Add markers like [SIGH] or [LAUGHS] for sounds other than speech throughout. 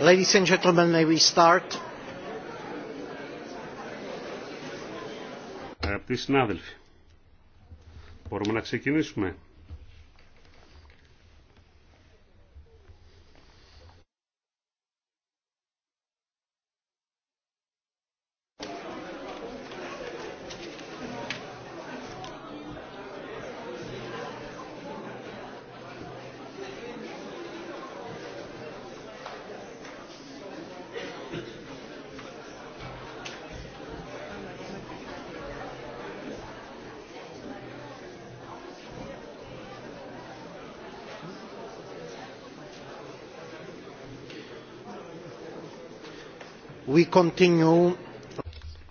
Ladies and gentlemen, may we start? Αγαπητοί συνάδελφοι, μπορούμε να ξεκινήσουμε.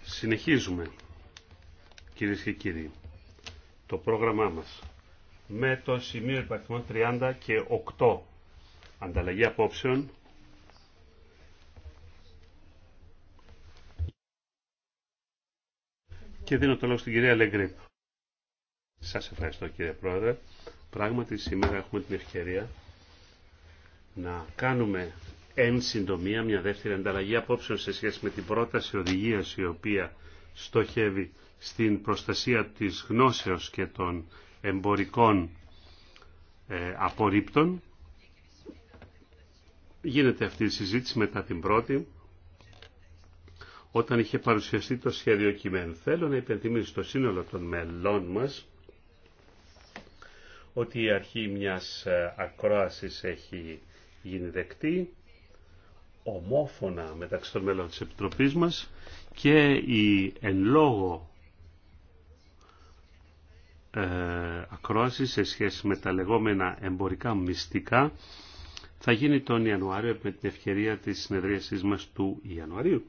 Συνεχίζουμε, κυρίες και κύριοι, το πρόγραμμά μας με το σημείο υπαριθμών 30 και 8 ανταλλαγή απόψεων και δίνω το λόγο στην κυρία Λεγκρίπ. Σας ευχαριστώ κύριε Πρόεδρε. Πράγματι σήμερα έχουμε την ευκαιρία να κάνουμε εν συντομία μια δεύτερη ανταλλαγή απόψεων σε σχέση με την πρόταση οδηγίας η οποία στοχεύει στην προστασία της γνώσεως και των εμπορικών ε, απορρίπτων. Γίνεται αυτή η συζήτηση μετά την πρώτη, όταν είχε παρουσιαστεί το σχέδιο κειμένου. Θέλω να υπενθυμίσω στο σύνολο των μελών μας ότι η αρχή μιας ε, ακρόασης έχει γίνει δεκτή ομόφωνα μεταξύ των μέλων της Επιτροπής μας και η εν λόγω ε, ακρόαση σε σχέση με τα λεγόμενα εμπορικά μυστικά θα γίνει τον Ιανουάριο με την ευκαιρία της συνεδρίασής μας του Ιανουαρίου.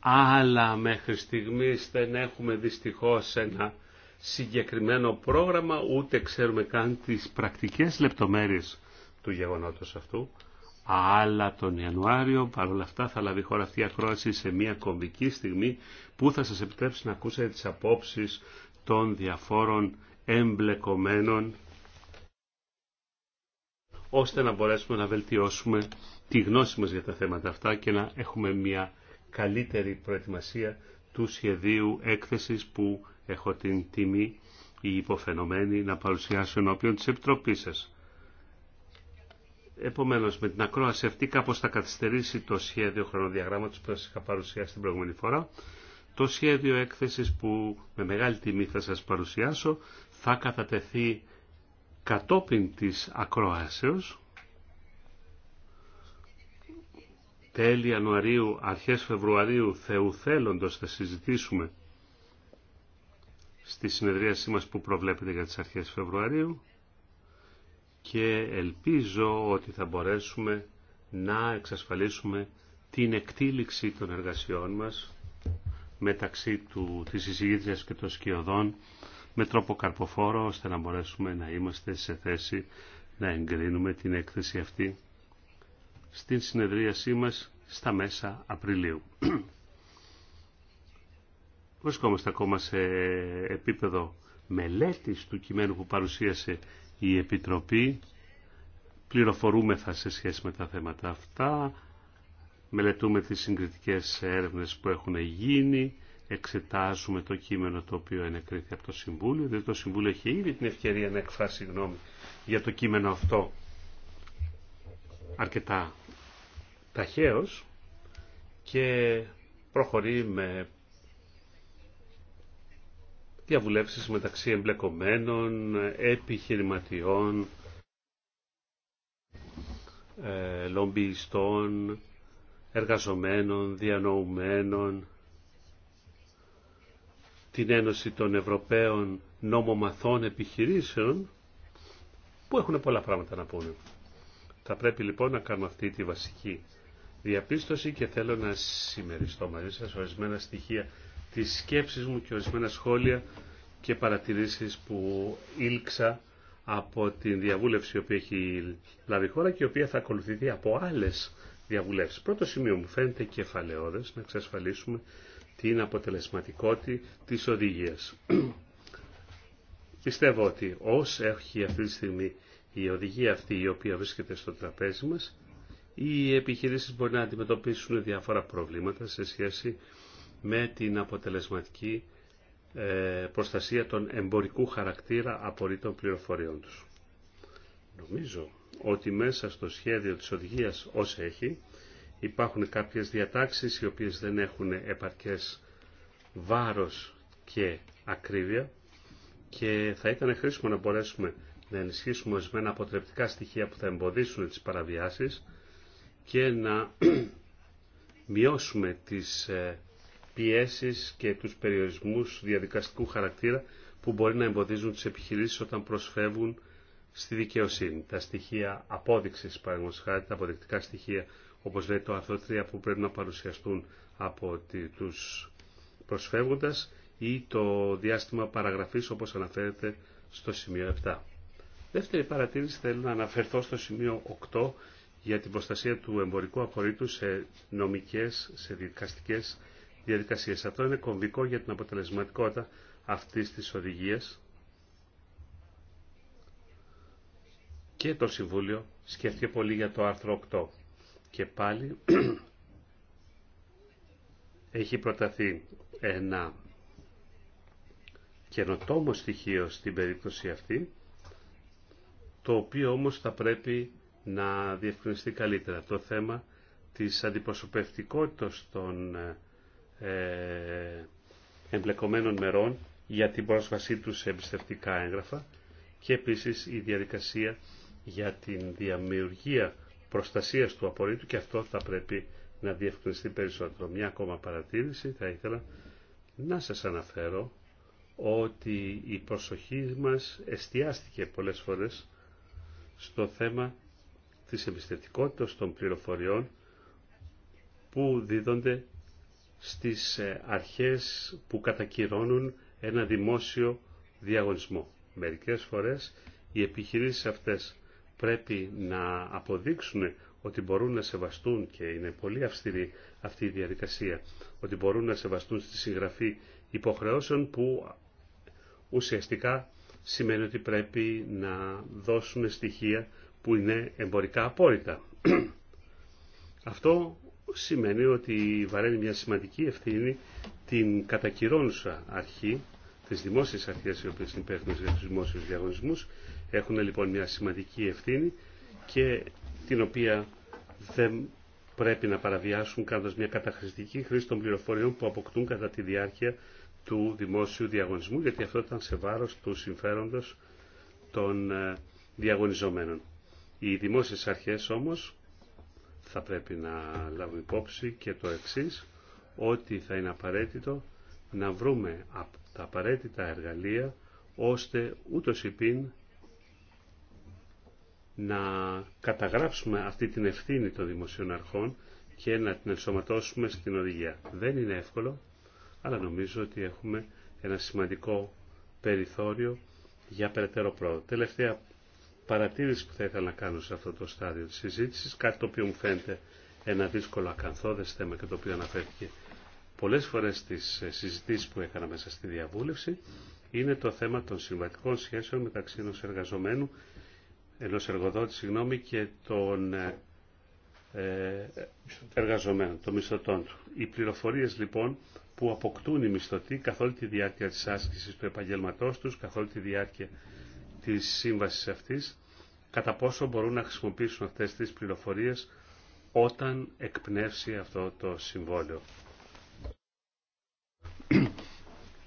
Αλλά μέχρι στιγμής δεν έχουμε δυστυχώς ένα συγκεκριμένο πρόγραμμα, ούτε ξέρουμε καν τις πρακτικές λεπτομέρειες του γεγονότος αυτού αλλά τον Ιανουάριο παρόλα αυτά θα λάβει χώρα αυτή η ακρόαση σε μια κομβική στιγμή που θα σας επιτρέψει να ακούσετε τις απόψεις των διαφόρων εμπλεκομένων ώστε να μπορέσουμε να βελτιώσουμε τη γνώση μας για τα θέματα αυτά και να έχουμε μια καλύτερη προετοιμασία του σχεδίου έκθεσης που έχω την τιμή ή υποφαινομένη να παρουσιάσω ενώπιον της Επιτροπής σας. Επομένω με την ακρόαση αυτή κάπω θα καθυστερήσει το σχέδιο χρονοδιαγράμματος που σα είχα παρουσιάσει την προηγούμενη φορά. Το σχέδιο έκθεσης που με μεγάλη τιμή θα σας παρουσιάσω θα κατατεθεί κατόπιν της ακροάσεως τέλη Ιανουαρίου, αρχές Φεβρουαρίου Θεού θέλοντος θα συζητήσουμε στη συνεδρίασή μας που προβλέπεται για τις αρχές Φεβρουαρίου και ελπίζω ότι θα μπορέσουμε να εξασφαλίσουμε την εκτίληξη των εργασιών μας μεταξύ του, της εισηγήτριας και των σκιωδών με τρόπο καρποφόρο ώστε να μπορέσουμε να είμαστε σε θέση να εγκρίνουμε την έκθεση αυτή στην συνεδρίασή μας στα μέσα Απριλίου. Βρισκόμαστε ακόμα σε επίπεδο μελέτης του κειμένου που παρουσίασε η Επιτροπή πληροφορούμεθα σε σχέση με τα θέματα αυτά, μελετούμε τις συγκριτικές έρευνες που έχουν γίνει, εξετάζουμε το κείμενο το οποίο ενεκρίθη από το Συμβούλιο, διότι το Συμβούλιο έχει ήδη την ευκαιρία να εκφράσει γνώμη για το κείμενο αυτό αρκετά ταχαίως και προχωρεί με διαβουλεύσεις μεταξύ εμπλεκομένων, επιχειρηματιών, ε, λομπιστών, εργαζομένων, διανοουμένων, την Ένωση των Ευρωπαίων Νόμομαθών Επιχειρήσεων, που έχουν πολλά πράγματα να πούνε. Θα πρέπει λοιπόν να κάνουμε αυτή τη βασική διαπίστωση και θέλω να συμμεριστώ μαζί σας ορισμένα στοιχεία τις σκέψεις μου και ορισμένα σχόλια και παρατηρήσεις που ήλξα από την διαβούλευση η οποία έχει λάβει η χώρα και η οποία θα ακολουθηθεί από άλλες διαβουλεύσεις. Πρώτο σημείο μου φαίνεται κεφαλαιόδες να εξασφαλίσουμε την αποτελεσματικότητα της οδηγίας. Πιστεύω ότι ως έχει αυτή τη στιγμή η οδηγία αυτή η οποία βρίσκεται στο τραπέζι μας, οι επιχειρήσεις μπορεί να αντιμετωπίσουν διάφορα προβλήματα σε σχέση με την αποτελεσματική ε, προστασία των εμπορικού χαρακτήρα απορρίτων πληροφοριών τους. Νομίζω ότι μέσα στο σχέδιο της οδηγίας ως έχει υπάρχουν κάποιες διατάξεις οι οποίες δεν έχουν επαρκές βάρος και ακρίβεια και θα ήταν χρήσιμο να μπορέσουμε να ενισχύσουμε ορισμένα αποτρεπτικά στοιχεία που θα εμποδίσουν τις παραβιάσεις και να [CLEARS THROAT] μειώσουμε τις ε, πιέσεις και τους περιορισμούς διαδικαστικού χαρακτήρα που μπορεί να εμποδίζουν τις επιχειρήσεις όταν προσφεύγουν στη δικαιοσύνη. Τα στοιχεία απόδειξης, παραδείγματος τα αποδεικτικά στοιχεία, όπως λέει το άρθρο 3 που πρέπει να παρουσιαστούν από τους προσφεύγοντας ή το διάστημα παραγραφής όπως αναφέρεται στο σημείο 7. Δεύτερη παρατήρηση θέλω να αναφερθώ στο σημείο 8 για την προστασία του εμπορικού απορρίτου σε νομικές, σε δικαστικές διαδικασίες. Αυτό είναι κομβικό για την αποτελεσματικότητα αυτής της οδηγίας και το Συμβούλιο σκέφτηκε πολύ για το άρθρο 8 και πάλι [CLEARS THROAT] έχει προταθεί ένα καινοτόμο στοιχείο στην περίπτωση αυτή το οποίο όμως θα πρέπει να διευκρινιστεί καλύτερα το θέμα της αντιπροσωπευτικότητας των ε, ε, εμπλεκομένων μερών για την πρόσβασή τους σε εμπιστευτικά έγγραφα και επίσης η διαδικασία για την διαμειουργία προστασίας του απορρίτου και αυτό θα πρέπει να διευκρινιστεί περισσότερο. Μια ακόμα παρατήρηση θα ήθελα να σας αναφέρω ότι η προσοχή μας εστιάστηκε πολλές φορές στο θέμα της εμπιστευτικότητας των πληροφοριών που δίδονται στις ε, αρχές που κατακυρώνουν ένα δημόσιο διαγωνισμό. Μερικές φορές οι επιχειρήσεις αυτές πρέπει να αποδείξουν ότι μπορούν να σεβαστούν και είναι πολύ αυστηρή αυτή η διαδικασία, ότι μπορούν να σεβαστούν στη συγγραφή υποχρεώσεων που ουσιαστικά σημαίνει ότι πρέπει να δώσουν στοιχεία που είναι εμπορικά απόρριτα. [CLEARS THROAT] Αυτό σημαίνει ότι βαραίνει μια σημαντική ευθύνη την κατακυρώνουσα αρχή, τι δημόσιε αρχές οι οποίε είναι υπεύθυνε για του δημόσιους διαγωνισμούς, έχουν λοιπόν μια σημαντική ευθύνη και την οποία δεν πρέπει να παραβιάσουν κάνοντα μια καταχρηστική χρήση των πληροφοριών που αποκτούν κατά τη διάρκεια του δημόσιου διαγωνισμού, γιατί αυτό ήταν σε βάρο του συμφέροντος των ε, διαγωνιζομένων. Οι δημόσιες αρχές όμως θα πρέπει να λάβουμε υπόψη και το εξής, ότι θα είναι απαραίτητο να βρούμε τα απαραίτητα εργαλεία ώστε ούτως πίν να καταγράψουμε αυτή την ευθύνη των δημοσίων αρχών και να την ενσωματώσουμε στην οδηγία. Δεν είναι εύκολο, αλλά νομίζω ότι έχουμε ένα σημαντικό περιθώριο για περαιτέρω πρόοδο. Τελευταία παρατήρηση που θα ήθελα να κάνω σε αυτό το στάδιο της συζήτησης, κάτι το οποίο μου φαίνεται ένα δύσκολο ακαθόδες θέμα και το οποίο αναφέρθηκε πολλές φορές στις ε, συζητήσεις που έκανα μέσα στη διαβούλευση, είναι το θέμα των συμβατικών σχέσεων μεταξύ ενός εργαζομένου, ενός εργοδότη, και των ε, ε, εργαζομένων, των μισθωτών του. Οι πληροφορίες λοιπόν που αποκτούν οι μισθωτοί καθ' όλη τη διάρκεια της άσκησης του επαγγελματός τους, καθ' όλη τη διάρκεια της σύμβαση αυτής, κατά πόσο μπορούν να χρησιμοποιήσουν αυτές τις πληροφορίες όταν εκπνεύσει αυτό το συμβόλαιο.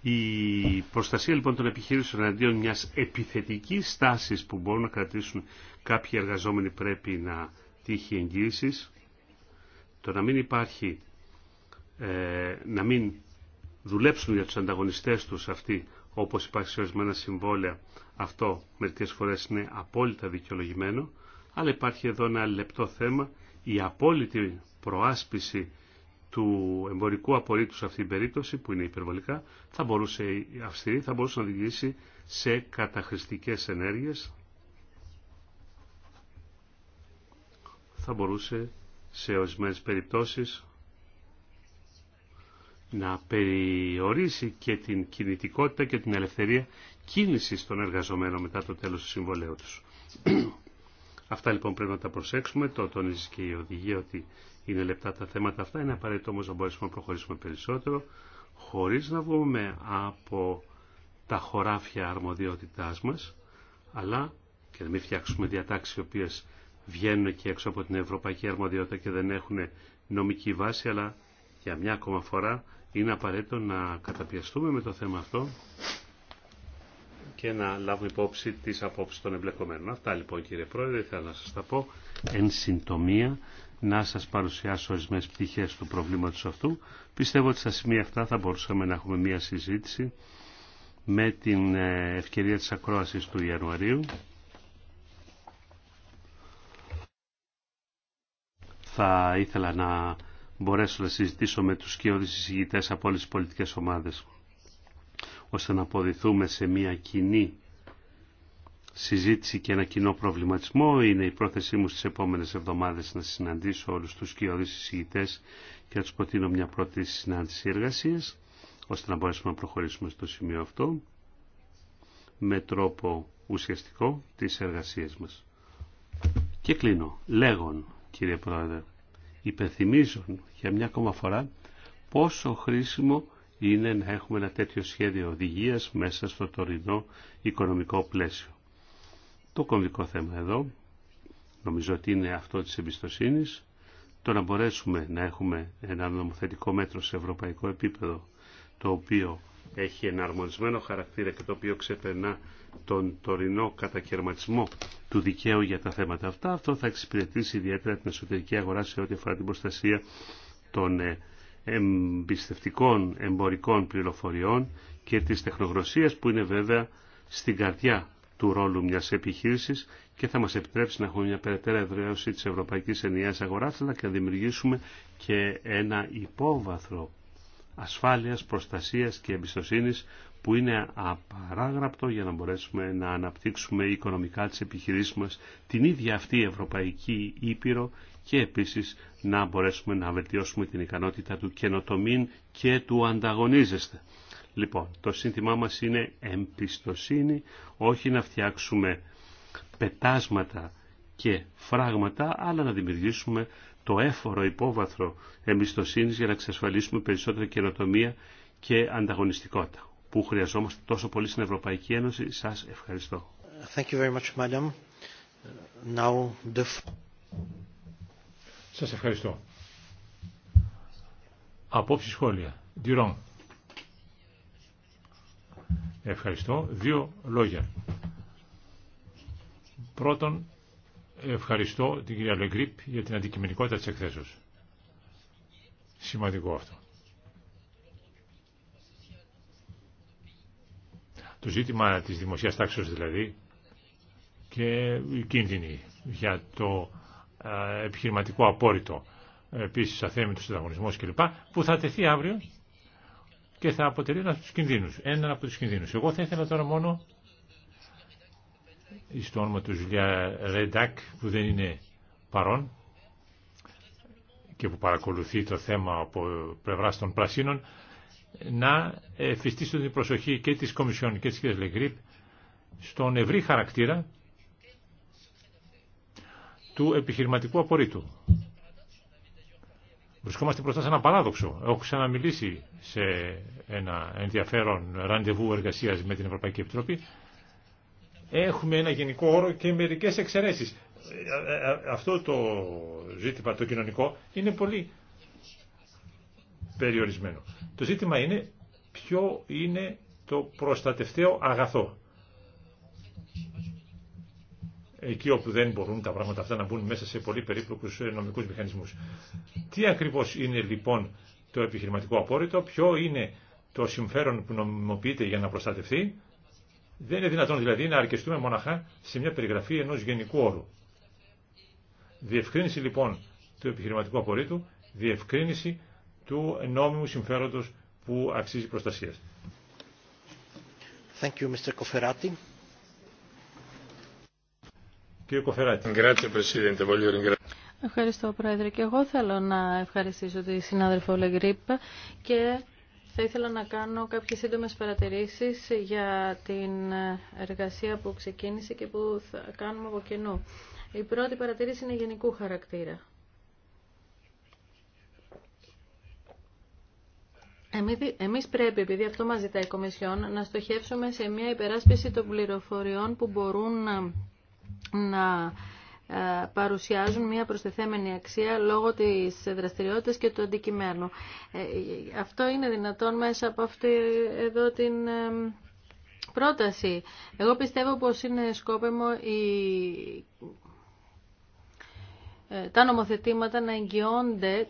Η προστασία λοιπόν των επιχείρησεων εναντίον μιας επιθετικής στάσης που μπορούν να κρατήσουν κάποιοι εργαζόμενοι πρέπει να τύχει εγγύησης. Το να μην υπάρχει, ε, να μην δουλέψουν για τους ανταγωνιστές τους αυτοί όπως υπάρχει σε ορισμένα συμβόλαια, αυτό μερικές φορές είναι απόλυτα δικαιολογημένο, αλλά υπάρχει εδώ ένα λεπτό θέμα, η απόλυτη προάσπιση του εμπορικού απορρίτου σε αυτήν την περίπτωση, που είναι υπερβολικά, θα μπορούσε η αυστηρή, θα μπορούσε να οδηγήσει σε καταχρηστικές ενέργειες, θα μπορούσε σε ορισμένε περιπτώσεις να περιορίσει και την κινητικότητα και την ελευθερία κίνησης των εργαζομένων μετά το τέλος του συμβολέου τους. [CLEARS THROAT] αυτά λοιπόν πρέπει να τα προσέξουμε, το τονίζει και η οδηγία ότι είναι λεπτά τα θέματα αυτά, είναι απαραίτητο όμως να μπορέσουμε να προχωρήσουμε περισσότερο, χωρίς να βγούμε από τα χωράφια αρμοδιότητάς μας, αλλά και να μην φτιάξουμε διατάξεις οι οποίες βγαίνουν και έξω από την ευρωπαϊκή αρμοδιότητα και δεν έχουν νομική βάση, αλλά για μια ακόμα φορά είναι απαραίτητο να καταπιαστούμε με το θέμα αυτό και να λάβουμε υπόψη τις απόψεις των εμπλεκομένων. Αυτά λοιπόν κύριε Πρόεδρε, θέλω να σας τα πω εν συντομία να σας παρουσιάσω ορισμένες πτυχές του προβλήματος αυτού. Πιστεύω ότι στα σημεία αυτά θα μπορούσαμε να έχουμε μία συζήτηση με την ε, ευκαιρία της ακρόασης του Ιανουαρίου. Θα ήθελα να μπορέσω να συζητήσω με τους σκιώδεις συζητητές από όλες τις πολιτικές ομάδες, ώστε να αποδηθούμε σε μια κοινή συζήτηση και ένα κοινό προβληματισμό. Είναι η πρόθεσή μου στις επόμενες εβδομάδες να συναντήσω όλους τους τους συζητητές και να τους προτείνω μια πρώτη συνάντηση εργασίας, ώστε να μπορέσουμε να προχωρήσουμε στο σημείο αυτό με τρόπο ουσιαστικό τις εργασίες μας. Και κλείνω, λέγον κύριε Πρόεδρε, υπενθυμίζουν για μια ακόμα φορά πόσο χρήσιμο είναι να έχουμε ένα τέτοιο σχέδιο οδηγίας μέσα στο τωρινό οικονομικό πλαίσιο. Το κομβικό θέμα εδώ νομίζω ότι είναι αυτό της εμπιστοσύνης, το να μπορέσουμε να έχουμε ένα νομοθετικό μέτρο σε ευρωπαϊκό επίπεδο το οποίο έχει εναρμονισμένο χαρακτήρα και το οποίο ξεπερνά τον τωρινό κατακαιρματισμό του δικαίου για τα θέματα αυτά. Αυτό θα εξυπηρετήσει ιδιαίτερα την εσωτερική αγορά σε ό,τι αφορά την προστασία των ε, εμπιστευτικών εμπορικών πληροφοριών και της τεχνογνωσίας που είναι βέβαια στην καρδιά του ρόλου μιας επιχείρησης και θα μας επιτρέψει να έχουμε μια περαιτέρα εδραίωση της ευρωπαϊκής ενιαίας αγοράς αλλά και να δημιουργήσουμε και ένα υπόβαθρο ασφάλειας, προστασίας και εμπιστοσύνης που είναι απαράγραπτο για να μπορέσουμε να αναπτύξουμε οικονομικά τις επιχειρήσεις μας την ίδια αυτή Ευρωπαϊκή Ήπειρο και επίσης να μπορέσουμε να βελτιώσουμε την ικανότητα του καινοτομήν και του ανταγωνίζεστε. Λοιπόν, το σύνθημά μας είναι εμπιστοσύνη, όχι να φτιάξουμε πετάσματα και φράγματα, αλλά να δημιουργήσουμε το έφορο υπόβαθρο εμπιστοσύνη για να εξασφαλίσουμε περισσότερη καινοτομία και ανταγωνιστικότητα που χρειαζόμαστε τόσο πολύ στην Ευρωπαϊκή Ένωση. Σας ευχαριστώ. Thank you very much, madam. Now the... Σας ευχαριστώ. Απόψη σχόλια. Ευχαριστώ. Δύο λόγια. Πρώτον, Ευχαριστώ την κυρία Λεγκρίπ για την αντικειμενικότητα της εκθέσεως. Σημαντικό αυτό. Το ζήτημα της δημοσίας τάξης δηλαδή και η κινδύνη για το επιχειρηματικό απόρριτο επίσης αθέμητο συνταγωνισμό κλπ. που θα τεθεί αύριο και θα αποτελεί ένα από του κινδύνου. Έναν από τους κινδύνους. Εγώ θα ήθελα τώρα μόνο στο όνομα του Ζουλιά Ρεντάκ που δεν είναι παρόν και που παρακολουθεί το θέμα από πλευράς των Πρασίνων να εφιστήσουν την προσοχή και της Κομισιόν και της κ. Λεγκρίπ στον ευρύ χαρακτήρα του επιχειρηματικού απορρίτου. Βρισκόμαστε μπροστά σε ένα παράδοξο. Έχω ξαναμιλήσει σε ένα ενδιαφέρον ραντεβού εργασίας με την Ευρωπαϊκή Επιτροπή έχουμε ένα γενικό όρο και μερικές εξαιρέσεις. Αυτό το ζήτημα το κοινωνικό είναι πολύ περιορισμένο. Το ζήτημα είναι ποιο είναι το προστατευταίο αγαθό. Εκεί όπου δεν μπορούν τα πράγματα αυτά να μπουν μέσα σε πολύ περίπλοκους ε, νομικούς μηχανισμούς. Τι ακριβώς είναι λοιπόν το επιχειρηματικό απόρριτο, ποιο είναι το συμφέρον που νομιμοποιείται για να προστατευτεί δεν είναι δυνατόν δηλαδή να αρκεστούμε μοναχά σε μια περιγραφή ενό γενικού όρου. Διευκρίνηση λοιπόν του επιχειρηματικού απορρίτου, διευκρίνηση του νόμιμου συμφέροντος που αξίζει προστασίας. Κύριε Κοφεράτη. Ευχαριστώ, Πρόεδρε. Και εγώ θέλω να ευχαριστήσω τη συνάδελφο Λεγκρίπ και θα ήθελα να κάνω κάποιες σύντομες παρατηρήσεις για την εργασία που ξεκίνησε και που θα κάνουμε από κοινού. Η πρώτη παρατηρήση είναι γενικού χαρακτήρα. Εμείς πρέπει, επειδή αυτό μας ζητάει η Κομισιόν, να στοχεύσουμε σε μια υπεράσπιση των πληροφοριών που μπορούν να ε, παρουσιάζουν μια προστιθέμενη αξία λόγω της δραστηριότητας και του αντικειμένου. Ε, αυτό είναι δυνατόν μέσα από αυτή εδώ την ε, πρόταση. Εγώ πιστεύω πως είναι σκόπεμο η... τα νομοθετήματα να εγγυώνται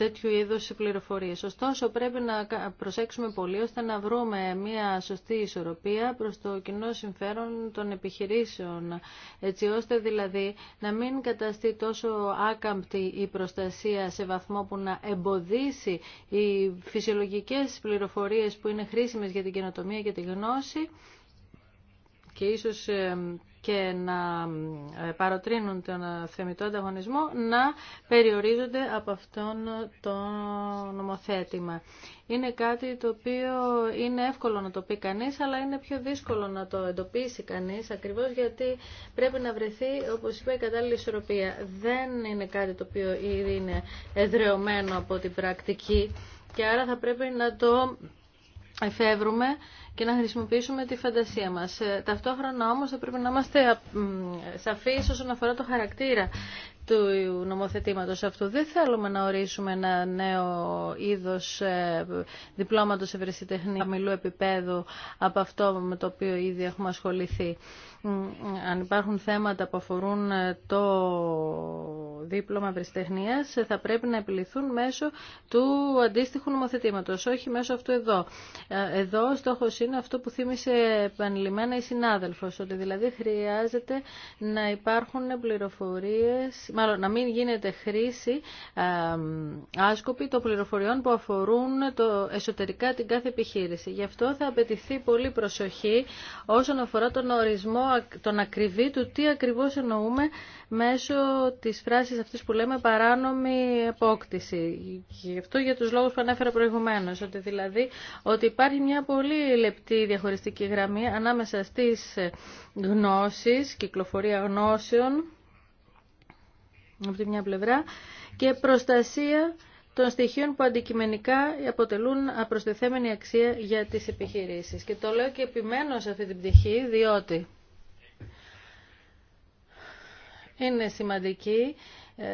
τέτοιου είδους πληροφορίες. Ωστόσο πρέπει να προσέξουμε πολύ ώστε να βρούμε μια σωστή ισορροπία προς το κοινό συμφέρον των επιχειρήσεων, έτσι ώστε δηλαδή να μην καταστεί τόσο άκαμπτη η προστασία σε βαθμό που να εμποδίσει οι φυσιολογικές πληροφορίες που είναι χρήσιμες για την καινοτομία και τη γνώση και ίσως και να ε, παροτρύνουν τον θεμητό ανταγωνισμό να περιορίζονται από αυτόν το νομοθέτημα. Είναι κάτι το οποίο είναι εύκολο να το πει κανείς, αλλά είναι πιο δύσκολο να το εντοπίσει κανείς, ακριβώς γιατί πρέπει να βρεθεί, όπως είπα, η κατάλληλη ισορροπία. Δεν είναι κάτι το οποίο ήδη είναι εδρεωμένο από την πρακτική και άρα θα πρέπει να το εφεύρουμε και να χρησιμοποιήσουμε τη φαντασία μας. Ε, ταυτόχρονα όμως θα πρέπει να είμαστε σαφείς όσον αφορά το χαρακτήρα του νομοθετήματος αυτού. Δεν θέλουμε να ορίσουμε ένα νέο είδος ε, διπλώματος ευρεσιτεχνία χαμηλού επίπεδου από αυτό με το οποίο ήδη έχουμε ασχοληθεί αν υπάρχουν θέματα που αφορούν ε, το δίπλωμα ευρεσιτεχνίας ε, θα πρέπει να επιληθούν μέσω του αντίστοιχου νομοθετήματος, όχι μέσω αυτού εδώ. Ε, εδώ ο στόχος είναι αυτό που θύμισε επανειλημμένα η συνάδελφος, ότι δηλαδή χρειάζεται να υπάρχουν πληροφορίες, μάλλον να μην γίνεται χρήση άσκοπη των πληροφοριών που αφορούν το εσωτερικά την κάθε επιχείρηση. Γι' αυτό θα απαιτηθεί πολύ προσοχή όσον αφορά τον ορισμό τον ακριβή του τι ακριβώς εννοούμε μέσω της φράσης αυτής που λέμε παράνομη απόκτηση. Γι' αυτό για τους λόγους που ανέφερα προηγουμένως, ότι δηλαδή ότι υπάρχει μια πολύ λεπτή διαχωριστική γραμμή ανάμεσα στις γνώσεις, κυκλοφορία γνώσεων από τη μια πλευρά και προστασία των στοιχείων που αντικειμενικά αποτελούν απροστεθέμενη αξία για τις επιχειρήσεις. Και το λέω και επιμένω σε αυτή την πτυχή, διότι είναι σημαντική ε,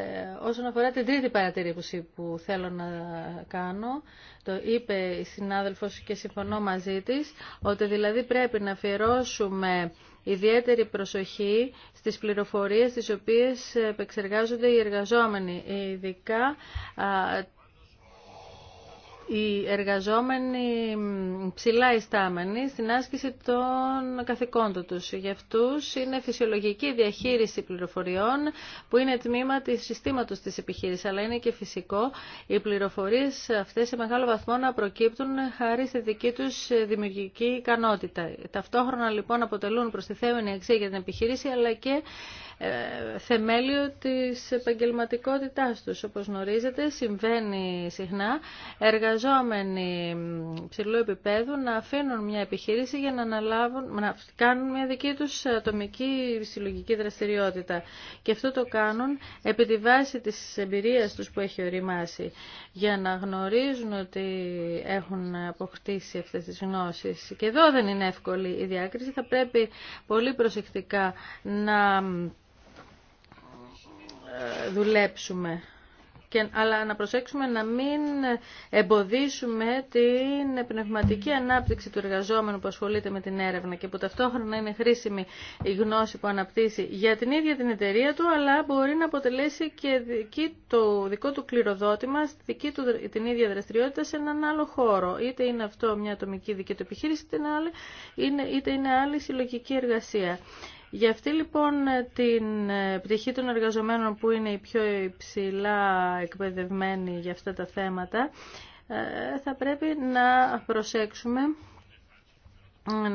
όσον αφορά την τρίτη παρατηρήση που θέλω να κάνω, το είπε η συνάδελφος και συμφωνώ μαζί της, ότι δηλαδή πρέπει να αφιερώσουμε ιδιαίτερη προσοχή στις πληροφορίες τις οποίες επεξεργάζονται οι εργαζόμενοι, ειδικά οι εργαζόμενοι ψηλά ειστάμενοι στην άσκηση των καθηκόντων τους. Για αυτούς είναι φυσιολογική διαχείριση πληροφοριών που είναι τμήμα της συστήματος της επιχείρησης, αλλά είναι και φυσικό οι πληροφορίες αυτές σε μεγάλο βαθμό να προκύπτουν χάρη στη δική τους δημιουργική ικανότητα. Ταυτόχρονα λοιπόν αποτελούν προστιθέμενη αξία για την επιχείρηση, αλλά και ε, θεμέλιο της επαγγελματικότητάς τους. Όπως γνωρίζετε, συμβαίνει συχνά εργαζόμενοι ψηλού επίπεδου να αφήνουν μια επιχείρηση για να, αναλάβουν, να κάνουν μια δική τους ατομική συλλογική δραστηριότητα. Και αυτό το κάνουν επί τη βάση της εμπειρίας τους που έχει οριμάσει, για να γνωρίζουν ότι έχουν αποκτήσει αυτές τις γνώσεις. Και εδώ δεν είναι εύκολη η διάκριση. Θα πρέπει πολύ προσεκτικά να ε, δουλέψουμε. Και, αλλά να προσέξουμε να μην εμποδίσουμε την πνευματική ανάπτυξη του εργαζόμενου που ασχολείται με την έρευνα και που ταυτόχρονα είναι χρήσιμη η γνώση που αναπτύσσει για την ίδια την εταιρεία του, αλλά μπορεί να αποτελέσει και δική το δικό του κληροδότημα, δική του, την ίδια δραστηριότητα σε έναν άλλο χώρο. Είτε είναι αυτό μια ατομική δική του επιχείρηση, είτε είναι άλλη συλλογική εργασία. Για αυτή λοιπόν την ε, πτυχή των εργαζομένων που είναι οι πιο υψηλά εκπαιδευμένη για αυτά τα θέματα, ε, θα πρέπει να προσέξουμε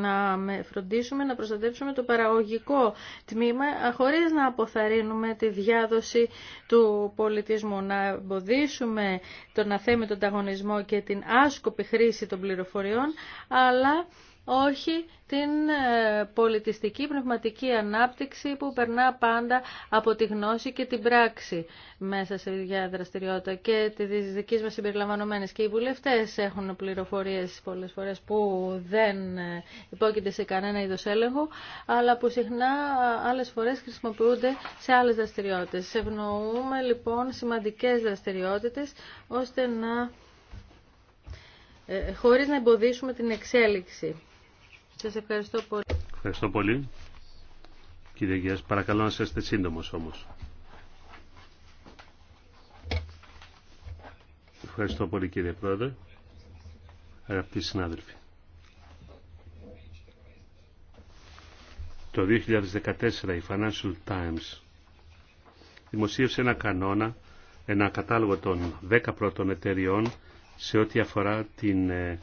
να φροντίσουμε να προστατεύσουμε το παραγωγικό τμήμα ε, χωρίς να αποθαρρύνουμε τη διάδοση του πολιτισμού, να εμποδίσουμε τον αθέμητο ανταγωνισμό και την άσκοπη χρήση των πληροφοριών, αλλά όχι την ε, πολιτιστική πνευματική ανάπτυξη που περνά πάντα από τη γνώση και την πράξη μέσα σε ίδια δραστηριότητα και τη δική μας συμπεριλαμβανομένη. Και οι βουλευτές έχουν πληροφορίε πολλές φορές που δεν ε, υπόκειται σε κανένα είδο έλεγχο, αλλά που συχνά ε, άλλες φορές χρησιμοποιούνται σε άλλες δραστηριότητε. Ευνοούμε λοιπόν σημαντικές δραστηριότητε ώστε να χωρίς να εμποδίσουμε την εξέλιξη. Σας ευχαριστώ πολύ. Ευχαριστώ πολύ. Κύριε Γιάς, παρακαλώ να είστε σύντομο όμως. Ευχαριστώ πολύ κύριε Πρόεδρε. Αγαπητοί συνάδελφοι. Το 2014 η Financial Times δημοσίευσε ένα κανόνα, ένα κατάλογο των 10 πρώτων εταιριών σε ό,τι αφορά την ε,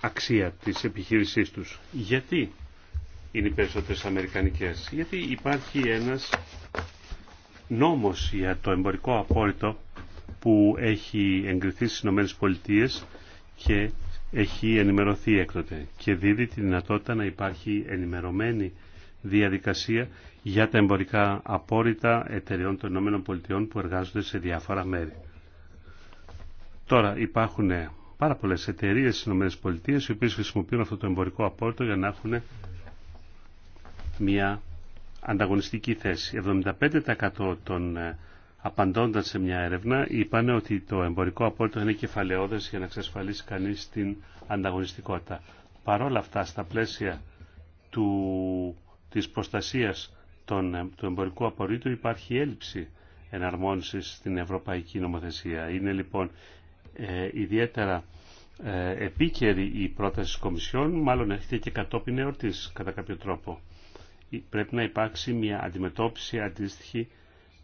αξία της επιχείρησής τους. Γιατί είναι οι περισσότερες αμερικανικές. Γιατί υπάρχει ένας νόμος για το εμπορικό απόρριτο που έχει εγκριθεί στις Ηνωμένες Πολιτείες και έχει ενημερωθεί έκτοτε και δίδει τη δυνατότητα να υπάρχει ενημερωμένη διαδικασία για τα εμπορικά απόρριτα εταιρεών των ΗΠΑ που εργάζονται σε διάφορα μέρη. Τώρα υπάρχουν πάρα πολλέ εταιρείε στι ΗΠΑ οι οποίε χρησιμοποιούν αυτό το εμπορικό απόρριτο για να έχουν μια ανταγωνιστική θέση. 75% των ε, απαντώντας σε μια έρευνα είπαν ότι το εμπορικό απόρριτο είναι κεφαλαιόδε για να εξασφαλίσει κανείς την ανταγωνιστικότητα. Παρόλα αυτά, στα πλαίσια του, της προστασίας ε, του εμπορικού απορρίτου υπάρχει έλλειψη εναρμόνισης στην ευρωπαϊκή νομοθεσία. Είναι λοιπόν ε, ιδιαίτερα ε, επίκαιρη η πρόταση της Κομισιόν, μάλλον έρχεται και κατόπιν εορτής κατά κάποιο τρόπο. Πρέπει να υπάρξει μια αντιμετώπιση αντίστοιχη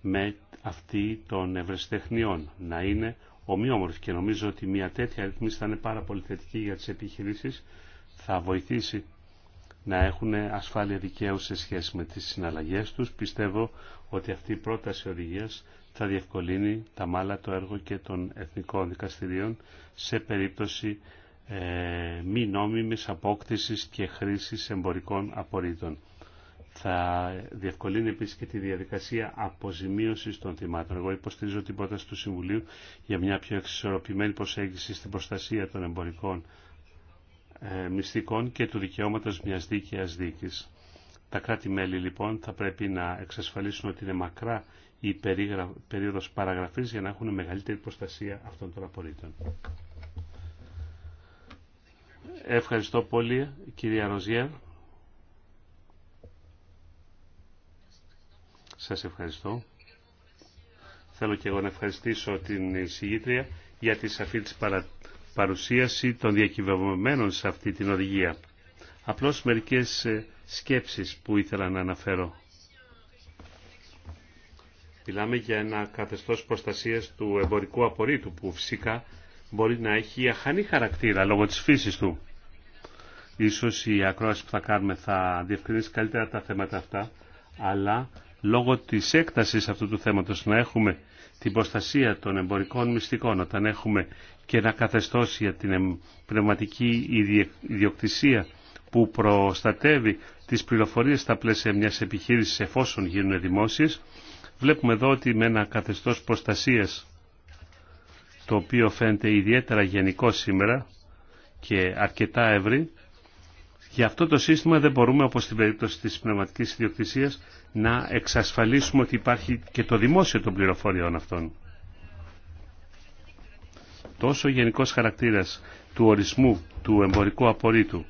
με αυτή των ευρεσιτεχνιών, να είναι ομοιόμορφη και νομίζω ότι μια τέτοια αριθμίση θα είναι πάρα πολύ θετική για τις επιχειρήσεις, θα βοηθήσει να έχουν ασφάλεια δικαίου σε σχέση με τις συναλλαγές τους. Πιστεύω ότι αυτή η πρόταση οδηγίας θα διευκολύνει τα μάλα το έργο και των εθνικών δικαστηρίων σε περίπτωση ε, μη νόμιμης απόκτησης και χρήσης εμπορικών απορρίτων. Θα διευκολύνει επίσης και τη διαδικασία αποζημίωσης των θυμάτων. Εγώ υποστηρίζω την πρόταση του Συμβουλίου για μια πιο εξισορροπημένη προσέγγιση στην προστασία των εμπορικών ε, μυστικών και του δικαιώματος μιας δίκαιας δίκης. Τα κράτη-μέλη λοιπόν θα πρέπει να εξασφαλίσουν ότι είναι μακρά η περίοδος παραγραφής για να έχουν μεγαλύτερη προστασία αυτών των απορρίτων. Ευχαριστώ πολύ, κυρία Ροζιέρ. Σας ευχαριστώ. Θέλω και εγώ να ευχαριστήσω την εισηγήτρια για τη σαφή της παρουσίαση των διακυβευμένων σε αυτή την οδηγία. Απλώς μερικές ε, σκέψεις που ήθελα να αναφέρω. Μιλάμε για ένα καθεστώς προστασίας του εμπορικού απορρίτου που φυσικά μπορεί να έχει αχανή χαρακτήρα λόγω της φύσης του. Ίσως η ακρόαση που θα κάνουμε θα διευκρινίσει καλύτερα τα θέματα αυτά, αλλά λόγω της έκταση αυτού του θέματος να έχουμε την προστασία των εμπορικών μυστικών, όταν έχουμε και ένα καθεστώς για την πνευματική ιδιοκτησία που προστατεύει τις πληροφορίες στα πλαίσια μια επιχείρησης εφόσον γίνουν δημόσιες, Βλέπουμε εδώ ότι με ένα καθεστώς προστασίας το οποίο φαίνεται ιδιαίτερα γενικό σήμερα και αρκετά ευρύ, για αυτό το σύστημα δεν μπορούμε, όπως στην περίπτωση της πνευματικής ιδιοκτησίας, να εξασφαλίσουμε ότι υπάρχει και το δημόσιο των πληροφοριών αυτών. Τόσο γενικός χαρακτήρας του ορισμού του εμπορικού απορρίτου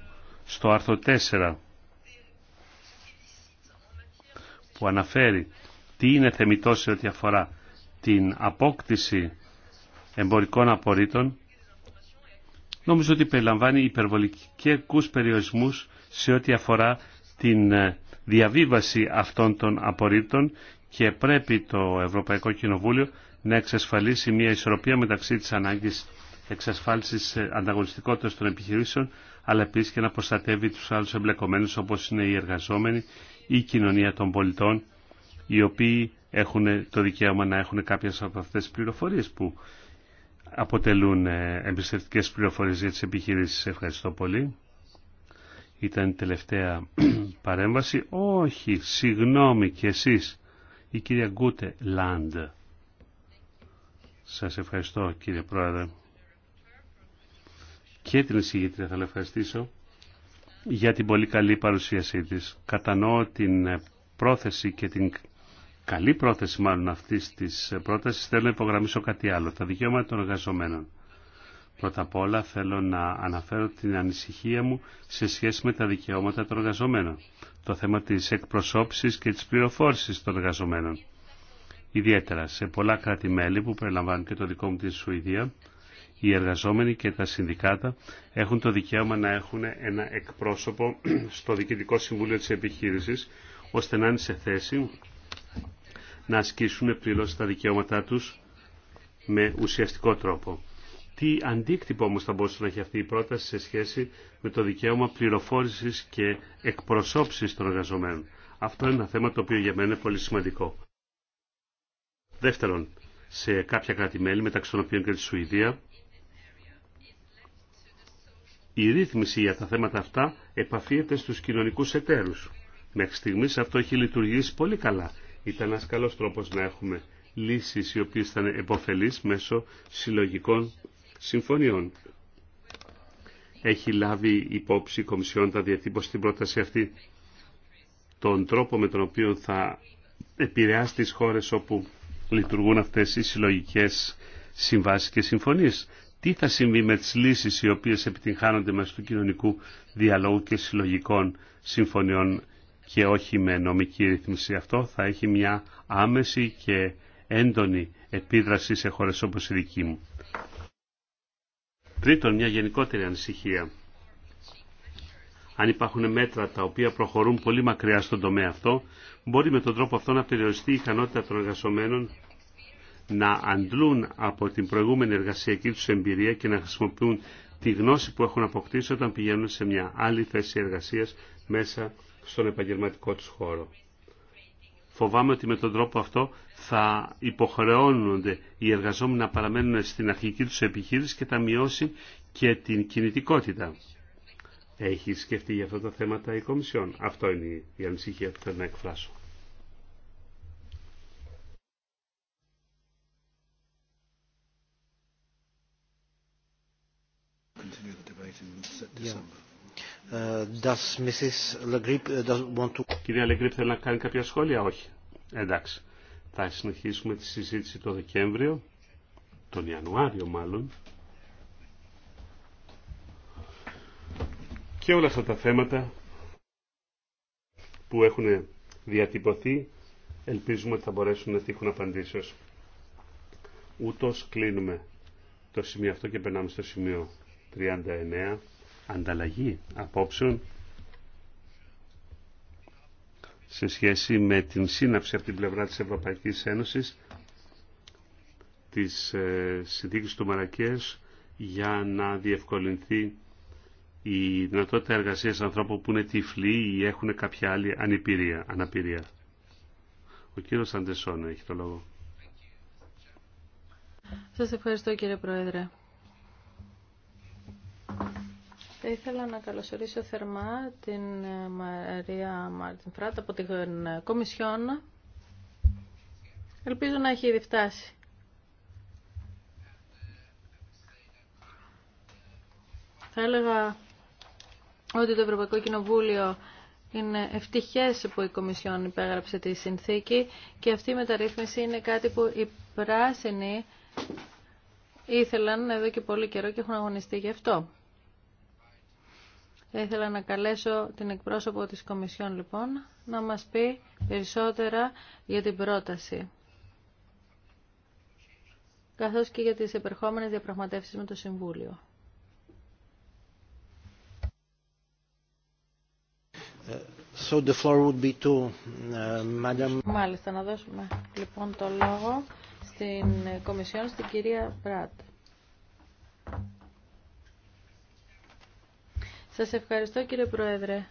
στο άρθρο 4 που αναφέρει τι είναι θεμητό σε ό,τι αφορά την απόκτηση εμπορικών απορρίτων, νομίζω ότι περιλαμβάνει υπερβολικούς περιορισμούς σε ό,τι αφορά την ε, διαβίβαση αυτών των απορρίτων και πρέπει το Ευρωπαϊκό Κοινοβούλιο να εξασφαλίσει μια ισορροπία μεταξύ της ανάγκης εξασφάλισης ε, ανταγωνιστικότητας των επιχειρήσεων, αλλά επίσης και να προστατεύει τους άλλους εμπλεκομένους όπως είναι οι εργαζόμενοι, η κοινωνία των πολιτών οι οποίοι έχουν το δικαίωμα να έχουν κάποιες από αυτές τις πληροφορίες που αποτελούν ε, εμπιστευτικές πληροφορίες για τις επιχειρήσεις. Ευχαριστώ πολύ. Ήταν η τελευταία [CLEARS THROAT] παρέμβαση. Όχι, συγγνώμη και εσείς, η κυρία Γκούτε Λάντ. Σας ευχαριστώ κύριε Πρόεδρε. Και την εισηγήτρια θα ευχαριστήσω για την πολύ καλή παρουσίασή της. Κατανοώ την ε, πρόθεση και την καλή πρόθεση μάλλον αυτή τη πρόταση, θέλω να υπογραμμίσω κάτι άλλο. Τα δικαιώματα των εργαζομένων. Πρώτα απ' όλα θέλω να αναφέρω την ανησυχία μου σε σχέση με τα δικαιώματα των εργαζομένων. Το θέμα της εκπροσώπησης και της πληροφόρησης των εργαζομένων. Ιδιαίτερα σε πολλά κράτη-μέλη που περιλαμβάνουν και το δικό μου τη Σουηδία, οι εργαζόμενοι και τα συνδικάτα έχουν το δικαίωμα να έχουν ένα εκπρόσωπο στο Διοικητικό Συμβούλιο της Επιχείρησης, ώστε να είναι σε θέση να ασκήσουν πλήρως τα δικαιώματά τους με ουσιαστικό τρόπο. Τι αντίκτυπο όμως θα μπορούσε να έχει αυτή η πρόταση σε σχέση με το δικαίωμα πληροφόρησης και εκπροσώψης των εργαζομένων. Αυτό είναι ένα θέμα το οποίο για μένα είναι πολύ σημαντικό. Δεύτερον, σε κάποια κράτη-μέλη, μεταξύ των οποίων και τη Σουηδία, η ρύθμιση για τα θέματα αυτά επαφίεται στους κοινωνικούς εταίρους. Μέχρι στιγμής αυτό έχει λειτουργήσει πολύ καλά ήταν ένας καλός τρόπος να έχουμε λύσεις οι οποίες ήταν επωφελείς μέσω συλλογικών συμφωνιών. Έχει λάβει υπόψη η Κομισιόν τα διατύπωση στην πρόταση αυτή τον τρόπο με τον οποίο θα επηρεάσει τις χώρες όπου λειτουργούν αυτές οι συλλογικές συμβάσεις και συμφωνίες. Τι θα συμβεί με τις λύσεις οι οποίες επιτυγχάνονται μέσω του κοινωνικού διαλόγου και συλλογικών συμφωνιών και όχι με νομική ρύθμιση. Αυτό θα έχει μια άμεση και έντονη επίδραση σε χώρες όπως η δική μου. Τρίτον, μια γενικότερη ανησυχία. Αν υπάρχουν μέτρα τα οποία προχωρούν πολύ μακριά στον τομέα αυτό, μπορεί με τον τρόπο αυτό να περιοριστεί η ικανότητα των εργαζομένων να αντλούν από την προηγούμενη εργασιακή τους εμπειρία και να χρησιμοποιούν τη γνώση που έχουν αποκτήσει όταν πηγαίνουν σε μια άλλη θέση εργασίας μέσα στον επαγγελματικό τους χώρο. Φοβάμαι ότι με τον τρόπο αυτό θα υποχρεώνονται οι εργαζόμενοι να παραμένουν στην αρχική τους επιχείρηση και θα μειώσει και την κινητικότητα. Έχει σκεφτεί για αυτά τα θέματα η Κομισιόν. Αυτό είναι η ανησυχία που θέλω να εκφράσω. Ε, ε, Κυρία Λεγκρίπ, θέλει να κάνει κάποια σχόλια, όχι. Εντάξει. Θα συνεχίσουμε τη συζήτηση το Δεκέμβριο, τον Ιανουάριο μάλλον. Και όλα αυτά τα θέματα που έχουν διατυπωθεί, ελπίζουμε ότι θα μπορέσουν να τύχουν απαντήσεις. Ούτως κλείνουμε το σημείο αυτό και περνάμε στο σημείο 39 ανταλλαγή απόψεων σε σχέση με την σύναψη από την πλευρά της Ευρωπαϊκής Ένωσης της ε, συνθήκης του Μαρακές για να διευκολυνθεί η δυνατότητα εργασίας ανθρώπων που είναι τυφλοί ή έχουν κάποια άλλη ανυπηρία, αναπηρία. Ο κύριος Αντεσόνα έχει το λόγο. Σας ευχαριστώ κύριε Πρόεδρε. Θα ήθελα να καλωσορίσω θερμά την ε, Μαρία Μάρτιν Φράτ από την ε, Κομισιόν. Ελπίζω να έχει ήδη φτάσει. Θα έλεγα ότι το Ευρωπαϊκό Κοινοβούλιο είναι ευτυχές που η Κομισιόν υπέγραψε τη συνθήκη και αυτή η μεταρρύθμιση είναι κάτι που οι πράσινοι ήθελαν εδώ και πολύ καιρό και έχουν αγωνιστεί γι' αυτό. Θα ήθελα να καλέσω την εκπρόσωπο της Κομισιόν λοιπόν να μας πει περισσότερα για την πρόταση καθώς και για τις επερχόμενες διαπραγματεύσεις με το Συμβούλιο. So the floor would be to, uh, Μάλιστα, να δώσουμε λοιπόν το λόγο στην Κομισιόν, στην κυρία Πράτ. Σας ευχαριστώ κύριε Πρόεδρε.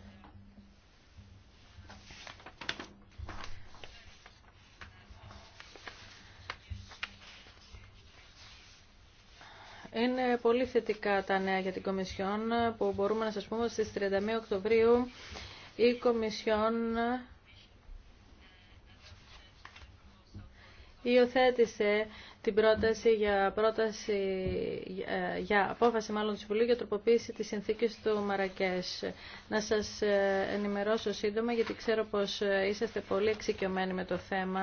Είναι πολύ θετικά τα νέα για την Κομισιόν που μπορούμε να σας πούμε στις 31 Οκτωβρίου η Κομισιόν υιοθέτησε την πρόταση για, πρόταση, ε, για απόφαση μάλλον του Συμβουλίου για τροποποίηση της συνθήκης του Μαρακές. Να σας ε, ενημερώσω σύντομα γιατί ξέρω πως ε, είσαστε πολύ εξοικειωμένοι με το θέμα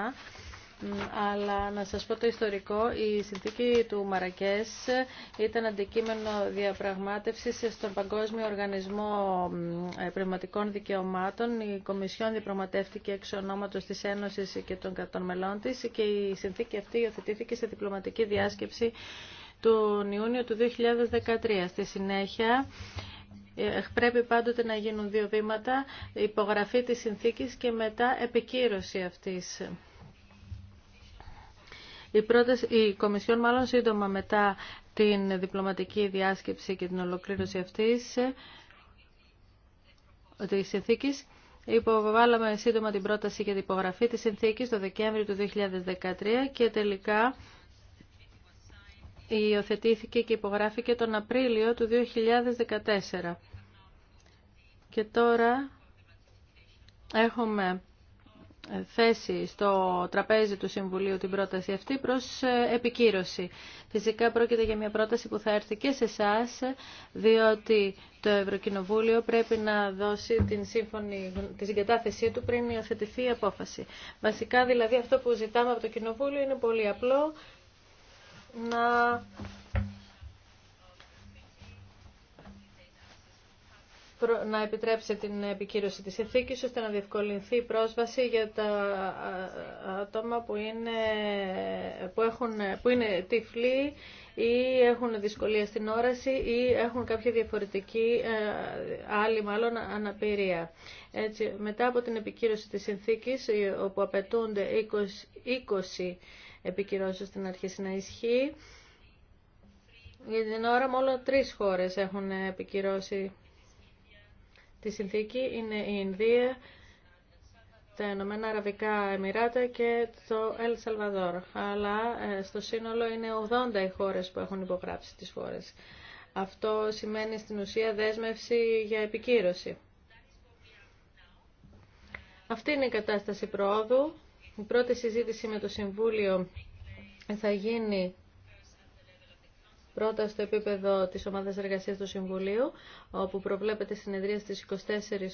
αλλά να σας πω το ιστορικό, η συνθήκη του Μαρακές ήταν αντικείμενο διαπραγμάτευσης στον Παγκόσμιο Οργανισμό ε, Πνευματικών Δικαιωμάτων. Η Κομισιόν διπλωματεύτηκε εξ ονόματος της Ένωσης και των κρατών μελών της και η συνθήκη αυτή υιοθετήθηκε σε διπλωματική διάσκεψη τον Ιούνιο του 2013. Στη συνέχεια ε, πρέπει πάντοτε να γίνουν δύο βήματα, υπογραφή της συνθήκης και μετά επικύρωση αυτής. Η, πρόταση, η Κομισιόν μάλλον σύντομα μετά την διπλωματική διάσκεψη και την ολοκλήρωση αυτής ε, της συνθήκης υποβάλαμε σύντομα την πρόταση για την υπογραφή της συνθήκης το Δεκέμβριο του 2013 και τελικά υιοθετήθηκε και υπογράφηκε τον Απρίλιο του 2014. Και τώρα έχουμε θέσει στο τραπέζι του Συμβουλίου την πρόταση αυτή προς ε, επικύρωση. Φυσικά πρόκειται για μια πρόταση που θα έρθει και σε εσά, διότι το Ευρωκοινοβούλιο πρέπει να δώσει την σύμφωνη, τη συγκατάθεσή του πριν υιοθετηθεί η απόφαση. Βασικά δηλαδή αυτό που ζητάμε από το Κοινοβούλιο είναι πολύ απλό να να επιτρέψει την επικύρωση της ηθίκης ώστε να διευκολυνθεί η πρόσβαση για τα άτομα που είναι, που έχουν, που είναι τυφλοί ή έχουν δυσκολία στην όραση ή έχουν κάποια διαφορετική ε, άλλη μάλλον αναπηρία. Έτσι, μετά από την επικύρωση της συνθήκης ε, όπου απαιτούνται 20, 20 επικυρώσεις στην αρχή να ισχύει για την ώρα μόνο τρεις χώρες έχουν επικυρώσει Τη συνθήκη είναι η Ινδία, τα Ηνωμένα Αραβικά Εμμυράτα και το Ελ Σαλβαδόρ. Αλλά ε, στο σύνολο είναι 80 οι χώρες που έχουν υπογράψει τις φόρες. Αυτό σημαίνει στην ουσία δέσμευση για επικύρωση. Αυτή είναι η κατάσταση προόδου. Η πρώτη συζήτηση με το Συμβούλιο θα γίνει Πρώτα στο επίπεδο της ομάδας εργασίας του Συμβουλίου, όπου προβλέπεται συνεδρία στις 24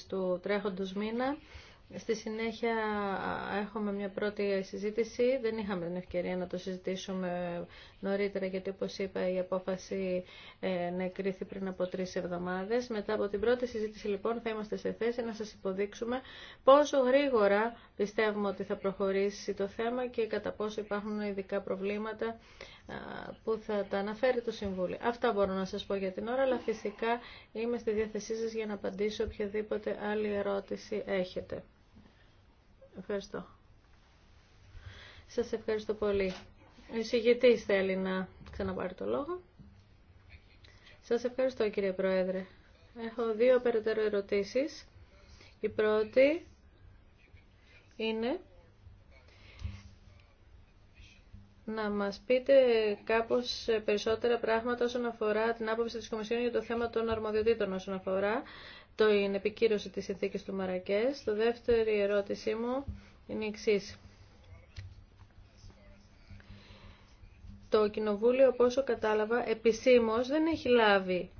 του τρέχοντος μήνα. Στη συνέχεια έχουμε μια πρώτη συζήτηση. Δεν είχαμε την ευκαιρία να το συζητήσουμε νωρίτερα, γιατί όπως είπα η απόφαση ε, να εκρήθη πριν από τρεις εβδομάδες. Μετά από την πρώτη συζήτηση λοιπόν θα είμαστε σε θέση να σας υποδείξουμε πόσο γρήγορα πιστεύουμε ότι θα προχωρήσει το θέμα και κατά πόσο υπάρχουν ειδικά προβλήματα που θα τα αναφέρει το Συμβούλιο. Αυτά μπορώ να σας πω για την ώρα, αλλά φυσικά είμαι στη διάθεσή σας για να απαντήσω οποιαδήποτε άλλη ερώτηση έχετε. Ευχαριστώ. Σας ευχαριστώ πολύ. Ο εισηγητής θέλει να ξαναπάρει το λόγο. Σας ευχαριστώ κύριε Πρόεδρε. Έχω δύο περαιτέρω ερωτήσεις. Η πρώτη είναι να μας πείτε κάπως περισσότερα πράγματα όσον αφορά την άποψη της Κομισιόν για το θέμα των αρμοδιοτήτων όσον αφορά την επικύρωση της συνθήκης του Μαρακές. Το δεύτερη ερώτησή μου είναι η εξής. Το Κοινοβούλιο, όπως κατάλαβα, επισήμως δεν έχει λάβει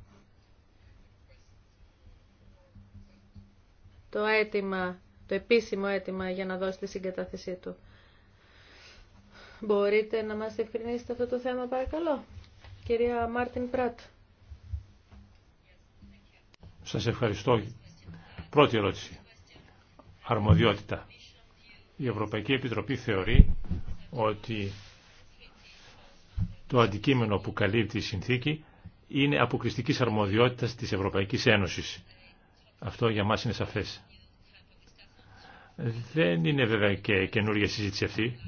το αίτημα το επίσημο αίτημα για να δώσει τη συγκατάθεσή του. Μπορείτε να μας ευκρινίσετε αυτό το θέμα παρακαλώ. Κυρία Μάρτιν Πράτ. Σας ευχαριστώ. Πρώτη ερώτηση. Αρμοδιότητα. Η Ευρωπαϊκή Επιτροπή θεωρεί ότι το αντικείμενο που καλύπτει η συνθήκη είναι αποκριστικής αρμοδιότητας της Ευρωπαϊκής Ένωσης. Αυτό για μας είναι σαφές. Δεν είναι βέβαια και καινούργια συζήτηση αυτή.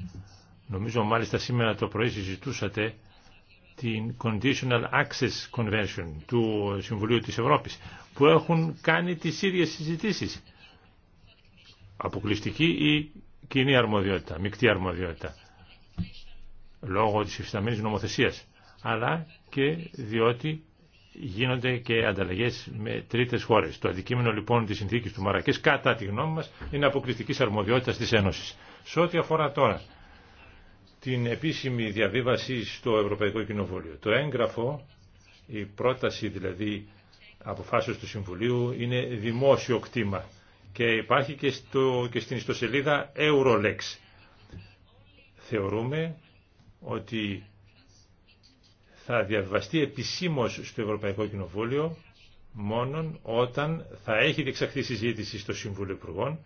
Νομίζω μάλιστα σήμερα το πρωί συζητούσατε την Conditional Access Convention του Συμβουλίου της Ευρώπης που έχουν κάνει τις ίδιες συζητήσεις. Αποκλειστική ή κοινή αρμοδιότητα, μεικτή αρμοδιότητα λόγω της υφισταμένης νομοθεσίας αλλά και διότι γίνονται και ανταλλαγές με τρίτες χώρες. Το αντικείμενο λοιπόν τη συνθήκη του Μαρακές κατά τη γνώμη μας είναι αποκλειστική αρμοδιότητα τη Ένωση. Σε ό,τι αφορά τώρα την επίσημη διαβίβαση στο Ευρωπαϊκό Κοινοβούλιο. Το έγγραφο, η πρόταση δηλαδή αποφάσεως του Συμβουλίου είναι δημόσιο κτήμα και υπάρχει και, στο, και στην ιστοσελίδα Eurolex. Θεωρούμε ότι θα διαβιβαστεί επισήμως στο Ευρωπαϊκό Κοινοβούλιο μόνο όταν θα έχει διεξαχθεί συζήτηση στο Συμβούλιο Υπουργών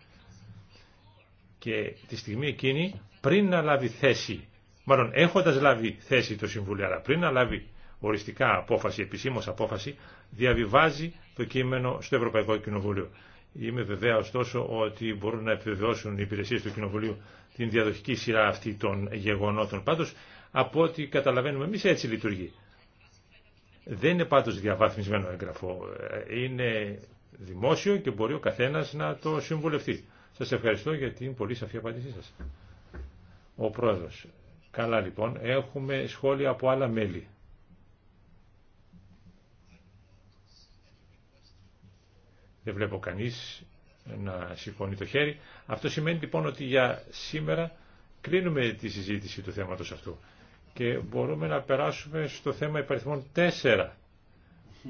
και τη στιγμή εκείνη πριν να λάβει θέση, μάλλον έχοντας λάβει θέση το Συμβούλιο, αλλά πριν να λάβει οριστικά απόφαση, επισήμως απόφαση, διαβιβάζει το κείμενο στο Ευρωπαϊκό Κοινοβούλιο. Είμαι βεβαία ωστόσο ότι μπορούν να επιβεβαιώσουν οι υπηρεσίες του Κοινοβουλίου την διαδοχική σειρά αυτή των γεγονότων. Πάντως από ό,τι καταλαβαίνουμε εμείς έτσι λειτουργεί. Δεν είναι πάντως διαβάθμισμένο εγγραφό. Είναι δημόσιο και μπορεί ο καθένας να το συμβουλευτεί. Σας ευχαριστώ για την πολύ σαφή απάντησή σας. Ο Πρόεδρος. Καλά λοιπόν, έχουμε σχόλια από άλλα μέλη. Δεν βλέπω κανείς να σηκώνει το χέρι. Αυτό σημαίνει λοιπόν ότι για σήμερα κλείνουμε τη συζήτηση του θέματος αυτού και μπορούμε να περάσουμε στο θέμα υπαριθμών 4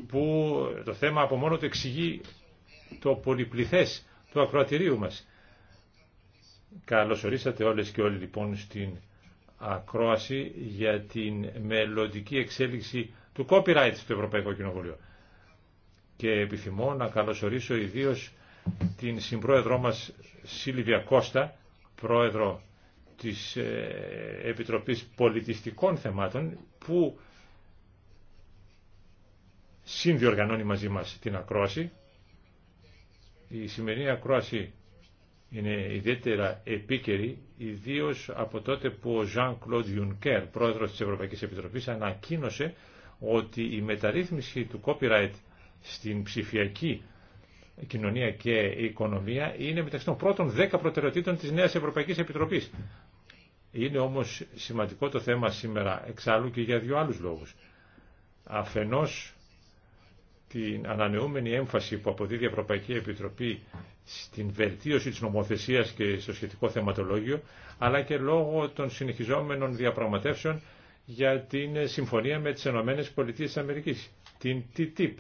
που το θέμα από μόνο του εξηγεί το πολυπληθές του ακροατηρίου μας. Καλώς ορίσατε όλες και όλοι λοιπόν στην ακρόαση για την μελλοντική εξέλιξη του copyright στο Ευρωπαϊκό Κοινοβούλιο. Και επιθυμώ να καλωσορίσω ιδίως την συμπρόεδρό μας Σίλβια Κώστα, πρόεδρο της ε, Επιτροπής Πολιτιστικών Θεμάτων που συνδιοργανώνει μαζί μας την ακρόαση. Η σημερινή ακρόαση είναι ιδιαίτερα επίκαιρη, ιδίως από τότε που ο Jean-Claude Juncker, πρόεδρος της Ευρωπαϊκής Επιτροπής, ανακοίνωσε ότι η μεταρρύθμιση του copyright στην ψηφιακή κοινωνία και οικονομία είναι μεταξύ των πρώτων 10 προτεραιοτήτων της νέας Ευρωπαϊκής Επιτροπής. Είναι όμως σημαντικό το θέμα σήμερα εξάλλου και για δύο άλλους λόγους. Αφενός την ανανεούμενη έμφαση που αποδίδει η Ευρωπαϊκή Επιτροπή στην βελτίωση της νομοθεσίας και στο σχετικό θεματολόγιο, αλλά και λόγω των συνεχιζόμενων διαπραγματεύσεων για την συμφωνία με τις ΗΠΑ, την TTIP,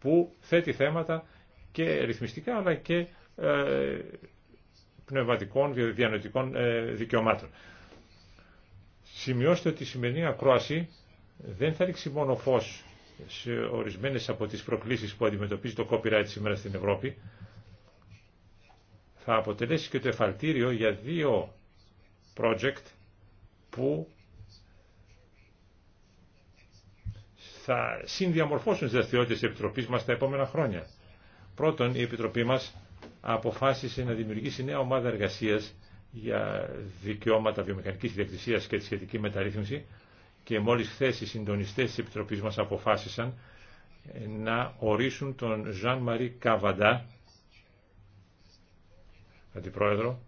που θέτει θέματα και ρυθμιστικά, αλλά και ε, πνευματικών διανοητικών ε, δικαιωμάτων σημειώστε ότι η σημερινή ακρόαση δεν θα ρίξει μόνο φως σε ορισμένες από τις προκλήσεις που αντιμετωπίζει το copyright σήμερα στην Ευρώπη, θα αποτελέσει και το εφαλτήριο για δύο project που θα συνδιαμορφώσουν τις δραστηριότητες της Επιτροπής μας τα επόμενα χρόνια. Πρώτον, η Επιτροπή μας αποφάσισε να δημιουργήσει νέα ομάδα εργασίας για δικαιώματα βιομηχανικής ιδιοκτησία και τη σχετική μεταρρύθμιση και μόλις χθε οι συντονιστέ τη Επιτροπής μας αποφάσισαν να ορίσουν τον Ζαν Μαρί Καβαντά, αντιπρόεδρο,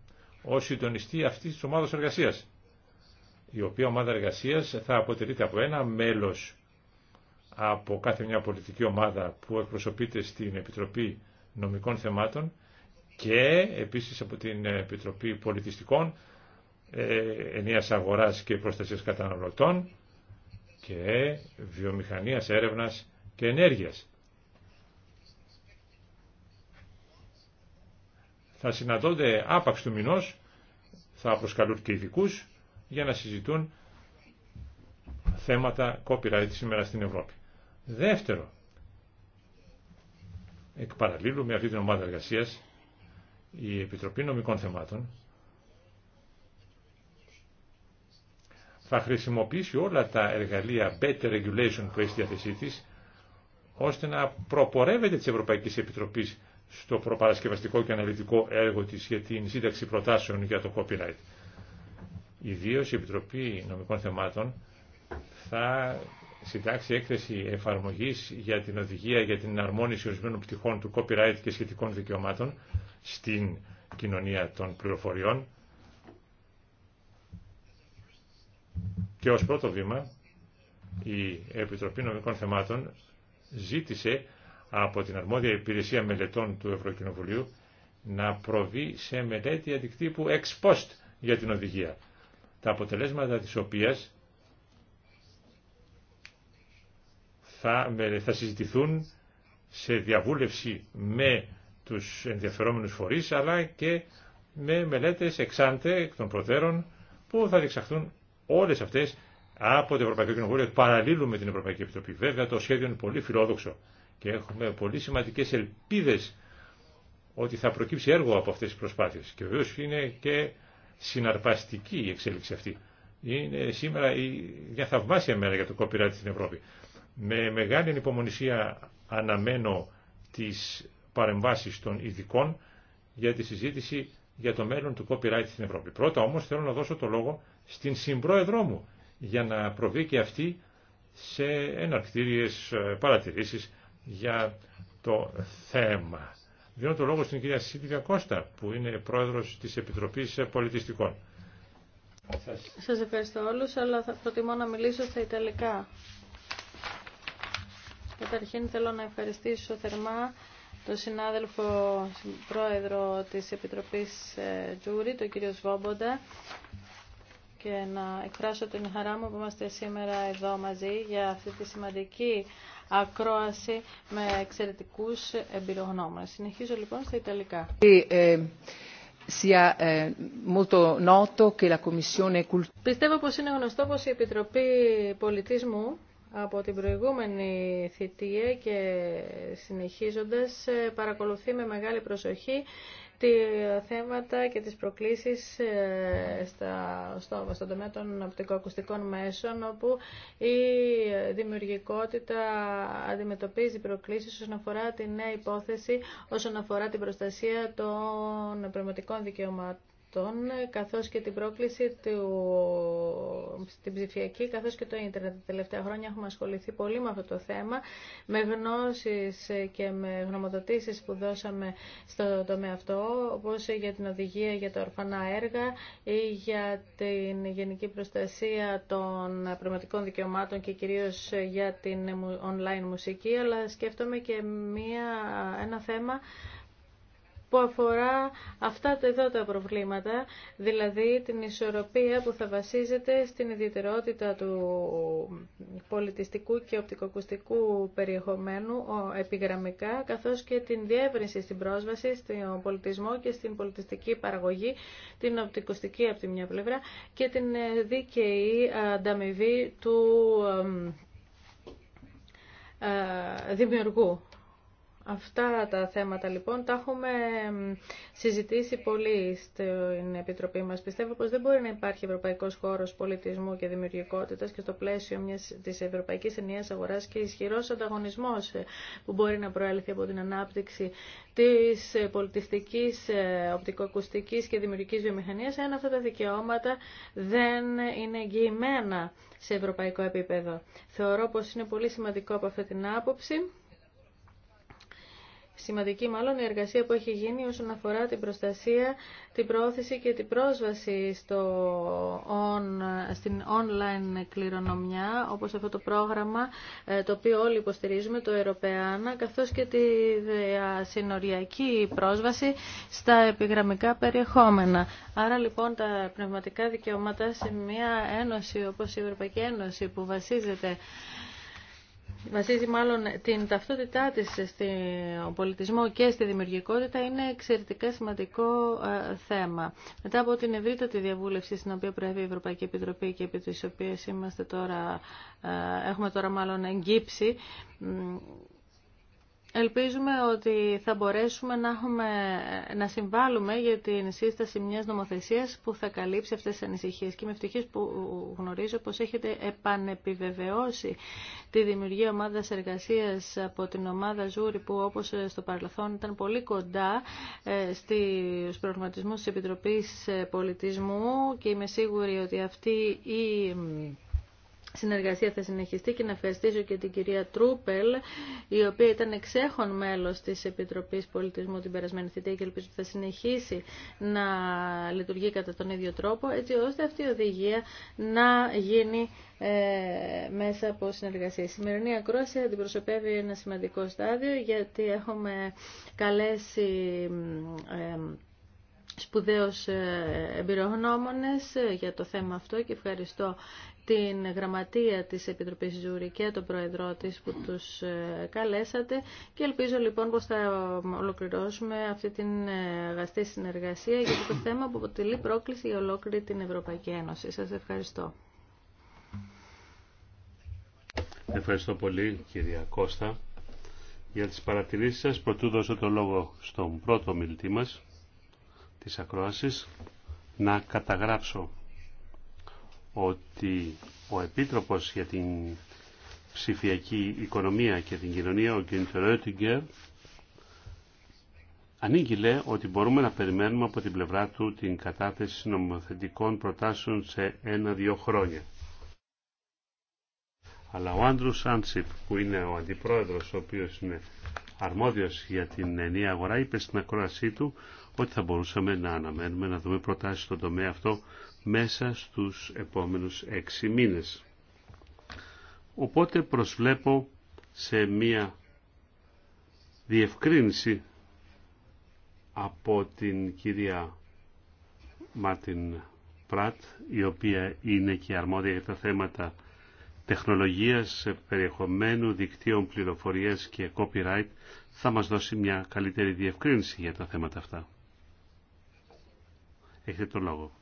ως συντονιστή αυτή τη ομάδα εργασίας, η οποία ομάδα εργασίας θα αποτελείται από ένα μέλος από κάθε μια πολιτική ομάδα που εκπροσωπείται στην Επιτροπή Νομικών Θεμάτων και επίσης από την Επιτροπή Πολιτιστικών ε, Ενίας Αγοράς και Προστασίας Καταναλωτών και Βιομηχανίας Έρευνας και Ενέργειας. Θα συναντώνται άπαξ του μηνός, θα προσκαλούν και ειδικού για να συζητούν θέματα copyright σήμερα στην Ευρώπη. Δεύτερο, εκ με αυτή την ομάδα εργασίας η Επιτροπή Νομικών Θεμάτων θα χρησιμοποιήσει όλα τα εργαλεία better regulation που έχει στη διάθεσή της, ώστε να προπορεύεται της Ευρωπαϊκής Επιτροπής στο προπαρασκευαστικό και αναλυτικό έργο της για την σύνταξη προτάσεων για το copyright. Ιδίως η Επιτροπή Νομικών Θεμάτων θα συντάξει έκθεση εφαρμογής για την οδηγία για την αρμόνιση ορισμένων πτυχών του copyright και σχετικών δικαιωμάτων στην κοινωνία των πληροφοριών. Και ως πρώτο βήμα η Επιτροπή Νομικών Θεμάτων ζήτησε από την αρμόδια υπηρεσία μελετών του Ευρωκοινοβουλίου να προβεί σε μελέτη αντικτύπου ex post για την οδηγία, τα αποτελέσματα της οποίας θα, ε, θα συζητηθούν σε διαβούλευση με τους ενδιαφερόμενους φορείς αλλά και με μελέτες εξάντε εκ των προτέρων που θα διεξαχθούν όλες αυτές από το Ευρωπαϊκό Κοινοβούλιο παραλλήλου με την Ευρωπαϊκή Επιτροπή. Βέβαια το σχέδιο είναι πολύ φιλόδοξο και έχουμε πολύ σημαντικές ελπίδες ότι θα προκύψει έργο από αυτές τις προσπάθειες και βεβαίως είναι και συναρπαστική η εξέλιξη αυτή. Είναι σήμερα μια θαυμάσια μέρα για το copyright στην Ευρώπη. Με μεγάλη ανυπομονησία αναμένω τις παρεμβάσεις των ειδικών για τη συζήτηση για το μέλλον του copyright στην Ευρώπη. Πρώτα όμως θέλω να δώσω το λόγο στην συμπρόεδρό μου για να προβεί και αυτή σε εναρκτήριες ε, παρατηρήσεις για το θέμα. Δίνω το λόγο στην κυρία Σίλβια Κώστα που είναι πρόεδρος της Επιτροπής Πολιτιστικών. Σας ευχαριστώ όλους, αλλά θα προτιμώ να μιλήσω στα Ιταλικά. Καταρχήν θέλω να ευχαριστήσω θερμά τον συνάδελφο πρόεδρο της Επιτροπής ε, Τζούρι, τον κύριο Σβόμποντα, και να εκφράσω την χαρά μου που είμαστε σήμερα εδώ μαζί για αυτή τη σημαντική ακρόαση με εξαιρετικούς εμπειρογνώμονες. Συνεχίζω λοιπόν στα Ιταλικά. Πιστεύω πως είναι γνωστό πως η Επιτροπή Πολιτισμού από την προηγούμενη θητεία και συνεχίζοντας ε, παρακολουθεί με μεγάλη προσοχή τα θέματα και τις προκλήσεις ε, στα, στο, στον τομέα των οπτικοακουστικών μέσων όπου η δημιουργικότητα αντιμετωπίζει προκλήσεις όσον αφορά τη νέα υπόθεση, όσον αφορά την προστασία των πνευματικών δικαιωμάτων αυτών, καθώς και την πρόκληση του, στην ψηφιακή, καθώς και το ίντερνετ. Τα τελευταία χρόνια έχουμε ασχοληθεί πολύ με αυτό το θέμα, με γνώσεις και με γνωμοδοτήσεις που δώσαμε στο τομέα αυτό, όπως για την οδηγία για τα ορφανά έργα ή για την γενική προστασία των πνευματικών δικαιωμάτων και κυρίως για την online μουσική, αλλά σκέφτομαι και μία, ένα θέμα που αφορά αυτά εδώ τα προβλήματα, δηλαδή την ισορροπία που θα βασίζεται στην ιδιαιτερότητα του πολιτιστικού και οπτικοκουστικού περιεχομένου επιγραμμικά, καθώς και την διεύρυνση στην πρόσβαση στον πολιτισμό και στην πολιτιστική παραγωγή, την οπτικοστική από τη μια πλευρά και την ε, δίκαιη ανταμοιβή του ε, δημιουργού. Αυτά τα θέματα λοιπόν τα έχουμε συζητήσει πολύ στην Επιτροπή μας. Πιστεύω πως δεν μπορεί να υπάρχει ευρωπαϊκός χώρος πολιτισμού και δημιουργικότητας και στο πλαίσιο μιας της ευρωπαϊκής ενιαίας αγοράς και ισχυρός ανταγωνισμός ε, που μπορεί να προέλθει από την ανάπτυξη της ε, πολιτιστικής, ε, οπτικοακουστικής και δημιουργικής βιομηχανίας, αν αυτά τα δικαιώματα δεν είναι εγγυημένα σε ευρωπαϊκό επίπεδο. Θεωρώ πως είναι πολύ σημαντικό από αυτή την άποψη σημαντική μάλλον η εργασία που έχει γίνει όσον αφορά την προστασία, την προώθηση και την πρόσβαση στο on, στην online κληρονομιά, όπως αυτό το πρόγραμμα ε, το οποίο όλοι υποστηρίζουμε, το Ευρωπαίανα, καθώς και τη διασυνοριακή πρόσβαση στα επιγραμμικά περιεχόμενα. Άρα λοιπόν τα πνευματικά δικαιώματα σε μια ένωση όπως η Ευρωπαϊκή Ένωση που βασίζεται βασίζει μάλλον την ταυτότητά της στον πολιτισμό και στη δημιουργικότητα είναι εξαιρετικά σημαντικό ε, θέμα. Μετά από την ευρύτατη διαβούλευση στην οποία προέβη η Ευρωπαϊκή Επιτροπή και επί της οποίας είμαστε τώρα, ε, έχουμε τώρα μάλλον εγκύψει, Ελπίζουμε ότι θα μπορέσουμε να, έχουμε, να συμβάλλουμε για την σύσταση μιας νομοθεσίας που θα καλύψει αυτές τις ανησυχίες. Και είμαι ευτυχής που γνωρίζω πως έχετε επανεπιβεβαιώσει τη δημιουργία ομάδας εργασίας από την ομάδα Ζούρι που όπως στο παρελθόν ήταν πολύ κοντά ε, στους προγραμματισμού της Επιτροπής Πολιτισμού και είμαι σίγουρη ότι αυτή η συνεργασία θα συνεχιστεί και να ευχαριστήσω και την κυρία Τρούπελ, η οποία ήταν εξέχον μέλος της Επιτροπής Πολιτισμού την περασμένη θητεία και ελπίζω ότι θα συνεχίσει να λειτουργεί κατά τον ίδιο τρόπο, έτσι ώστε αυτή η οδηγία να γίνει ε, μέσα από συνεργασία. Η σημερινή ακρόαση αντιπροσωπεύει ένα σημαντικό στάδιο, γιατί έχουμε καλέσει ε, σπουδαίους ε, εμπειρογνώμονες για το θέμα αυτό και ευχαριστώ την γραμματεία της Επιτροπής Ζούρη και τον Προεδρό της που τους ε, καλέσατε και ελπίζω λοιπόν πως θα ολοκληρώσουμε αυτή την ε, αγαστή συνεργασία για το θέμα που αποτελεί πρόκληση για ολόκληρη την Ευρωπαϊκή Ένωση. Σας ευχαριστώ. Ευχαριστώ πολύ κυρία Κώστα για τις παρατηρήσεις σας. Πρωτού δώσω το λόγο στον πρώτο μιλητή μας της ακρόασης να καταγράψω ότι ο Επίτροπος για την ψηφιακή οικονομία και την κοινωνία, ο Γκίντερ Ρέτιγκερ, ανήγγειλε ότι μπορούμε να περιμένουμε από την πλευρά του την κατάθεση νομοθετικών προτάσεων σε ένα-δύο χρόνια. Αλλά ο Άντρου Σάντσιπ που είναι ο αντιπρόεδρος ο οποίος είναι αρμόδιος για την ενία αγορά είπε στην ακρόασή του ότι θα μπορούσαμε να αναμένουμε να δούμε προτάσεις στον τομέα αυτό μέσα στους επόμενους έξι μήνες. Οπότε προσβλέπω σε μία διευκρίνηση από την κυρία Μάρτιν Πράτ, η οποία είναι και αρμόδια για τα θέματα τεχνολογίας, περιεχομένου, δικτύων πληροφορίας και copyright, θα μας δώσει μια καλύτερη διευκρίνηση για τα θέματα αυτά. Έχετε το λόγο.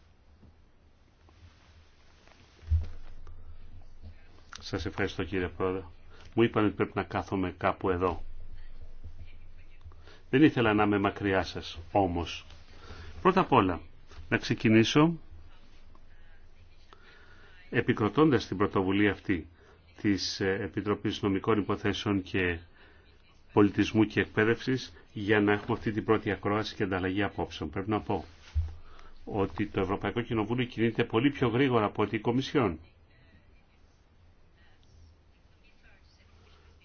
Σας ευχαριστώ κύριε Πρόεδρε. Μου είπαν ότι πρέπει να κάθομαι κάπου εδώ. Δεν ήθελα να είμαι μακριά σας, όμως. Πρώτα απ' όλα, να ξεκινήσω επικροτώντας την πρωτοβουλία αυτή της ε, Επιτροπής Νομικών Υποθέσεων και Πολιτισμού και Εκπαίδευσης για να έχουμε αυτή την πρώτη ακρόαση και ανταλλαγή απόψεων. Πρέπει να πω ότι το Ευρωπαϊκό Κοινοβούλιο κινείται πολύ πιο γρήγορα από ό,τι η Κομισιόν.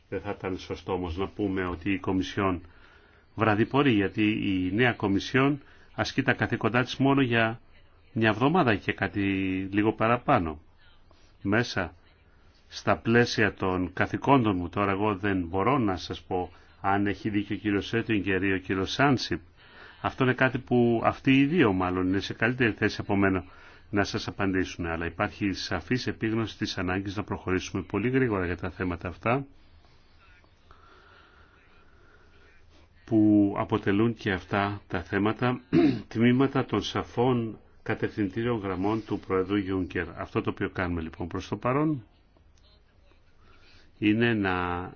Δεν θα ήταν σωστό όμως να πούμε ότι η Κομισιόν βραδιπορεί, γιατί η νέα Κομισιόν ασκεί τα καθήκοντά της μόνο για μια εβδομάδα και κάτι λίγο παραπάνω. Μέσα στα πλαίσια των καθηκόντων μου, τώρα εγώ δεν μπορώ να σας πω αν έχει δίκιο ο κύριο Σέτιγκερ ή ο κύριο Σάνσιπ. Αυτό είναι κάτι που αυτοί οι δύο μάλλον είναι σε καλύτερη θέση από μένα να σας απαντήσουν. Αλλά υπάρχει σαφής επίγνωση της ανάγκης να προχωρήσουμε πολύ γρήγορα για τα θέματα αυτά. που αποτελούν και αυτά τα θέματα [CLEARS THROAT] τμήματα των σαφών κατευθυντήριων γραμμών του Προεδρού Γιούγκερ. Αυτό το οποίο κάνουμε λοιπόν προς το παρόν είναι να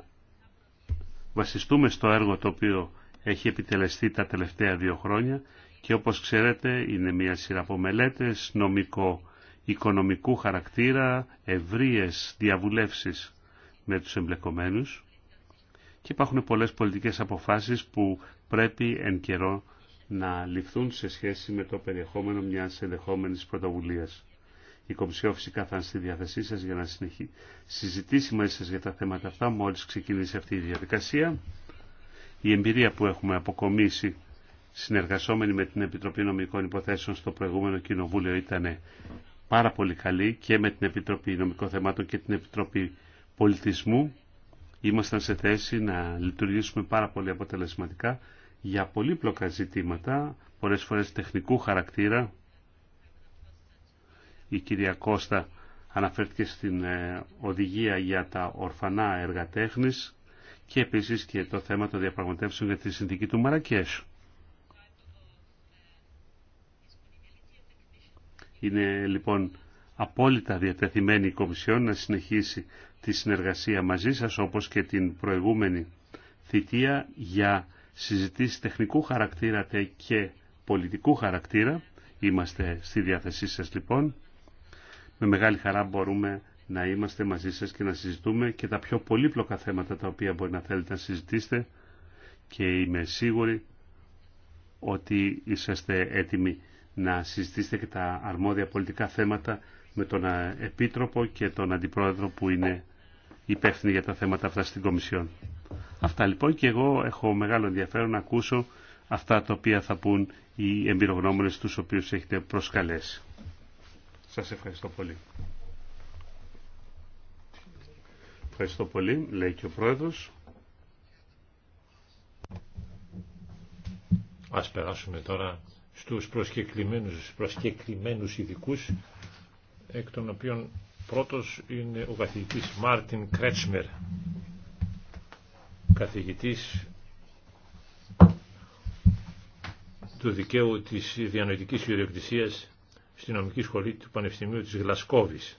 βασιστούμε στο έργο το οποίο έχει επιτελεστεί τα τελευταία δύο χρόνια και όπως ξέρετε είναι μια σειρά από μελέτες νομικό-οικονομικού χαρακτήρα, ευρείες διαβουλεύσεις με τους εμπλεκομένους και υπάρχουν πολλές πολιτικές αποφάσεις που πρέπει εν καιρό να ληφθούν σε σχέση με το περιεχόμενο μιας ενδεχόμενης πρωτοβουλίας. Η Κομισιό φυσικά στη διάθεσή σας για να συζητήσει μαζί σας για τα θέματα αυτά μόλις ξεκινήσει αυτή η διαδικασία. Η εμπειρία που έχουμε αποκομίσει συνεργασόμενοι με την Επιτροπή Νομικών Υποθέσεων στο προηγούμενο Κοινοβούλιο ήταν πάρα πολύ καλή και με την Επιτροπή Νομικών Θεμάτων και την Επιτροπή Πολιτισμού ήμασταν σε θέση να λειτουργήσουμε πάρα πολύ αποτελεσματικά για πολύπλοκα ζητήματα, πολλές φορές τεχνικού χαρακτήρα. Η κυρία Κώστα αναφέρθηκε στην ε, οδηγία για τα ορφανά εργατέχνης και επίσης και το θέμα των διαπραγματεύσεων για τη συνθήκη του Μαρακέσου. Είναι λοιπόν απόλυτα διατεθειμένη η Κομισιόν να συνεχίσει τη συνεργασία μαζί σας όπως και την προηγούμενη θητεία για συζητήσεις τεχνικού χαρακτήρα και πολιτικού χαρακτήρα. Είμαστε στη διάθεσή σας λοιπόν. Με μεγάλη χαρά μπορούμε να είμαστε μαζί σας και να συζητούμε και τα πιο πολύπλοκα θέματα τα οποία μπορεί να θέλετε να συζητήσετε και είμαι σίγουρη ότι είσαστε έτοιμοι να συζητήσετε και τα αρμόδια πολιτικά θέματα με τον Επίτροπο και τον Αντιπρόεδρο που είναι υπεύθυνοι για τα θέματα αυτά στην Κομισιόν. Αυτά λοιπόν και εγώ έχω μεγάλο ενδιαφέρον να ακούσω αυτά τα οποία θα πούν οι εμπειρογνώμονες τους οποίους έχετε προσκαλέσει. Σας ευχαριστώ πολύ. Ευχαριστώ πολύ, λέει και ο Πρόεδρος. Ας περάσουμε τώρα στους προσκεκλημένους, προσκεκλημένους ειδικούς, εκ των οποίων Πρώτος είναι ο καθηγητής Μάρτιν Κρέτσμερ, καθηγητής του δικαίου της διανοητικής ιδιοκτησίας στη νομική σχολή του Πανεπιστημίου της Γλασκόβης.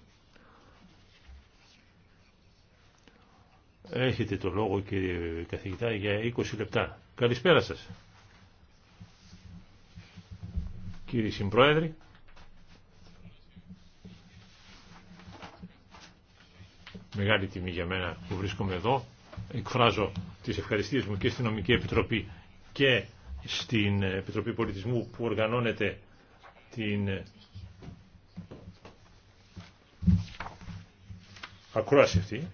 Έχετε το λόγο κύριε καθηγητά για 20 λεπτά. Καλησπέρα σας. Κύριε Συμπρόεδρε, Μεγάλη τιμή για μένα που βρίσκομαι εδώ. Εκφράζω τις ευχαριστίες μου και στην Νομική Επιτροπή και στην Επιτροπή Πολιτισμού που οργανώνεται την ακρόαση αυτή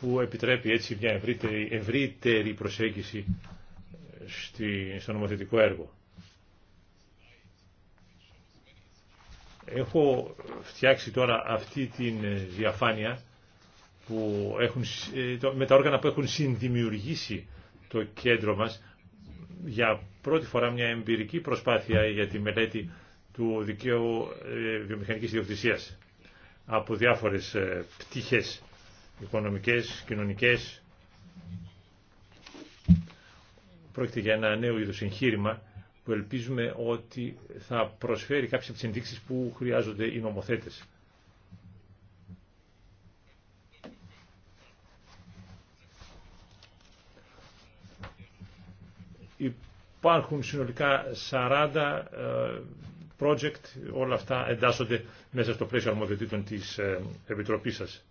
που επιτρέπει έτσι μια ευρύτερη, προσέγγιση στη, στο νομοθετικό έργο. Έχω φτιάξει τώρα αυτή την ε, διαφάνεια που έχουν, ε, με τα όργανα που έχουν συνδημιουργήσει το κέντρο μας για πρώτη φορά μια εμπειρική προσπάθεια για τη μελέτη του δικαίου ε, βιομηχανικής ιδιοκτησίας από διάφορες πτυχές οικονομικές, κοινωνικές. Πρόκειται για ένα νέο είδος εγχείρημα που ελπίζουμε ότι θα προσφέρει κάποιες από τις που χρειάζονται οι νομοθέτες. Υπάρχουν συνολικά 40 ε, project, όλα αυτά εντάσσονται μέσα στο πλαίσιο αρμοδιοτήτων της ε, Επιτροπής σας.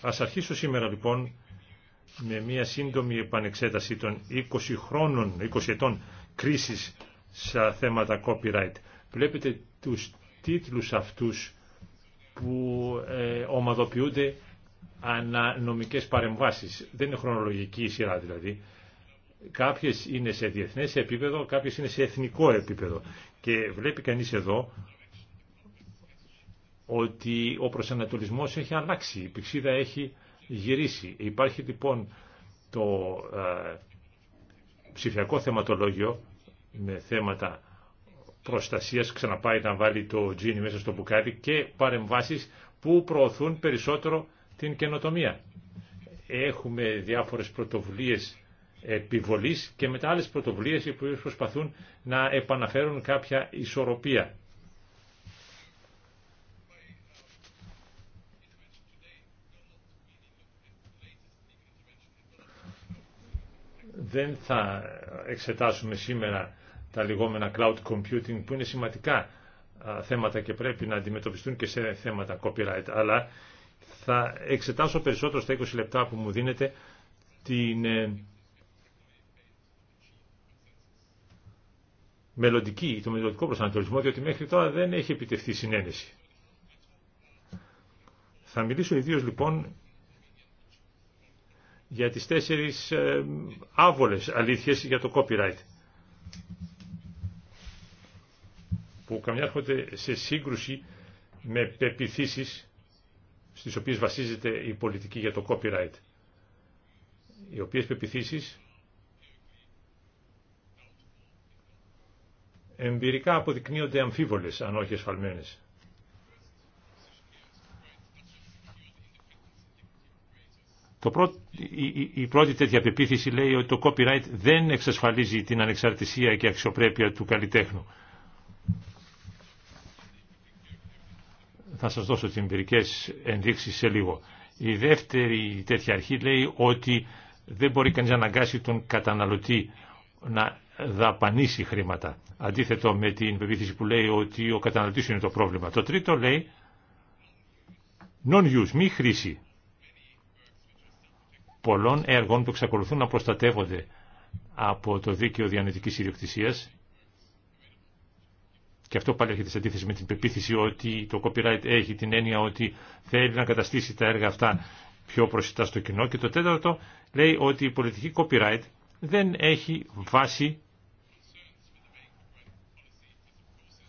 Ας αρχίσω σήμερα λοιπόν με μια σύντομη επανεξέταση των 20 χρόνων, 20 ετών κρίσης σε θέματα copyright. Βλέπετε τους τίτλους αυτούς που ε, ομαδοποιούνται ανανομικές παρεμβάσεις. Δεν είναι χρονολογική η σειρά δηλαδή. Κάποιες είναι σε διεθνές επίπεδο, κάποιες είναι σε εθνικό επίπεδο. Και βλέπει κανείς εδώ ότι ο προσανατολισμός έχει αλλάξει. Η πηξίδα έχει γυρίσει. Υπάρχει λοιπόν το ε, ψηφιακό θεματολόγιο με θέματα προστασίας, ξαναπάει να βάλει το τζίνι μέσα στο μπουκάλι και παρεμβάσεις που προωθούν περισσότερο την καινοτομία. Έχουμε διάφορες πρωτοβουλίες επιβολής και μετά άλλες πρωτοβουλίες οι προσπαθούν να επαναφέρουν κάποια ισορροπία. δεν θα εξετάσουμε σήμερα τα λεγόμενα cloud computing που είναι σημαντικά θέματα και πρέπει να αντιμετωπιστούν και σε θέματα copyright αλλά θα εξετάσω περισσότερο στα 20 λεπτά που μου δίνετε την ε, μελλοντική, το μελλοντικό προσανατολισμό διότι μέχρι τώρα δεν έχει επιτευχθεί συνένεση. Θα μιλήσω ιδίως λοιπόν για τις τέσσερις ε, άβολες αλήθειες για το copyright που καμιά έρχονται σε σύγκρουση με πεπιθήσεις στις οποίες βασίζεται η πολιτική για το copyright οι οποίες πεπιθήσεις εμπειρικά αποδεικνύονται αμφίβολες αν όχι εσφαλμένες. Το πρώτο, η, η, πρώτη τέτοια πεποίθηση λέει ότι το copyright δεν εξασφαλίζει την ανεξαρτησία και αξιοπρέπεια του καλλιτέχνου. Θα σας δώσω τις εμπειρικές ενδείξεις σε λίγο. Η δεύτερη τέτοια αρχή λέει ότι δεν μπορεί κανείς να αναγκάσει τον καταναλωτή να δαπανίσει χρήματα. Αντίθετο με την πεποίθηση που λέει ότι ο καταναλωτής είναι το πρόβλημα. Το τρίτο λέει non-use, μη χρήση πολλών έργων που εξακολουθούν να προστατεύονται από το δίκαιο διανοητικής ιδιοκτησίας και αυτό πάλι έρχεται σε αντίθεση με την πεποίθηση ότι το copyright έχει την έννοια ότι θέλει να καταστήσει τα έργα αυτά πιο προσιτά στο κοινό και το τέταρτο λέει ότι η πολιτική copyright δεν έχει βάση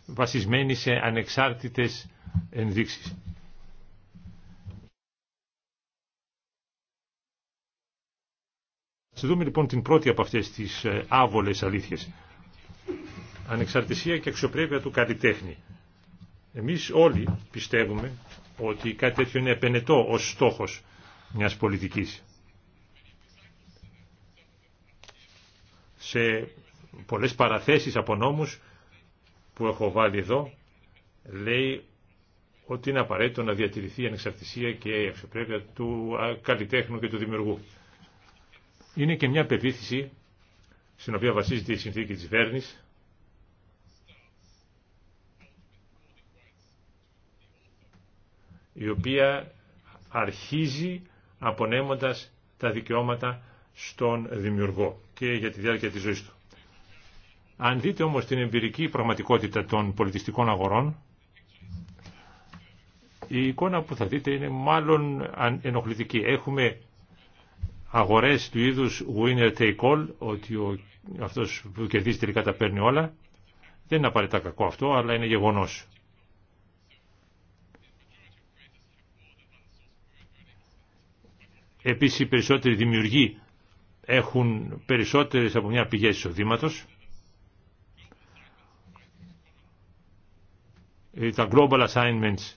βασισμένη σε ανεξάρτητες ενδείξεις. Σε δούμε λοιπόν την πρώτη από αυτές τις ε, άβολες αλήθειες. Ανεξαρτησία και αξιοπρέπεια του καλλιτέχνη. Εμείς όλοι πιστεύουμε ότι κάτι τέτοιο είναι επενετό ως στόχος μιας πολιτικής. Σε πολλές παραθέσεις από νόμους που έχω βάλει εδώ, λέει ότι είναι απαραίτητο να διατηρηθεί η ανεξαρτησία και η αξιοπρέπεια του καλλιτέχνου και του δημιουργού είναι και μια πεποίθηση στην οποία βασίζεται η συνθήκη της Βέρνης η οποία αρχίζει απονέμοντας τα δικαιώματα στον δημιουργό και για τη διάρκεια της ζωής του. Αν δείτε όμως την εμπειρική πραγματικότητα των πολιτιστικών αγορών, η εικόνα που θα δείτε είναι μάλλον ενοχλητική. Έχουμε αγορές του είδους winner take all, ότι ο, αυτός που κερδίζει τελικά τα παίρνει όλα, δεν είναι απαραίτητα κακό αυτό, αλλά είναι γεγονός. Επίσης οι περισσότεροι δημιουργοί έχουν περισσότερες από μια πηγές εισοδήματος. Ε, τα global assignments,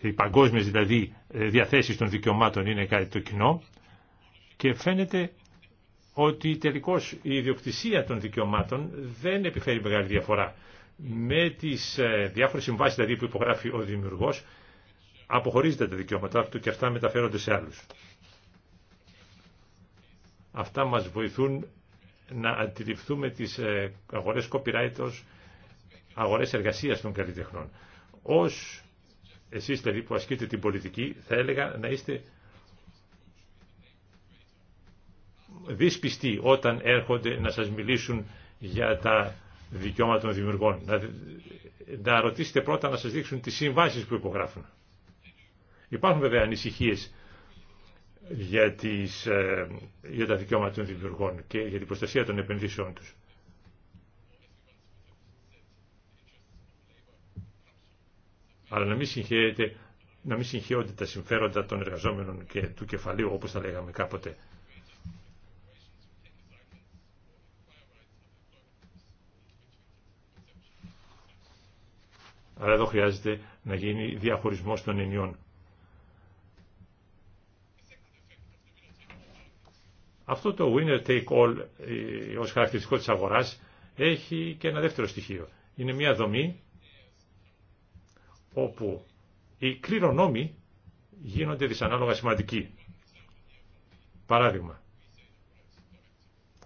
οι παγκόσμιες δηλαδή ε, διαθέσεις των δικαιωμάτων είναι κάτι το κοινό και φαίνεται ότι τελικώς η ιδιοκτησία των δικαιωμάτων δεν επιφέρει μεγάλη διαφορά. Με τις ε, διάφορε συμβάσει δηλαδή που υπογράφει ο δημιουργός αποχωρίζεται τα δικαιώματά του και αυτά μεταφέρονται σε άλλους. Αυτά μας βοηθούν να αντιληφθούμε τις ε, αγορές copyright ω αγορές εργασίας των καλλιτεχνών. Ως εσείς δηλαδή που ασκείτε την πολιτική θα έλεγα να είστε δυσπιστοί όταν έρχονται να σας μιλήσουν για τα δικαιώματα των δημιουργών. Να, να ρωτήσετε πρώτα να σας δείξουν τις συμβάσεις που υπογράφουν. Υπάρχουν βέβαια ανησυχίες για, τις, ε, για τα δικαιώματα των δημιουργών και για την προστασία των επενδύσεών τους. Αλλά να μην, να μην συγχαίονται τα συμφέροντα των εργαζόμενων και του κεφαλίου, όπως τα λέγαμε κάποτε. Αλλά εδώ χρειάζεται να γίνει διαχωρισμός των ενιών. Αυτό το winner take all ε, ως χαρακτηριστικό της αγοράς έχει και ένα δεύτερο στοιχείο. Είναι μια δομή όπου οι κληρονόμοι γίνονται δυσανάλογα σημαντικοί. Παράδειγμα,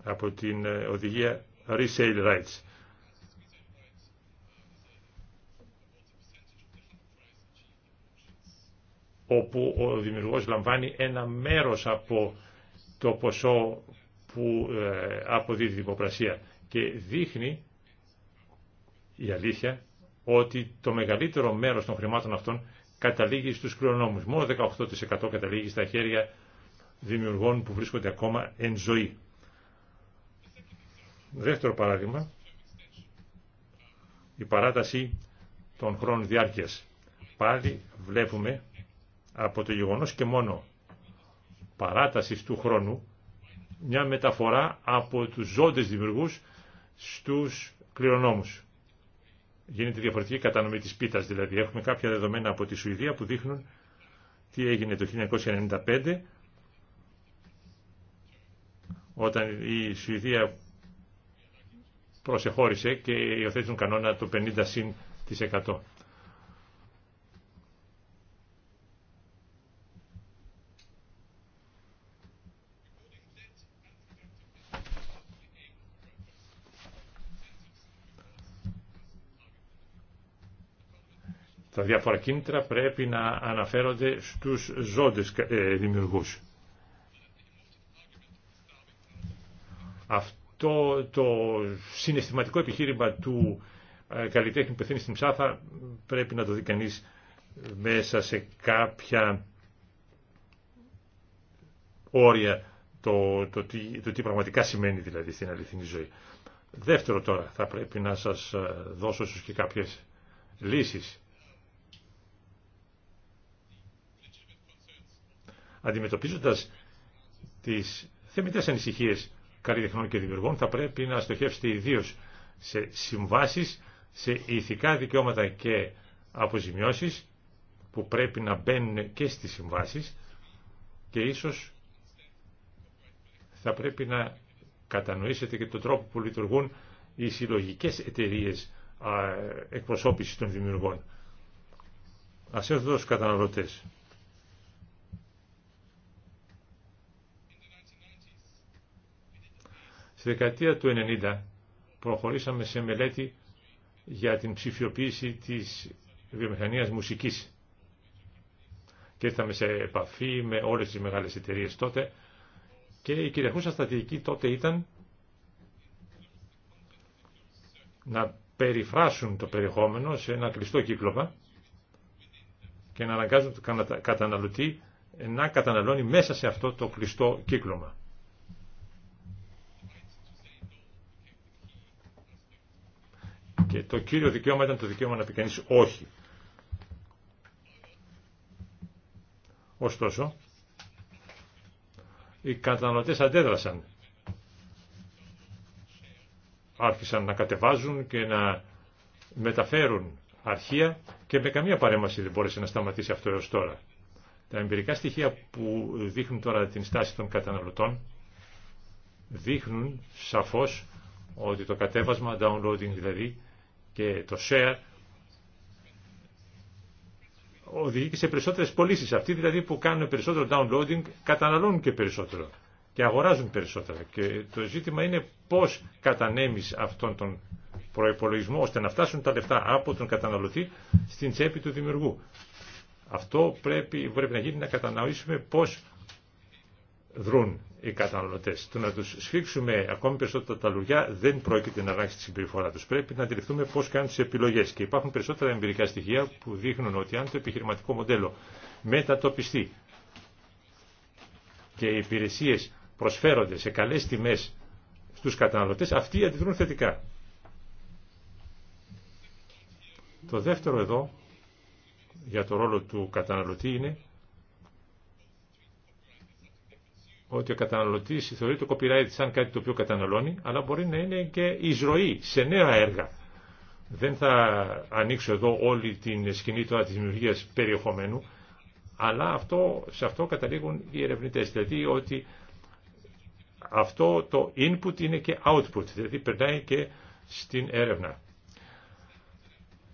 από την ε, οδηγία Resale Rights. όπου ο δημιουργός λαμβάνει ένα μέρος από το ποσό που ε, αποδίδει την υποπρασία και δείχνει η αλήθεια ότι το μεγαλύτερο μέρος των χρημάτων αυτών καταλήγει στους κληρονόμους. Μόνο 18% καταλήγει στα χέρια δημιουργών που βρίσκονται ακόμα εν ζωή. Δεύτερο παράδειγμα, η παράταση των χρόνων διάρκειας. Πάλι βλέπουμε από το γεγονός και μόνο παράτασης του χρόνου μια μεταφορά από τους ζώντες δημιουργούς στους κληρονόμους. Γίνεται διαφορετική κατανομή της πίτας, δηλαδή έχουμε κάποια δεδομένα από τη Σουηδία που δείχνουν τι έγινε το 1995 όταν η Σουηδία προσεχώρησε και υιοθέτουν κανόνα το 50 συν Τα διάφορα κίνητρα πρέπει να αναφέρονται στους ζώντες ε, δημιουργούς. Αυτό το συναισθηματικό επιχείρημα του ε, καλλιτέχνη που πεθαίνει στην ψάθα πρέπει να το δει κανείς μέσα σε κάποια όρια το, το, τι, το τι πραγματικά σημαίνει δηλαδή στην αληθινή ζωή. Δεύτερο τώρα, θα πρέπει να σας ε, δώσω ίσως και κάποιες λύσεις. αντιμετωπίζοντας τις θεμητές ανησυχίες καλλιτεχνών και δημιουργών θα πρέπει να στοχεύσετε ιδίω σε συμβάσεις, σε ηθικά δικαιώματα και αποζημιώσεις που πρέπει να μπαίνουν και στις συμβάσεις και ίσως θα πρέπει να κατανοήσετε και τον τρόπο που λειτουργούν οι συλλογικέ εταιρείε εκπροσώπησης των δημιουργών. Ας έρθω τους καταναλωτές. Στη δεκαετία του 1990 προχωρήσαμε σε μελέτη για την ψηφιοποίηση της βιομηχανίας μουσικής και ήρθαμε σε επαφή με όλες τις μεγάλες εταιρείες τότε και η κυριαρχούσα στρατηγική τότε ήταν να περιφράσουν το περιεχόμενο σε ένα κλειστό κύκλωμα και να αναγκάζουν τον καταναλωτή να καταναλώνει μέσα σε αυτό το κλειστό κύκλωμα. Και το κύριο δικαίωμα ήταν το δικαίωμα να πει κανείς όχι. Ωστόσο, οι καταναλωτές αντέδρασαν. Άρχισαν να κατεβάζουν και να μεταφέρουν αρχεία και με καμία παρέμβαση δεν μπόρεσε να σταματήσει αυτό έως τώρα. Τα εμπειρικά στοιχεία που δείχνουν τώρα την στάση των καταναλωτών δείχνουν σαφώς ότι το κατέβασμα, downloading δηλαδή, και το share οδηγεί και σε περισσότερες πωλήσει. Αυτοί δηλαδή που κάνουν περισσότερο downloading καταναλώνουν και περισσότερο και αγοράζουν περισσότερα. Και το ζήτημα είναι πώς κατανέμεις αυτόν τον προπολογισμό ώστε να φτάσουν τα λεφτά από τον καταναλωτή στην τσέπη του δημιουργού. Αυτό πρέπει, να γίνει να κατανοήσουμε πώς δρούν οι καταναλωτές. Το να τους σφίξουμε ακόμη περισσότερο τα λουριά δεν πρόκειται να αλλάξει τη συμπεριφορά τους. Πρέπει να αντιληφθούμε πώς κάνουν τι επιλογές και υπάρχουν περισσότερα εμπειρικά στοιχεία που δείχνουν ότι αν το επιχειρηματικό μοντέλο μετατοπιστεί και οι υπηρεσίε προσφέρονται σε καλέ τιμέ στου καταναλωτέ, αυτοί αντιδρούν θετικά. Το δεύτερο εδώ για το ρόλο του καταναλωτή είναι ότι ο καταναλωτή θεωρεί το copyright σαν κάτι το οποίο καταναλώνει, αλλά μπορεί να είναι και εισρωή σε νέα έργα. Δεν θα ανοίξω εδώ όλη την σκηνή τώρα της δημιουργίας περιεχομένου, αλλά αυτό, σε αυτό καταλήγουν οι ερευνητές, δηλαδή ότι αυτό το input είναι και output, δηλαδή περνάει και στην έρευνα.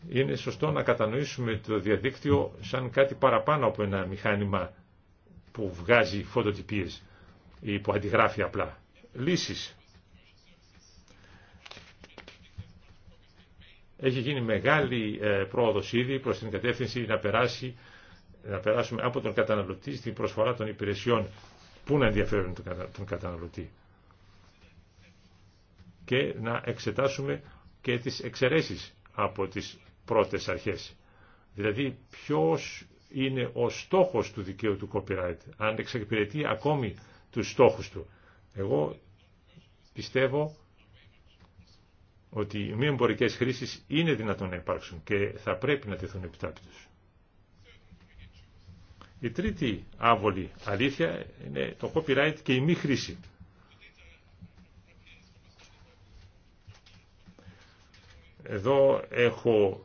Είναι σωστό να κατανοήσουμε το διαδίκτυο σαν κάτι παραπάνω από ένα μηχάνημα που βγάζει φωτοτυπίες ή που αντιγράφει απλά. Λύσεις. Έχει γίνει μεγάλη ε, πρόοδος ήδη προς την κατεύθυνση να, περάσει, να περάσουμε από τον καταναλωτή στην προσφορά των υπηρεσιών που να ενδιαφέρουν τον καταναλωτή. Και να εξετάσουμε και τις εξαιρέσεις από τις πρώτες αρχές. Δηλαδή ποιος είναι ο στόχος του δικαίου του copyright. Αν εξυπηρετεί ακόμη τους στόχους του. Εγώ πιστεύω ότι οι μη εμπορικέ χρήσεις είναι δυνατόν να υπάρξουν και θα πρέπει να τεθούν επιτάπητος. Η τρίτη άβολη αλήθεια είναι το copyright και η μη χρήση. Εδώ έχω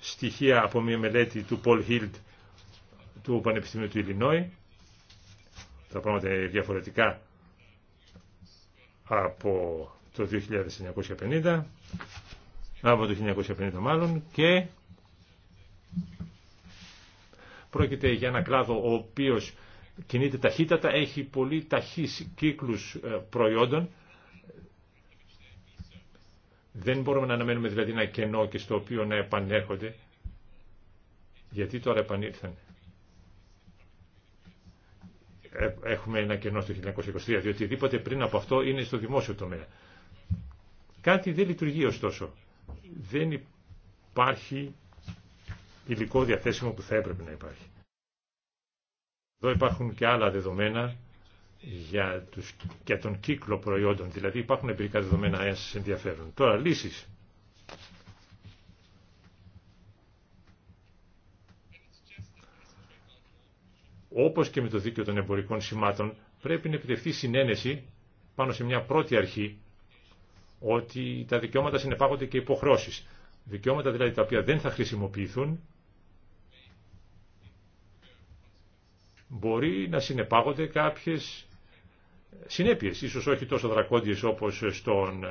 στοιχεία από μια μελέτη του Paul Hild του Πανεπιστημίου του Ιλινόη τα πράγματα διαφορετικά από το 1950, από το 1950 μάλλον, και πρόκειται για ένα κλάδο ο οποίος κινείται ταχύτατα, έχει πολύ ταχύς κύκλους ε, προϊόντων, δεν μπορούμε να αναμένουμε δηλαδή ένα κενό και στο οποίο να επανέρχονται, γιατί τώρα επανήλθανε. Ε, έχουμε ένα κενό στο 1923, διότι οτιδήποτε πριν από αυτό είναι στο δημόσιο τομέα. Κάτι δεν λειτουργεί ωστόσο. Δεν υπάρχει υλικό διαθέσιμο που θα έπρεπε να υπάρχει. Εδώ υπάρχουν και άλλα δεδομένα για, τους, για τον κύκλο προϊόντων, δηλαδή υπάρχουν εμπειρικά δεδομένα ένα ενδιαφέρουν. Τώρα λύσεις. όπως και με το δίκαιο των εμπορικών σημάτων, πρέπει να επιτευχθεί συνένεση πάνω σε μια πρώτη αρχή ότι τα δικαιώματα συνεπάγονται και υποχρώσεις. Δικαιώματα δηλαδή τα οποία δεν θα χρησιμοποιηθούν μπορεί να συνεπάγονται κάποιες συνέπειες, ίσως όχι τόσο δρακόντιες όπως στον,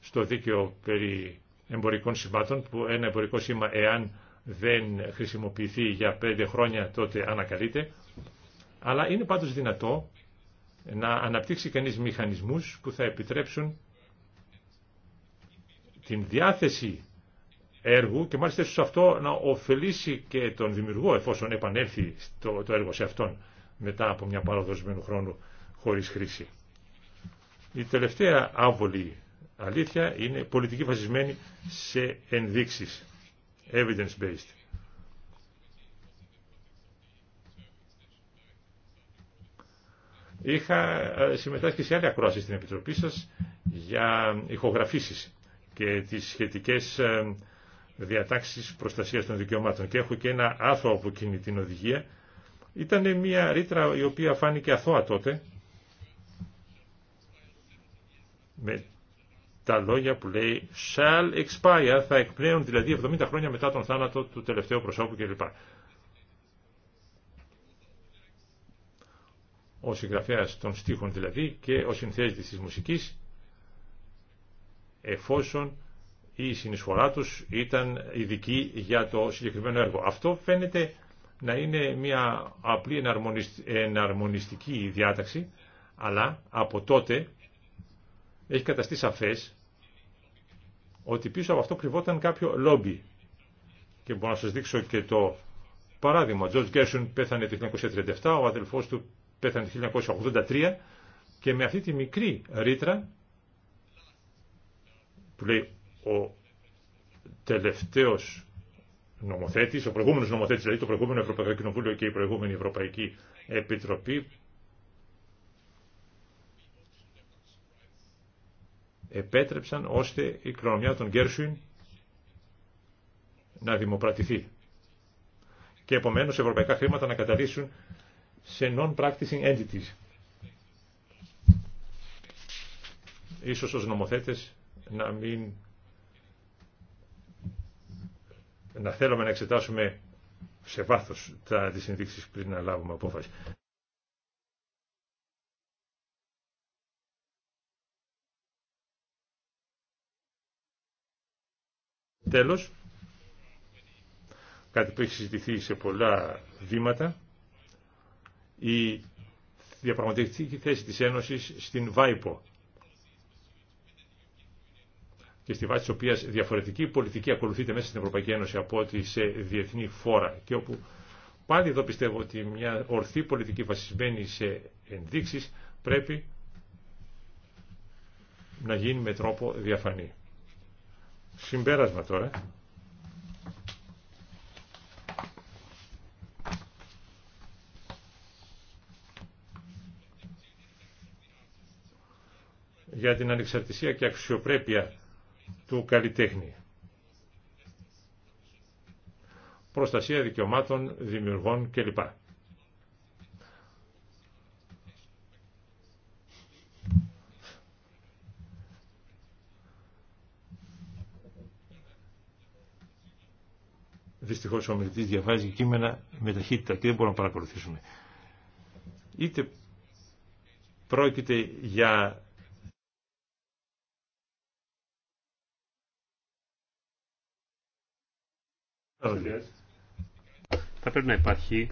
στο δίκαιο περί εμπορικών σημάτων, που ένα εμπορικό σήμα εάν δεν χρησιμοποιηθεί για πέντε χρόνια τότε ανακαλείται, αλλά είναι πάντως δυνατό να αναπτύξει κανείς μηχανισμούς που θα επιτρέψουν την διάθεση έργου και μάλιστα σε αυτό να ωφελήσει και τον δημιουργό εφόσον επανέλθει το, το έργο σε αυτόν μετά από μια παραδοσμένου χρόνου χωρίς χρήση. Η τελευταία άβολη αλήθεια είναι πολιτική βασισμένη σε ενδείξεις evidence-based. Είχα ε, συμμετάσχει σε άλλη ακρόαση στην Επιτροπή σας για ηχογραφήσεις και τις σχετικές ε, διατάξεις προστασίας των δικαιωμάτων και έχω και ένα άθρο από εκείνη την οδηγία. Ήταν μια ρήτρα η οποία φάνηκε αθώα τότε. Με τα λόγια που λέει shall expire, θα εκπνέουν δηλαδή 70 χρόνια μετά τον θάνατο του τελευταίου προσώπου κλπ. Ο συγγραφέας των στίχων δηλαδή και ο συνθέτης της μουσικής εφόσον η συνεισφορά τους ήταν ειδική για το συγκεκριμένο έργο. Αυτό φαίνεται να είναι μια απλή εναρμονιστική διάταξη, αλλά από τότε έχει καταστεί σαφές ότι πίσω από αυτό κρυβόταν κάποιο λόμπι. Και μπορώ να σας δείξω και το παράδειγμα. Ο George Γκέρσον πέθανε το 1937, ο αδελφός του πέθανε το 1983 και με αυτή τη μικρή ρήτρα που λέει ο τελευταίος νομοθέτης, ο προηγούμενος νομοθέτης, δηλαδή το προηγούμενο Ευρωπαϊκό Κοινοβούλιο και η προηγούμενη Ευρωπαϊκή Επιτροπή επέτρεψαν ώστε η κληρονομιά των Γκέρσουιν να δημοπρατηθεί και επομένως ευρωπαϊκά χρήματα να καταλύσουν σε non-practicing entities. Ίσως ως νομοθέτες να μην να θέλουμε να εξετάσουμε σε βάθος τα τις πριν να λάβουμε απόφαση. τέλος, κάτι που έχει συζητηθεί σε πολλά βήματα, η διαπραγματευτική θέση της Ένωσης στην ΒΑΙΠΟ και στη βάση της οποίας διαφορετική πολιτική ακολουθείται μέσα στην Ευρωπαϊκή Ένωση από ότι σε διεθνή φόρα και όπου πάλι εδώ πιστεύω ότι μια ορθή πολιτική βασισμένη σε ενδείξεις πρέπει να γίνει με τρόπο διαφανή. Συμπέρασμα τώρα. για την ανεξαρτησία και αξιοπρέπεια του καλλιτέχνη. Προστασία δικαιωμάτων, δημιουργών κλπ. Δυστυχώ ο διαφάση διαβάζει κείμενα με ταχύτητα και δεν μπορούμε να παρακολουθήσουμε. Είτε πρόκειται για θα πρέπει να υπάρχει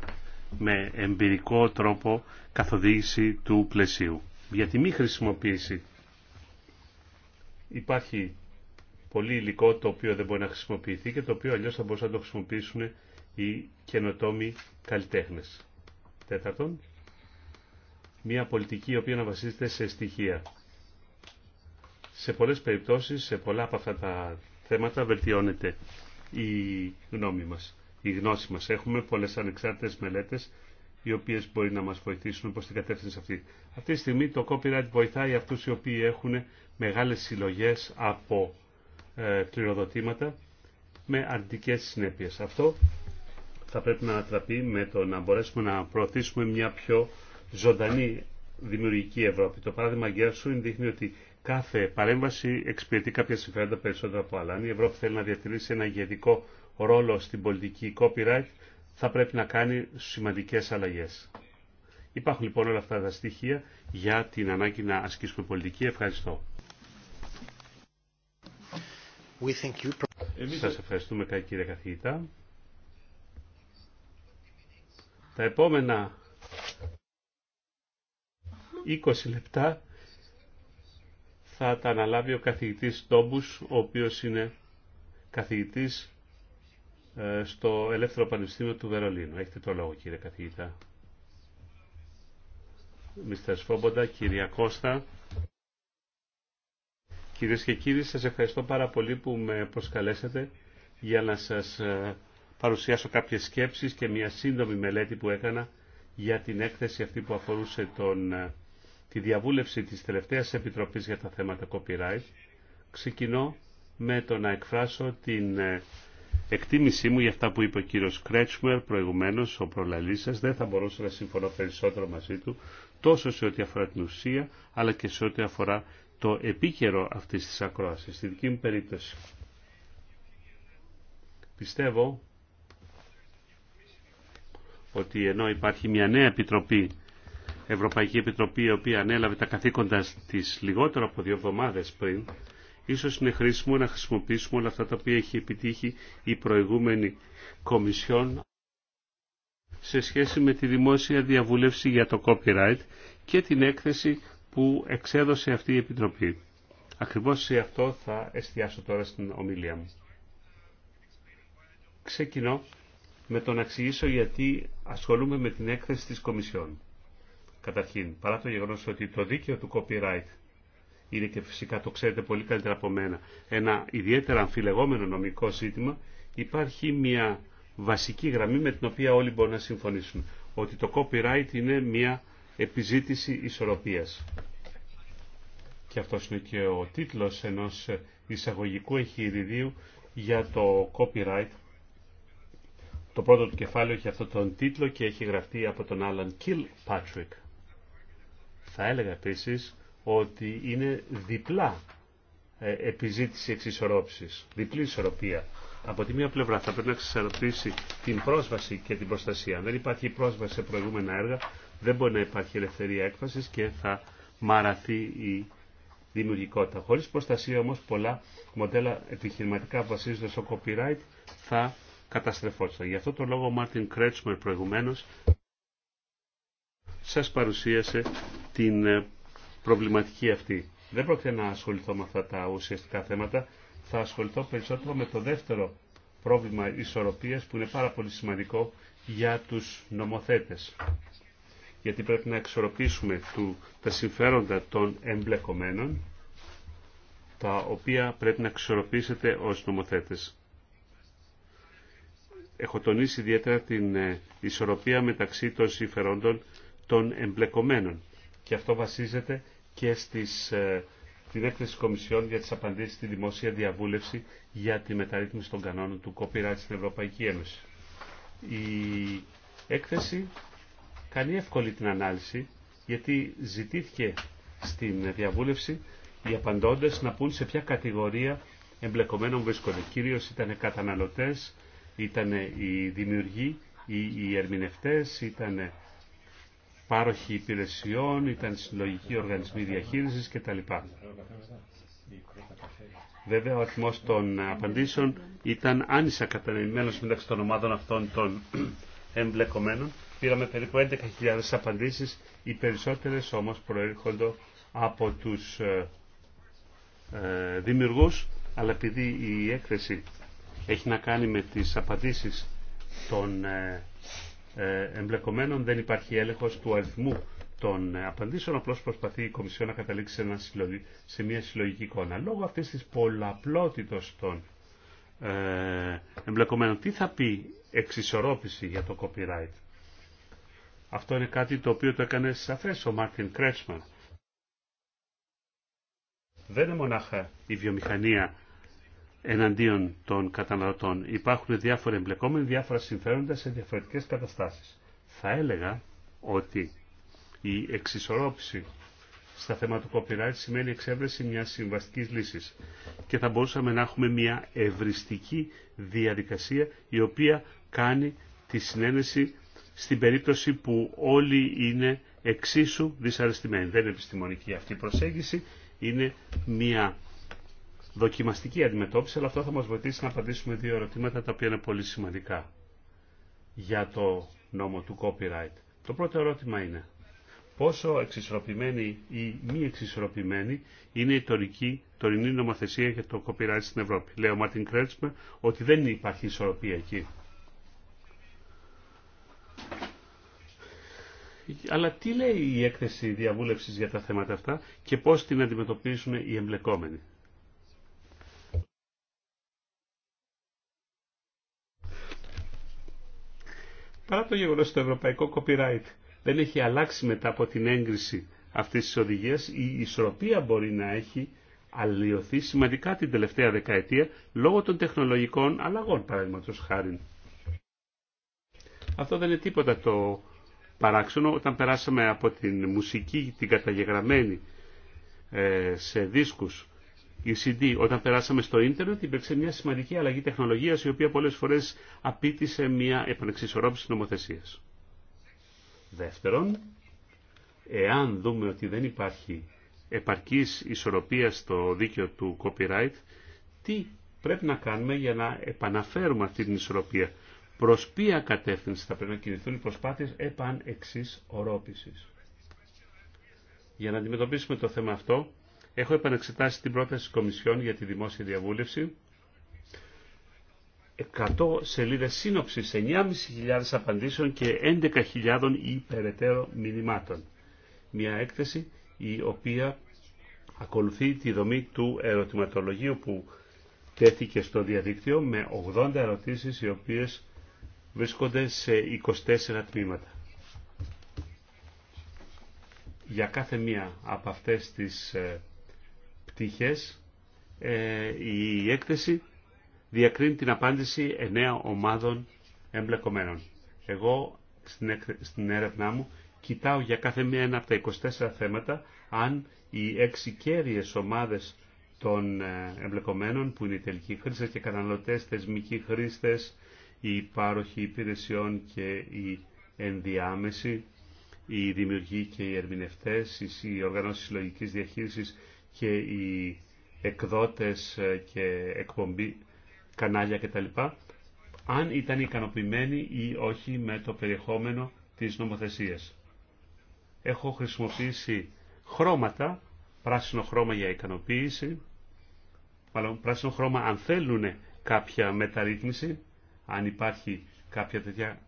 με εμπειρικό τρόπο καθοδήγηση του πλαισίου. Για τη μη χρησιμοποίηση υπάρχει πολύ υλικό το οποίο δεν μπορεί να χρησιμοποιηθεί και το οποίο αλλιώς θα μπορούσαν να το χρησιμοποιήσουν οι καινοτόμοι καλλιτέχνες. Τέταρτον, μια πολιτική η οποία να βασίζεται σε στοιχεία. Σε πολλές περιπτώσεις, σε πολλά από αυτά τα θέματα βελτιώνεται η γνώμη μας, η γνώση μας. Έχουμε πολλές ανεξάρτητες μελέτες οι οποίες μπορεί να μας βοηθήσουν προς την κατεύθυνση αυτή. Αυτή τη στιγμή το copyright βοηθάει αυτούς οι οποίοι έχουν μεγάλες συλλογέ από ε, κληροδοτήματα με αρνητικές συνέπειες. Αυτό θα πρέπει να ανατραπεί με το να μπορέσουμε να προωθήσουμε μια πιο ζωντανή δημιουργική Ευρώπη. Το παράδειγμα Γκέρσουιν δείχνει ότι κάθε παρέμβαση εξυπηρετεί κάποια συμφέροντα περισσότερο από άλλα. Αν η Ευρώπη θέλει να διατηρήσει ένα ηγετικό ρόλο στην πολιτική copyright, θα πρέπει να κάνει σημαντικές αλλαγές. Υπάρχουν λοιπόν όλα αυτά τα στοιχεία για την ανάγκη να ασκήσουμε πολιτική. Ευχαριστώ σας ευχαριστούμε κύριε καθηγητά. Τα επόμενα 20 λεπτά θα τα αναλάβει ο καθηγητής Τόμπους, ο οποίος είναι καθηγητής ε, στο Ελεύθερο Πανεπιστήμιο του Βερολίνου. Έχετε το λόγο κύριε καθηγητά. Σφόμποντα, κυρία Κώστα. Κυρίες και κύριοι, σας ευχαριστώ πάρα πολύ που με προσκαλέσατε για να σας ε, παρουσιάσω κάποιες σκέψεις και μια σύντομη μελέτη που έκανα για την έκθεση αυτή που αφορούσε τον, ε, τη διαβούλευση της τελευταίας Επιτροπής για τα θέματα copyright. Ξεκινώ με το να εκφράσω την ε, εκτίμησή μου για αυτά που είπε ο κύριος Κρέτσμερ προηγουμένως, ο προλαλής σας. Δεν θα μπορούσα να συμφωνώ περισσότερο μαζί του, τόσο σε ό,τι αφορά την ουσία, αλλά και σε ό,τι αφορά το επίκαιρο αυτής της ακρόασης, στη δική μου περίπτωση. Πιστεύω ότι ενώ υπάρχει μια νέα επιτροπή, Ευρωπαϊκή Επιτροπή, η οποία ανέλαβε τα καθήκοντα της λιγότερο από δύο εβδομάδες πριν, ίσως είναι χρήσιμο να χρησιμοποιήσουμε όλα αυτά τα οποία έχει επιτύχει η προηγούμενη Κομισιόν σε σχέση με τη δημόσια διαβούλευση για το copyright και την έκθεση που εξέδωσε αυτή η Επιτροπή. Ακριβώς σε αυτό θα εστιάσω τώρα στην ομιλία μου. Ξεκινώ με το να εξηγήσω γιατί ασχολούμαι με την έκθεση της Κομισιόν. Καταρχήν, παρά το γεγονός ότι το δίκαιο του copyright είναι και φυσικά το ξέρετε πολύ καλύτερα από μένα, ένα ιδιαίτερα αμφιλεγόμενο νομικό ζήτημα, υπάρχει μια βασική γραμμή με την οποία όλοι μπορούν να συμφωνήσουν. Ότι το copyright είναι μια επιζήτηση ισορροπίας. Και αυτός είναι και ο τίτλος ενός εισαγωγικού εγχειριδίου για το copyright. Το πρώτο του κεφάλαιο έχει αυτόν τον τίτλο και έχει γραφτεί από τον Άλαν Κιλ Πάτρικ. Θα έλεγα επίσης ότι είναι διπλά ε, επιζήτηση εξισορρόψης, διπλή ισορροπία. Από τη μία πλευρά θα πρέπει να εξισορροπήσει την πρόσβαση και την προστασία. Αν δεν υπάρχει πρόσβαση σε προηγούμενα έργα, δεν μπορεί να υπάρχει ελευθερία έκφρασης και θα μαραθεί η δημιουργικότητα. Χωρίς προστασία όμως πολλά μοντέλα επιχειρηματικά βασίζονται στο copyright θα καταστρεφόντουσαν. Γι' αυτό το λόγο ο Μάρτιν Κρέτσμερ προηγουμένως σας παρουσίασε την ε, προβληματική αυτή. Δεν πρόκειται να ασχοληθώ με αυτά τα ουσιαστικά θέματα. Θα ασχοληθώ περισσότερο με το δεύτερο πρόβλημα ισορροπίας που είναι πάρα πολύ σημαντικό για τους νομοθέτες γιατί πρέπει να εξορροπήσουμε τα συμφέροντα των εμπλεκομένων, τα οποία πρέπει να εξορροπήσετε ως νομοθέτες. Έχω τονίσει ιδιαίτερα την ε, ισορροπία μεταξύ των συμφερόντων των εμπλεκομένων και αυτό βασίζεται και στις, στην ε, έκθεση της Κομισιόν για τις απαντήσεις στη δημόσια διαβούλευση για τη μεταρρύθμιση των κανόνων του copyright στην Ευρωπαϊκή Ένωση. Η έκθεση κάνει εύκολη την ανάλυση γιατί ζητήθηκε στην διαβούλευση οι απαντώντες να πούν σε ποια κατηγορία εμπλεκομένων βρίσκονται. Κυρίως ήταν καταναλωτές, ήταν οι δημιουργοί, οι ερμηνευτές, ήταν πάροχοι υπηρεσιών, ήταν συλλογικοί οργανισμοί διαχείρισης κτλ. Βέβαια, ο αριθμό των απαντήσεων ήταν άνισα κατανοημένο μεταξύ των ομάδων αυτών των εμπλεκομένων Πήραμε περίπου 11.000 απαντήσεις, οι περισσότερες όμως προέρχονται από τους ε, ε, δημιουργούς, αλλά επειδή η έκθεση έχει να κάνει με τις απαντήσεις των ε, ε, εμπλεκομένων, δεν υπάρχει έλεγχος του αριθμού των απαντήσεων, απλώς προσπαθεί η Κομισιόν να καταλήξει σε, μια συλλογική εικόνα. Λόγω αυτής της πολλαπλότητος των εμπλεκομένων, τι θα πει εξισορρόπηση για το copyright. Αυτό είναι κάτι το οποίο το έκανε σαφές ο Μάρτιν Κρέτσμαν. Δεν είναι μονάχα η βιομηχανία εναντίον των καταναλωτών. Υπάρχουν διάφορα εμπλεκόμενοι, διάφορα συμφέροντα σε διαφορετικές καταστάσεις. Θα έλεγα ότι η εξισορρόπηση στα θέματα του copyright σημαίνει εξέβρεση μιας συμβαστικής λύσης και θα μπορούσαμε να έχουμε μια ευριστική διαδικασία η οποία κάνει τη συνένεση στην περίπτωση που όλοι είναι εξίσου δυσαρεστημένοι. Δεν είναι επιστημονική αυτή η προσέγγιση, είναι μια δοκιμαστική αντιμετώπιση, αλλά αυτό θα μας βοηθήσει να απαντήσουμε δύο ερωτήματα τα οποία είναι πολύ σημαντικά για το νόμο του copyright. Το πρώτο ερώτημα είναι πόσο εξισορροπημένη ή μη εξισορροπημένη είναι η τωρική, τωρινή νομοθεσία για το copyright στην Ευρώπη. Λέω ο Μάρτιν Κρέτσμε ότι δεν υπάρχει ισορροπία εκεί. Αλλά τι λέει η έκθεση διαβούλευση για τα θέματα αυτά και πώς την αντιμετωπίζουν οι εμπλεκόμενοι. Παρά το γεγονό ότι το ευρωπαϊκό copyright δεν έχει αλλάξει μετά από την έγκριση αυτή τη οδηγία, η ισορροπία μπορεί να έχει αλλοιωθεί σημαντικά την τελευταία δεκαετία λόγω των τεχνολογικών αλλαγών, παραδείγματο χάρη. Αυτό δεν είναι τίποτα το παράξενο όταν περάσαμε από την μουσική, την καταγεγραμμένη ε, σε δίσκους η οποία πολλές φορές απίτησε μια όταν περάσαμε στο ίντερνετ υπήρξε μια σημαντική αλλαγή τεχνολογίας η οποία πολλές φορές απίτησε μια επανεξισορρόπηση νομοθεσίας. Δεύτερον, εάν δούμε ότι δεν υπάρχει επαρκής ισορροπία στο δίκαιο του copyright, τι πρέπει να κάνουμε για να επαναφέρουμε αυτή την ισορροπία προς ποια κατεύθυνση θα πρέπει να κινηθούν οι προσπάθειες επαν εξής ορόπησης. Για να αντιμετωπίσουμε το θέμα αυτό, έχω επανεξετάσει την πρόταση της Κομισιόν για τη δημόσια διαβούλευση. 100 σελίδες σύνοψης, 9.500 απαντήσεων και 11.000 υπεραιτέρω μηνυμάτων. Μια έκθεση η οποία ακολουθεί τη δομή του ερωτηματολογίου που τέθηκε στο διαδίκτυο με 80 ερωτήσεις οι οποίες βρίσκονται σε 24 τμήματα. Για κάθε μία από αυτές τις ε, πτυχές ε, η έκθεση διακρίνει την απάντηση 9 ομάδων εμπλεκομένων. Εγώ στην έρευνά μου κοιτάω για κάθε μία ένα από τα 24 θέματα αν οι έξι κέρυες ομάδες των ε, εμπλεκομένων που είναι οι τελικοί χρήστες και καταναλωτές, θεσμικοί χρήστες, η παροχή υπηρεσιών και η ενδιάμεση, η δημιουργοί και οι ερμηνευτές, οι οργανώσεις συλλογικής διαχείρισης και οι εκδότες ε, και εκπομπή, κανάλια κτλ. Αν ήταν ικανοποιημένοι ή όχι με το περιεχόμενο της νομοθεσίας. Έχω χρησιμοποιήσει χρώματα, πράσινο χρώμα για ικανοποίηση, μάλλον πράσινο χρώμα αν θέλουν κάποια μεταρρύθμιση, αν υπάρχει κάποια τέτοια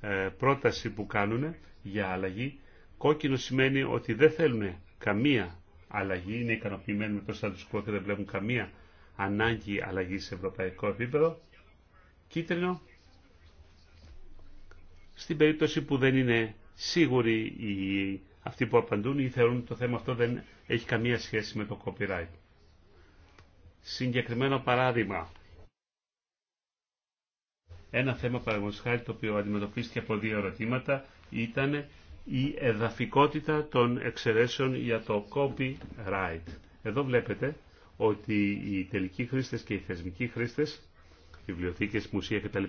ε, πρόταση που κάνουν για αλλαγή. Κόκκινο σημαίνει ότι δεν θέλουν καμία αλλαγή, είναι ικανοποιημένοι με το status και δεν βλέπουν καμία ανάγκη αλλαγή σε ευρωπαϊκό επίπεδο. Κίτρινο, στην περίπτωση που δεν είναι σίγουροι οι, αυτοί που απαντούν ή θεωρούν ότι το θέμα αυτό δεν έχει καμία σχέση με το copyright. Συγκεκριμένο παράδειγμα, ένα θέμα παραγωγής χάρη το οποίο αντιμετωπίστηκε από δύο ερωτήματα ήταν η εδαφικότητα των εξαιρέσεων για το copyright. Εδώ βλέπετε ότι οι τελικοί χρήστε και οι θεσμικοί χρήστες, βιβλιοθήκες, μουσεία κτλ.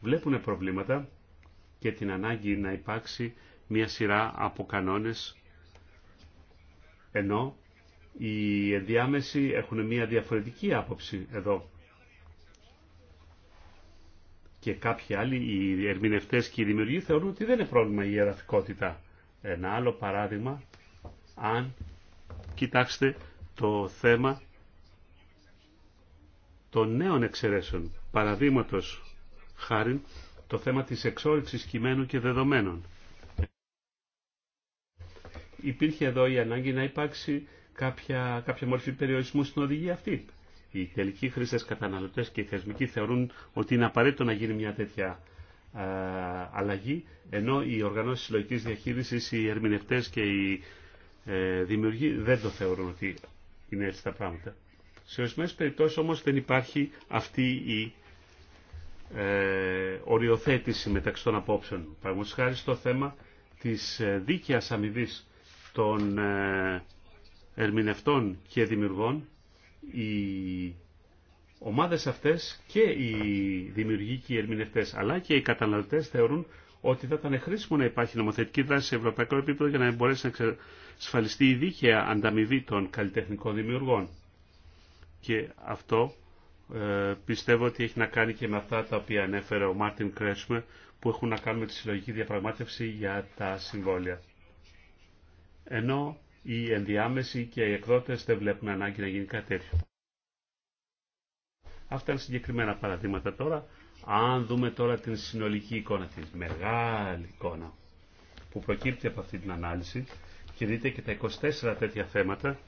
βλέπουν προβλήματα και την ανάγκη να υπάρξει μια σειρά από κανόνες ενώ οι ενδιάμεσοι έχουν μια διαφορετική άποψη εδώ και κάποιοι άλλοι, οι ερμηνευτές και οι δημιουργοί θεωρούν ότι δεν είναι πρόβλημα η ιεραρχικότητα. Ένα άλλο παράδειγμα, αν κοιτάξτε το θέμα των νέων εξαιρέσεων, παραδείγματος χάρη το θέμα της εξόριξης κειμένου και δεδομένων. Υπήρχε εδώ η ανάγκη να υπάρξει κάποια, κάποια μορφή περιορισμού στην οδηγία αυτή οι τελικοί χρήστες καταναλωτές και οι θεσμικοί θεωρούν ότι είναι απαραίτητο να γίνει μια τέτοια αλλαγή, ενώ οι οργανώσεις συλλογικής διαχείρισης, οι ερμηνευτές και οι ε, δημιουργοί δεν το θεωρούν ότι είναι έτσι τα πράγματα. Σε ορισμένε περιπτώσει όμως δεν υπάρχει αυτή η ε, οριοθέτηση μεταξύ των απόψεων. Παραγωγή χάρη στο θέμα της ε, δίκαιας αμοιβή των ερμηνευτών και δημιουργών οι ομάδες αυτές και οι δημιουργικοί οι ερμηνευτές αλλά και οι καταναλωτές θεωρούν ότι θα ήταν χρήσιμο να υπάρχει νομοθετική δράση σε ευρωπαϊκό επίπεδο για να μπορέσει να εξασφαλιστεί η δίκαια ανταμοιβή των καλλιτεχνικών δημιουργών. Και αυτό ε, πιστεύω ότι έχει να κάνει και με αυτά τα οποία ανέφερε ο Μάρτιν Κρέσμε που έχουν να κάνουν με τη συλλογική διαπραγμάτευση για τα συμβόλια. Ενώ οι ενδιάμεσοι και οι εκδότες δεν βλέπουν ανάγκη να γίνει κάτι τέτοιο. Αυτά είναι συγκεκριμένα παραδείγματα τώρα. Αν δούμε τώρα την συνολική εικόνα, τη μεγάλη εικόνα που προκύπτει από αυτή την ανάλυση και δείτε και τα 24 τέτοια θέματα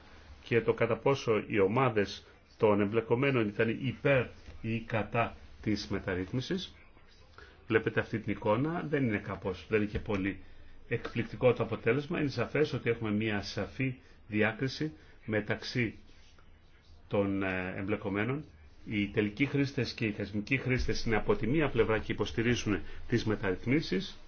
και το κατά πόσο οι ομάδες των εμπλεκομένων ήταν υπέρ ή κατά της μεταρρύθμισης. Βλέπετε αυτή την εικόνα, δεν είναι κάπως, δεν είχε πολύ εκπληκτικό το αποτέλεσμα. Είναι σαφές ότι έχουμε μια σαφή διάκριση μεταξύ των ε, εμπλεκομένων. Οι τελικοί χρήστες και οι θεσμικοί χρήστες είναι από τη μία πλευρά και υποστηρίζουν τις μεταρρυθμίσεις,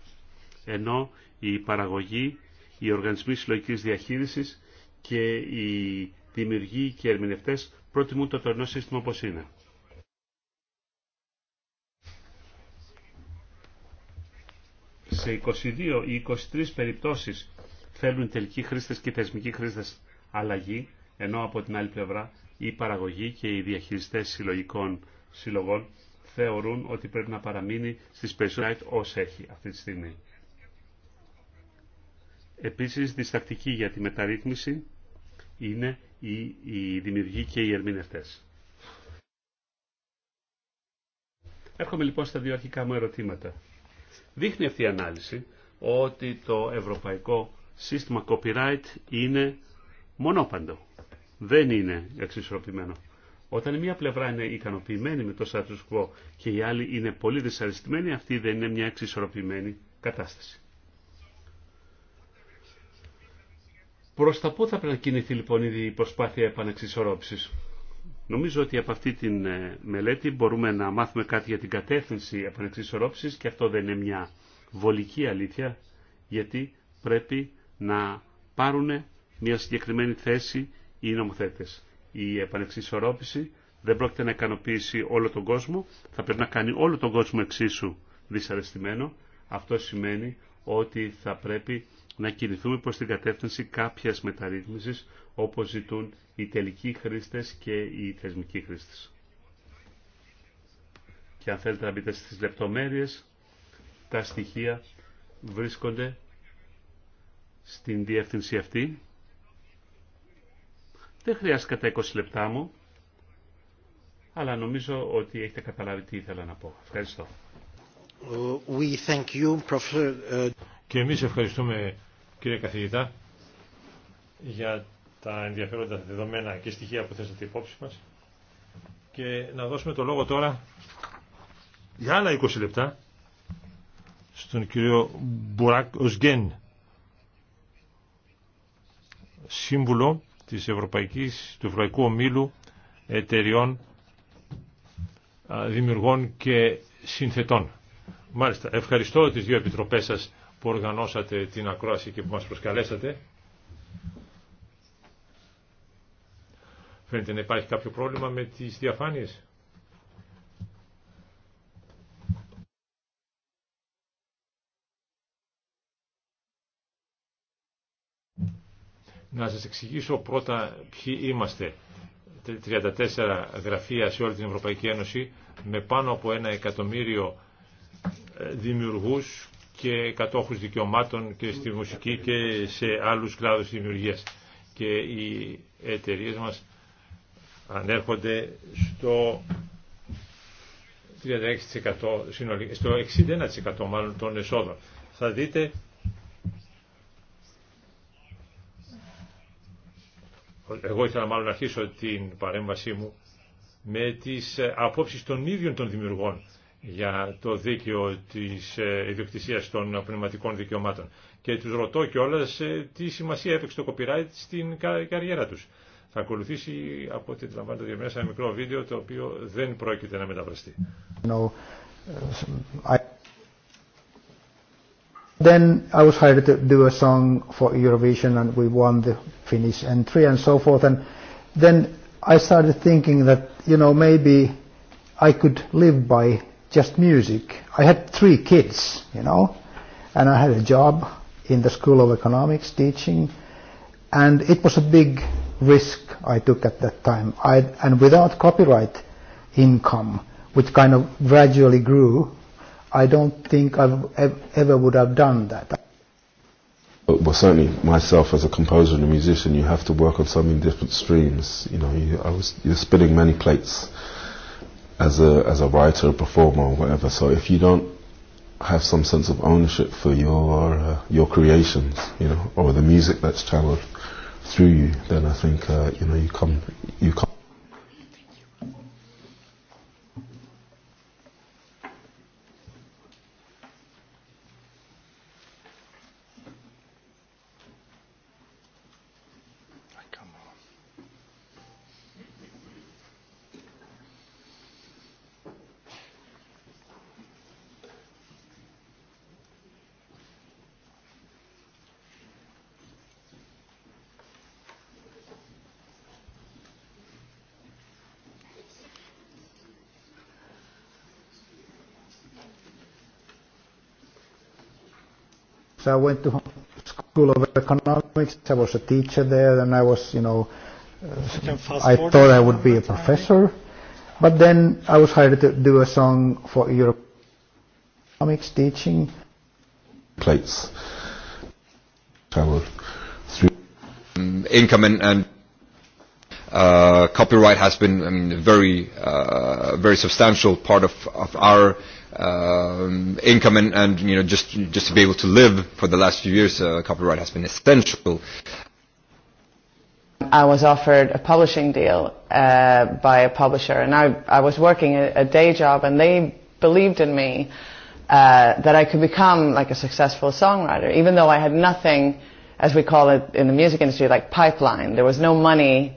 ενώ η παραγωγή, οι οργανισμοί συλλογικής διαχείρισης και οι δημιουργοί και ερμηνευτές προτιμούν το τωρινό σύστημα όπως είναι. σε 22 ή 23 περιπτώσεις θέλουν τελικοί χρήστες και θεσμικοί χρήστες αλλαγή, ενώ από την άλλη πλευρά η παραγωγή και οι διαχειριστές συλλογικών συλλογών θεωρούν ότι πρέπει να παραμείνει στις right ως έχει αυτή τη στιγμή. Επίσης, διστακτική για τη μεταρρύθμιση είναι οι, οι δημιουργοί και οι ερμηνευτές. Έρχομαι λοιπόν στα δύο αρχικά μου ερωτήματα. Δείχνει αυτή η ανάλυση ότι το ευρωπαϊκό σύστημα copyright είναι μονόπαντο. Δεν είναι εξισορροπημένο. Όταν μια πλευρά είναι ικανοποιημένη με το status quo και η άλλη είναι πολύ δυσαρεστημένη, αυτή δεν είναι μια εξισορροπημένη κατάσταση. Προς τα πού θα πρέπει να κινηθεί λοιπόν η προσπάθεια επανεξισορρόπησης. Νομίζω ότι από αυτή τη ε, μελέτη μπορούμε να μάθουμε κάτι για την κατεύθυνση επανεξισορρόπησης και αυτό δεν είναι μια βολική αλήθεια γιατί πρέπει να πάρουν μια συγκεκριμένη θέση οι νομοθέτες. Η επανεξισορρόπηση δεν πρόκειται να ικανοποιήσει όλο τον κόσμο, θα πρέπει να κάνει όλο τον κόσμο εξίσου δυσαρεστημένο. Αυτό σημαίνει ότι θα πρέπει να κινηθούμε προς την κατεύθυνση κάποιας μεταρρύθμισης όπως ζητούν οι τελικοί χρήστες και οι θεσμικοί χρήστες. Και αν θέλετε να μπείτε στις λεπτομέρειες, τα στοιχεία βρίσκονται στην διεύθυνση αυτή. Δεν χρειάστηκα τα 20 λεπτά μου, αλλά νομίζω ότι έχετε καταλάβει τι ήθελα να πω. Ευχαριστώ. Uh, we thank you, uh, και εμείς ευχαριστούμε κύριε καθηγητά για τα ενδιαφέροντα δεδομένα και στοιχεία που θέσατε υπόψη μας και να δώσουμε το λόγο τώρα για άλλα 20 λεπτά στον κύριο Μπουράκ Οσγκέν σύμβουλο της Ευρωπαϊκής, του Ευρωπαϊκού Ομίλου Εταιριών Δημιουργών και Συνθετών. Μάλιστα, ευχαριστώ τις δύο επιτροπές σας που οργανώσατε την ακρόαση και που μας προσκαλέσατε. Φαίνεται να υπάρχει κάποιο πρόβλημα με τις διαφάνειες. Να σας εξηγήσω πρώτα ποιοι είμαστε. 34 γραφεία σε όλη την Ευρωπαϊκή Ένωση με πάνω από ένα εκατομμύριο ε, δημιουργούς και κατόχους δικαιωμάτων και στη μουσική και σε άλλους κλάδους δημιουργίας. Και οι εταιρείε μας ανέρχονται στο 36%, στο 61% μάλλον των εσόδων. Θα δείτε εγώ ήθελα μάλλον να αρχίσω την παρέμβασή μου με τις απόψεις των ίδιων των δημιουργών για το δίκαιο της ε, ιδιοκτησίας των πνευματικών δικαιωμάτων. Και τους ρωτώ κιόλας ε, τι σημασία έπαιξε το copyright στην καριέρα τους. Θα ακολουθήσει από ό,τι αντιλαμβάνεται για μέσα ένα μικρό βίντεο το οποίο δεν πρόκειται να μεταφραστεί. No. Then I was hired to do a song for Eurovision and we won the Finnish entry and so forth. And then I started thinking that, you know, maybe I could live by just music. I had three kids, you know, and I had a job in the School of Economics teaching, and it was a big risk I took at that time. I, and without copyright income, which kind of gradually grew, I don't think I ever would have done that. Well, certainly myself as a composer and a musician, you have to work on so many different streams. You know, you, I was, you're spinning many plates as a as a writer, performer, or whatever. So if you don't have some sense of ownership for your uh, your creations, you know, or the music that's channeled through you, then I think uh, you know you come you come. I went to School of Economics. I was a teacher there, and I was, you know, I thought I would be a professor. But then I was hired to do a song for Europe economics teaching. Plates. Travel through income and Copyright has been, a very, very substantial part of of our income and, you know, just just to be able to live for the last few years, copyright has been essential. I was offered a publishing deal by a publisher, and I I was working a day job, and they believed in me that I could become like a successful songwriter, even though I had nothing, as we call it in the music industry, like pipeline. There was no money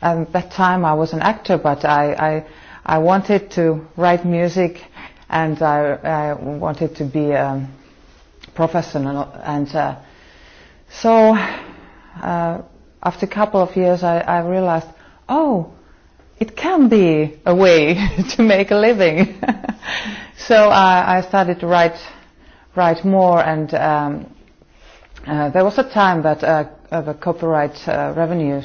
At that time I was an actor, but I I I wanted to write music, and I I wanted to be a professional. And so uh after a couple of years I I realized, oh, it can be a way to make a living. So I I started to write write more, and um there was a time that the copyright revenues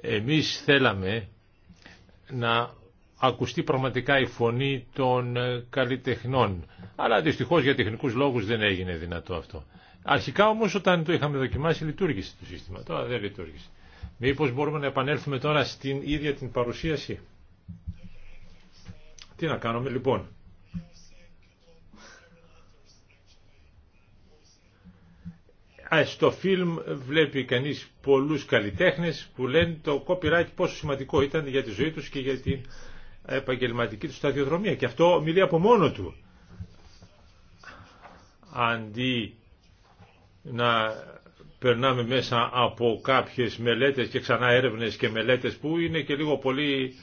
Εμείς θέλαμε να ακουστεί πραγματικά η φωνή των καλλιτεχνών. Αλλά δυστυχώ για τεχνικού λόγου δεν έγινε δυνατό αυτό. Αρχικά όμω όταν το είχαμε δοκιμάσει λειτουργήσε το σύστημα. Τώρα δεν λειτουργήσε. Μήπω μπορούμε να επανέλθουμε τώρα στην ίδια την παρουσίαση. Τι να κάνουμε λοιπόν. στο φιλμ βλέπει κανείς πολλούς καλλιτέχνες που λένε το copyright πόσο σημαντικό ήταν για τη ζωή τους και για την επαγγελματική του σταδιοδρομία. Και αυτό μιλεί από μόνο του. Αντί να περνάμε μέσα από κάποιες μελέτες και ξανά έρευνες και μελέτες που είναι και λίγο πολύ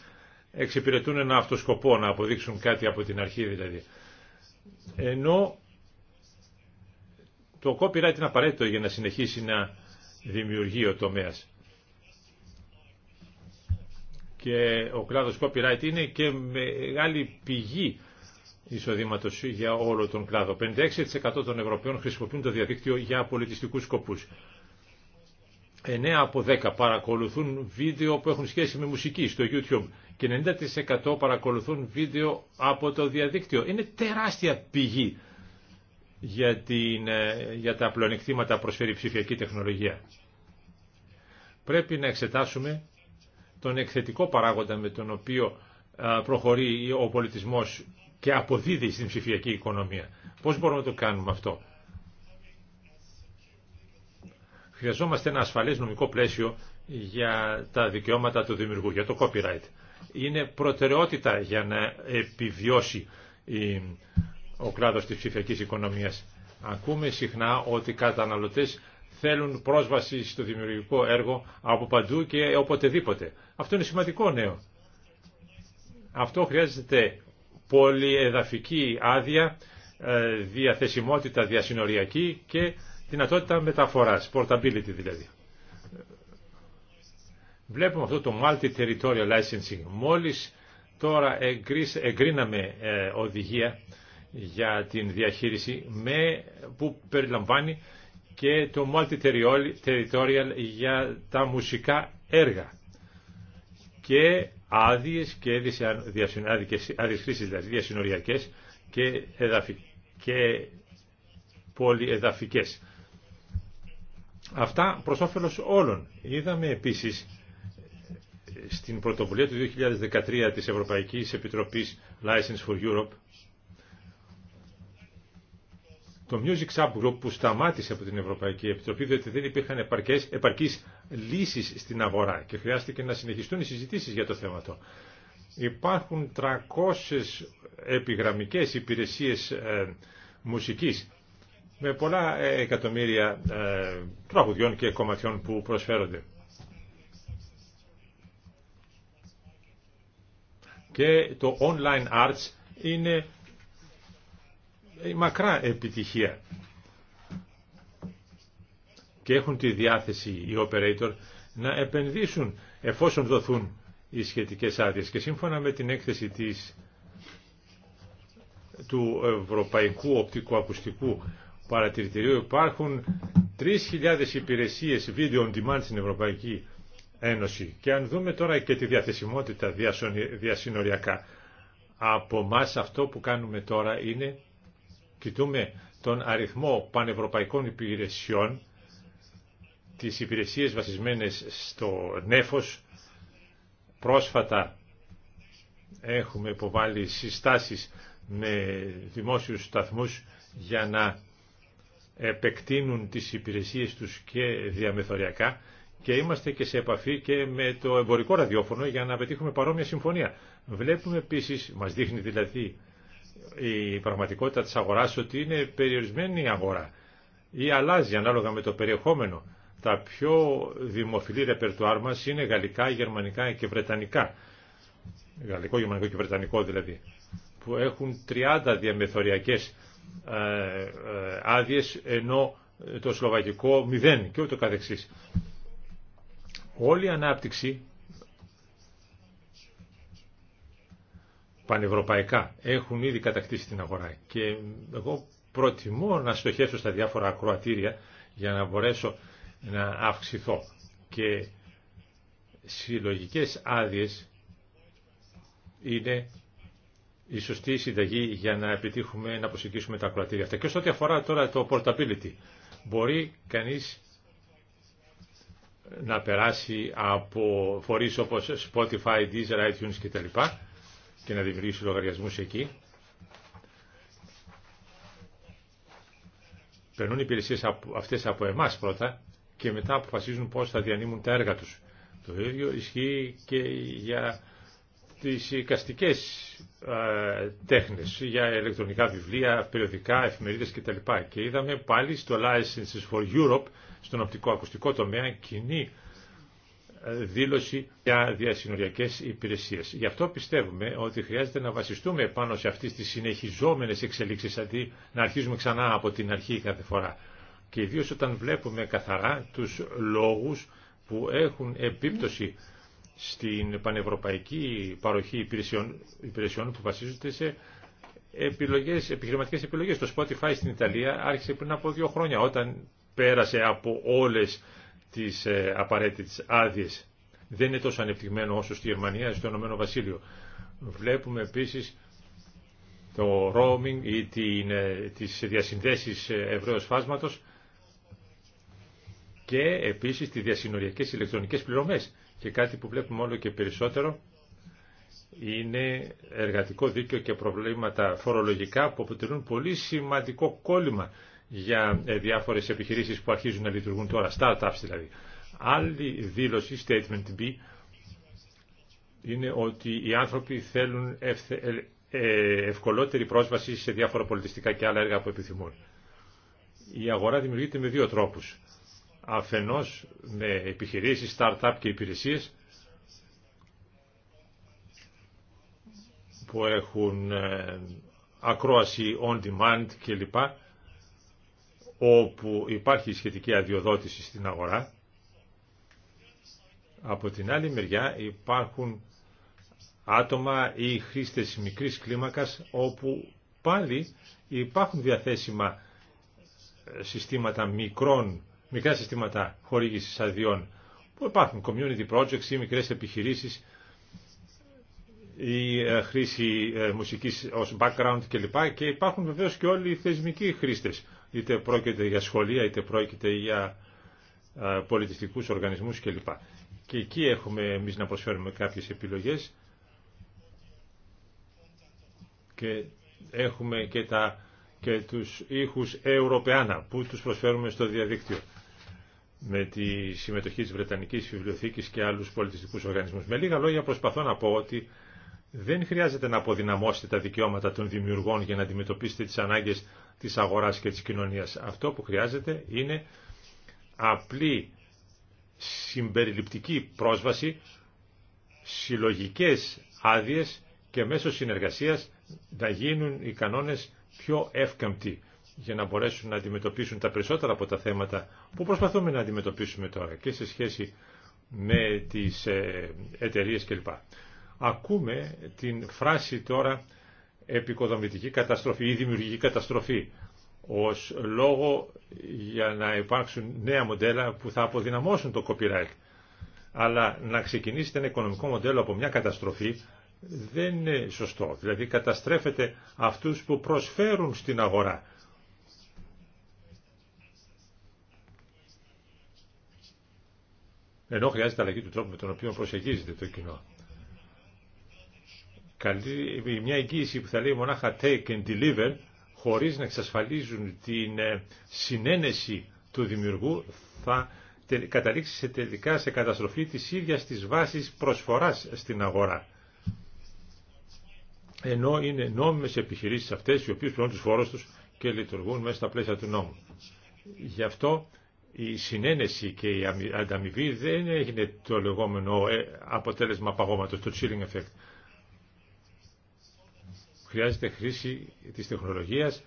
εξυπηρετούν ένα αυτοσκοπό να αποδείξουν κάτι από την αρχή δηλαδή. Ενώ το copyright είναι απαραίτητο για να συνεχίσει να δημιουργεί ο τομέας. Και ο κλάδος copyright είναι και μεγάλη πηγή εισοδήματος για όλο τον κλάδο. 56% των Ευρωπαίων χρησιμοποιούν το διαδίκτυο για πολιτιστικούς σκοπούς. 9 από 10 παρακολουθούν βίντεο που έχουν σχέση με μουσική στο YouTube και 90% παρακολουθούν βίντεο από το διαδίκτυο. Είναι τεράστια πηγή ε, για, τα πλονεκτήματα προσφέρει η ψηφιακή τεχνολογία. Πρέπει να εξετάσουμε τον εκθετικό παράγοντα με τον οποίο ε, προχωρεί ο πολιτισμός και αποδίδει στην ψηφιακή οικονομία. Πώς μπορούμε να το κάνουμε αυτό. Χρειαζόμαστε ένα ασφαλές νομικό πλαίσιο για τα δικαιώματα του δημιουργού, για το copyright. Είναι προτεραιότητα για να επιβιώσει η ο κλάδος της ψηφιακής οικονομίας. Ακούμε συχνά ότι οι καταναλωτές θέλουν πρόσβαση στο δημιουργικό έργο από παντού και οποτεδήποτε. Αυτό είναι σημαντικό νέο. Αυτό χρειάζεται πολυεδαφική άδεια, ε, διαθεσιμότητα διασυνοριακή και δυνατότητα μεταφοράς, portability δηλαδή. Βλέπουμε αυτό το multi-territorial licensing. Μόλις τώρα εγκρίναμε ε, οδηγία για την διαχείριση με, που περιλαμβάνει και το multi-territorial για τα μουσικά έργα και άδειες και άδειες δηλαδή διασυνοριακές και, εδαφι, και πολυεδαφικές. Αυτά προς όφελος όλων. Είδαμε επίσης στην πρωτοβουλία του 2013 της Ευρωπαϊκής Επιτροπής License for Europe το Music Subgroup που σταμάτησε από την Ευρωπαϊκή Επιτροπή διότι δεν υπήρχαν επαρκές, επαρκείς λύσεις στην αγορά και χρειάστηκε να συνεχιστούν οι συζητήσεις για το θέμα αυτό. Υπάρχουν 300 επιγραμμικές υπηρεσίες ε, μουσικής με πολλά ε, εκατομμύρια ε, τραγουδιών και κομματιών που προσφέρονται. Και το online arts είναι μακρά επιτυχία. Και έχουν τη διάθεση οι operator να επενδύσουν εφόσον δοθούν οι σχετικές άδειες. Και σύμφωνα με την έκθεση της, του Ευρωπαϊκού Ακουστικού Παρατηρητηρίου υπάρχουν 3.000 υπηρεσίες video on demand στην Ευρωπαϊκή Ένωση. Και αν δούμε τώρα και τη διαθεσιμότητα διασυνοριακά, από εμά αυτό που κάνουμε τώρα είναι κοιτούμε τον αριθμό πανευρωπαϊκών υπηρεσιών, τις υπηρεσίες βασισμένες στο νέφος, πρόσφατα έχουμε υποβάλει συστάσεις με δημόσιους σταθμούς για να επεκτείνουν τις υπηρεσίες τους και διαμεθοριακά και είμαστε και σε επαφή και με το εμπορικό ραδιόφωνο για να πετύχουμε παρόμοια συμφωνία. Βλέπουμε επίσης, μας δείχνει δηλαδή η πραγματικότητα της αγοράς ότι είναι περιορισμένη η αγορά ή αλλάζει ανάλογα με το περιεχόμενο. Τα πιο δημοφιλή ρεπερτουάρ μας είναι γαλλικά, γερμανικά και βρετανικά. Γαλλικό, γερμανικό και βρετανικό δηλαδή. Που έχουν 30 διαμεθοριακές ε, ε, άδειε ενώ το σλοβακικό μηδέν και ούτω καθεξής. Όλη η ανάπτυξη πανευρωπαϊκά έχουν ήδη κατακτήσει την αγορά και εγώ προτιμώ να στοχεύσω στα διάφορα ακροατήρια για να μπορέσω να αυξηθώ και συλλογικές άδειες είναι η σωστή συνταγή για να επιτύχουμε να προσεγγίσουμε τα ακροατήρια αυτά. Και ό,τι αφορά τώρα το portability, μπορεί κανείς να περάσει από φορείς όπως Spotify, Deezer, iTunes κτλ και να δημιουργήσει λογαριασμούς εκεί. Περνούν οι υπηρεσίε αυτές από εμά πρώτα και μετά αποφασίζουν πώ θα διανύμουν τα έργα του. Το ίδιο ισχύει και για τι εικαστικέ τέχνες, για ηλεκτρονικά βιβλία, περιοδικά, εφημερίδες κτλ. Και είδαμε πάλι στο Licenses for Europe, στον οπτικό-ακουστικό τομέα, κοινή δήλωση για διασυνοριακές υπηρεσίες. Γι' αυτό πιστεύουμε ότι χρειάζεται να βασιστούμε πάνω σε αυτές τις συνεχιζόμενες εξελίξεις αντί να αρχίζουμε ξανά από την αρχή κάθε φορά. Και ιδίω όταν βλέπουμε καθαρά τους λόγους που έχουν επίπτωση στην πανευρωπαϊκή παροχή υπηρεσιών, υπηρεσιών που βασίζονται σε επιλογές, επιχειρηματικές επιλογές. Το Spotify στην Ιταλία άρχισε πριν από δύο χρόνια όταν πέρασε από όλες τις ε, απαραίτητε άδειες. Δεν είναι τόσο ανεπτυγμένο όσο στη Γερμανία, στο Ηνωμένο Βασίλειο. Βλέπουμε επίσης το roaming ή την, ε, τις διασυνδέσεις ε, ευρέως φάσματος και επίσης τις διασυνοριακές ηλεκτρονικές πληρωμές. Και κάτι που βλέπουμε όλο και περισσότερο είναι εργατικό δίκαιο και προβλήματα φορολογικά που αποτελούν πολύ σημαντικό κόλλημα για ε, διάφορες επιχειρήσεις που αρχίζουν να λειτουργούν τώρα, startups δηλαδή. Άλλη δήλωση, statement B, είναι ότι οι άνθρωποι θέλουν ε, ε, ευκολότερη πρόσβαση σε διάφορα πολιτιστικά και άλλα έργα που επιθυμούν. Η αγορά δημιουργείται με δύο τρόπους. Αφενός με επιχειρήσεις, startup και υπηρεσίες που έχουν ακρόαση on demand κλπ όπου υπάρχει σχετική αδειοδότηση στην αγορά. Από την άλλη μεριά υπάρχουν άτομα ή χρήστες μικρής κλίμακας όπου πάλι υπάρχουν διαθέσιμα συστήματα μικρών, μικρά συστήματα χορήγησης αδειών που υπάρχουν community projects ή μικρές επιχειρήσεις η ε, χρήση ε, μουσικής ως background κλπ. Και υπάρχουν βεβαίως και όλοι οι θεσμικοί χρήστες είτε πρόκειται για σχολεία, είτε πρόκειται για πολιτιστικούς οργανισμούς κλπ. Και εκεί έχουμε εμείς να προσφέρουμε κάποιες επιλογές και έχουμε και, τα, και τους ήχους Ευρωπαϊκά που τους προσφέρουμε στο διαδίκτυο με τη συμμετοχή της Βρετανικής Βιβλιοθήκης και άλλους πολιτιστικούς οργανισμούς. Με λίγα λόγια προσπαθώ να πω ότι δεν χρειάζεται να αποδυναμώσετε τα δικαιώματα των δημιουργών για να αντιμετωπίσετε τις ανάγκες της αγοράς και της κοινωνίας. Αυτό που χρειάζεται είναι απλή συμπεριληπτική πρόσβαση, συλλογικές άδειες και μέσω συνεργασίας να γίνουν οι κανόνες πιο εύκαμπτοι για να μπορέσουν να αντιμετωπίσουν τα περισσότερα από τα θέματα που προσπαθούμε να αντιμετωπίσουμε τώρα και σε σχέση με τις ε, εταιρείες κλπ ακούμε την φράση τώρα επικοδομητική καταστροφή ή δημιουργική καταστροφή ως λόγο για να υπάρξουν νέα μοντέλα που θα αποδυναμώσουν το copyright. Αλλά να ξεκινήσετε ένα οικονομικό μοντέλο από μια καταστροφή δεν είναι σωστό. Δηλαδή καταστρέφεται αυτούς που προσφέρουν στην αγορά. Ενώ χρειάζεται αλλαγή του τρόπου με τον οποίο προσεγγίζεται το κοινό μια εγγύηση που θα λέει μονάχα take and deliver χωρίς να εξασφαλίζουν την ε, συνένεση του δημιουργού θα καταλήξει σε τελικά σε καταστροφή της ίδιας της βάσης προσφοράς στην αγορά. Ενώ είναι νόμιμες επιχειρήσεις αυτές οι οποίες πληρώνουν τους φόρους τους και λειτουργούν μέσα στα πλαίσια του νόμου. Γι' αυτό η συνένεση και η ανταμοιβή δεν έγινε το λεγόμενο ε, αποτέλεσμα παγώματος, το chilling effect χρειάζεται χρήση της τεχνολογίας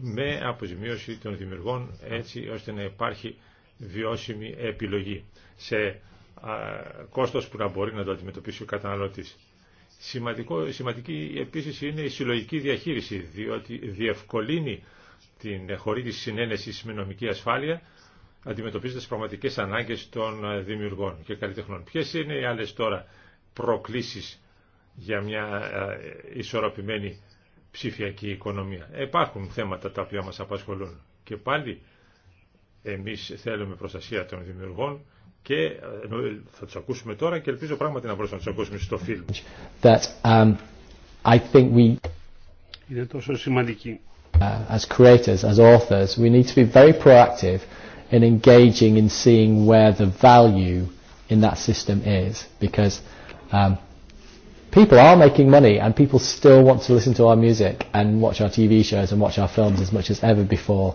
με αποζημίωση των δημιουργών έτσι ώστε να υπάρχει βιώσιμη επιλογή σε κόστος που να μπορεί να το αντιμετωπίσει ο καταναλώτης. Σημαντικό, σημαντική επίσης είναι η συλλογική διαχείριση διότι διευκολύνει την χορήγηση συνένεση με νομική ασφάλεια αντιμετωπίζοντα τι πραγματικές ανάγκες των δημιουργών και καλλιτεχνών. Ποιε είναι οι άλλες τώρα προκλήσεις για μια ε, ισορροπημένη ψηφιακή οικονομία. Υπάρχουν θέματα τα οποία μας απασχολούν και πάλι εμείς θέλουμε προστασία των δημιουργών και ε, ε, θα τους ακούσουμε τώρα και ελπίζω πράγματι να μπορούσαμε να τους ακούσουμε στο φιλμ. That, um, I think we... Είναι τόσο σημαντική. Uh, as creators, as authors, we need to be very proactive in engaging in seeing where the value in that system is because um, people are making money and people still want to listen to our music and watch our TV shows and watch our films as much as ever before.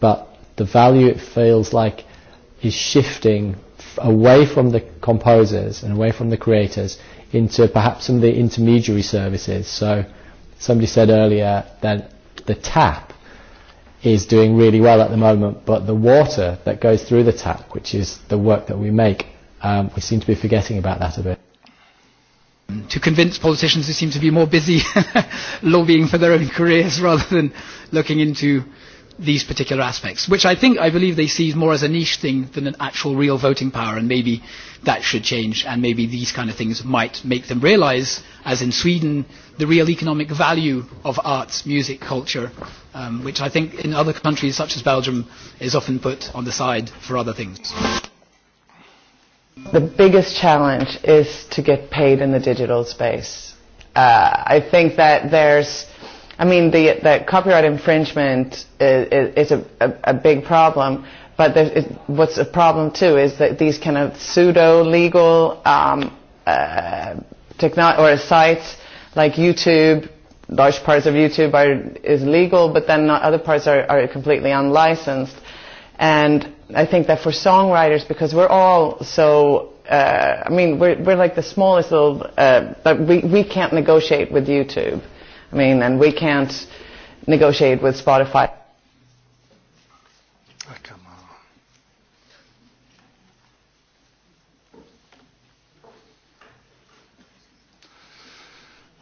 But the value it feels like is shifting away from the composers and away from the creators into perhaps some of the intermediary services. So somebody said earlier that the tap is doing really well at the moment, but the water that goes through the tap, which is the work that we make, um, we seem to be forgetting about that a bit to convince politicians who seem to be more busy lobbying for their own careers rather than looking into these particular aspects, which I think I believe they see more as a niche thing than an actual real voting power, and maybe that should change, and maybe these kind of things might make them realise, as in Sweden, the real economic value of arts, music, culture, which I think in other countries such as Belgium is often put on the side for other things. The biggest challenge is to get paid in the digital space. Uh, I think that there's, I mean, the, the copyright infringement is, is a, a, a big problem, but there's it, what's a problem too is that these kind of pseudo-legal um, uh, or sites like YouTube, large parts of YouTube are, is legal, but then not, other parts are, are completely unlicensed. And I think that for songwriters, because we're all so, uh, I mean, we're, we're like the smallest little, uh, but we, we can't negotiate with YouTube. I mean, and we can't negotiate with Spotify.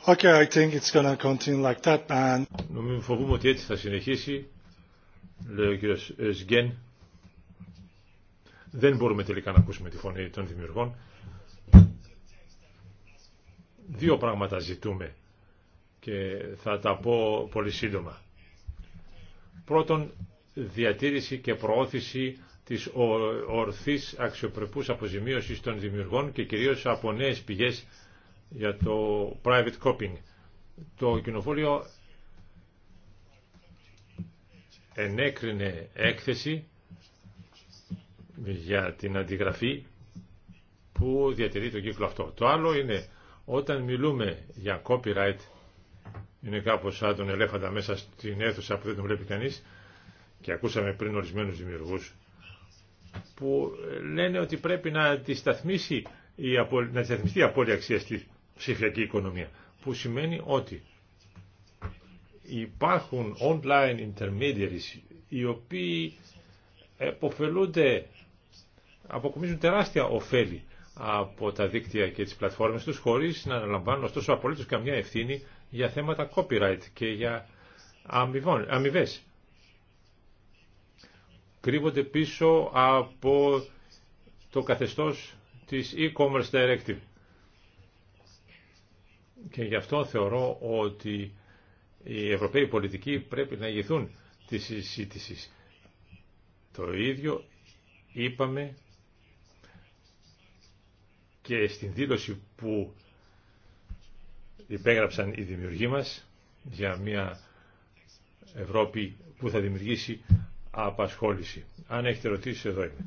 Okay, I think it's gonna continue like that, man. Νομίζω φοβούμαι ότι έτσι θα συνεχίσει, λέει ο κύριος δεν μπορούμε τελικά να ακούσουμε τη φωνή των δημιουργών. Δύο πράγματα ζητούμε και θα τα πω πολύ σύντομα. Πρώτον, διατήρηση και προώθηση της ορθής αξιοπρεπούς αποζημίωσης των δημιουργών και κυρίως από νέες πηγές για το private coping. Το κοινοβούλιο ενέκρινε έκθεση για την αντιγραφή που διατηρεί τον κύκλο αυτό. Το άλλο είναι όταν μιλούμε για copyright είναι κάπως σαν τον ελέφαντα μέσα στην αίθουσα που δεν τον βλέπει κανείς και ακούσαμε πριν ορισμένους δημιουργούς που λένε ότι πρέπει να αντισταθμίσει η από να η απώλεια αξία στη ψηφιακή οικονομία που σημαίνει ότι υπάρχουν online intermediaries οι οποίοι εποφελούνται αποκομίζουν τεράστια ωφέλη από τα δίκτυα και τις πλατφόρμες τους χωρίς να αναλαμβάνουν ωστόσο απολύτως καμιά ευθύνη για θέματα copyright και για αμοιβέ. Κρύβονται πίσω από το καθεστώς της e-commerce directive. Και γι' αυτό θεωρώ ότι οι Ευρωπαίοι πολιτικοί πρέπει να ηγηθούν της συζήτηση. Το ίδιο είπαμε και στην δήλωση που υπέγραψαν οι δημιουργοί μας για μια Ευρώπη που θα δημιουργήσει απασχόληση. Αν έχετε ρωτήσει εδώ είμαι.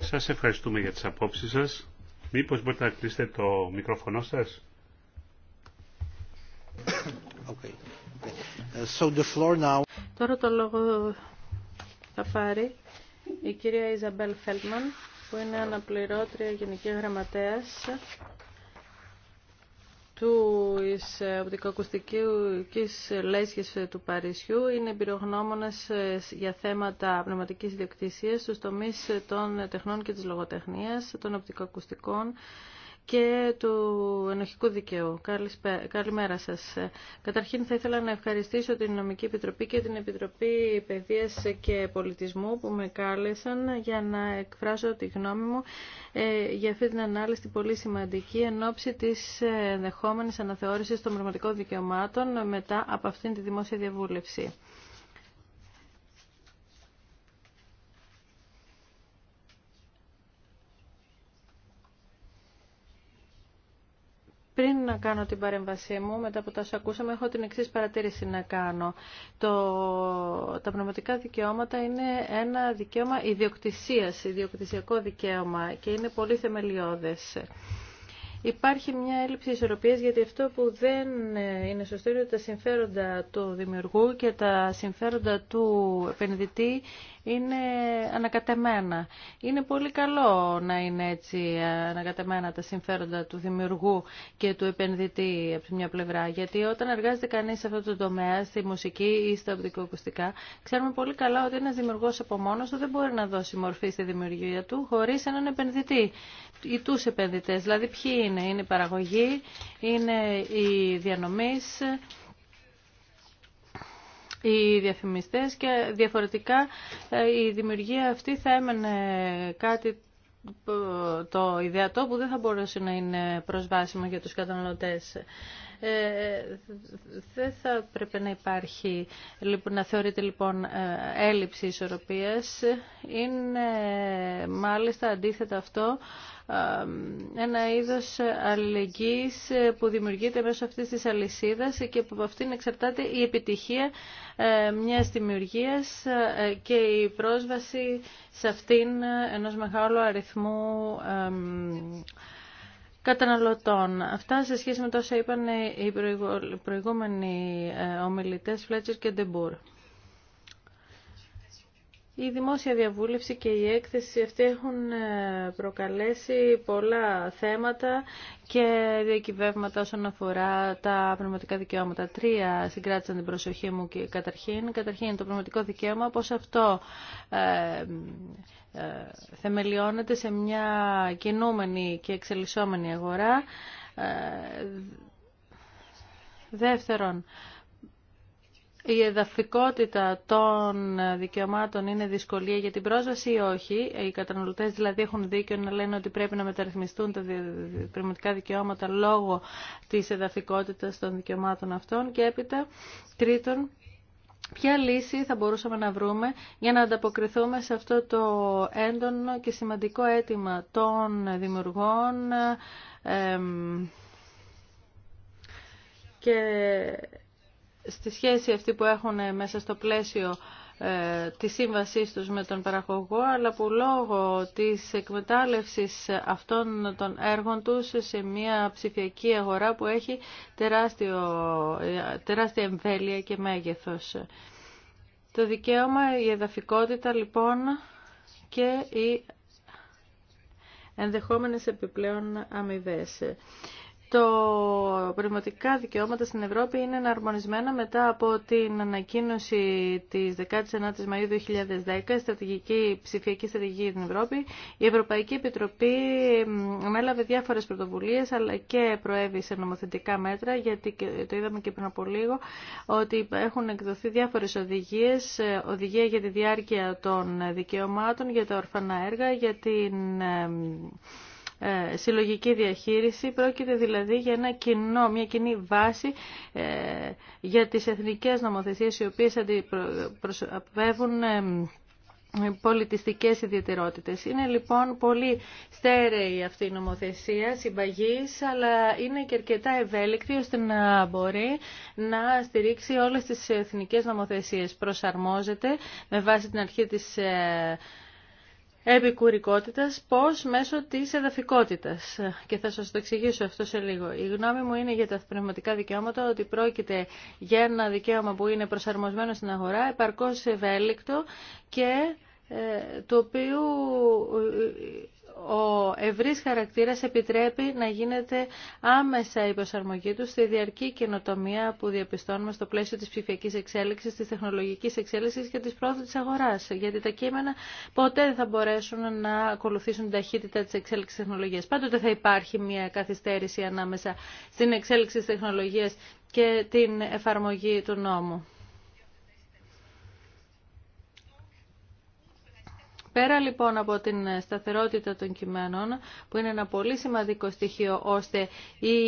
Σας ευχαριστούμε για τις απόψεις σας. Μήπως μπορείτε να κλείσετε το μικρόφωνο σας. Τώρα το λόγο θα πάρει η κυρία Ιζαμπέλ Φέλτμαν, που είναι αναπληρώτρια γενική γραμματέας του οπτικοακουστικής λέσχης του Παρισιού. Είναι εμπειρογνώμονα ε, για θέματα πνευματικής διοκτησία, στους τομείς των τεχνών και της λογοτεχνίας, των οπτικοακουστικών και του ενοχικού δικαίου. Καλημέρα σας. Καταρχήν θα ήθελα να ευχαριστήσω την Νομική Επιτροπή και την Επιτροπή Παιδείας και Πολιτισμού που με κάλεσαν για να εκφράσω τη γνώμη μου ε, για αυτή την ανάλυση πολύ σημαντική εν ώψη της ενδεχόμενης αναθεώρησης των πραγματικών δικαιωμάτων μετά από αυτήν τη δημόσια διαβούλευση. Πριν να κάνω την παρέμβασή μου, μετά από τα όσα ακούσαμε, έχω την εξή παρατήρηση να κάνω. τα πνευματικά δικαιώματα είναι ένα δικαίωμα ιδιοκτησία, ιδιοκτησιακό δικαίωμα και είναι πολύ θεμελιώδε. Υπάρχει μια έλλειψη ισορροπία γιατί αυτό που δεν είναι σωστό είναι ότι τα συμφέροντα του δημιουργού και τα συμφέροντα του επενδυτή είναι ανακατεμένα. Είναι πολύ καλό να είναι έτσι ανακατεμένα τα συμφέροντα του δημιουργού και του επενδυτή από τη μια πλευρά. Γιατί όταν εργάζεται κανεί σε αυτό το τομέα, στη μουσική ή στα οπτικοακουστικά, ξέρουμε πολύ καλά ότι ένα δημιουργό από μόνο του δεν μπορεί να δώσει μορφή στη δημιουργία του χωρί έναν επενδυτή ή του επενδυτέ. Δηλαδή, ποιοι είναι, είναι η παραγωγή, είναι οι διανομή, οι διαφημιστές και διαφορετικά ε, η δημιουργία αυτή θα έμενε κάτι ε, το ιδεατό που δεν θα μπορούσε να είναι προσβάσιμο για τους καταναλωτές. Ε, δεν θα πρέπει να υπάρχει, λοιπόν, να θεωρείται λοιπόν ε, έλλειψη ισορροπίας. Είναι μάλιστα αντίθετα αυτό ε, ένα είδος αλληλεγγύης που δημιουργείται μέσω αυτής της αλυσίδας και από αυτήν εξαρτάται η επιτυχία μιας δημιουργίας και η πρόσβαση σε αυτήν ενός μεγάλου αριθμού καταναλωτών. Αυτά σε σχέση με τόσα είπαν οι προηγούμενοι ε, ομιλητές Φλέτσερ και Ντεμπούρ. Η δημόσια διαβούλευση και η έκθεση αυτή έχουν ε, προκαλέσει πολλά θέματα και διακυβεύματα όσον αφορά τα πνευματικά δικαιώματα. Τρία συγκράτησαν την προσοχή μου και καταρχήν. Καταρχήν το πνευματικό δικαίωμα, πώς αυτό ε, ε, θεμελιώνεται σε μια κινούμενη και εξελισσόμενη αγορά. Ε, δεύτερον, η εδαφικότητα των δικαιωμάτων είναι δυσκολία για την πρόσβαση ή όχι. Ε, οι καταναλωτέ δηλαδή έχουν δίκιο να λένε ότι πρέπει να μεταρρυθμιστούν τα πνευματικά δικαιώματα λόγω τη εδαφικότητα των δικαιωμάτων αυτών. Και έπειτα, τρίτον, Ποια λύση θα μπορούσαμε να βρούμε για να ανταποκριθούμε σε αυτό το έντονο και σημαντικό αίτημα των δημιουργών και στη σχέση αυτή που έχουν μέσα στο πλαίσιο ε, τη σύμβασή τους με τον παραγωγό, αλλά που λόγω της εκμετάλλευσης αυτών των έργων τους σε μια ψηφιακή αγορά που έχει τεράστιο, ε, τεράστια εμβέλεια και μέγεθος. Το δικαίωμα, η εδαφικότητα λοιπόν και οι ενδεχόμενες επιπλέον αμοιβέ το πνευματικά δικαιώματα στην Ευρώπη είναι εναρμονισμένα μετά από την ανακοίνωση της 19 η Μαΐου 2010, στρατηγική, ψηφιακή στρατηγική στην Ευρώπη. Η Ευρωπαϊκή Επιτροπή ανέλαβε διάφορες πρωτοβουλίες αλλά και προέβησε σε νομοθετικά μέτρα γιατί το είδαμε και πριν από λίγο ότι έχουν εκδοθεί διάφορες οδηγίες, ε, οδηγία για τη διάρκεια των δικαιωμάτων, για τα ορφανά έργα, για την ε, ε, συλλογική διαχείριση. Πρόκειται δηλαδή για ένα κοινό, μια κοινή βάση ε, για τις εθνικές νομοθεσίες οι οποίες αντιπροσωπεύουν ε, πολιτιστικές ιδιαιτερότητες. Είναι λοιπόν πολύ στέρεη αυτή η νομοθεσία συμπαγής, αλλά είναι και αρκετά ευέλικτη ώστε να μπορεί να στηρίξει όλες τις εθνικές νομοθεσίες. Προσαρμόζεται με βάση την αρχή της επικουρικότητας πώς μέσω της εδαφικότητας. Και θα σας το εξηγήσω αυτό σε λίγο. Η γνώμη μου είναι για τα πνευματικά δικαιώματα ότι πρόκειται για ένα δικαίωμα που είναι προσαρμοσμένο στην αγορά, επαρκώς ευέλικτο και ε, το οποίο ε, ο ευρύς χαρακτήρας επιτρέπει να γίνεται άμεσα η προσαρμογή του στη διαρκή καινοτομία που διαπιστώνουμε στο πλαίσιο της ψηφιακής εξέλιξης, της τεχνολογικής εξέλιξης και της πρόοδου της αγοράς. Γιατί τα κείμενα ποτέ δεν θα μπορέσουν να ακολουθήσουν την ταχύτητα της εξέλιξης της τεχνολογίας. Πάντοτε θα υπάρχει μια καθυστέρηση ανάμεσα στην εξέλιξη της τεχνολογίας και την εφαρμογή του νόμου. Πέρα λοιπόν από την σταθερότητα των κειμένων, που είναι ένα πολύ σημαντικό στοιχείο, ώστε οι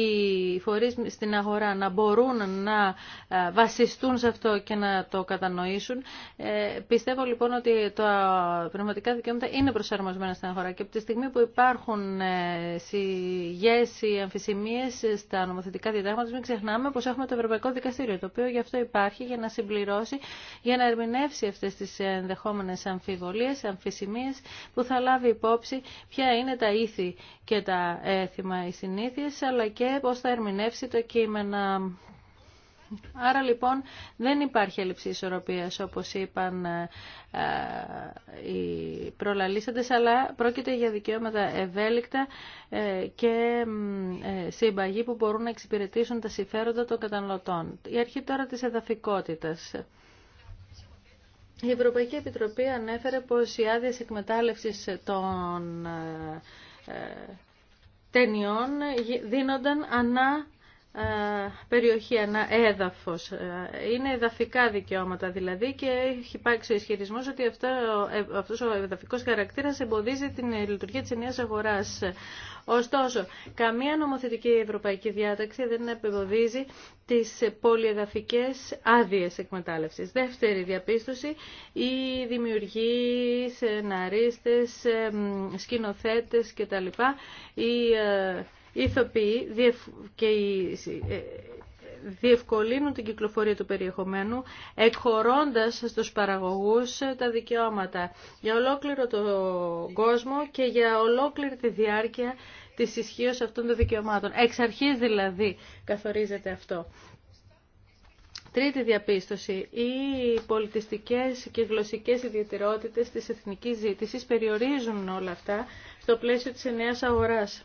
φορείς στην αγορά να μπορούν να ε, βασιστούν σε αυτό και να το κατανοήσουν, ε, πιστεύω λοιπόν ότι τα πνευματικά δικαιώματα είναι προσαρμοσμένα στην αγορά και από τη στιγμή που υπάρχουν ε, συγγές ή αμφισημίες στα νομοθετικά διδάγματα, μην ξεχνάμε πως έχουμε το Ευρωπαϊκό Δικαστήριο, το οποίο γι' αυτό υπάρχει για να συμπληρώσει, για να ερμηνεύσει αυτές τις ενδεχόμενες αμφιβολίες, σημείες που θα λάβει υπόψη ποια είναι τα ήθη και τα έθιμα οι συνήθειες αλλά και πώς θα ερμηνεύσει το κείμενα. Άρα λοιπόν δεν υπάρχει έλλειψη ισορροπίας όπως είπαν ε, ε, οι προλαλήσαντες αλλά πρόκειται για δικαιώματα ευέλικτα ε, και συμπαγή που μπορούν να εξυπηρετήσουν τα συμφέροντα των καταναλωτών. Η αρχή τώρα της εδαφικότητας. Η Ευρωπαϊκή Επιτροπή ανέφερε πως οι άδειες εκμετάλλευσης των ε, ε, ταινιών δίνονταν ανά περιοχή, ένα έδαφος. Είναι εδαφικά δικαιώματα δηλαδή και έχει υπάρξει ο ισχυρισμό ότι αυτό, ε, αυτός ο εδαφικός χαρακτήρας εμποδίζει την λειτουργία της ενιαίας αγοράς. Ωστόσο, καμία νομοθετική ευρωπαϊκή διάταξη δεν εμποδίζει τις πολυεδαφικές άδειες εκμετάλλευσης. Δεύτερη διαπίστωση, η δημιουργή σεναρίστες, σκηνοθέτες κτλ. Ε, οι ηθοποιοί και οι ε, διευκολύνουν την κυκλοφορία του περιεχομένου, εκχωρώντας στους παραγωγούς ε, τα δικαιώματα για ολόκληρο τον κόσμο και για ολόκληρη τη διάρκεια της ισχύω αυτών των δικαιωμάτων. Εξ αρχής δηλαδή καθορίζεται αυτό. Τρίτη διαπίστωση, οι πολιτιστικές και γλωσσικές ιδιαιτερότητες της εθνικής ζήτησης περιορίζουν όλα αυτά στο πλαίσιο της ενιαίας αγοράς.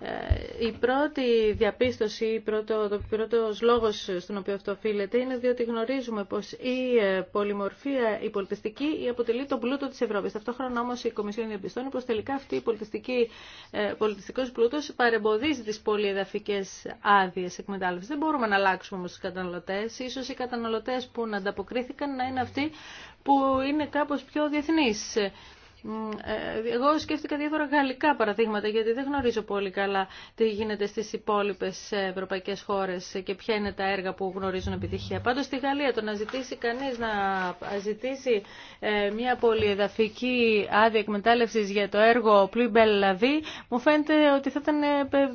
Ε, η πρώτη διαπίστωση, ο πρώτο, το πρώτος λόγος στον οποίο αυτό οφείλεται είναι διότι γνωρίζουμε πως η ε, πολυμορφία, η πολιτιστική, αποτελεί τον πλούτο της Ευρώπης. Ταυτόχρονα όμως η Κομισιόν διαπιστώνει πως τελικά αυτή η πολιτιστική, ε, πολιτιστικός πλούτος παρεμποδίζει τις πολυεδαφικές άδειε εκμετάλλευσης. Δεν μπορούμε να αλλάξουμε όμως τους καταναλωτές. Ίσως οι καταναλωτές που να ανταποκρίθηκαν να είναι αυτοί που είναι κάπως πιο διεθνείς ε, εγώ σκέφτηκα διάφορα γαλλικά παραδείγματα, γιατί δεν γνωρίζω πολύ καλά τι γίνεται στις υπόλοιπες ε, ευρωπαϊκές χώρες και ποια είναι τα έργα που γνωρίζουν επιτυχία. Πάντως στη Γαλλία το να ζητήσει κανείς να ζητήσει ε, μια πολυεδαφική άδεια εκμετάλλευση για το έργο Plus Belle μου φαίνεται ότι θα ήταν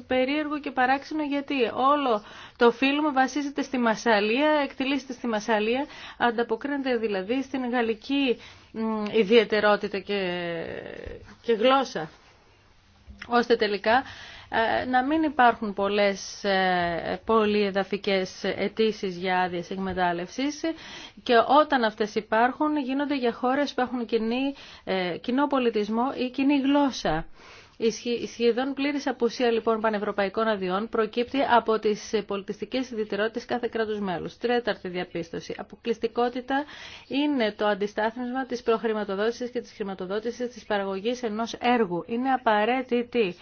περίεργο και παράξενο γιατί όλο το φιλμ βασίζεται στη Μασαλία, εκτελήσεται στη Μασαλία, ανταποκρίνεται δηλαδή στην γαλλική ιδιαιτερότητα και, και γλώσσα, ώστε τελικά ε, να μην υπάρχουν πολλές ε, εδαφικές αιτήσει για άδειε εκμετάλλευση και όταν αυτές υπάρχουν γίνονται για χώρες που έχουν κοινή, ε, κοινό πολιτισμό ή κοινή γλώσσα. Η σχεδόν πλήρη απουσία λοιπόν πανευρωπαϊκών αδειών προκύπτει από τις πολιτιστικέ ιδιαιτερότητε κάθε κρατου μέλου. Τρέταρτη διαπίστωση. Αποκλειστικότητα είναι το αντιστάθμισμα της προχρηματοδότησης και της χρηματοδότησης της παραγωγής ενός έργου. Είναι απαραίτητη.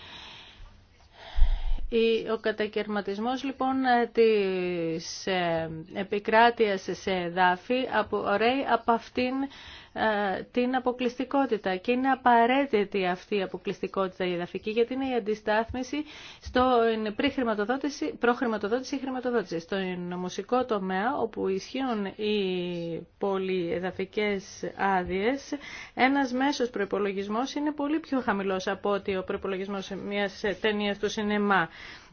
Ο κατακαιρματισμός λοιπόν της ε, επικράτειας σε εδάφη απορρέει από αυτήν ε, την αποκλειστικότητα. Και είναι απαραίτητη αυτή η αποκλειστικότητα η εδαφική, γιατί είναι η αντιστάθμιση στην προχρηματοδότηση, προχρηματοδότηση ή χρηματοδότηση. Στον μουσικό τομέα, όπου ισχύουν οι πολυεδαφικές άδειε, ένας μέσος προπολογισμό είναι πολύ πιο χαμηλός από ότι ο προπολογισμό μιας ταινία του σινεμά.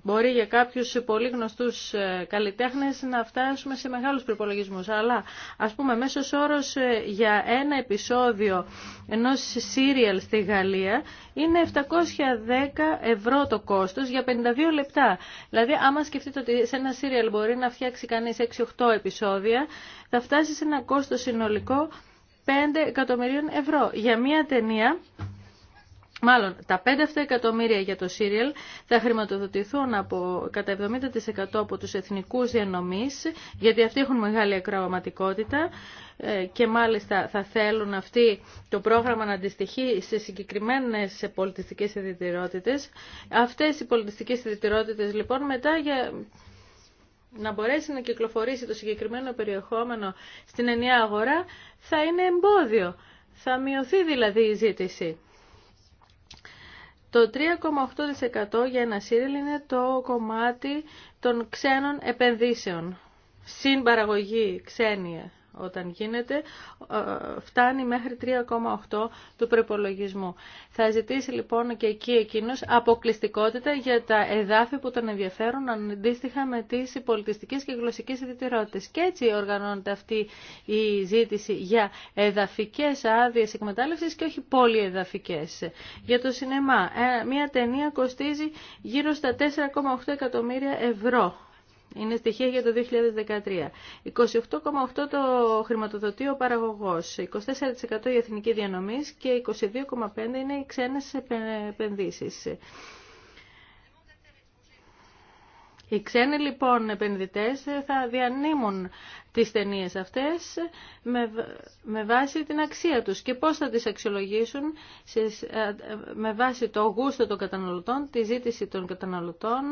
Μπορεί για κάποιους πολύ γνωστούς ε, καλλιτέχνες να φτάσουμε σε μεγάλους προπολογισμούς. Αλλά ας πούμε μέσος όρος ε, για ένα επεισόδιο ενός σύριαλ στη Γαλλία είναι 710 ευρώ το κόστος για 52 λεπτά. Δηλαδή άμα σκεφτείτε ότι σε ένα σύριαλ μπορεί να φτιάξει κανείς 6-8 επεισόδια θα φτάσει σε ένα κόστος συνολικό 5 εκατομμυρίων ευρώ. Για μία ταινία Μάλλον, τα 5 εκατομμύρια για το Σύριελ θα χρηματοδοτηθούν από, κατά 70% από τους εθνικούς διανομής, γιατί αυτοί έχουν μεγάλη ακροαματικότητα ε, και μάλιστα θα θέλουν αυτοί το πρόγραμμα να αντιστοιχεί σε συγκεκριμένες πολιτιστικές ιδιαιτερότητες. Αυτές οι πολιτιστικές ιδιαιτερότητες λοιπόν μετά για να μπορέσει να κυκλοφορήσει το συγκεκριμένο περιεχόμενο στην ενιαία αγορά θα είναι εμπόδιο. Θα μειωθεί δηλαδή η ζήτηση. Το 3,8% για ένα σύριλ είναι το κομμάτι των ξένων επενδύσεων. Συν παραγωγή ξένη όταν γίνεται, ε, φτάνει μέχρι 3,8 του προπολογισμού. Θα ζητήσει λοιπόν και εκεί εκείνος αποκλειστικότητα για τα εδάφη που τον ενδιαφέρουν αντίστοιχα με τις πολιτιστικές και γλωσσικές ιδιαιτερότητες. Και έτσι οργανώνεται αυτή η ζήτηση για εδαφικές άδειες εκμετάλλευσης και όχι πολυεδαφικές. Για το σινεμά, ε, μια ταινία κοστίζει γύρω στα 4,8 εκατομμύρια ευρώ είναι στοιχεία για το 2013. 28,8% το χρηματοδοτεί ο παραγωγός, 24% η εθνική διανομής και 22,5% είναι οι ξένες επενδύσεις. Οι ξένοι λοιπόν επενδυτές θα διανύμουν τις ταινίε αυτές με, με βάση την αξία τους και πώς θα τις αξιολογήσουν σε, με βάση το γούστο των καταναλωτών, τη ζήτηση των καταναλωτών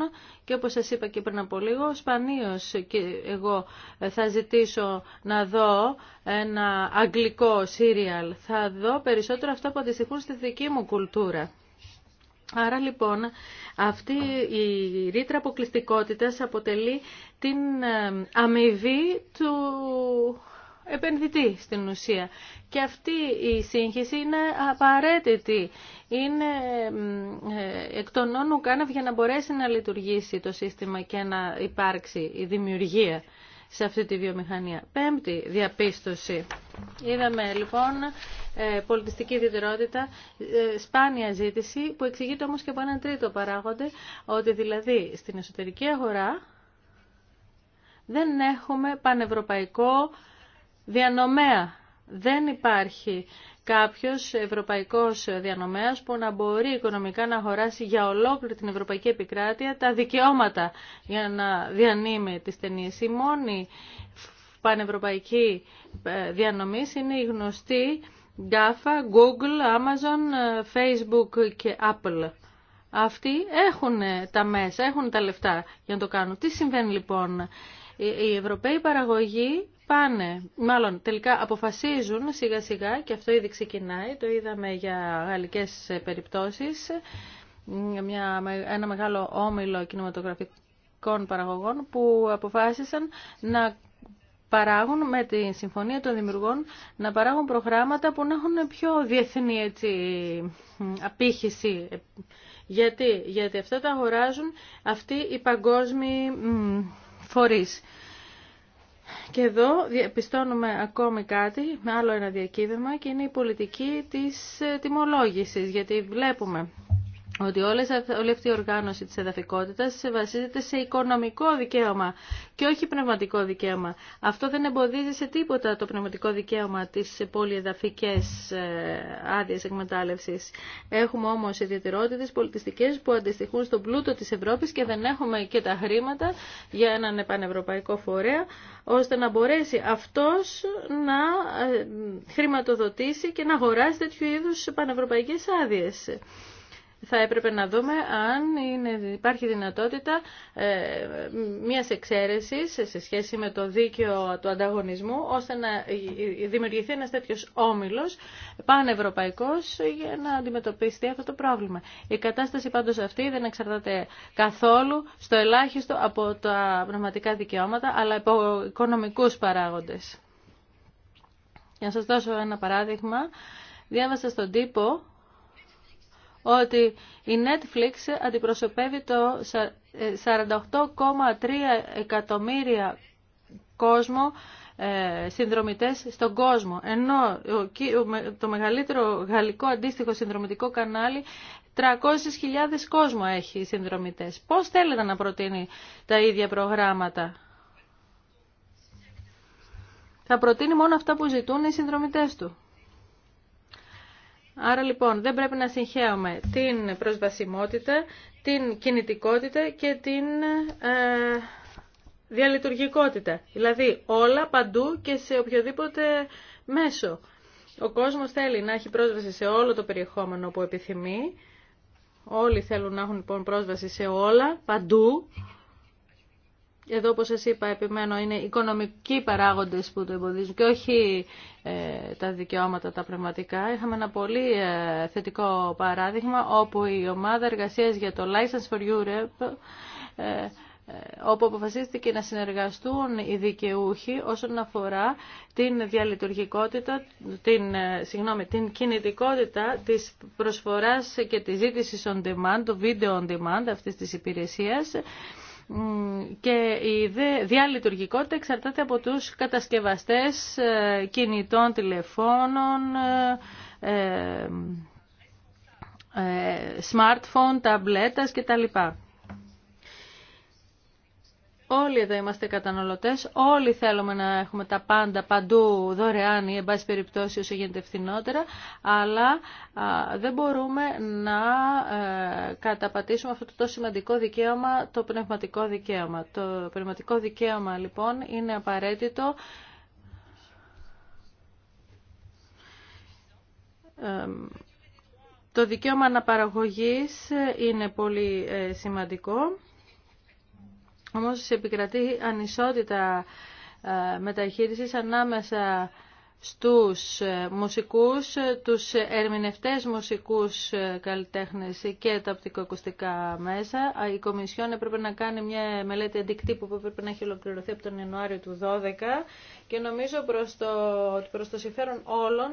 και όπως σας είπα και πριν από λίγο, σπανίως και εγώ θα ζητήσω να δω ένα αγγλικό σύριαλ. Θα δω περισσότερο αυτά που αντιστοιχούν στη δική μου κουλτούρα. Άρα λοιπόν αυτή η ρήτρα αποκλειστικότητα αποτελεί την ε, αμοιβή του επενδυτή στην ουσία. Και αυτή η σύγχυση είναι απαραίτητη. Είναι ε, ε, εκ των για να μπορέσει να λειτουργήσει το σύστημα και να υπάρξει η δημιουργία σε αυτή τη βιομηχανία. Πέμπτη διαπίστωση. Είδαμε λοιπόν ε, πολιτιστική ιδιαιτερότητα, ε, σπάνια ζήτηση που εξηγείται όμως και από έναν τρίτο παράγοντα, ότι δηλαδή στην εσωτερική αγορά δεν έχουμε πανευρωπαϊκό διανομέα. Δεν υπάρχει κάποιος ευρωπαϊκός διανομέας που να μπορεί οικονομικά να αγοράσει για ολόκληρη την ευρωπαϊκή επικράτεια τα δικαιώματα για να διανύμει τις ταινίες. Η μόνη πανευρωπαϊκή ε, διανομή είναι η γνωστή GAFA, Google, Amazon, ε, Facebook και Apple. Αυτοί έχουν ε, τα μέσα, έχουν τα λεφτά για να το κάνουν. Τι συμβαίνει λοιπόν, Η Ευρωπαίοι παραγωγοί πάνε, μάλλον τελικά αποφασίζουν σιγά σιγά και αυτό ήδη ξεκινάει, το είδαμε για γαλλικές περιπτώσεις, μια, ένα μεγάλο όμιλο κινηματογραφικών παραγωγών που αποφάσισαν να παράγουν με τη Συμφωνία των Δημιουργών να παράγουν προγράμματα που να έχουν πιο διεθνή έτσι, απήχηση. Γιατί? Γιατί αυτά τα αγοράζουν αυτοί οι παγκόσμιοι φορείς. Και εδώ διαπιστώνουμε ακόμη κάτι, με άλλο ένα διακύβευμα και είναι η πολιτική της ε, τιμολόγησης, γιατί βλέπουμε ότι όλη αυτή η οργάνωση της εδαφικότητας βασίζεται σε οικονομικό δικαίωμα και όχι πνευματικό δικαίωμα. Αυτό δεν εμποδίζει σε τίποτα το πνευματικό δικαίωμα της πολυεδαφικές ε, άδειε εκμετάλλευσης. Έχουμε όμως ιδιαιτερότητες πολιτιστικές που αντιστοιχούν στον πλούτο της Ευρώπης και δεν έχουμε και τα χρήματα για έναν πανευρωπαϊκό φορέα ώστε να μπορέσει αυτός να ε, χρηματοδοτήσει και να αγοράσει τέτοιου είδους πανευρωπαϊκές άδειες θα έπρεπε να δούμε αν υπάρχει δυνατότητα ε, μιας εξαίρεσης σε σχέση με το δίκαιο του ανταγωνισμού, ώστε να ε, ε, δημιουργηθεί ένας τέτοιος όμιλος πανευρωπαϊκός για να αντιμετωπιστεί αυτό το πρόβλημα. Η κατάσταση πάντως αυτή δεν εξαρτάται καθόλου στο ελάχιστο από τα πνευματικά δικαιώματα, αλλά από οικονομικούς παράγοντες. Για να σας δώσω ένα παράδειγμα, διάβασα στον τύπο ότι η Netflix αντιπροσωπεύει το 48,3 ε, εκατομμύρια κόσμο ε, συνδρομητές στον κόσμο. Ενώ το μεγαλύτερο γαλλικό αντίστοιχο συνδρομητικό κανάλι 300.000 κόσμο έχει συνδρομητές. Πώς θέλετε να προτείνει τα ίδια προγράμματα. Θα προτείνει μόνο αυτά που ζητούν οι συνδρομητές του. Άρα λοιπόν δεν πρέπει να συγχαίουμε την προσβασιμότητα, την κινητικότητα και την ε, διαλειτουργικότητα. Δηλαδή όλα παντού και σε οποιοδήποτε μέσο. Ο κόσμος θέλει να έχει πρόσβαση σε όλο το περιεχόμενο που επιθυμεί. Όλοι θέλουν να έχουν λοιπόν πρόσβαση σε όλα, παντού εδώ όπως σας είπα επιμένω είναι οικονομικοί παράγοντες που το εμποδίζουν και όχι ε, τα δικαιώματα τα πνευματικά. Είχαμε ένα πολύ ε, θετικό παράδειγμα όπου η ομάδα εργασίας για το License for Europe ε, ε όπου αποφασίστηκε να συνεργαστούν οι δικαιούχοι όσον αφορά την διαλειτουργικότητα, την, συγγνώμη, την κινητικότητα της προσφοράς και της ζήτησης on demand, το video on demand αυτής της υπηρεσίας και η διαλειτουργικότητα εξαρτάται από τους κατασκευαστές ε, κινητών τηλεφώνων, ε, ε, smartphone, ταμπλέτας κτλ. Όλοι εδώ είμαστε καταναλωτές, όλοι θέλουμε να έχουμε τα πάντα παντού δωρεάν ή εν πάση περιπτώσει όσο γίνεται φθηνότερα, αλλά δεν μπορούμε να ε, καταπατήσουμε αυτό το τόσο σημαντικό δικαίωμα, το πνευματικό δικαίωμα. Το πνευματικό δικαίωμα λοιπόν είναι απαραίτητο Το δικαίωμα αναπαραγωγής είναι πολύ ε, σημαντικό. Όμως επικρατεί ανισότητα ε, μεταχείρισης ανάμεσα στους ε, μουσικούς, ε, τους ερμηνευτές μουσικούς καλλιτέχνες και τα οπτικοακουστικά μέσα. Η Κομισιόν έπρεπε να κάνει μια μελέτη αντικτύπου που έπρεπε να έχει ολοκληρωθεί από τον Ιανουάριο του 2012 και νομίζω προς το, προς το συμφέρον όλων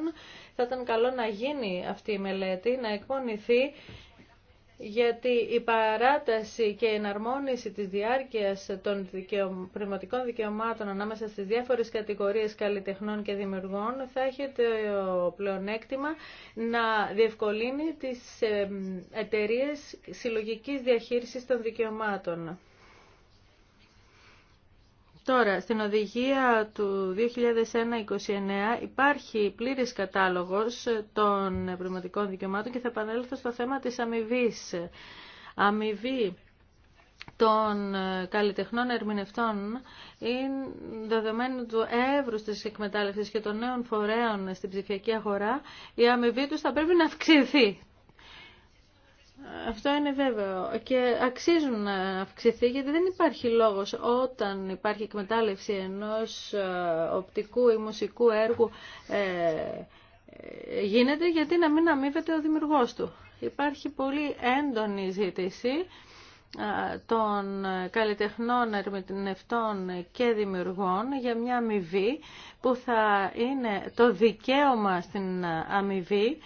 θα ήταν καλό να γίνει αυτή η μελέτη, να εκπονηθεί γιατί η παράταση και η εναρμόνιση της διάρκειας των πνευματικών δικαιωμάτων ανάμεσα στις διάφορες κατηγορίες καλλιτεχνών και δημιουργών θα έχει το πλεονέκτημα να διευκολύνει τις εταιρείε συλλογικής διαχείρισης των δικαιωμάτων. Τώρα, στην οδηγία του 2001-29 υπάρχει πλήρης κατάλογος των πνευματικών δικαιωμάτων και θα επανέλθω στο θέμα της αμοιβή. Αμοιβή των καλλιτεχνών ερμηνευτών είναι δεδομένου του εύρου τη εκμετάλλευση και των νέων φορέων στην ψηφιακή αγορά, η αμοιβή του θα πρέπει να αυξηθεί. Αυτό είναι βέβαιο και αξίζουν να αυξηθεί γιατί δεν υπάρχει λόγος όταν υπάρχει εκμετάλλευση ενός ε, οπτικού ή μουσικού έργου ε, ε, γίνεται γιατί να μην αμείβεται ο δημιουργός του. Υπάρχει πολύ έντονη ζήτηση των καλλιτεχνών, ερμηνευτών και δημιουργών για μια αμοιβή που θα είναι το δικαίωμα στην αμοιβή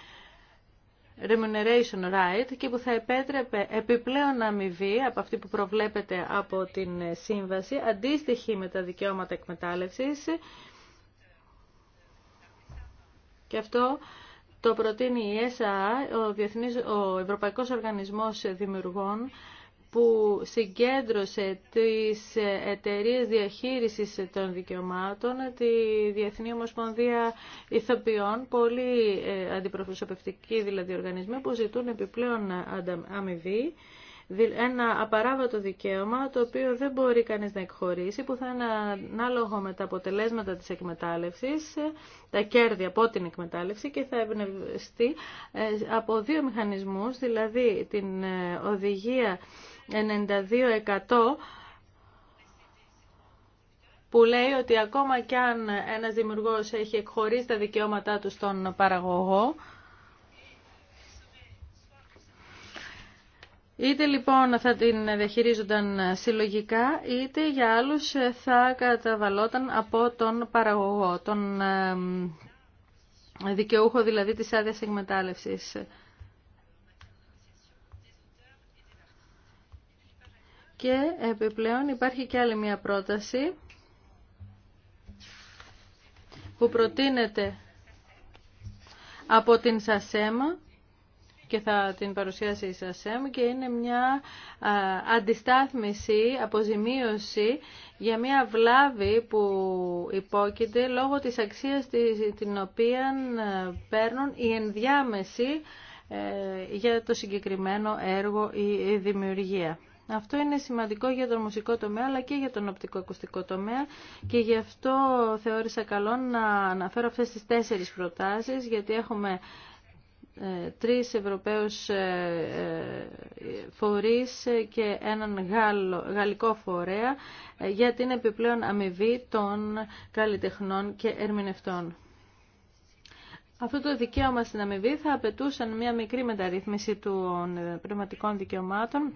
remuneration right και που θα επέτρεπε επιπλέον αμοιβή από αυτή που προβλέπεται από την σύμβαση αντίστοιχη με τα δικαιώματα εκμετάλλευσης και αυτό το προτείνει η ΕΣΑ, ο, Διεθνής, ο Ευρωπαϊκός Οργανισμός Δημιουργών που συγκέντρωσε τις εταιρείε διαχείρισης των δικαιωμάτων, τη Διεθνή Ομοσπονδία Ιθοποιών... πολύ ε, αντιπροσωπευτικοί δηλαδή οργανισμοί που ζητούν επιπλέον αμοιβή, ένα απαράβατο δικαίωμα το οποίο δεν μπορεί κανείς να εκχωρήσει που θα είναι ανάλογο με τα αποτελέσματα της εκμετάλλευσης τα κέρδη από την εκμετάλλευση και θα εμπνευστεί ε, από δύο μηχανισμούς δηλαδή την ε, οδηγία 92% που λέει ότι ακόμα κι αν ένας δημιουργός έχει εκχωρήσει τα δικαιώματά του στον παραγωγό, Είτε λοιπόν θα την διαχειρίζονταν συλλογικά, είτε για άλλους θα καταβαλόταν από τον παραγωγό, τον δικαιούχο δηλαδή της άδειας εκμετάλλευσης. Και επιπλέον υπάρχει και άλλη μια πρόταση που προτείνεται από την ΣΑΣΕΜΑ και θα την παρουσιάσει η ΣΑΣΕΜ και είναι μια αντιστάθμιση, αποζημίωση για μια βλάβη που υπόκειται λόγω της αξίας την οποία ε, παίρνουν οι ενδιάμεση ε, για το συγκεκριμένο έργο ή δημιουργία. Αυτό είναι σημαντικό για τον μουσικό τομέα αλλά και για τον οπτικοακουστικό τομέα και γι' αυτό θεώρησα καλό να αναφέρω αυτές τις τέσσερις προτάσεις γιατί έχουμε ε, τρεις Ευρωπαίους ε, ε, φορείς και έναν γαλλικό φορέα για την επιπλέον αμοιβή των καλλιτεχνών και ερμηνευτών. Αυτό το δικαίωμα στην αμοιβή θα απαιτούσαν μια μικρή μεταρρύθμιση των πνευματικών δικαιωμάτων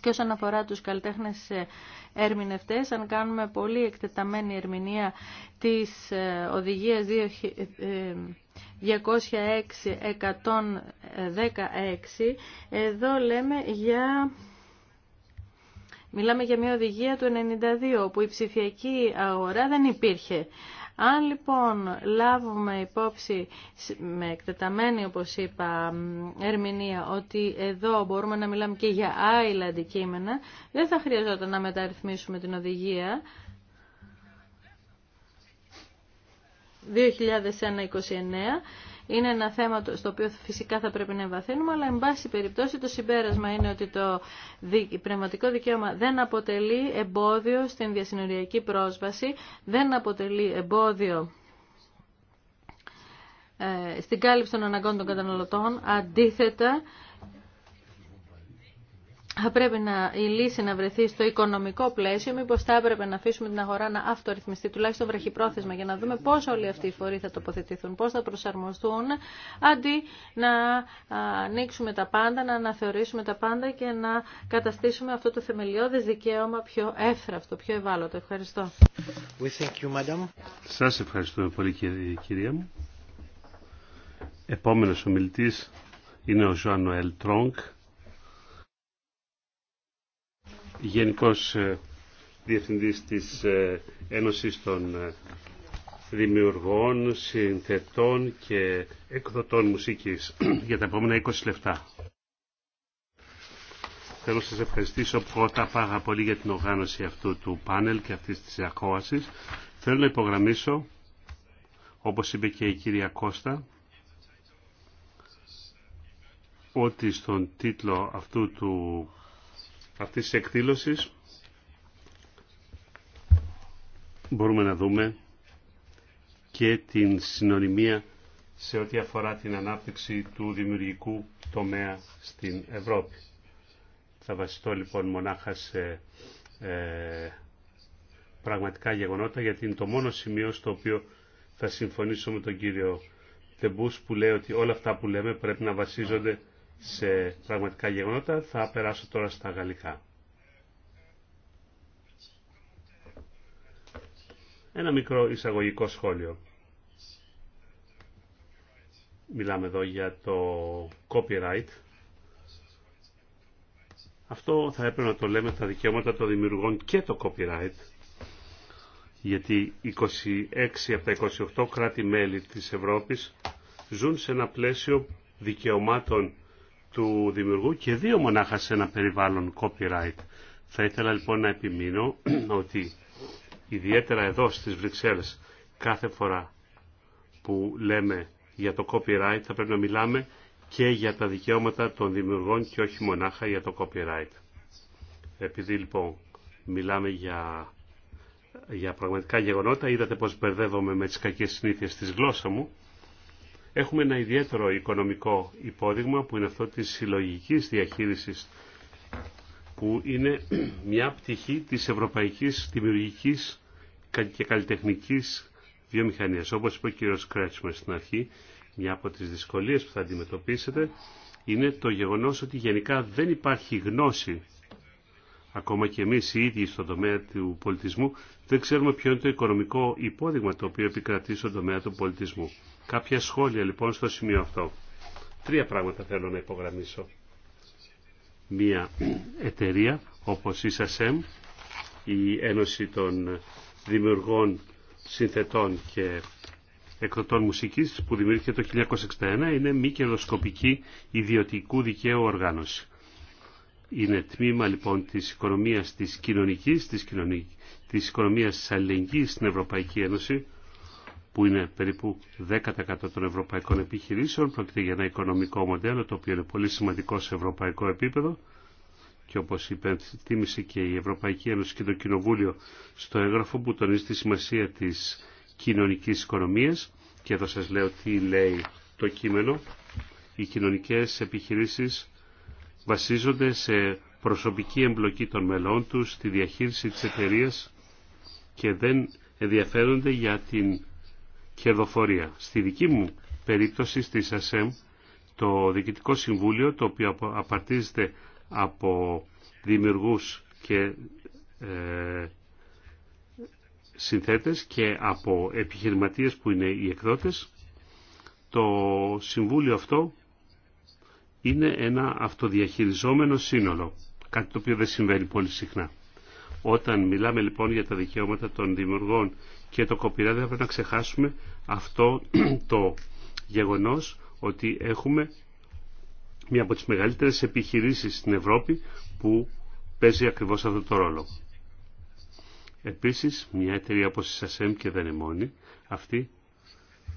και όσον αφορά τους καλλιτέχνες ε, ερμηνευτές, αν κάνουμε πολύ εκτεταμένη ερμηνεία της ε, οδηγίας 206-116, ε, εδώ λέμε για... Μιλάμε για μια οδηγία του 92, όπου η ψηφιακή αγορά δεν υπήρχε. Αν λοιπόν λάβουμε υπόψη με εκτεταμένη όπως είπα ερμηνεία ότι εδώ μπορούμε να μιλάμε και για άειλα αντικείμενα, δεν θα χρειαζόταν να μεταρρυθμίσουμε την οδηγία 2001-29 είναι ένα θέμα στο οποίο φυσικά θα πρέπει να εμβαθύνουμε, αλλά εν πάση περιπτώσει το συμπέρασμα είναι ότι το πνευματικό δικαίωμα δεν αποτελεί εμπόδιο στην διασυνοριακή πρόσβαση, δεν αποτελεί εμπόδιο ε, στην κάλυψη των αναγκών των καταναλωτών. Αντίθετα, θα πρέπει να, η λύση να βρεθεί στο οικονομικό πλαίσιο, μήπω θα έπρεπε να αφήσουμε την αγορά να αυτορυθμιστεί, τουλάχιστον βραχυπρόθεσμα, για να δούμε πώ όλοι αυτοί οι φορεί θα τοποθετηθούν, πώ θα προσαρμοστούν, αντί να ανοίξουμε τα πάντα, να αναθεωρήσουμε τα πάντα και να καταστήσουμε αυτό το θεμελιώδε δικαίωμα πιο εύθραυτο, πιο ευάλωτο. Ευχαριστώ. Σα ευχαριστούμε πολύ, κυρία μου. Επόμενο ομιλητή είναι ο Ζωάν Νοέλ Τρόγκ Γενικός ε, Διευθυντής της ε, Ένωσης των ε, Δημιουργών, Συνθετών και Εκδοτών Μουσικής [CLEARS THROAT] για τα επόμενα 20 λεπτά. Θέλω να σας ευχαριστήσω πρώτα πάρα πολύ για την οργάνωση αυτού του πάνελ και αυτής της ακόασης. Θέλω να υπογραμμίσω, όπως είπε και η κυρία Κώστα, ότι στον τίτλο αυτού του αυτής της εκδήλωσης μπορούμε να δούμε και την συνωνυμία σε ό,τι αφορά την ανάπτυξη του δημιουργικού τομέα στην Ευρώπη. Θα βασιστώ λοιπόν μονάχα σε ε, πραγματικά γεγονότα γιατί είναι το μόνο σημείο στο οποίο θα συμφωνήσω με τον κύριο Τεμπούς που λέει ότι όλα αυτά που λέμε πρέπει να βασίζονται σε πραγματικά γεγονότα. Θα περάσω τώρα στα γαλλικά. Ένα μικρό εισαγωγικό σχόλιο. Μιλάμε εδώ για το copyright. Αυτό θα έπρεπε να το λέμε τα δικαιώματα των δημιουργών και το copyright. Γιατί 26 από τα 28 κράτη-μέλη της Ευρώπης ζουν σε ένα πλαίσιο δικαιωμάτων του δημιουργού και δύο μονάχα σε ένα περιβάλλον copyright. Θα ήθελα λοιπόν να επιμείνω [CLEARS THROAT] ότι ιδιαίτερα εδώ στις Βρυξέλλες κάθε φορά που λέμε για το copyright θα πρέπει να μιλάμε και για τα δικαιώματα των δημιουργών και όχι μονάχα για το copyright. Επειδή λοιπόν μιλάμε για, για πραγματικά γεγονότα, είδατε πως μπερδεύομαι με τις κακές συνήθειες της γλώσσα μου, Έχουμε ένα ιδιαίτερο οικονομικό υπόδειγμα που είναι αυτό της συλλογικής διαχείρισης που είναι [CLEARS THROAT] μια πτυχή της ευρωπαϊκής δημιουργικής και καλλιτεχνικής βιομηχανίας. Όπως είπε ο κύριος Κρέτσμερ στην αρχή, μια από τις δυσκολίες που θα αντιμετωπίσετε είναι το γεγονός ότι γενικά δεν υπάρχει γνώση Ακόμα και εμείς οι ίδιοι στον τομέα του πολιτισμού δεν ξέρουμε ποιο είναι το οικονομικό υπόδειγμα το οποίο επικρατεί στον τομέα του πολιτισμού. Κάποια σχόλια λοιπόν στο σημείο αυτό. Τρία πράγματα θέλω να υπογραμμίσω. Μία εταιρεία όπως η ΣΑΣΕΜ, η Ένωση των Δημιουργών Συνθετών και Εκδοτών Μουσικής που δημιουργήθηκε το 1961 είναι μη κερδοσκοπική ιδιωτικού δικαίου οργάνωση. Είναι τμήμα λοιπόν της οικονομίας της κοινωνικής, της, κοινωνικής, της οικονομίας της αλληλεγγύης στην Ευρωπαϊκή Ένωση που είναι περίπου 10% των ευρωπαϊκών επιχειρήσεων. Πρόκειται για ένα οικονομικό μοντέλο το οποίο είναι πολύ σημαντικό σε ευρωπαϊκό επίπεδο και όπως υπενθύμησε και η Ευρωπαϊκή Ένωση και το Κοινοβούλιο στο έγγραφο που τονίζει τη σημασία της κοινωνικής οικονομίας και εδώ σας λέω τι λέει το κείμενο οι κοινωνικές επιχειρήσεις βασίζονται σε προσωπική εμπλοκή των μελών τους στη διαχείριση της εταιρεία και δεν ενδιαφέρονται για την κερδοφορία. Στη δική μου περίπτωση στη ΣΑΣΕΜ το Διοικητικό Συμβούλιο το οποίο απαρτίζεται από δημιουργούς και ε, συνθέτες και από επιχειρηματίες που είναι οι εκδότες το Συμβούλιο αυτό είναι ένα αυτοδιαχειριζόμενο σύνολο, κάτι το οποίο δεν συμβαίνει πολύ συχνά. Όταν μιλάμε λοιπόν για τα δικαιώματα των δημιουργών και το κοπηρά δεν πρέπει να ξεχάσουμε αυτό [CLEARS THROAT] το γεγονός ότι έχουμε μία από τις μεγαλύτερες επιχειρήσεις στην Ευρώπη που παίζει ακριβώς αυτό το ρόλο. Επίσης, μια εταιρεία όπως η ΣΑΣΕΜ και δεν είναι μόνη, αυτή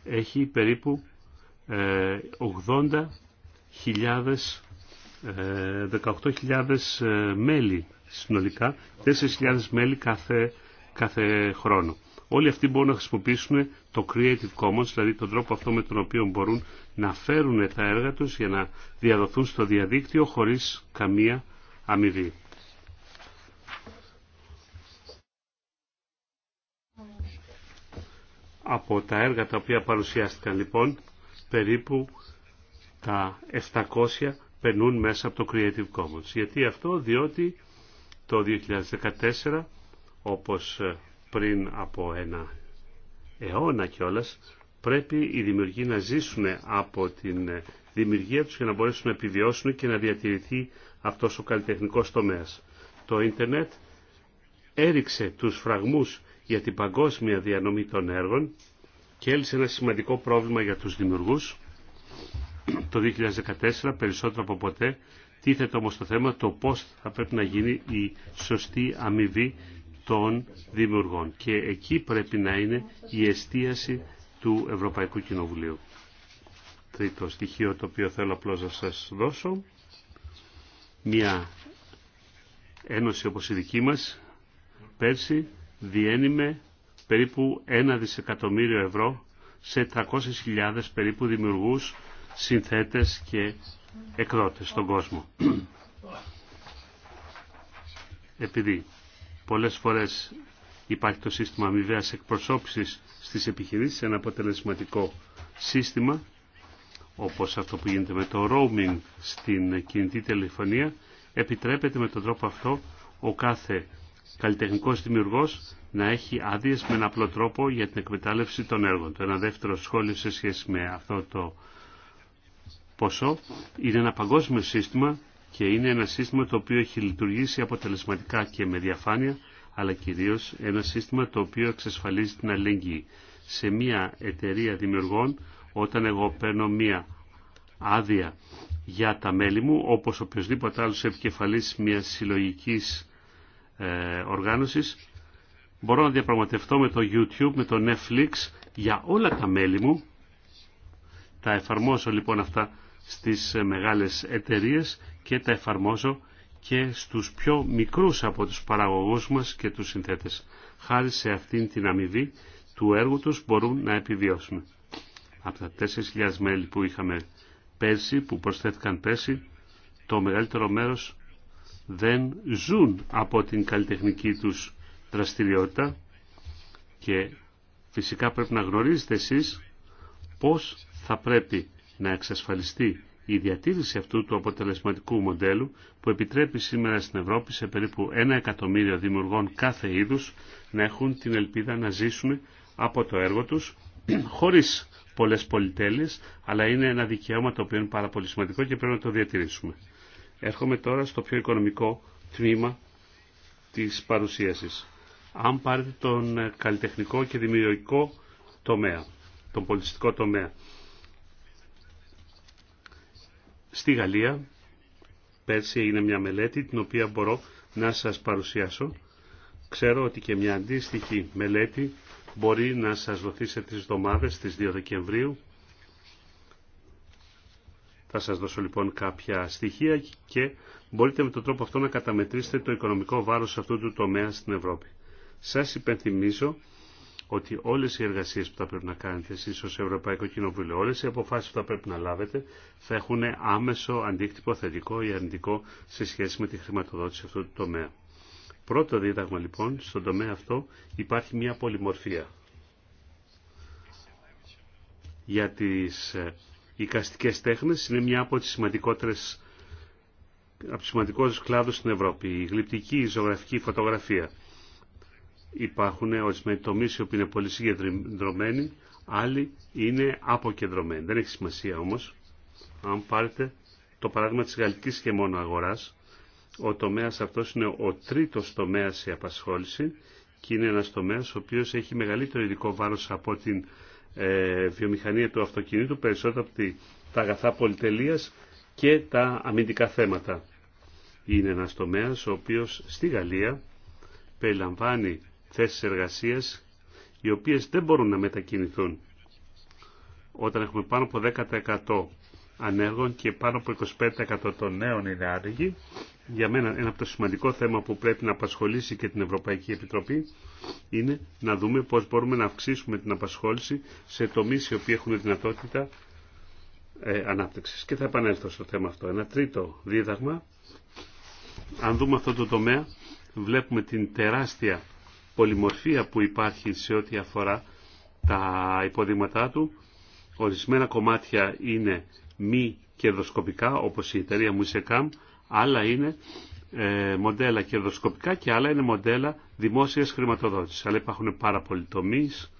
έχει περίπου 80 ε, 18.000 ε, ε, μέλη συνολικά, 4.000 μέλη κάθε, κάθε χρόνο. Όλοι αυτοί μπορούν να χρησιμοποιήσουν το Creative Commons, δηλαδή τον τρόπο αυτό με τον οποίο μπορούν να φέρουν τα έργα τους για να διαδοθούν στο διαδίκτυο χωρίς καμία αμοιβή. Από τα έργα τα οποία παρουσιάστηκαν λοιπόν, περίπου τα 700 περνούν μέσα από το Creative Commons. Γιατί αυτό, διότι το 2014, όπως ε, πριν από ένα αιώνα κιόλας, πρέπει οι δημιουργοί να ζήσουν από την ε, δημιουργία τους για να μπορέσουν να επιβιώσουν και να διατηρηθεί αυτός ο καλλιτεχνικός τομέας. Το ίντερνετ έριξε τους φραγμούς για την παγκόσμια διανομή των έργων και έλυσε ένα σημαντικό πρόβλημα για τους δημιουργούς το 2014 περισσότερο από ποτέ τίθεται όμως το θέμα το πώς θα πρέπει να γίνει η σωστή αμοιβή των δημιουργών. Και εκεί πρέπει να είναι η εστίαση του Ευρωπαϊκού Κοινοβουλίου. Τρίτο στοιχείο το οποίο θέλω απλώς να σας δώσω. Μια ένωση όπως η δική μας πέρσι διένυμε περίπου ένα δισεκατομμύριο ευρώ σε 300.000 περίπου δημιουργούς συνθέτες και εκδότες στον κόσμο. Επειδή πολλές φορές υπάρχει το σύστημα αμοιβαίας εκπροσώπησης στις επιχειρήσεις, ένα αποτελεσματικό σύστημα, όπως αυτό που γίνεται με το roaming στην κινητή τηλεφωνία, επιτρέπεται με τον τρόπο αυτό ο κάθε καλλιτεχνικός δημιουργός να έχει άδειες με ένα απλό τρόπο για την εκμετάλλευση των έργων. Το ένα δεύτερο σχόλιο σε σχέση με αυτό το ποσό είναι ένα παγκόσμιο σύστημα και είναι ένα σύστημα το οποίο έχει λειτουργήσει αποτελεσματικά και με διαφάνεια, αλλά κυρίως ένα σύστημα το οποίο εξασφαλίζει την αλληλεγγύη. Σε μια εταιρεία δημιουργών, όταν εγώ παίρνω μια άδεια για τα μέλη μου, όπως οποιοδήποτε άλλος επικεφαλής μια συλλογικής ε, οργάνωσης, μπορώ να διαπραγματευτώ με το YouTube, με το Netflix για όλα τα μέλη μου. Τα εφαρμόσω λοιπόν αυτά στις μεγάλες εταιρείες και τα εφαρμόζω και στους πιο μικρούς από τους παραγωγούς μας και τους συνθέτες. Χάρη σε αυτήν την αμοιβή του έργου τους μπορούν να επιβιώσουν. Από τα 4.000 μέλη που είχαμε πέρσι, που προσθέθηκαν πέρσι, το μεγαλύτερο μέρος δεν ζουν από την καλλιτεχνική τους δραστηριότητα και φυσικά πρέπει να γνωρίζετε εσείς πώς θα πρέπει να εξασφαλιστεί η διατήρηση αυτού του αποτελεσματικού μοντέλου που επιτρέπει σήμερα στην Ευρώπη σε περίπου ένα εκατομμύριο δημιουργών κάθε είδους να έχουν την ελπίδα να ζήσουν από το έργο τους [CLEARS THROAT] χωρίς πολλές πολυτέλειες, αλλά είναι ένα δικαίωμα το οποίο είναι πάρα πολύ σημαντικό και πρέπει να το διατηρήσουμε. Έρχομαι τώρα στο πιο οικονομικό τμήμα της παρουσίασης. Αν πάρετε τον καλλιτεχνικό και δημιουργικό τομέα, τον πολιτιστικό τομέα, Στη Γαλλία πέρσι έγινε μια μελέτη την οποία μπορώ να σας παρουσιάσω. Ξέρω ότι και μια αντίστοιχη μελέτη μπορεί να σας δοθεί σε τις εβδομάδες στις 2 Δεκεμβρίου. Θα σας δώσω λοιπόν κάποια στοιχεία και μπορείτε με τον τρόπο αυτό να καταμετρήσετε το οικονομικό βάρος αυτού του τομέα στην Ευρώπη. Σας υπενθυμίζω ότι όλες οι εργασίες που θα πρέπει να κάνετε εσεί ω Ευρωπαϊκό Κοινοβούλιο, όλες οι αποφάσεις που θα πρέπει να λάβετε θα έχουν άμεσο αντίκτυπο θετικό ή αρνητικό σε σχέση με τη χρηματοδότηση αυτού του τομέα. Πρώτο δίδαγμα λοιπόν, στον τομέα αυτό υπάρχει μια πολυμορφία για τις ε, οικαστικές τέχνες είναι μια από τις σημαντικότερες από τους κλάδους στην Ευρώπη. Η γλυπτική, η ζωγραφική, η φωτογραφία υπάρχουν ορισμένοι τομεί οι οποίοι είναι πολύ συγκεντρωμένοι, άλλοι είναι αποκεντρωμένοι. Δεν έχει σημασία όμω. Αν πάρετε το παράδειγμα τη Γαλλική και μόνο αγοράς, ο τομέα αυτό είναι ο τρίτο τομέα σε απασχόληση και είναι ένα τομέα ο οποίο έχει μεγαλύτερο ειδικό βάρο από την ε, βιομηχανία του αυτοκινήτου, περισσότερο από τα αγαθά πολυτελεία και τα αμυντικά θέματα. Είναι ένα τομέα ο οποίο στη Γαλλία περιλαμβάνει θέσεις εργασίας οι οποίες δεν μπορούν να μετακινηθούν. Όταν έχουμε πάνω από 10% ανέργων και πάνω από 25% των νέων είναι άργοι, για μένα ένα από το σημαντικό θέμα που πρέπει να απασχολήσει και την Ευρωπαϊκή Επιτροπή είναι να δούμε πώς μπορούμε να αυξήσουμε την απασχόληση σε τομείς οι οποίοι έχουν δυνατότητα ε, ανάπτυξης. Και θα επανέλθω στο θέμα αυτό. Ένα τρίτο δίδαγμα, αν δούμε αυτό το τομέα, βλέπουμε την τεράστια πολυμορφία που υπάρχει σε ό,τι αφορά τα υποδήματά του. Ορισμένα κομμάτια είναι μη κερδοσκοπικά, όπως η εταιρεία Musecam, άλλα είναι ε, μοντέλα κερδοσκοπικά και άλλα είναι μοντέλα δημόσιας χρηματοδότησης. Αλλά υπάρχουν πάρα πολλοί τομείς,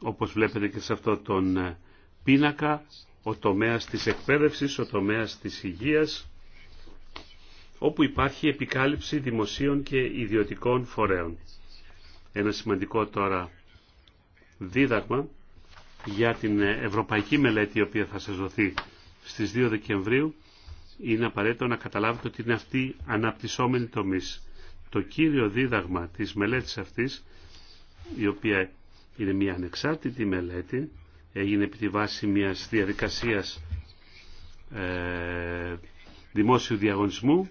όπως βλέπετε και σε αυτό τον ε, πίνακα, ο τομέας της εκπαίδευσης, ο τομέας της υγείας, όπου υπάρχει επικάλυψη δημοσίων και ιδιωτικών φορέων ένα σημαντικό τώρα δίδαγμα για την ευρωπαϊκή μελέτη η οποία θα σας δοθεί στις 2 Δεκεμβρίου είναι απαραίτητο να καταλάβετε ότι είναι αυτή αναπτυσσόμενη τομής. Το κύριο δίδαγμα της μελέτης αυτής, η οποία είναι μια ανεξάρτητη μελέτη, έγινε επί τη βάση μιας διαδικασίας ε, δημόσιου διαγωνισμού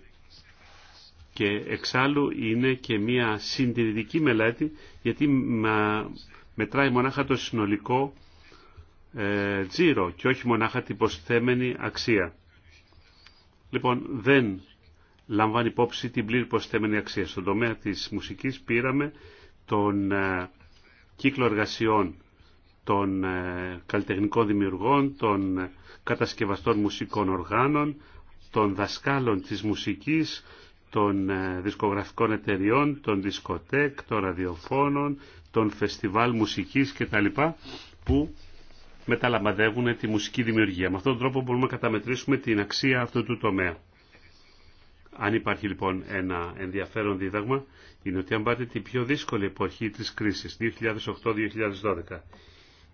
και εξάλλου είναι και μια συντηρητική μελέτη γιατί μετράει μονάχα το συνολικό ε, τζίρο και όχι μονάχα την προσθέμενη αξία. Λοιπόν, δεν λαμβάνει υπόψη την πλήρη προσθέμενη αξία. Στον τομέα της μουσικής πήραμε τον ε, κύκλο εργασιών των ε, καλλιτεχνικών δημιουργών, των ε, κατασκευαστών μουσικών οργάνων, των δασκάλων της μουσικής, των ε, δισκογραφικών εταιριών, των δισκοτέκ, των ραδιοφώνων, των φεστιβάλ μουσικής κτλ. που μεταλαμβαδεύουν τη μουσική δημιουργία. Με αυτόν τον τρόπο μπορούμε να καταμετρήσουμε την αξία αυτού του τομέα. Αν υπάρχει λοιπόν ένα ενδιαφέρον δίδαγμα, είναι ότι αν πάτε την πιο δύσκολη εποχή της κρίσης, 2008-2012,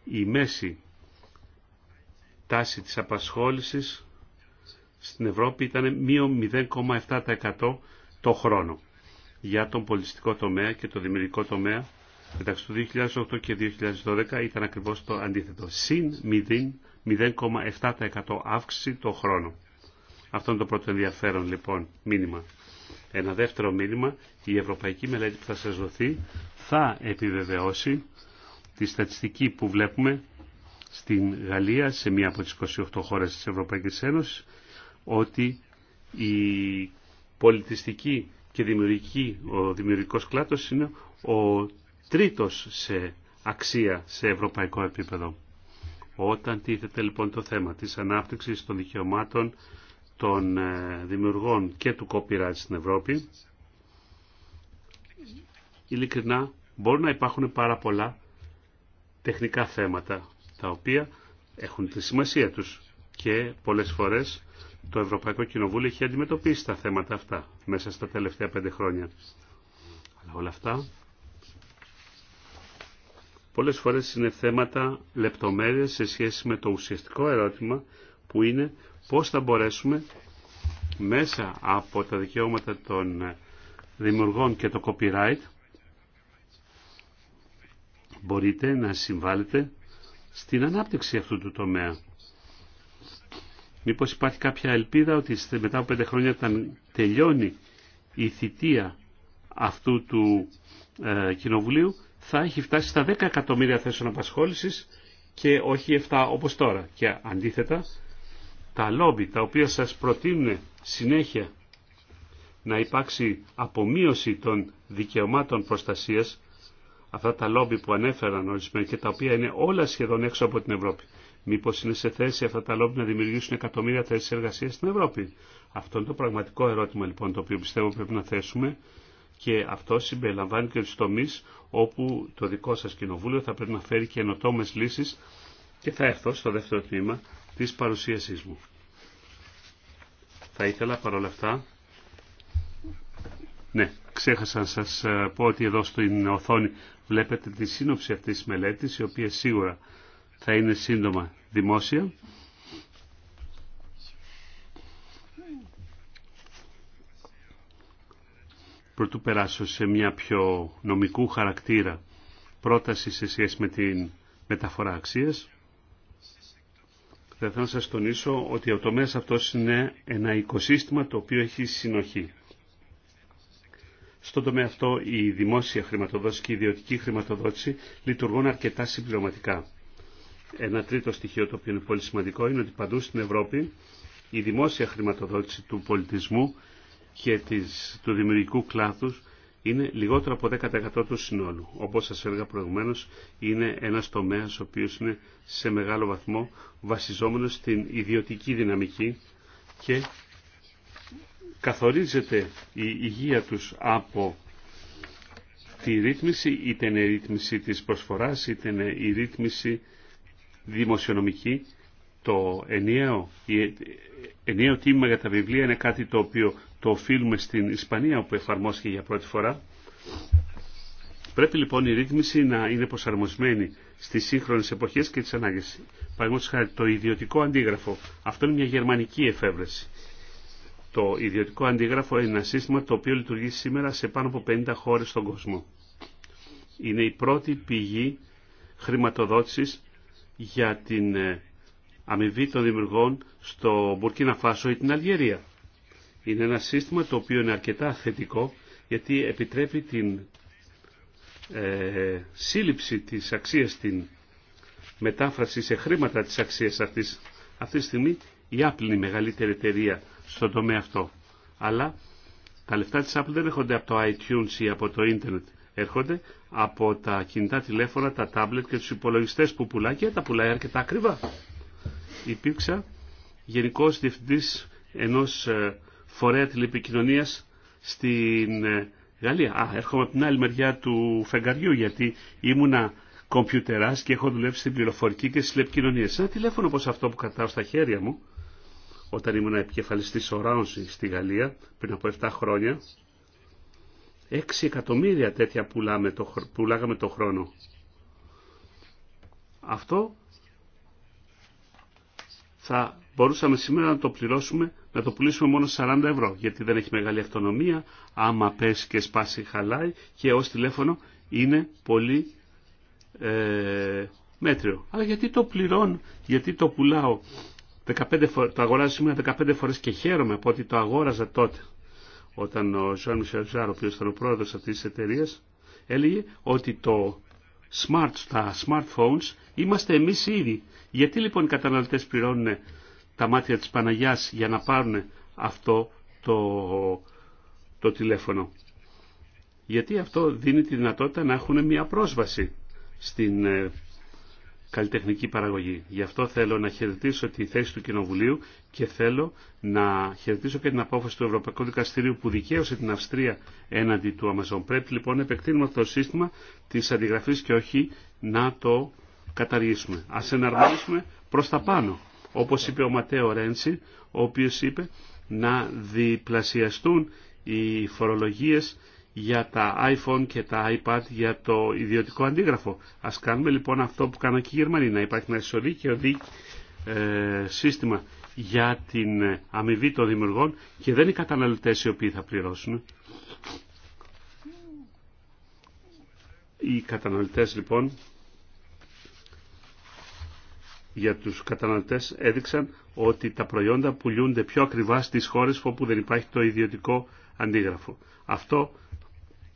η μέση τάση της απασχόλησης στην Ευρώπη ήταν μείον 0,7% το χρόνο για τον πολιτιστικό τομέα και το δημιουργικό τομέα μεταξύ του 2008 και 2012 ήταν ακριβώς το αντίθετο. Συν 0,7% αύξηση το χρόνο. Αυτό είναι το πρώτο ενδιαφέρον λοιπόν μήνυμα. Ένα δεύτερο μήνυμα, η ευρωπαϊκή μελέτη που θα σας δοθεί θα επιβεβαιώσει τη στατιστική που βλέπουμε στην Γαλλία, σε μία από τις 28 χώρες της Ευρωπαϊκής Ένωσης, ότι η πολιτιστική και δημιουργική, ο δημιουργικός κλάδος είναι ο τρίτος σε αξία σε ευρωπαϊκό επίπεδο. Όταν τίθεται λοιπόν το θέμα της ανάπτυξης των δικαιωμάτων των ε, δημιουργών και του copyright στην Ευρώπη, ειλικρινά μπορούν να υπάρχουν πάρα πολλά τεχνικά θέματα, τα οποία έχουν τη σημασία τους και πολλές φορές το Ευρωπαϊκό Κοινοβούλιο έχει αντιμετωπίσει τα θέματα αυτά μέσα στα τελευταία πέντε χρόνια. Αλλά όλα αυτά πολλές φορές είναι θέματα λεπτομέρειες σε σχέση με το ουσιαστικό ερώτημα που είναι πώς θα μπορέσουμε μέσα από τα δικαιώματα των δημιουργών και το copyright μπορείτε να συμβάλλετε στην ανάπτυξη αυτού του τομέα. Μήπως υπάρχει κάποια ελπίδα ότι μετά από πέντε χρόνια όταν τελειώνει η θητεία αυτού του ε, κοινοβουλίου θα έχει φτάσει στα 10 εκατομμύρια θέσεων απασχόλησης και όχι 7 όπως τώρα. Και αντίθετα τα λόμπι τα οποία σας προτείνουν συνέχεια να υπάρξει απομείωση των δικαιωμάτων προστασίας αυτά τα λόμπι που ανέφεραν ορισμένοι και τα οποία είναι όλα σχεδόν έξω από την Ευρώπη. Μήπως είναι σε θέση αυτά τα λόμπι να δημιουργήσουν εκατομμύρια θέσεις εργασία στην Ευρώπη. Αυτό είναι το πραγματικό ερώτημα λοιπόν το οποίο πιστεύω πρέπει να θέσουμε και αυτό συμπεριλαμβάνει και τους τομείς όπου το δικό σας κοινοβούλιο θα πρέπει να φέρει και ενωτόμες λύσεις και θα έρθω στο δεύτερο τμήμα της παρουσίασής μου. Θα ήθελα παρόλα αυτά ναι, ξέχασα να σας ε, πω ότι εδώ στην οθόνη βλέπετε τη σύνοψη αυτής της μελέτης, η οποία σίγουρα θα είναι σύντομα δημόσια. Προτού περάσω σε μια πιο νομικού χαρακτήρα πρόταση σε σχέση με την μεταφορά αξίας, θα ήθελα να σας τονίσω ότι ο τομέας αυτός είναι ένα οικοσύστημα το οποίο έχει συνοχή. Στον τομέα αυτό η δημόσια χρηματοδότηση και η ιδιωτική χρηματοδότηση λειτουργούν αρκετά συμπληρωματικά. Ένα τρίτο στοιχείο το οποίο είναι πολύ σημαντικό είναι ότι παντού στην Ευρώπη η δημόσια χρηματοδότηση του πολιτισμού και της, του δημιουργικού κλάθους είναι λιγότερο από 10% του συνόλου. Όπως σας έλεγα προηγουμένως, είναι ένας τομέας ο οποίος είναι σε μεγάλο βαθμό βασιζόμενος στην ιδιωτική δυναμική και καθορίζεται η υγεία τους από τη ρύθμιση, είτε είναι η ρύθμιση της προσφοράς, είτε είναι η ρύθμιση δημοσιονομική. Το ενιαίο, η ενιαίο τίμημα για τα βιβλία είναι κάτι το οποίο το οφείλουμε στην Ισπανία που εφαρμόστηκε για πρώτη φορά. Πρέπει λοιπόν η ρύθμιση να είναι προσαρμοσμένη στι σύγχρονε εποχέ και τι ανάγκε. Παραδείγματο χάρη, το ιδιωτικό αντίγραφο. Αυτό είναι μια γερμανική εφεύρεση. Το ιδιωτικό αντίγραφο είναι ένα σύστημα το οποίο λειτουργεί σήμερα σε πάνω από 50 χώρε στον κόσμο. Είναι η πρώτη πηγή χρηματοδότηση για την ε, αμοιβή των δημιουργών στο Μπουρκίνα Φάσο ή την Αλγερία. Είναι ένα σύστημα το οποίο είναι αρκετά θετικό γιατί επιτρέπει την ε, σύλληψη της αξίας, την μετάφραση σε χρήματα της αξίας αυτής. Αυτή τη στιγμή η Apple είναι η μεγαλύτερη εταιρεία στον τομέα αυτό. Αλλά τα λεφτά της Apple δεν έρχονται από το iTunes ή από το ίντερνετ έρχονται από τα κινητά τηλέφωνα, τα τάμπλετ και τους υπολογιστές που πουλάει και τα πουλάει αρκετά ακριβά. Υπήρξα γενικός διευθυντής ενός ε, φορέα τηλεπικοινωνίας στην ε, Γαλλία. Α, έρχομαι από την άλλη μεριά του φεγγαριού γιατί ήμουνα κομπιουτεράς και έχω δουλέψει στην πληροφορική και στις τηλεπικοινωνίες. Ένα τηλέφωνο όπως αυτό που κρατάω στα χέρια μου όταν ήμουν επικεφαλιστής Orange στη Γαλλία πριν από 7 χρόνια 6 εκατομμύρια τέτοια πουλάμε το, πουλάγαμε το χρόνο. Αυτό θα μπορούσαμε σήμερα να το πληρώσουμε, να το πουλήσουμε μόνο 40 ευρώ, γιατί δεν έχει μεγάλη αυτονομία, άμα πέσει και σπάσει χαλάει και ως τηλέφωνο είναι πολύ ε, μέτριο. Αλλά γιατί το πληρώνω, γιατί το πουλάω, 15 το αγοράζω σήμερα 15 φορές και χαίρομαι από ότι το αγόραζα τότε όταν ο Ζωάν Μισελ Ζάρ, ο οποίος ήταν ο πρόεδρος αυτής της εταιρείας, έλεγε ότι το smart, τα smartphones είμαστε εμείς ήδη. Γιατί λοιπόν οι καταναλωτές πληρώνουν τα μάτια της Παναγιάς για να πάρουν αυτό το, το τηλέφωνο. Γιατί αυτό δίνει τη δυνατότητα να έχουν μια πρόσβαση στην ε, καλλιτεχνική παραγωγή. Γι' αυτό θέλω να χαιρετήσω τη θέση του Κοινοβουλίου και θέλω να χαιρετήσω και την απόφαση του Ευρωπαϊκού Δικαστηρίου που δικαίωσε την Αυστρία έναντι του Amazon. Πρέπει λοιπόν να επεκτείνουμε αυτό το σύστημα της αντιγραφής και όχι να το καταργήσουμε. Ας εναρμονίσουμε προς τα πάνω. Όπως είπε ο Ματέο Ρέντσι, ο οποίος είπε να διπλασιαστούν οι φορολογίες για τα iPhone και τα iPad για το ιδιωτικό αντίγραφο. Ας κάνουμε λοιπόν αυτό που κάνουν και οι Γερμανοί, να υπάρχει ένα ισοδίκαιο ε, σύστημα για την αμοιβή των δημιουργών και δεν οι καταναλωτές οι οποίοι θα πληρώσουν. Οι καταναλωτές λοιπόν για τους καταναλωτές έδειξαν ότι τα προϊόντα πουλούνται πιο ακριβά στις χώρες όπου δεν υπάρχει το ιδιωτικό αντίγραφο. Αυτό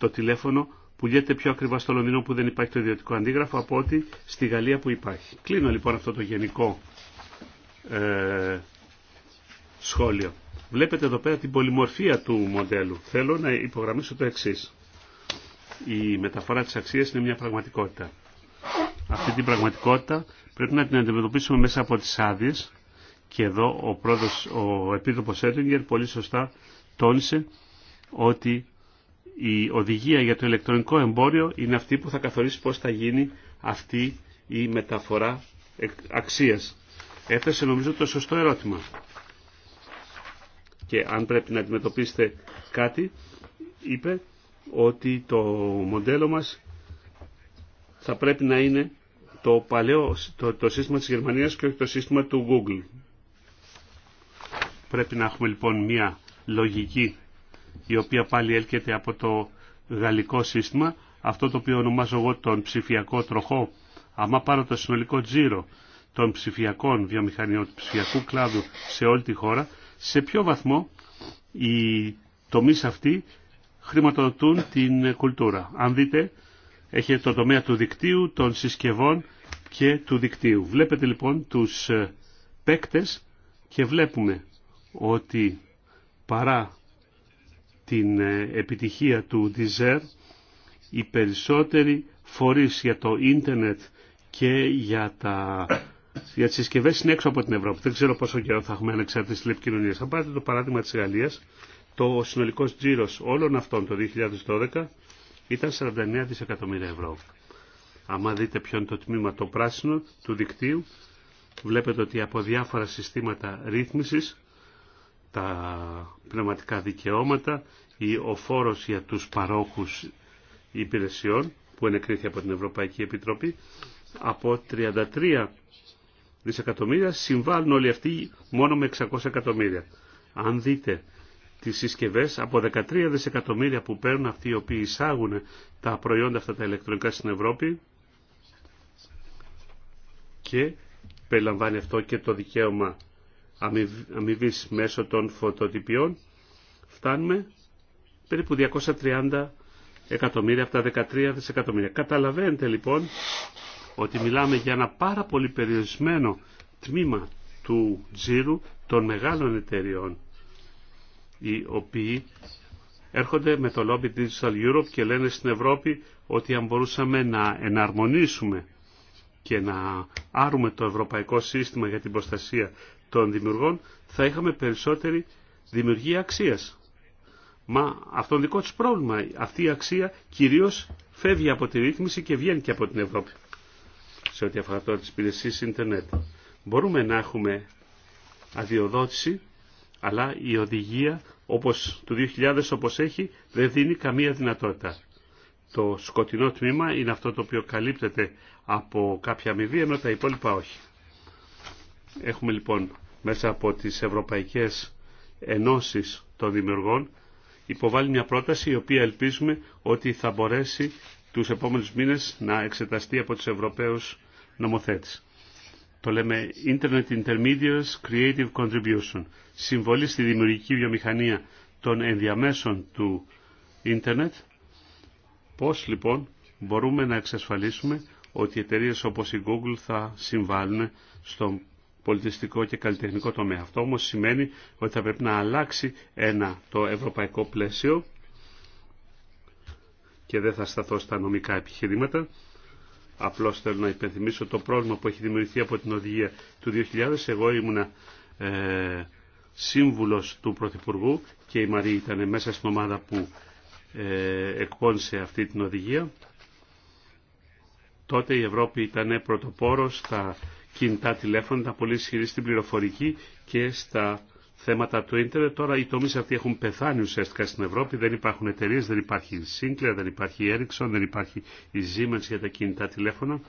το τηλέφωνο πουλιέται πιο ακριβά στο Λονδίνο που δεν υπάρχει το ιδιωτικό αντίγραφο από ότι στη Γαλλία που υπάρχει. Κλείνω λοιπόν αυτό το γενικό ε, σχόλιο. Βλέπετε εδώ πέρα την πολυμορφία του μοντέλου. Θέλω να υπογραμμίσω το εξή. Η μεταφορά της αξίας είναι μια πραγματικότητα. Αυτή την πραγματικότητα πρέπει να την αντιμετωπίσουμε μέσα από τις άδειε και εδώ ο, πρόεδρος, ο πολύ σωστά τόνισε ότι η οδηγία για το ηλεκτρονικό εμπόριο είναι αυτή που θα καθορίσει πώς θα γίνει αυτή η μεταφορά αξίας. Έθεσε νομίζω το σωστό ερώτημα. Και αν πρέπει να αντιμετωπίσετε κάτι, είπε ότι το μοντέλο μας θα πρέπει να είναι το παλαιό, το, το σύστημα της Γερμανίας και όχι το σύστημα του Google. Πρέπει να έχουμε λοιπόν μια λογική η οποία πάλι έλκεται από το γαλλικό σύστημα, αυτό το οποίο ονομάζω εγώ τον ψηφιακό τροχό. Άμα πάρω το συνολικό τζίρο των ψηφιακών βιομηχανιών, του ψηφιακού κλάδου σε όλη τη χώρα, σε ποιο βαθμό οι τομείς αυτοί χρηματοδοτούν την κουλτούρα. Αν δείτε, έχει το τομέα του δικτύου, των συσκευών και του δικτύου. Βλέπετε λοιπόν τους ε, παίκτες και βλέπουμε ότι παρά την ε, επιτυχία του Διζέρ, οι περισσότεροι φορείς για το ίντερνετ και για, τα, για τις συσκευές είναι έξω από την Ευρώπη. Δεν ξέρω πόσο καιρό θα έχουμε ανεξάρτητες τηλεπικοινωνίες. Αν πάρετε το παράδειγμα της Γαλλίας, το συνολικός τζίρος όλων αυτών το 2012 ήταν 49 δισεκατομμύρια ευρώ. Άμα δείτε ποιο είναι το τμήμα το πράσινο του δικτύου, βλέπετε ότι από διάφορα συστήματα ρύθμισης τα πνευματικά δικαιώματα ή ο φόρος για τους παρόχους υπηρεσιών που ενεκρίθη από την Ευρωπαϊκή Επιτροπή από 33 δισεκατομμύρια συμβάλλουν όλοι αυτοί μόνο με 600 εκατομμύρια. Αν δείτε τις συσκευές από 13 δισεκατομμύρια που παίρνουν αυτοί οι οποίοι εισάγουν τα προϊόντα αυτά τα ηλεκτρονικά στην Ευρώπη και περιλαμβάνει αυτό και το δικαίωμα αμοιβή μέσω των φωτοτυπιών φτάνουμε περίπου 230 εκατομμύρια από τα 13 δισεκατομμύρια. Καταλαβαίνετε λοιπόν ότι μιλάμε για ένα πάρα πολύ περιορισμένο τμήμα του τζίρου των μεγάλων εταιριών οι οποίοι έρχονται με το lobby Digital Europe και λένε στην Ευρώπη ότι αν μπορούσαμε να εναρμονίσουμε και να άρουμε το ευρωπαϊκό σύστημα για την προστασία των δημιουργών θα είχαμε περισσότερη δημιουργία αξίας. Μα αυτό είναι δικό τους πρόβλημα. Αυτή η αξία κυρίως φεύγει από τη ρύθμιση και βγαίνει και από την Ευρώπη. Σε ό,τι αφορά τώρα τις υπηρεσίες ίντερνετ. Μπορούμε να έχουμε αδειοδότηση, αλλά η οδηγία όπως του 2000 όπως έχει δεν δίνει καμία δυνατότητα. Το σκοτεινό τμήμα είναι αυτό το οποίο καλύπτεται από κάποια αμοιβή, ενώ τα υπόλοιπα όχι. Έχουμε λοιπόν μέσα από τις Ευρωπαϊκές Ενώσεις των Δημιουργών υποβάλλει μια πρόταση η οποία ελπίζουμε ότι θα μπορέσει τους επόμενους μήνες να εξεταστεί από τους Ευρωπαίους νομοθέτες. Το λέμε Internet intermediaries Creative Contribution. Συμβολή στη δημιουργική βιομηχανία των ενδιαμέσων του ίντερνετ. Πώς λοιπόν μπορούμε να εξασφαλίσουμε ότι εταιρείε όπως η Google θα συμβάλλουν στον πολιτιστικό και καλλιτεχνικό τομέα. Αυτό όμως σημαίνει ότι θα πρέπει να αλλάξει ένα το ευρωπαϊκό πλαίσιο και δεν θα σταθώ στα νομικά επιχειρήματα. Απλώς θέλω να υπενθυμίσω το πρόβλημα που έχει δημιουργηθεί από την οδηγία του 2000. Εγώ ήμουνα ε, σύμβουλος του Πρωθυπουργού και η Μαρία ήταν μέσα στην ομάδα που ε, εκπώνησε αυτή την οδηγία. Τότε η Ευρώπη ήταν πρωτοπόρος στα κινητά τηλέφωνα ήταν πολύ ισχυρή στην πληροφορική και στα θέματα του ίντερνετ. Τώρα οι τομείς αυτοί έχουν πεθάνει ουσιαστικά στην Ευρώπη. Δεν υπάρχουν εταιρείε, δεν υπάρχει Sinclair, δεν υπάρχει Ericsson, δεν υπάρχει η Siemens για τα κινητά τηλέφωνα.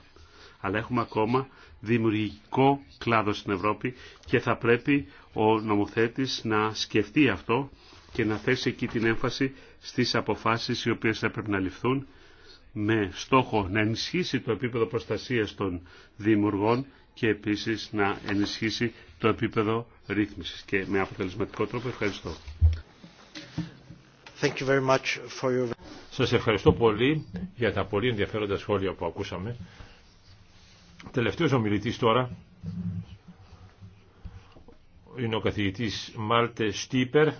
Αλλά έχουμε ακόμα δημιουργικό κλάδο στην Ευρώπη και θα πρέπει ο νομοθέτης να σκεφτεί αυτό και να θέσει εκεί την έμφαση στις αποφάσεις οι οποίες θα πρέπει να ληφθούν με στόχο να ενισχύσει το επίπεδο προστασίας των δημιουργών και επίσης να ενισχύσει το επίπεδο ρύθμισης και με αποτελεσματικό τρόπο ευχαριστώ. Thank you very much for your... Σας ευχαριστώ πολύ για τα πολύ ενδιαφέροντα σχόλια που ακούσαμε. Τελευταίος ομιλητής τώρα είναι ο καθηγητής Μάλτε Στίπερ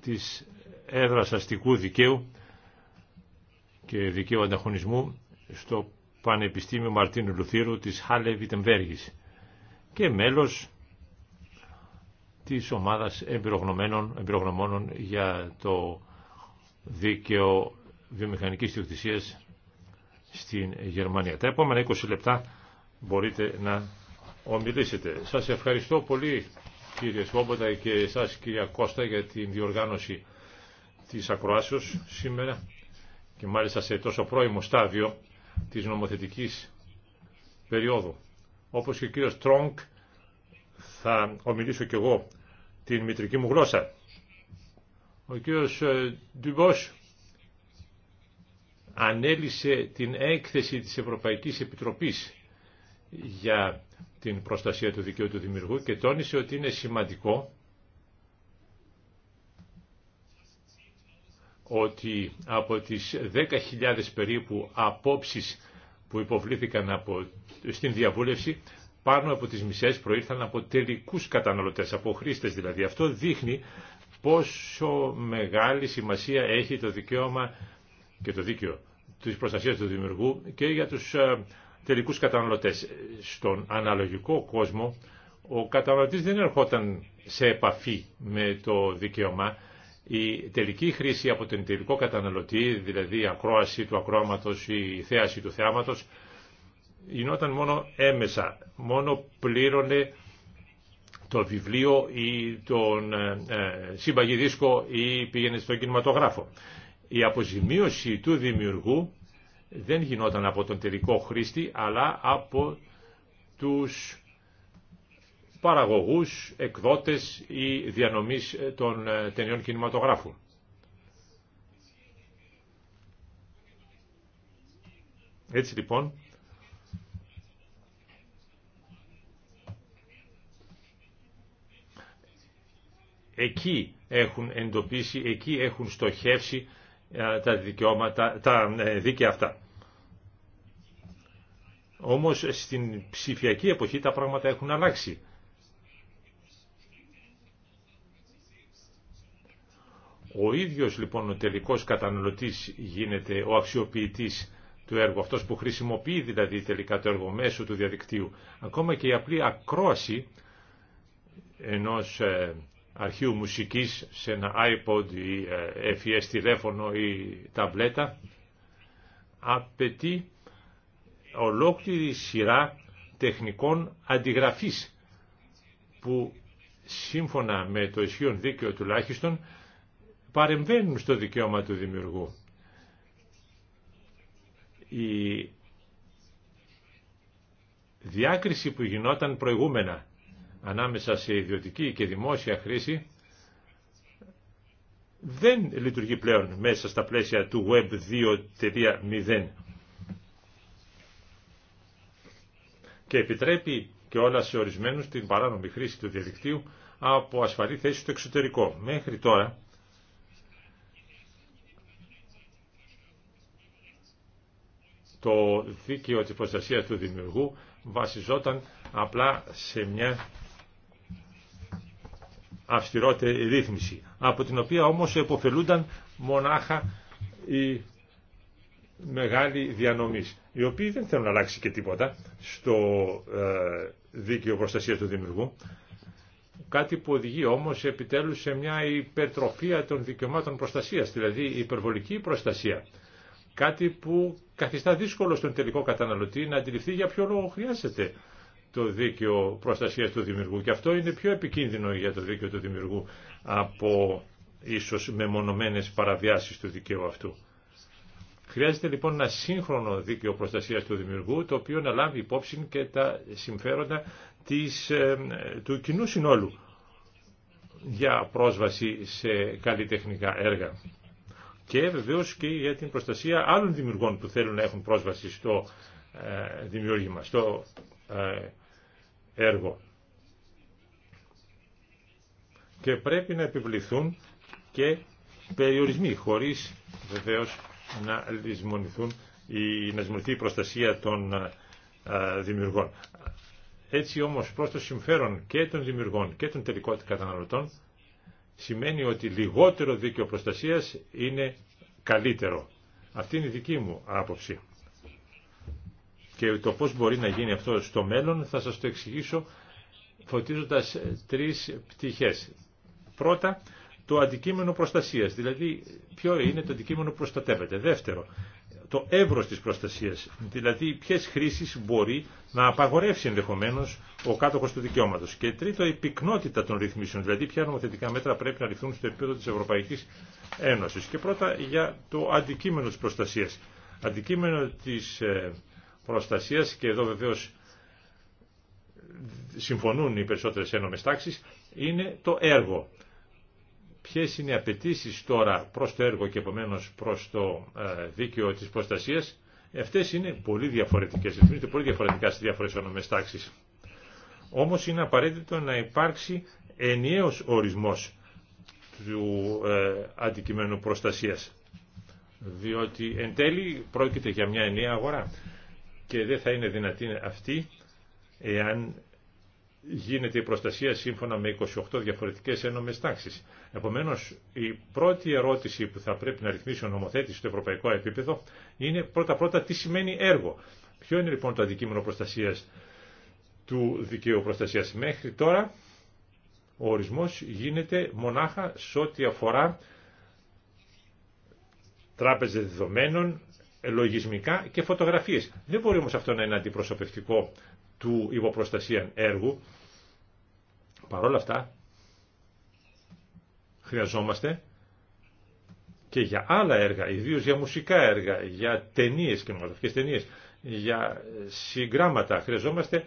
της έδρας αστικού δικαίου και δικαίου ανταγωνισμού στο Πανεπιστήμιο Μαρτίνου Λουθύρου της Χάλε Βιτεμβέργης και μέλος της ομάδας εμπειρογνωμόνων για το δίκαιο βιομηχανικής διοκτησίας στην Γερμανία. Τα επόμενα 20 λεπτά μπορείτε να ομιλήσετε. Σας ευχαριστώ πολύ κύριε Σβόμποτα και εσάς κυρία Κώστα για την διοργάνωση της ακροάσεως σήμερα και μάλιστα σε τόσο πρώιμο στάδιο της νομοθετικής περίοδου. Όπως και ο κύριος Τρόγκ θα ομιλήσω κι εγώ την μητρική μου γλώσσα. Ο κύριος ε, Ντουμπός ανέλησε την έκθεση της Ευρωπαϊκής Επιτροπής για την προστασία του δικαίου του δημιουργού και τόνισε ότι είναι σημαντικό ότι από τις 10.000 περίπου απόψεις που υποβλήθηκαν από, στην διαβούλευση, πάνω από τις μισές προήρθαν από τελικούς καταναλωτές, από χρήστες δηλαδή. Αυτό δείχνει πόσο μεγάλη σημασία έχει το δικαίωμα και το δίκαιο της προστασίας του δημιουργού και για τους ε, τελικούς καταναλωτές. Στον αναλογικό κόσμο, ο καταναλωτής δεν ερχόταν σε επαφή με το δικαίωμα, η τελική χρήση από τον τελικό καταναλωτή, δηλαδή η ακρόαση του ακρόαματος ή η θέαση του θεάματος, γινόταν μόνο έμεσα, μόνο πλήρωνε το βιβλίο ή τον ε, ε, σύμπαγη δίσκο ή πήγαινε στον κινηματογράφο. Η αποζημίωση του δημιουργού δεν γινόταν από τον τελικό χρήστη, αλλά από τους παραγωγούς, εκδότες ή διανομής των ε, ταινιών κινηματογράφου. Έτσι λοιπόν, εκεί έχουν εντοπίσει, εκεί έχουν στοχεύσει ε, τα δικαιώματα, τα ε, δίκαια αυτά. Όμως στην ψηφιακή εποχή τα πράγματα έχουν αλλάξει. Ο ίδιος λοιπόν ο τελικός καταναλωτής γίνεται ο αξιοποιητής του έργου, αυτός που χρησιμοποιεί δηλαδή τελικά το έργο μέσω του διαδικτύου. Ακόμα και η απλή ακρόαση ενός ε, αρχείου μουσικής σε ένα iPod ή ε, FES τηλέφωνο ή ταμπλέτα απαιτεί ολόκληρη σειρά τεχνικών αντιγραφής που σύμφωνα με το ισχύον δίκαιο τουλάχιστον παρεμβαίνουν στο δικαίωμα του δημιουργού. Η διάκριση που γινόταν προηγούμενα ανάμεσα σε ιδιωτική και δημόσια χρήση δεν λειτουργεί πλέον μέσα στα πλαίσια του Web 2.0 και επιτρέπει και όλα σε ορισμένους την παράνομη χρήση του διαδικτύου από ασφαλή θέση στο εξωτερικό. Μέχρι τώρα το δίκαιο της προστασία του δημιουργού βασιζόταν απλά σε μια αυστηρότερη ρύθμιση, από την οποία όμως εποφελούνταν μονάχα οι μεγάλοι διανομής, οι οποίοι δεν θέλουν να αλλάξει και τίποτα στο ε, δίκαιο προστασία του δημιουργού, κάτι που οδηγεί όμως επιτέλους σε μια υπερτροφία των δικαιωμάτων προστασίας, δηλαδή υπερβολική προστασία, κάτι που καθιστά δύσκολο στον τελικό καταναλωτή να αντιληφθεί για ποιο λόγο χρειάζεται το δίκαιο προστασίας του δημιουργού. Και αυτό είναι πιο επικίνδυνο για το δίκαιο του δημιουργού από ίσως μεμονωμένες παραβιάσεις του δικαίου αυτού. Χρειάζεται λοιπόν ένα σύγχρονο δίκαιο προστασίας του δημιουργού, το οποίο να λάβει υπόψη και τα συμφέροντα της, ε, του κοινού συνόλου για πρόσβαση σε καλλιτεχνικά έργα και βεβαίω και για την προστασία άλλων δημιουργών που θέλουν να έχουν πρόσβαση στο ε, δημιούργημα, στο ε, έργο. Και πρέπει να επιβληθούν και περιορισμοί, χωρίς βεβαίως να λησμονηθούν ή να λησμονηθεί η προστασία των ε, δημιουργών. Έτσι όμως προς το συμφέρον και των δημιουργών και των τελικών καταναλωτών σημαίνει ότι λιγότερο δίκαιο προστασίας είναι καλύτερο. Αυτή είναι η δική μου άποψη. Και το πώς μπορεί να γίνει αυτό στο μέλλον θα σας το εξηγήσω φωτίζοντας τρεις πτυχές. Πρώτα, το αντικείμενο προστασίας, δηλαδή ποιο είναι το αντικείμενο που προστατεύεται. Δεύτερο, το εύρος της προστασίας, δηλαδή ποιες χρήσεις μπορεί να απαγορεύσει ενδεχομένως ο κάτοχος του δικαιώματος. Και τρίτο, η πυκνότητα των ρυθμίσεων, δηλαδή ποια νομοθετικά μέτρα πρέπει να ληφθούν στο επίπεδο της Ευρωπαϊκής Ένωσης. Και πρώτα για το αντικείμενο της προστασίας. Αντικείμενο της ε, προστασίας, και εδώ βεβαίως συμφωνούν οι περισσότερες ένωμες τάξεις, είναι το έργο ποιες είναι οι απαιτήσει τώρα προς το έργο και επομένως προς το ε, δίκαιο της προστασίας, αυτές είναι πολύ διαφορετικές, ρυθμίζονται πολύ διαφορετικά στις διάφορες ονομές τάξεις. Όμως είναι απαραίτητο να υπάρξει ενιαίος ορισμός του ε, αντικειμένου προστασίας, διότι εν τέλει πρόκειται για μια ενιαία αγορά και δεν θα είναι δυνατή αυτή εάν γίνεται η προστασία σύμφωνα με 28 διαφορετικές ένομες τάξεις. Επομένως, η πρώτη ερώτηση που θα πρέπει να ρυθμίσει ο νομοθέτης στο ευρωπαϊκό επίπεδο είναι πρώτα-πρώτα τι σημαίνει έργο. Ποιο είναι λοιπόν το αντικείμενο προστασίας του δικαίου προστασίας. Μέχρι τώρα ο ορισμός γίνεται μονάχα σε ό,τι αφορά τράπεζε δεδομένων, λογισμικά και φωτογραφίες. Δεν μπορεί όμως αυτό να είναι αντιπροσωπευτικό του υποπροστασία έργου. παρόλα αυτά, χρειαζόμαστε και για άλλα έργα, ιδίως για μουσικά έργα, για και κινηματογραφικές ταινίε, για συγγράμματα, χρειαζόμαστε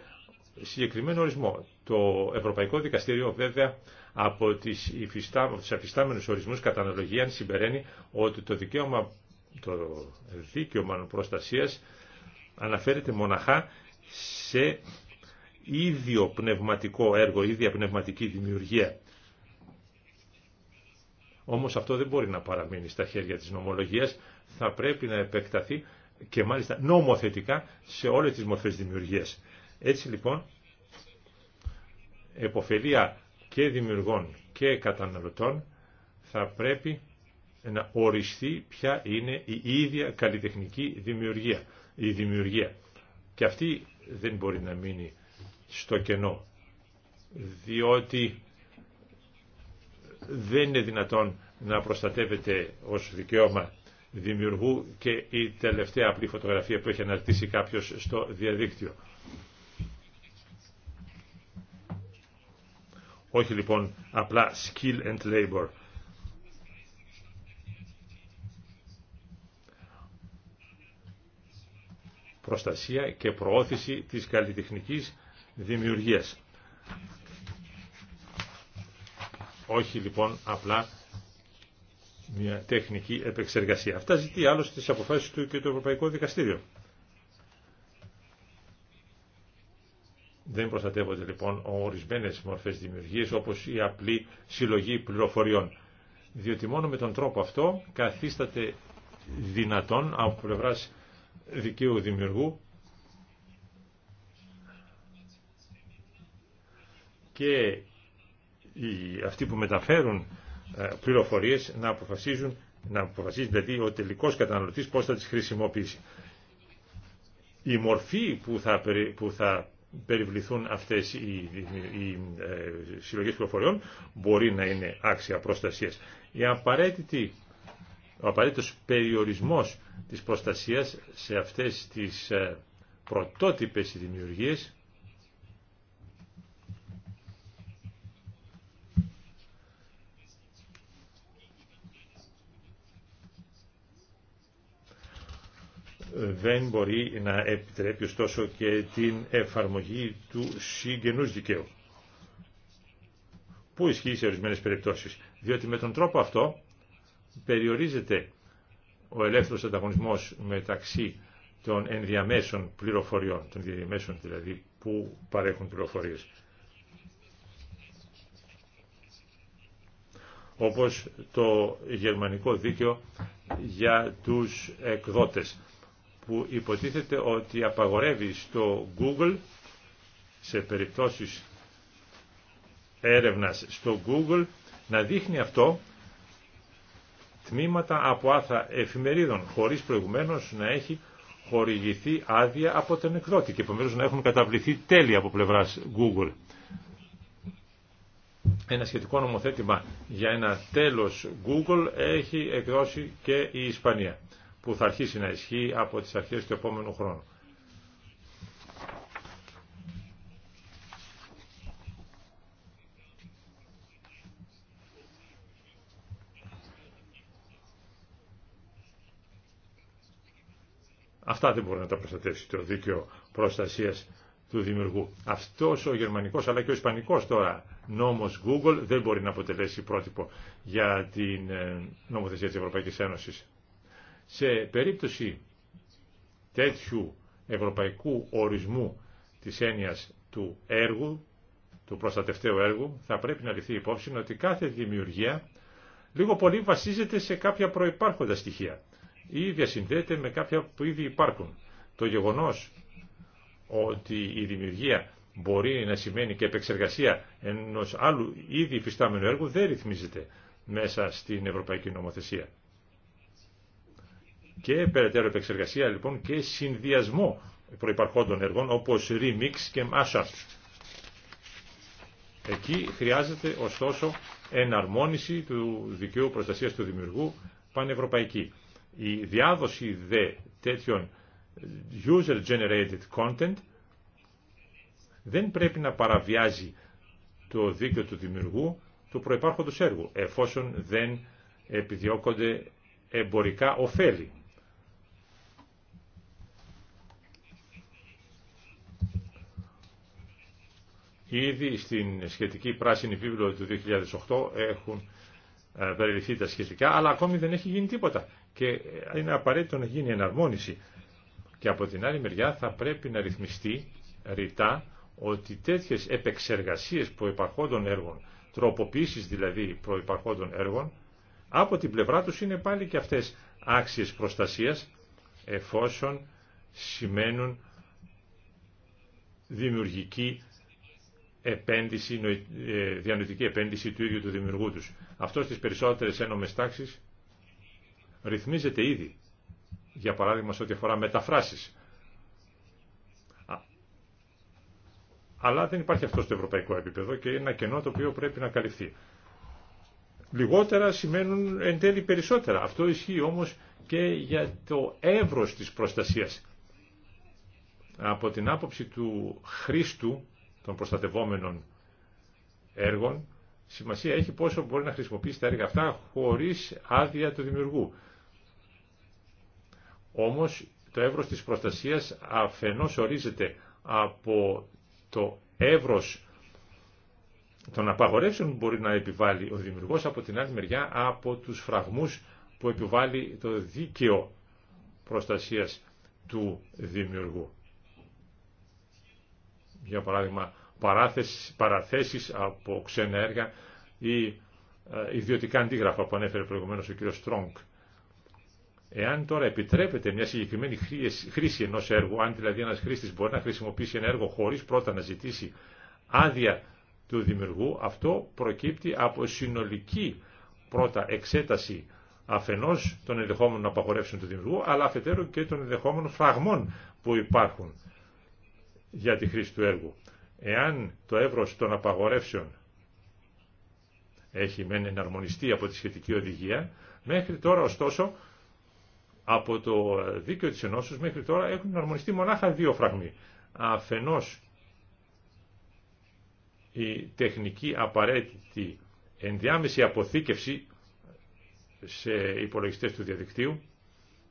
συγκεκριμένο ορισμό. Το Ευρωπαϊκό Δικαστήριο βέβαια από τις υφιστά, ορισμού ορισμούς κατά αναλογία συμπεραίνει ότι το δικαίωμα το δίκαιο προστασίας αναφέρεται μοναχά σε ίδιο πνευματικό έργο, ίδια πνευματική δημιουργία. Όμως αυτό δεν μπορεί να παραμείνει στα χέρια της νομολογίας, θα πρέπει να επεκταθεί και μάλιστα νομοθετικά σε όλες τις μορφές δημιουργίας. Έτσι λοιπόν, εποφελία και δημιουργών και καταναλωτών θα πρέπει να οριστεί ποια είναι η ίδια καλλιτεχνική δημιουργία. Η δημιουργία. Και αυτή δεν μπορεί να μείνει στο κενό διότι δεν είναι δυνατόν να προστατεύεται ως δικαίωμα δημιουργού και η τελευταία απλή φωτογραφία που έχει αναρτήσει κάποιος στο διαδίκτυο. Όχι λοιπόν απλά skill and labor προστασία και προώθηση της καλλιτεχνικής δημιουργίας. Όχι λοιπόν απλά μια τεχνική επεξεργασία. Αυτά ζητεί άλλωστε τις αποφάσεις του και το Ευρωπαϊκό Δικαστήριο. Δεν προστατεύονται λοιπόν ορισμένες μορφές δημιουργίας όπως η απλή συλλογή πληροφοριών. Διότι μόνο με τον τρόπο αυτό καθίσταται δυνατόν από πλευράς δικαίου δημιουργού και οι, αυτοί που μεταφέρουν ε, πληροφορίες να αποφασίζουν να αποφασίζει δηλαδή ο τελικός καταναλωτής πώς θα τις χρησιμοποιήσει. Η μορφή που θα, που θα περιβληθούν αυτές οι, οι, ε, πληροφοριών μπορεί να είναι άξια προστασίας. Η απαραίτητη ο απαραίτητος περιορισμός της προστασίας σε αυτές τις ε, πρωτότυπες δημιουργίες δεν μπορεί να επιτρέπει ωστόσο και την εφαρμογή του συγγενούς δικαίου που ισχύει σε ορισμένες περιπτώσεις διότι με τον τρόπο αυτό περιορίζεται ο ελεύθερος ανταγωνισμός μεταξύ των ενδιαμέσων πληροφοριών, των ενδιαμέσων δηλαδή που παρέχουν πληροφορίες. Όπως το γερμανικό δίκαιο για τους εκδότες που υποτίθεται ότι απαγορεύει στο Google σε περιπτώσεις έρευνας στο Google να δείχνει αυτό τμήματα από άθα εφημερίδων χωρίς προηγουμένως να έχει χορηγηθεί άδεια από τον εκδότη και επομένως να έχουν καταβληθεί τέλεια από πλευράς Google. Ένα σχετικό νομοθέτημα για ένα τέλος Google έχει εκδώσει και η Ισπανία που θα αρχίσει να ισχύει από τις αρχές του επόμενου χρόνου. Αυτά δεν μπορεί να τα προστατεύσει το δίκαιο προστασίας του δημιουργού. Αυτός ο γερμανικός αλλά και ο ισπανικός τώρα νόμος Google δεν μπορεί να αποτελέσει πρότυπο για την ε, νομοθεσία της Ευρωπαϊκής Ένωσης. Σε περίπτωση τέτοιου ευρωπαϊκού ορισμού της έννοιας του έργου, του προστατευτέου έργου, θα πρέπει να ληφθεί υπόψη ότι κάθε δημιουργία λίγο πολύ βασίζεται σε κάποια προϋπάρχοντα στοιχεία ή διασυνδέεται με κάποια που ήδη υπάρχουν. Το γεγονός ότι η δημιουργία μπορεί να σημαίνει και επεξεργασία ενός άλλου ήδη υφιστάμενου έργου δεν ρυθμίζεται μέσα στην Ευρωπαϊκή Νομοθεσία. Και περαιτέρω επεξεργασία λοιπόν και συνδυασμό προϋπαρχόντων έργων όπως Remix και Mashup. Εκεί χρειάζεται ωστόσο εναρμόνιση του δικαίου προστασίας του δημιουργού πανευρωπαϊκή. Η διάδοση δε τέτοιων user-generated content δεν πρέπει να παραβιάζει το δίκαιο του δημιουργού του προϋπάρχοντος έργου, εφόσον δεν επιδιώκονται εμπορικά ωφέλη. Ήδη στην σχετική πράσινη βίβλο του 2008 έχουν ε, περιληφθεί τα σχετικά, αλλά ακόμη δεν έχει γίνει τίποτα και είναι απαραίτητο να γίνει εναρμόνιση. Και από την άλλη μεριά θα πρέπει να ρυθμιστεί ρητά ότι τέτοιες επεξεργασίες προϋπαρχόντων έργων, τροποποιήσεις δηλαδή προϋπαρχόντων έργων, από την πλευρά τους είναι πάλι και αυτές άξιες προστασίας, εφόσον σημαίνουν δημιουργική επένδυση, ε, διανοητική επένδυση του ίδιου του δημιουργού τους. Αυτό στις περισσότερες ένομες τάξεις ρυθμίζεται ήδη. Για παράδειγμα, σε ό,τι αφορά μεταφράσεις. Αλλά δεν υπάρχει αυτό στο ευρωπαϊκό επίπεδο και είναι ένα κενό το οποίο πρέπει να καλυφθεί. Λιγότερα σημαίνουν εν τέλει περισσότερα. Αυτό ισχύει όμως και για το εύρος της προστασίας. Από την άποψη του χρήστου των προστατευόμενων έργων, σημασία έχει πόσο μπορεί να χρησιμοποιήσει τα έργα αυτά χωρίς άδεια του δημιουργού. Όμως το εύρος της προστασίας αφενός ορίζεται από το εύρος των απαγορεύσεων που μπορεί να επιβάλλει ο δημιουργός, από την άλλη μεριά από τους φραγμούς που επιβάλλει το δίκαιο προστασίας του δημιουργού. Για παράδειγμα, παραθέσεις από ξένα έργα ή ε, ιδιωτικά αντίγραφα που ανέφερε προηγουμένως ο κ. Στρόγκ. Εάν τώρα επιτρέπεται μια συγκεκριμένη χρήση ενός έργου, αν δηλαδή ένας χρήστης μπορεί να χρησιμοποιήσει ένα έργο χωρίς πρώτα να ζητήσει άδεια του δημιουργού, αυτό προκύπτει από συνολική πρώτα εξέταση αφενός των ενδεχόμενων απαγορεύσεων του δημιουργού, αλλά αφετέρου και των ενδεχόμενων φραγμών που υπάρχουν για τη χρήση του έργου. Εάν το εύρος των απαγορεύσεων έχει μεν εναρμονιστεί από τη σχετική οδηγία, μέχρι τώρα ωστόσο από το δίκαιο της ενώσεως μέχρι τώρα έχουν αρμονιστεί μονάχα δύο φραγμοί. Αφενός η τεχνική απαραίτητη ενδιάμεση αποθήκευση σε υπολογιστές του διαδικτύου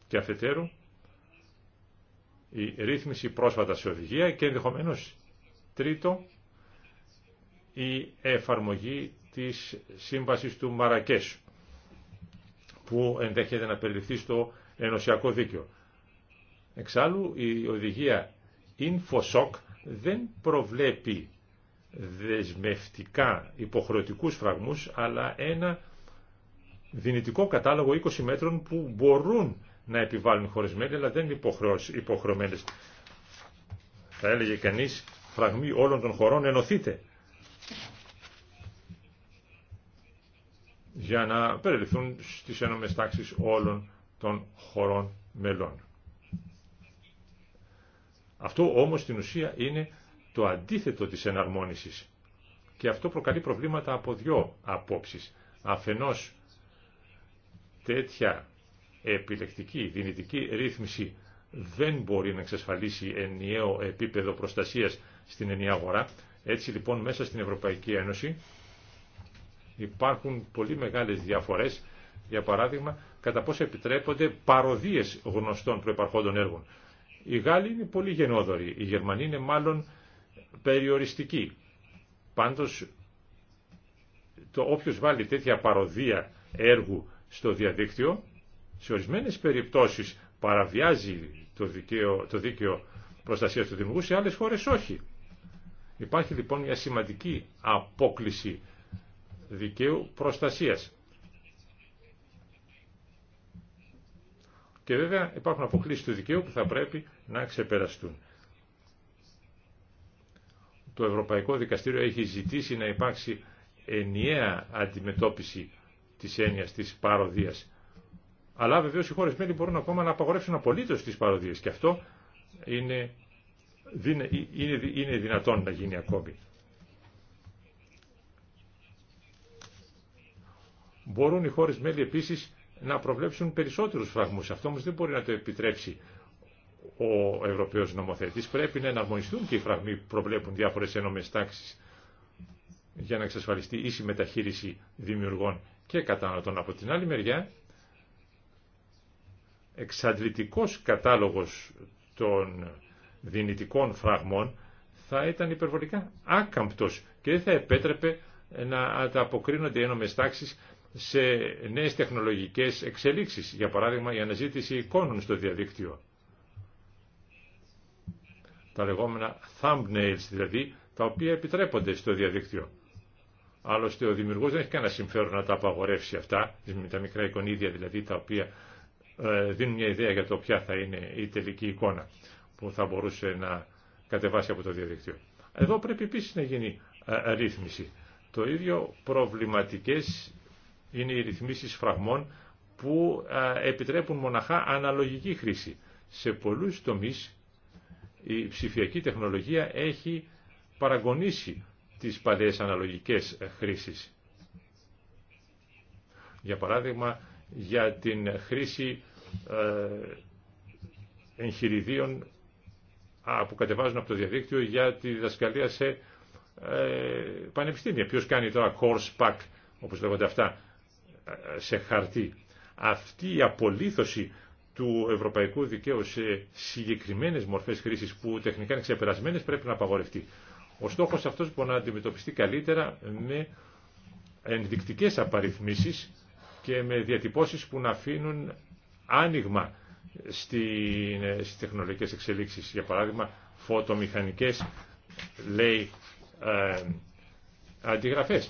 και αφετέρου η ρύθμιση πρόσφατα σε οδηγία και ενδεχομένω. τρίτο η εφαρμογή της σύμβασης του Μαρακέσου που ενδέχεται να περιληφθεί στο ενωσιακό δίκαιο. Εξάλλου η οδηγία InfoSoc δεν προβλέπει δεσμευτικά υποχρεωτικούς φραγμούς, αλλά ένα δυνητικό κατάλογο 20 μέτρων που μπορούν να επιβάλλουν χωρισμένοι, αλλά δεν είναι υποχρεωμένες. Θα έλεγε κανείς, φραγμή όλων των χωρών ενωθείτε. για να περιληφθούν στις ένομες τάξεις όλων των χωρών μελών. Αυτό όμως στην ουσία είναι το αντίθετο της εναρμόνισης και αυτό προκαλεί προβλήματα από δυο απόψεις. Αφενός τέτοια επιλεκτική δυνητική ρύθμιση δεν μπορεί να εξασφαλίσει ενιαίο επίπεδο προστασίας στην ενιαία αγορά. Έτσι λοιπόν μέσα στην Ευρωπαϊκή Ένωση υπάρχουν πολύ μεγάλες διαφορές. Για παράδειγμα κατά πόσο επιτρέπονται παροδίες γνωστών προεπαρχόντων έργων. Οι Γάλλοι είναι πολύ γενναιόδοροι, οι Γερμανοί είναι μάλλον περιοριστικοί. Πάντως, το όποιος βάλει τέτοια παροδία έργου στο διαδίκτυο, σε ορισμένες περιπτώσεις παραβιάζει το, δικαίο, το δίκαιο προστασίας του δημιουργού, σε άλλες χώρες όχι. Υπάρχει λοιπόν μια σημαντική απόκληση δικαίου προστασίας. Και βέβαια υπάρχουν αποκλήσεις του δικαίου που θα πρέπει να ξεπεραστούν. Το Ευρωπαϊκό Δικαστήριο έχει ζητήσει να υπάρξει ενιαία αντιμετώπιση της έννοιας της παροδίας. Αλλά βεβαίω οι χώρες μέλη μπορούν ακόμα να απαγορεύσουν απολύτως τις παροδίες και αυτό είναι, είναι, είναι δυνατόν να γίνει ακόμη. Μπορούν οι χώρες μέλη επίσης να προβλέψουν περισσότερους φραγμούς. Αυτό όμως δεν μπορεί να το επιτρέψει ο Ευρωπαίος νομοθετής. Πρέπει να εναρμονιστούν και οι φραγμοί που προβλέπουν διάφορες ένομες τάξεις για να εξασφαλιστεί η μεταχείριση δημιουργών και καταναλωτών. Από την άλλη μεριά, εξαντλητικός κατάλογος των δυνητικών φραγμών θα ήταν υπερβολικά άκαμπτος και δεν θα επέτρεπε να τα αποκρίνονται ένομες τάξεις σε νέες τεχνολογικές εξελίξεις, για παράδειγμα η αναζήτηση εικόνων στο διαδίκτυο. Τα λεγόμενα thumbnails δηλαδή, τα οποία επιτρέπονται στο διαδίκτυο. Άλλωστε ο δημιουργός δεν έχει κανένα συμφέρον να τα απαγορεύσει αυτά, με τα μικρά εικονίδια δηλαδή τα οποία ε, δίνουν μια ιδέα για το ποια θα είναι η τελική εικόνα που θα μπορούσε να κατεβάσει από το διαδίκτυο. Εδώ πρέπει επίσης να γίνει ε, ρύθμιση. Το ίδιο προβληματικές είναι οι ρυθμίσεις φραγμών που ε, επιτρέπουν μοναχά αναλογική χρήση. Σε πολλούς τομείς η ψηφιακή τεχνολογία έχει παραγωνίσει τις παλιές αναλογικές χρήσεις. Για παράδειγμα, για την χρήση ε, εγχειριδίων που κατεβάζουν από το διαδίκτυο για τη διδασκαλία σε ε, πανεπιστήμια. Ποιος κάνει τώρα course pack, όπως λέγονται αυτά, σε χαρτί. Αυτή η απολύθωση του ευρωπαϊκού δικαίου σε συγκεκριμένες μορφές χρήσης που τεχνικά είναι ξεπερασμένες πρέπει να απαγορευτεί. Ο στόχος αυτός μπορεί να αντιμετωπιστεί καλύτερα με ενδεικτικές απαριθμίσεις και με διατυπώσεις που να αφήνουν άνοιγμα στις τεχνολογικές εξελίξεις. Για παράδειγμα, φωτομηχανικές, λέει, ε, αντιγραφές.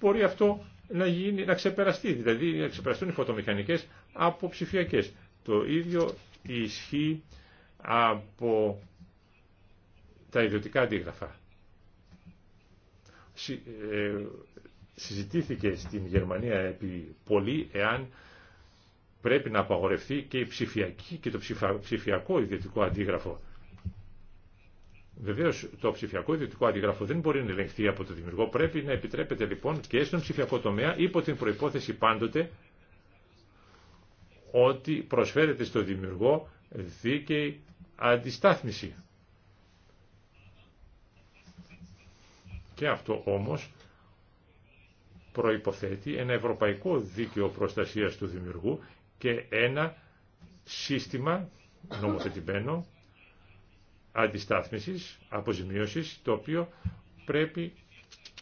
Μπορεί αυτό να, γίνει, να ξεπεραστεί, δηλαδή να ξεπεραστούν οι φωτομηχανικές από ψηφιακές. Το ίδιο ισχύει από τα ιδιωτικά αντίγραφα. Ε, συζητήθηκε στην Γερμανία επί πολύ εάν πρέπει να απαγορευτεί και, η ψηφιακή, και το ψηφιακό ιδιωτικό αντίγραφο Βεβαίω το ψηφιακό ιδιωτικό αντίγραφο δεν μπορεί να ελεγχθεί από το δημιουργό. Πρέπει να επιτρέπεται λοιπόν και στον ψηφιακό τομέα υπό την προπόθεση πάντοτε ότι προσφέρεται στο δημιουργό δίκαιη αντιστάθμιση. Και αυτό όμως προϋποθέτει ένα ευρωπαϊκό δίκαιο προστασίας του δημιουργού και ένα σύστημα νομοθετημένο αντιστάθμισης, αποζημίωσης, το οποίο πρέπει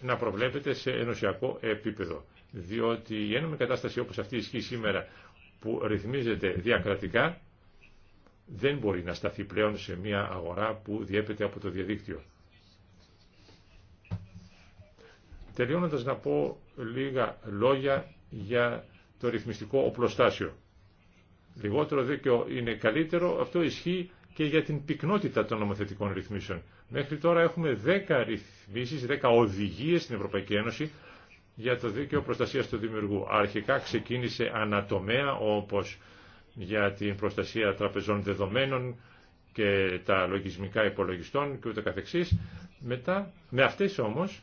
να προβλέπεται σε ενωσιακό επίπεδο. Διότι η ένωμη κατάσταση όπως αυτή ισχύει σήμερα που ρυθμίζεται διακρατικά δεν μπορεί να σταθεί πλέον σε μια αγορά που διέπεται από το διαδίκτυο. Τελειώνοντας να πω λίγα λόγια για το ρυθμιστικό οπλοστάσιο. Λιγότερο δίκαιο είναι καλύτερο, αυτό ισχύει και για την πυκνότητα των νομοθετικών ρυθμίσεων. Μέχρι τώρα έχουμε 10 ρυθμίσεις, 10 οδηγίες στην Ευρωπαϊκή Ένωση για το δίκαιο προστασίας του δημιουργού. Αρχικά ξεκίνησε ανατομέα όπως για την προστασία τραπεζών δεδομένων και τα λογισμικά υπολογιστών και ούτε καθεξής. Μετά, με αυτές όμως,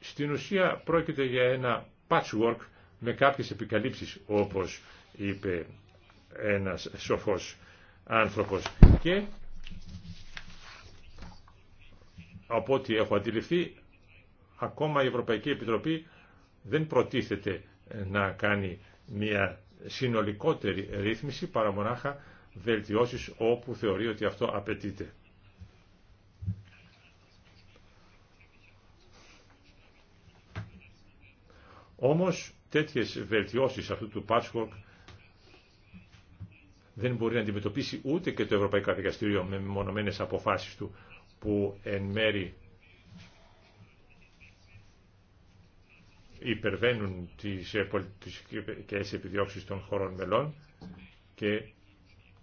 στην ουσία πρόκειται για ένα patchwork με κάποιες επικαλύψεις όπως είπε ένας σοφός άνθρωπος και από ό,τι έχω αντιληφθεί ακόμα η Ευρωπαϊκή Επιτροπή δεν προτίθεται να κάνει μια συνολικότερη ρύθμιση παρά μονάχα βελτιώσεις όπου θεωρεί ότι αυτό απαιτείται. Όμως τέτοιες βελτιώσεις αυτού του patchwork δεν μπορεί να αντιμετωπίσει ούτε και το Ευρωπαϊκό Δικαστήριο με μονομένες αποφάσεις του που εν μέρη υπερβαίνουν τις ε, πολιτικές επιδιώξεις των χωρών μελών και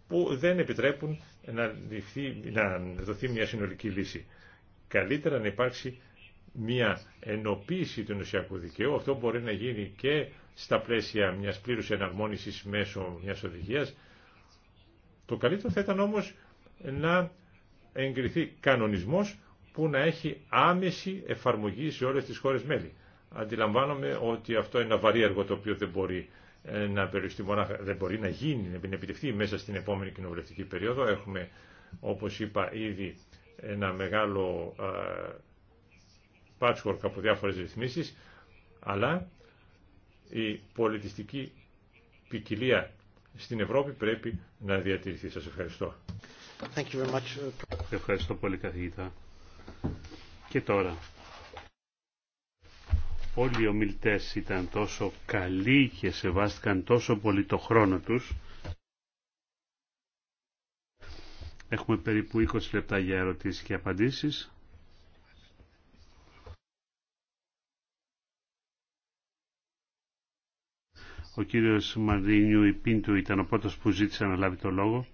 που δεν επιτρέπουν να, να δοθεί μια συνολική λύση. Καλύτερα να υπάρξει μια ενοποίηση του νοσιακού δικαίου. Αυτό μπορεί να γίνει και στα πλαίσια μιας πλήρους εναρμόνισης μέσω μιας οδηγίας. Το καλύτερο θα ήταν όμως να εγκριθεί κανονισμός που να έχει άμεση εφαρμογή σε όλες τις χώρες μέλη. Αντιλαμβάνομαι ότι αυτό είναι ένα βαρύ έργο το οποίο δεν μπορεί ε, να δεν μπορεί να γίνει, να επιτευχθεί μέσα στην επόμενη κοινοβουλευτική περίοδο. Έχουμε, όπως είπα ήδη, ένα μεγάλο ε, patchwork από διάφορες ρυθμίσεις, αλλά η πολιτιστική ποικιλία στην Ευρώπη πρέπει να διατηρηθεί. Σας ευχαριστώ. Thank you very much. Ευχαριστώ πολύ καθηγητά. Και τώρα, όλοι οι ομιλητές ήταν τόσο καλοί και σεβάστηκαν τόσο πολύ το χρόνο τους. Έχουμε περίπου 20 λεπτά για ερωτήσεις και απαντήσεις. Ο κύριος Μαρδίνιου Ιππίντου ήταν ο πρώτος που ζήτησε να λάβει το λόγο.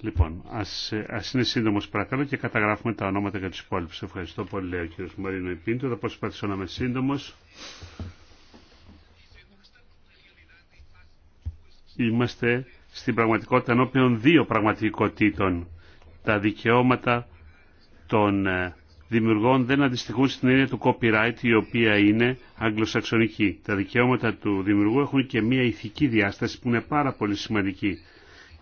Λοιπόν, ας, ας είναι σύντομος παρακαλώ και καταγράφουμε τα ονόματα για τους υπόλοιπους. Ευχαριστώ πολύ, λέει ο κύριος Μαρίνο Ιππίντου. Θα προσπαθήσω να είμαι σύντομος. Είμαστε στην πραγματικότητα ενώπιον δύο πραγματικότητων. Τα δικαιώματα των ε, δημιουργών δεν αντιστοιχούν στην έννοια του copyright η οποία είναι αγγλοσαξονική. Τα δικαιώματα του δημιουργού έχουν και μια ηθική διάσταση που είναι πάρα πολύ σημαντική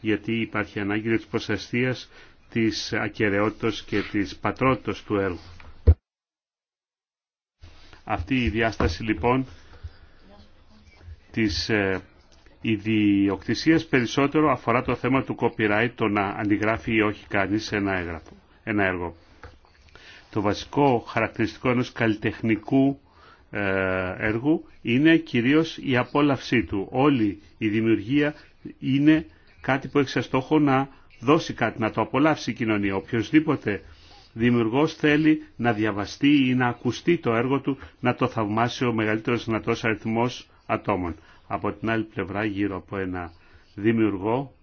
γιατί υπάρχει ανάγκη της προστασίας της ακαιρεότητα και της πατρότητας του έργου. Αυτή η διάσταση λοιπόν της ε, ιδιοκτησίας περισσότερο αφορά το θέμα του copyright, το να αντιγράφει ή όχι κανείς ένα, ένα έργο το βασικό χαρακτηριστικό ενός καλλιτεχνικού ε, έργου είναι κυρίως η απόλαυσή του. Όλη η δημιουργία είναι κάτι που έχει στόχο να δώσει κάτι, να το απολαύσει η κοινωνία. Οποιοςδήποτε δημιουργός θέλει να διαβαστεί ή να ακουστεί το έργο του, να το θαυμάσει ο μεγαλύτερος δυνατός αριθμός ατόμων. Από την άλλη πλευρά γύρω από ένα δημιουργό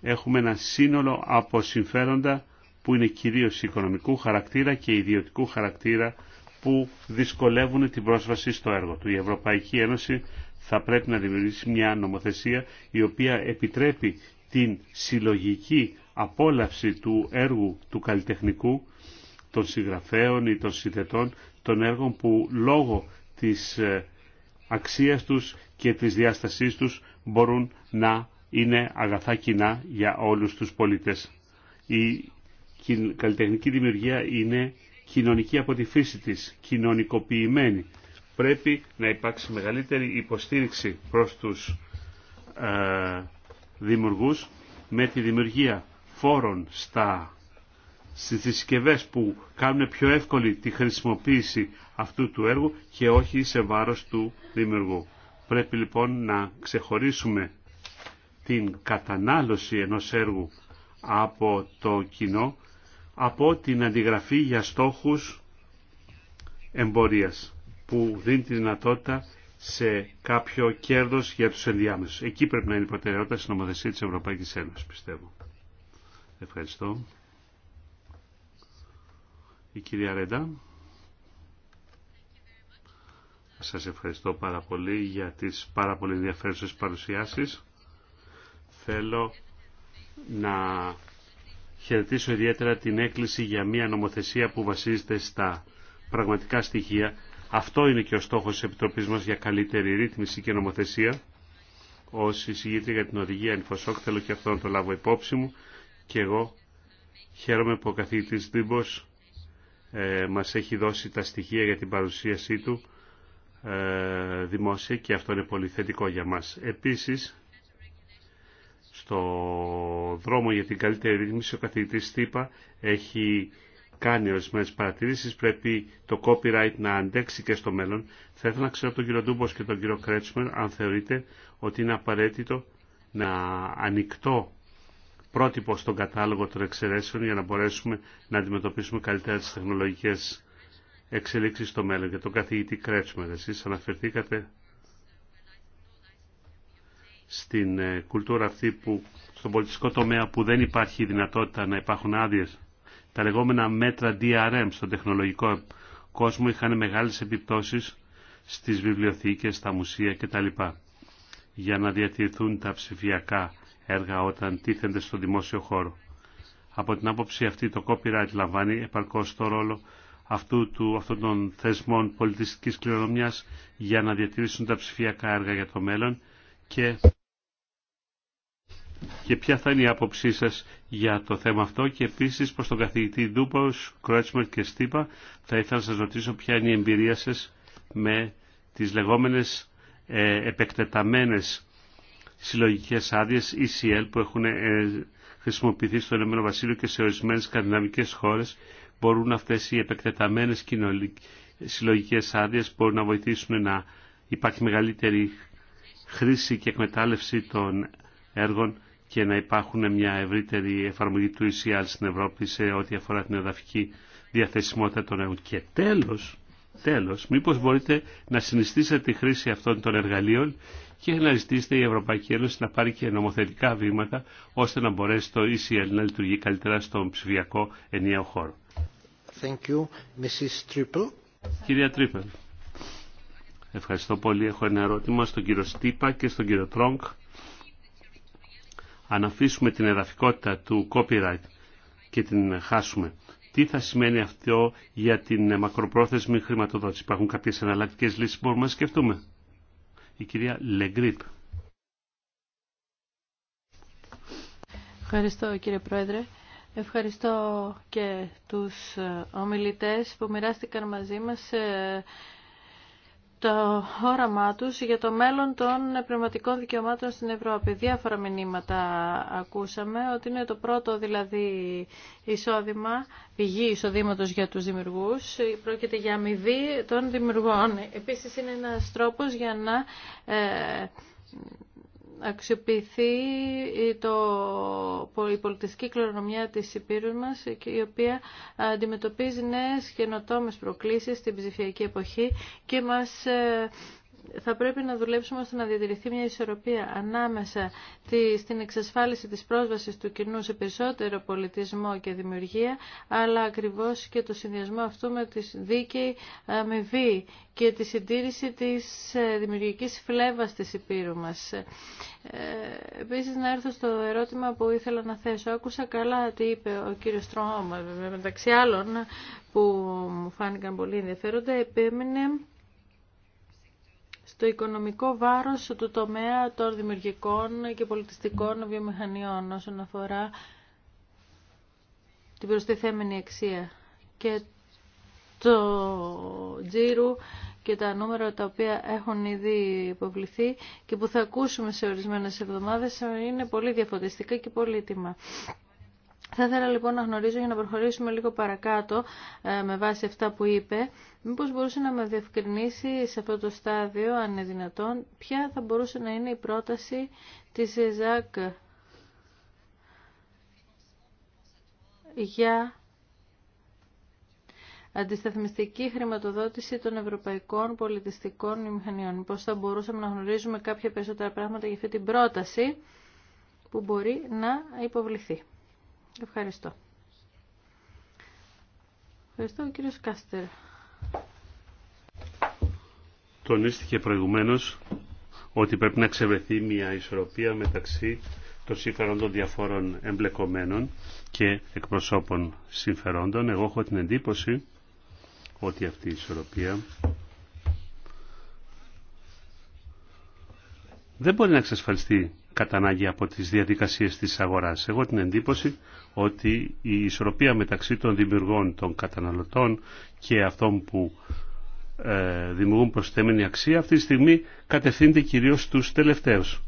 έχουμε ένα σύνολο από συμφέροντα που είναι κυρίως οικονομικού χαρακτήρα και ιδιωτικού χαρακτήρα που δυσκολεύουν την πρόσβαση στο έργο του. Η Ευρωπαϊκή Ένωση θα πρέπει να δημιουργήσει μια νομοθεσία η οποία επιτρέπει την συλλογική απόλαυση του έργου του καλλιτεχνικού, των συγγραφέων ή των συνθετών, των έργων που λόγω της ε, αξίας τους και της διάστασής τους μπορούν να είναι αγαθά κοινά για όλους τους πολίτες καλλιτεχνική δημιουργία είναι κοινωνική από τη φύση της, κοινωνικοποιημένη. Πρέπει να υπάρξει μεγαλύτερη υποστήριξη προς τους ε, δημιουργούς με τη δημιουργία φόρων στα, στις συσκευέ που κάνουν πιο εύκολη τη χρησιμοποίηση αυτού του έργου και όχι σε βάρος του δημιουργού. Πρέπει λοιπόν να ξεχωρίσουμε την κατανάλωση ενός έργου από το κοινό από την αντιγραφή για στόχους εμπορίας που δίνει τη δυνατότητα σε κάποιο κέρδος για τους ενδιάμεσους. Εκεί πρέπει να είναι η προτεραιότητα στην ομοθεσία της Ευρωπαϊκής Ένωσης, πιστεύω. Ευχαριστώ. Η κυρία Ρέντα. Σας ευχαριστώ πάρα πολύ για τις πάρα πολύ ενδιαφέρουσες παρουσιάσεις. Θέλω να χαιρετήσω ιδιαίτερα την έκκληση για μια νομοθεσία που βασίζεται στα πραγματικά στοιχεία. Αυτό είναι και ο στόχος της Επιτροπής μας για καλύτερη ρύθμιση και νομοθεσία. Ως εισηγήτρια για την οδηγία Ενφοσόκ θέλω και αυτό να το λάβω υπόψη μου και εγώ χαίρομαι που ο καθηγητής Δήμπος ε, μας έχει δώσει τα στοιχεία για την παρουσίασή του ε, δημόσια και αυτό είναι πολύ θετικό για μας. Επίσης, στο δρόμο για την καλύτερη ρύθμιση ο καθηγητής Στύπα έχει κάνει ορισμένε παρατηρήσεις. Πρέπει το copyright να αντέξει και στο μέλλον. Θα ήθελα να ξέρω από τον κύριο Ντούμπος και τον κύριο Κρέτσμερ αν θεωρείτε ότι είναι απαραίτητο να ανοιχτό πρότυπο στον κατάλογο των εξαιρέσεων για να μπορέσουμε να αντιμετωπίσουμε καλύτερα τις τεχνολογικές εξελίξεις στο μέλλον. Για τον καθηγητή Κρέτσμερ, εσείς αναφερθήκατε στην ε, κουλτούρα αυτή που στον πολιτιστικό τομέα που δεν υπάρχει η δυνατότητα να υπάρχουν άδειε. Τα λεγόμενα μέτρα DRM στον τεχνολογικό κόσμο είχαν μεγάλες επιπτώσεις στις βιβλιοθήκες, στα μουσεία κτλ. για να διατηρηθούν τα ψηφιακά έργα όταν τίθενται στο δημόσιο χώρο. Από την άποψη αυτή το copyright λαμβάνει επαρκώς το ρόλο αυτού του, αυτών των θεσμών πολιτιστικής κληρονομιάς για να διατηρήσουν τα ψηφιακά έργα για το μέλλον και και ποια θα είναι η άποψή σα για το θέμα αυτό και επίση προς τον καθηγητή Ντούπο, Κρότσμαρτ και Στύπα θα ήθελα να σα ρωτήσω ποια είναι η εμπειρία σα με τι λεγόμενες ε, επεκτεταμένες συλλογικές άδειε ECL που έχουν ε, χρησιμοποιηθεί στο Ηνωμένο Βασίλειο και σε ορισμένε σκανδιναβικέ χώρε μπορούν αυτέ οι επεκτεταμένε συλλογικέ άδειε να βοηθήσουν να υπάρχει μεγαλύτερη χρήση και εκμετάλλευση των έργων και να υπάρχουν μια ευρύτερη εφαρμογή του ECR στην Ευρώπη σε ό,τι αφορά την εδαφική διαθεσιμότητα των έργων. Και τέλος, τέλος, μήπως μπορείτε να συνιστήσετε τη χρήση αυτών των εργαλείων και να ζητήσετε η Ευρωπαϊκή Ένωση να πάρει και νομοθετικά βήματα ώστε να μπορέσει το ECL να λειτουργεί καλύτερα στον ψηφιακό ενιαίο χώρο. Thank you. Mrs. Triple. Κυρία Τρίπελ, ευχαριστώ πολύ. Έχω ένα ερώτημα στον κύριο Στύπα και στον κύριο Τρόγκ αν αφήσουμε την εδαφικότητα του copyright και την χάσουμε. Τι θα σημαίνει αυτό για την ε, μακροπρόθεσμη χρηματοδότηση. Υπάρχουν κάποιες εναλλακτικές λύσεις που μπορούμε να σκεφτούμε. Η κυρία Λεγκρίπ. Ευχαριστώ κύριε Πρόεδρε. Ευχαριστώ και τους ε, ομιλητές που μοιράστηκαν μαζί μας ε, το όραμά τους για το μέλλον των πνευματικών δικαιωμάτων στην Ευρώπη. Διάφορα μηνύματα ακούσαμε, ότι είναι το πρώτο δηλαδή εισόδημα, πηγή εισοδήματος για τους δημιουργούς, πρόκειται για αμοιβή των δημιουργών. Επίσης είναι ένας τρόπος για να ε, αξιοποιηθεί το, η πολιτιστική κληρονομιά της Υπήρου μας η οποία αντιμετωπίζει νέες καινοτόμες προκλήσεις στην ψηφιακή εποχή και μας ε, θα πρέπει να δουλέψουμε ώστε να διατηρηθεί μια ισορροπία ανάμεσα στην εξασφάλιση της πρόσβασης του κοινού σε περισσότερο πολιτισμό και δημιουργία, αλλά ακριβώς και το συνδυασμό αυτού με τη δίκαιη αμοιβή ε, και τη συντήρηση της ε, δημιουργικής φλέβας της Υπήρου μας. Ε, επίσης, να έρθω στο ερώτημα που ήθελα να θέσω. Άκουσα καλά τι είπε ο κύριος Τρόμ, μεταξύ άλλων που μου φάνηκαν πολύ ενδιαφέροντα, επέμεινε το οικονομικό βάρος του τομέα των δημιουργικών και πολιτιστικών βιομηχανιών όσον αφορά την προστιθέμενη αξία και το τζίρου και τα νούμερα τα οποία έχουν ήδη υποβληθεί και που θα ακούσουμε σε ορισμένες εβδομάδες είναι πολύ διαφωτιστικά και πολύτιμα. Θα ήθελα λοιπόν να γνωρίζω για να προχωρήσουμε λίγο παρακάτω ε, με βάση αυτά που είπε. Μήπως μπορούσε να με διευκρινίσει σε αυτό το στάδιο, αν είναι δυνατόν, ποια θα μπορούσε να είναι η πρόταση της ΕΖΑΚ για αντισταθμιστική χρηματοδότηση των ευρωπαϊκών πολιτιστικών μηχανιών. Πώς θα μπορούσαμε να γνωρίζουμε κάποια περισσότερα πράγματα για αυτή την πρόταση που μπορεί να υποβληθεί. Ευχαριστώ. Ευχαριστώ, κύριο Κάστερ. Τονίστηκε προηγουμένως ότι πρέπει να ξεβρεθεί μια ισορροπία μεταξύ των συμφερόντων διαφόρων εμπλεκομένων και εκπροσώπων συμφερόντων. Εγώ έχω την εντύπωση ότι αυτή η ισορροπία δεν μπορεί να εξασφαλιστεί κατά από τις διαδικασίες της αγοράς. Εγώ την εντύπωση ότι η ισορροπία μεταξύ των δημιουργών, των καταναλωτών και αυτών που ε, δημιουργούν προσθέμενη αξία αυτή τη στιγμή κατευθύνεται κυρίως στους τελευταίους.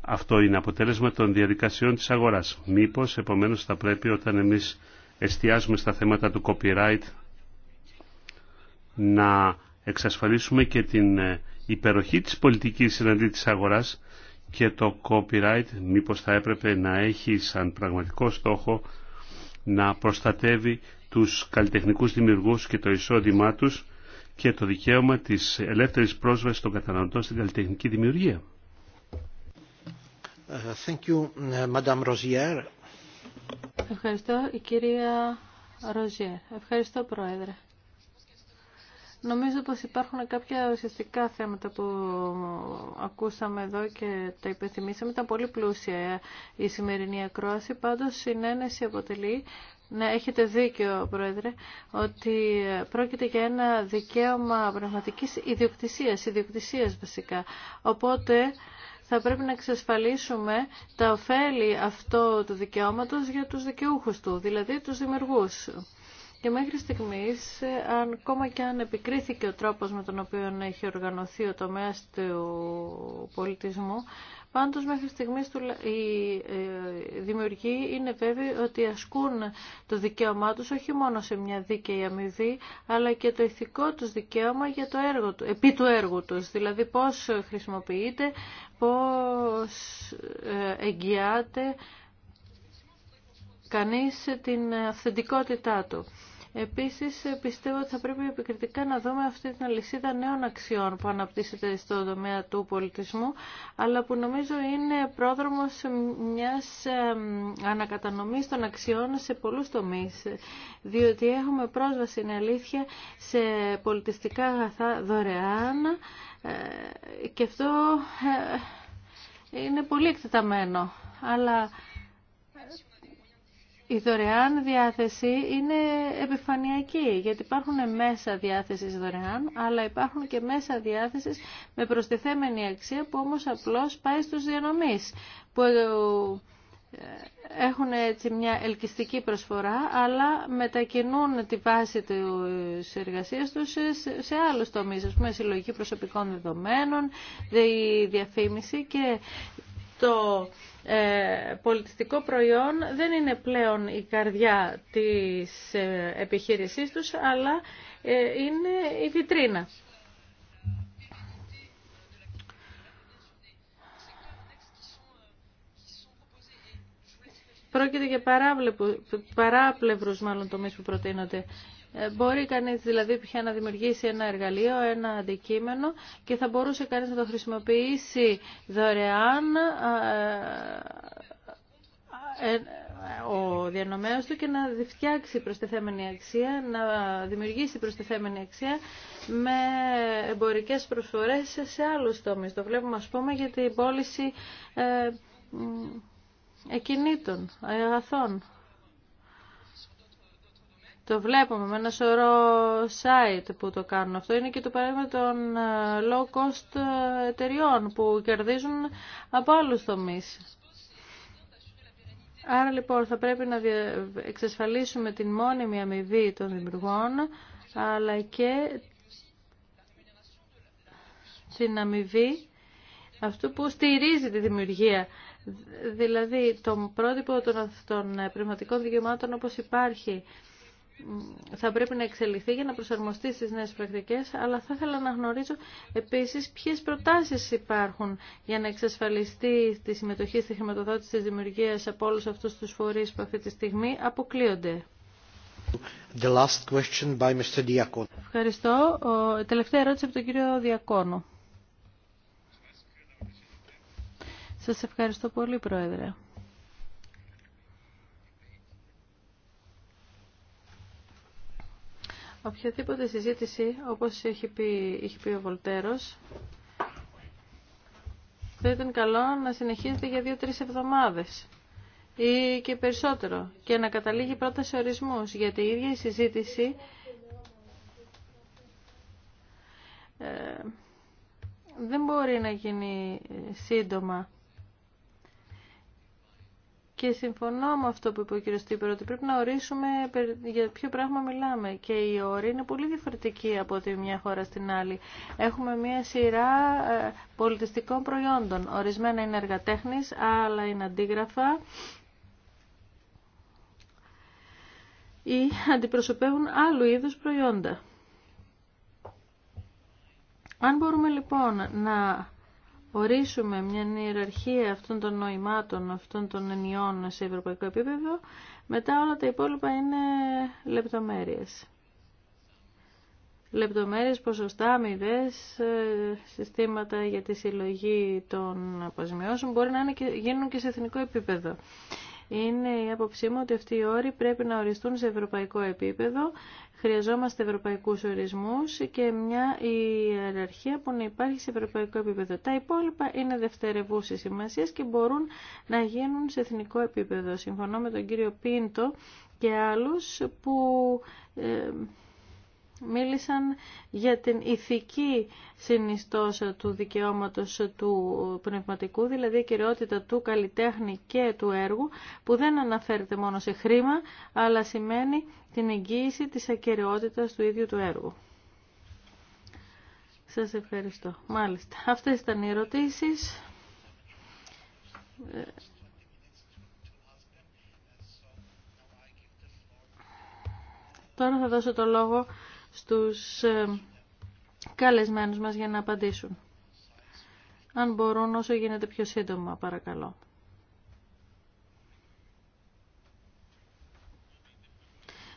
Αυτό είναι αποτέλεσμα των διαδικασιών της αγοράς. Μήπως επομένως θα πρέπει όταν εμείς εστιάζουμε στα θέματα του copyright να εξασφαλίσουμε και την ε, υπεροχή της πολιτικής συναντή της αγοράς και το copyright μήπως θα έπρεπε να έχει σαν πραγματικό στόχο να προστατεύει τους καλλιτεχνικούς δημιουργούς και το εισόδημά τους και το δικαίωμα της ελεύθερης πρόσβασης των καταναλωτών στην καλλιτεχνική δημιουργία. Uh, thank you, Madame Ευχαριστώ, η κυρία Ροζιέρ. Ευχαριστώ, Πρόεδρε. Νομίζω πως υπάρχουν κάποια ουσιαστικά θέματα που ακούσαμε εδώ και τα υπενθυμίσαμε. Ήταν πολύ πλούσια η σημερινή ακρόαση. Πάντως συνένεση αποτελεί να έχετε δίκιο, Πρόεδρε, ότι πρόκειται για ένα δικαίωμα πραγματική ιδιοκτησίας, ιδιοκτησίας βασικά. Οπότε θα πρέπει να εξασφαλίσουμε τα ωφέλη αυτό του δικαιώματος για τους δικαιούχους του, δηλαδή τους δημιουργούς. Και μέχρι στιγμής, αν, ακόμα και αν επικρίθηκε ο τρόπος με τον οποίο έχει οργανωθεί ο τομέας του πολιτισμού, πάντως μέχρι στιγμής οι ε, δημιουργοί είναι βέβαιοι ότι ασκούν το δικαίωμά τους όχι μόνο σε μια δίκαιη αμοιβή, αλλά και το ηθικό τους δικαίωμα για το έργο του, επί του έργου τους, δηλαδή πώς χρησιμοποιείται, πώς ε, εγγυάται κανείς την αυθεντικότητά του. Επίσης, πιστεύω ότι θα πρέπει επικριτικά να δούμε αυτή την αλυσίδα νέων αξιών που αναπτύσσεται στο τομέα του πολιτισμού, αλλά που νομίζω είναι πρόδρομος μιας ανακατανομής των αξιών σε πολλούς τομείς, διότι έχουμε πρόσβαση, είναι αλήθεια, σε πολιτιστικά αγαθά δωρεάν ε, και αυτό ε, είναι πολύ εκτεταμένο. Αλλά η δωρεάν διάθεση είναι επιφανειακή, γιατί υπάρχουν μέσα διάθεσης δωρεάν, αλλά υπάρχουν και μέσα διάθεσης με προστιθέμενη αξία που όμως απλώς πάει στους διανομείς που ε, έχουν έτσι μια ελκυστική προσφορά, αλλά μετακινούν τη βάση της εργασίας τους σε άλλους τομείς, ας πούμε συλλογή προσωπικών δεδομένων, διαφήμιση και το ε, πολιτιστικό προϊόν δεν είναι πλέον η καρδιά της ε, επιχείρησής τους, αλλά ε, είναι η βιτρίνα. Πρόκειται για παράπλευρους μάλλον τομείς που προτείνονται. Ε, μπορεί κανείς δηλαδή πια να δημιουργήσει ένα εργαλείο, ένα αντικείμενο και θα μπορούσε κανείς να το χρησιμοποιήσει δωρεάν ε, ε, ο διανομέας του και να φτιάξει προστιθέμενη αξία, να δημιουργήσει προστιθέμενη αξία με εμπορικές προσφορές σε άλλους τομείς. Το βλέπουμε ας πούμε για την πώληση εκινήτων, αγαθών. Το βλέπουμε με ένα σωρό site που το κάνουν αυτό. Είναι και το παράδειγμα των ε, low cost ε, εταιριών που κερδίζουν από άλλου τομεί. Άρα λοιπόν θα πρέπει να εξασφαλίσουμε την μόνιμη αμοιβή των δημιουργών αλλά και την αμοιβή αυτού που στηρίζει τη δημιουργία. Δηλαδή το πρότυπο των πνευματικών δικαιωμάτων όπως υπάρχει θα πρέπει να εξελιχθεί για να προσαρμοστεί στις νέες πρακτικές, αλλά θα ήθελα να γνωρίζω επίσης ποιες προτάσεις υπάρχουν για να εξασφαλιστεί τη συμμετοχή στη χρηματοδότηση της δημιουργίας από όλους αυτούς τους φορείς που αυτή τη στιγμή αποκλείονται. The last question by Mr. Ευχαριστώ. τελευταία ερώτηση από τον κύριο Διακόνο. Σας ευχαριστώ πολύ, Πρόεδρε. Οποιαδήποτε συζήτηση, όπως έχει πει, είχε πει ο Βολτέρος, θα ήταν καλό να συνεχίζεται για δύο-τρεις εβδομάδες ή και περισσότερο και να καταλήγει πρώτα σε ορισμούς, γιατί η ίδια η συζήτηση ε, δεν μπορεί να γίνει σύντομα. Και συμφωνώ με αυτό που είπε ο κ. Στύπερ, ότι πρέπει να ορίσουμε για ποιο πράγμα μιλάμε. Και οι όροι είναι πολύ διαφορετικοί από τη μια χώρα στην άλλη. Έχουμε μια σειρά ε, πολιτιστικών προϊόντων. Ορισμένα είναι εργατέχνη, άλλα είναι αντίγραφα. ή αντιπροσωπεύουν άλλου είδους προϊόντα. Αν μπορούμε λοιπόν να ορίσουμε μια ιεραρχία αυτών των νοημάτων, αυτών των ενιών σε ευρωπαϊκό επίπεδο, μετά όλα τα υπόλοιπα είναι λεπτομέρειες. Λεπτομέρειες, ποσοστά, αμοιβέ, ε, συστήματα για τη συλλογή των αποζημιώσεων μπορεί να και, γίνουν και σε εθνικό επίπεδο είναι η άποψή μου ότι αυτοί οι όροι πρέπει να οριστούν σε ευρωπαϊκό επίπεδο. Χρειαζόμαστε ευρωπαϊκούς ορισμούς και μια ιεραρχία που να υπάρχει σε ευρωπαϊκό επίπεδο. Τα υπόλοιπα είναι δευτερευούσε σημασία και μπορούν να γίνουν σε εθνικό επίπεδο. Συμφωνώ με τον κύριο Πίντο και άλλους που ε, μίλησαν για την ηθική συνιστόσα του δικαιώματος του πνευματικού, δηλαδή η κυριότητα του καλλιτέχνη και του έργου, που δεν αναφέρεται μόνο σε χρήμα, αλλά σημαίνει την εγγύηση της ακαιρεότητας του ίδιου του έργου. Σας ευχαριστώ. Μάλιστα. Αυτές ήταν οι ερωτήσεις. Ε, τώρα θα δώσω το λόγο στους ε, καλεσμένους μας για να απαντήσουν. Αν μπορούν όσο γίνεται πιο σύντομα, παρακαλώ.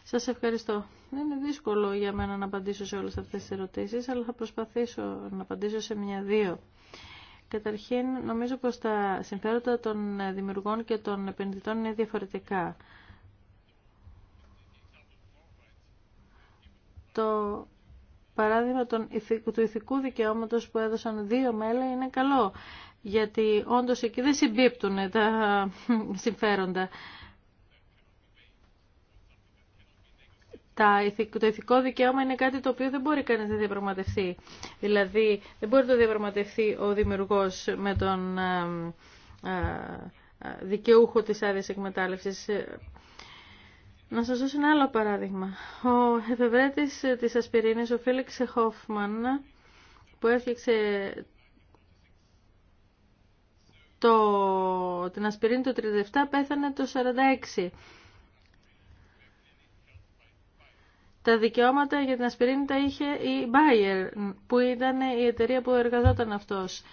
Σας ευχαριστώ. Είναι δύσκολο για μένα να απαντήσω σε όλες αυτές τις ερωτήσεις, αλλά θα προσπαθήσω να απαντήσω σε μια-δύο. Καταρχήν, νομίζω πως τα συμφέροντα των δημιουργών και των επενδυτών είναι διαφορετικά. το παράδειγμα του ηθικού δικαιώματος που έδωσαν δύο μέλη είναι καλό, γιατί όντως εκεί δεν συμπίπτουν τα [LAUGHS] συμφέροντα. το ηθικό δικαίωμα είναι κάτι το οποίο δεν μπορεί κανείς να διαπραγματευτεί. Δηλαδή, δεν μπορεί να το διαπραγματευτεί ο δημιουργός με τον ε, ε, δικαιούχο της άδειας εκμετάλλευσης. Να σας δώσω ένα άλλο παράδειγμα. Ο εφευρέτης της ασπιρίνης, ο Φίλιξ Χόφμαν, που έφτιαξε το, την ασπιρίνη το 37, πέθανε το 46. Τα δικαιώματα για την ασπιρίνη τα είχε η Bayer, που ήταν η εταιρεία που εργαζόταν αυτός.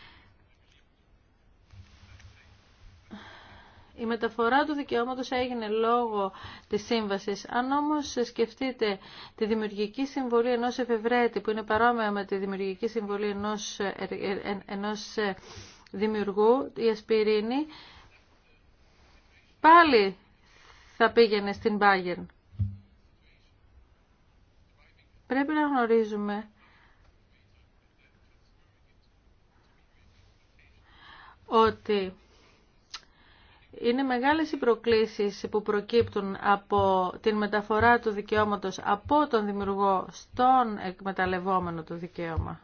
Η μεταφορά του δικαιώματος έγινε λόγω της σύμβασης. Αν όμως σκεφτείτε τη δημιουργική συμβολή ενός εφευρέτη που είναι παρόμοια με τη δημιουργική συμβολή ενός, ε, ε, ε, ενός δημιουργού, η ασπιρίνη, πάλι θα πήγαινε στην πάγεν. Πρέπει να γνωρίζουμε ότι είναι μεγάλες οι προκλήσεις που προκύπτουν από την μεταφορά του δικαιώματος από τον δημιουργό στον εκμεταλλευόμενο το δικαίωμα.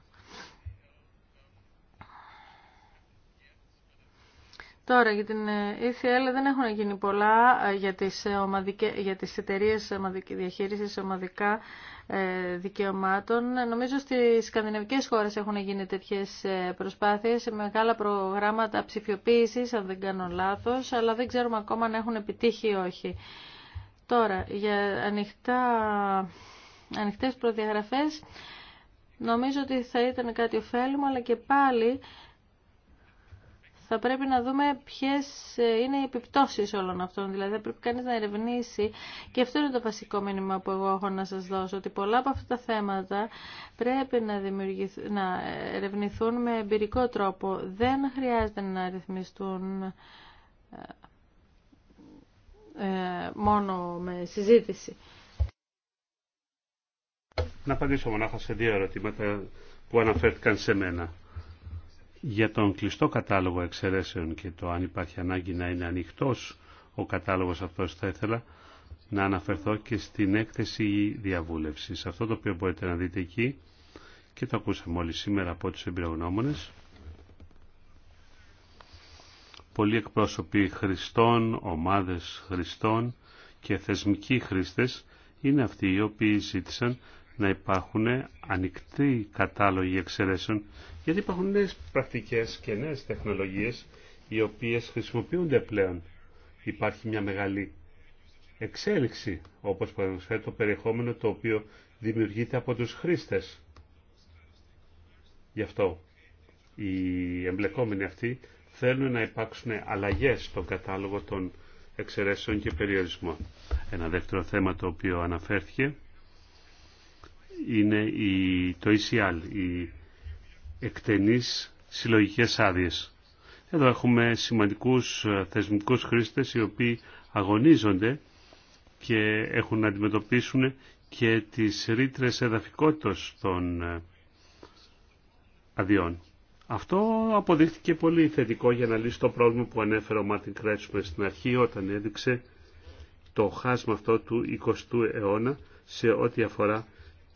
Τώρα για την ECL ε, ε δεν έχουν γίνει πολλά ε, για τις, ομαδικέ, για τις εταιρείες διαχείρισης ομαδικά δικαιωμάτων. Νομίζω στις σκανδιναβικές χώρες έχουν γίνει τέτοιες προσπάθειες, μεγάλα προγράμματα ψηφιοποίησης, αν δεν κάνω λάθος, αλλά δεν ξέρουμε ακόμα αν έχουν επιτύχει ή όχι. Τώρα, για ανοιχτά, ανοιχτές προδιαγραφές, νομίζω ότι θα ήταν κάτι ωφέλιμο, αλλά και πάλι θα πρέπει να δούμε ποιε ε, είναι οι επιπτώσεις όλων αυτών. Δηλαδή θα πρέπει κανείς να ερευνήσει και αυτό είναι το βασικό μήνυμα που εγώ έχω να σας δώσω, ότι πολλά από αυτά τα θέματα πρέπει να, να ερευνηθούν με εμπειρικό τρόπο. Δεν χρειάζεται να ρυθμιστούν ε, ε, μόνο με συζήτηση. Να απαντήσω μονάχα σε δύο ερωτήματα που αναφέρθηκαν σε μένα για τον κλειστό κατάλογο εξαιρέσεων και το αν υπάρχει ανάγκη να είναι ανοιχτός ο κατάλογος αυτός θα ήθελα να αναφερθώ και στην έκθεση διαβούλευσης. Αυτό το οποίο μπορείτε να δείτε εκεί και το ακούσαμε όλοι σήμερα από τους εμπειρογνώμονες. Πολλοί εκπρόσωποι χρηστών, ομάδες χρηστών και θεσμικοί χρήστες είναι αυτοί οι οποίοι ζήτησαν να υπάρχουν ανοιχτοί κατάλογοι εξαιρέσεων, γιατί υπάρχουν νέες πρακτικές και νέες τεχνολογίες οι οποίες χρησιμοποιούνται πλέον. Υπάρχει μια μεγάλη εξέλιξη, όπως παραδείγματος το περιεχόμενο το οποίο δημιουργείται από τους χρήστες. Γι' αυτό οι εμπλεκόμενοι αυτοί θέλουν να υπάρξουν αλλαγές στον κατάλογο των εξαιρέσεων και περιορισμών. Ένα δεύτερο θέμα το οποίο αναφέρθηκε είναι η, το ECL, οι εκτενείς συλλογικές άδειες. Εδώ έχουμε σημαντικούς ε, θεσμικούς χρήστες οι οποίοι αγωνίζονται και έχουν να αντιμετωπίσουν και τις ρήτρε εδαφικότητας των ε, αδειών. Αυτό αποδείχθηκε πολύ θετικό για να λύσει το πρόβλημα που ανέφερε ο Μάρτιν Κρέτσμερ στην αρχή όταν έδειξε το χάσμα αυτό του 20ου αιώνα σε ό,τι αφορά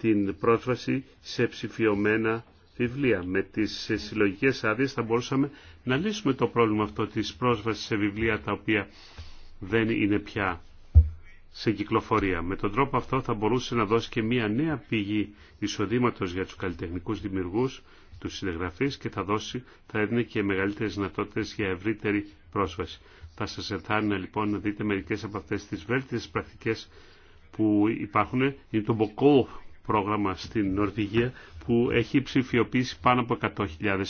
την πρόσβαση σε ψηφιωμένα βιβλία. Με τις συλλογικές άδειε θα μπορούσαμε να λύσουμε το πρόβλημα αυτό της πρόσβασης σε βιβλία τα οποία δεν είναι πια σε κυκλοφορία. Με τον τρόπο αυτό θα μπορούσε να δώσει και μια νέα πηγή εισοδήματος για τους καλλιτεχνικούς δημιουργούς, τους συνεγραφείς και θα, δώσει, θα έδινε και μεγαλύτερες δυνατότητε για ευρύτερη πρόσβαση. Θα σας ενθάρρυνα λοιπόν να δείτε μερικές από αυτές τις βέλτιες πρακτικές που υπάρχουν. Είναι το Bocaux πρόγραμμα στην Νορβηγία που έχει ψηφιοποιήσει πάνω από 100.000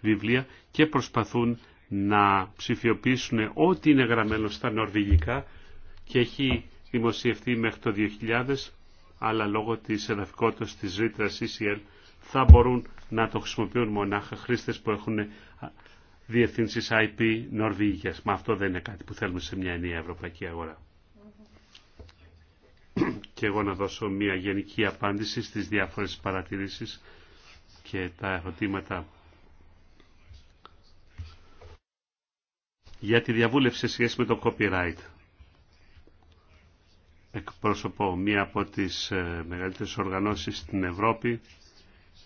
βιβλία και προσπαθούν να ψηφιοποιήσουν ό,τι είναι γραμμένο στα νορβηγικά και έχει δημοσιευτεί μέχρι το 2000 αλλά λόγω της εδαφικότητας της ρήτρα ECL θα μπορούν να το χρησιμοποιούν μονάχα χρήστες που έχουν διευθύνσεις IP Νορβηγίας. Μα αυτό δεν είναι κάτι που θέλουμε σε μια ενιαία ευρωπαϊκή αγορά και εγώ να δώσω μια γενική απάντηση στις διάφορες παρατηρήσεις και τα ερωτήματα για τη διαβούλευση σε σχέση με το copyright. Εκπρόσωπο μία από τις ε, μεγαλύτερες οργανώσεις στην Ευρώπη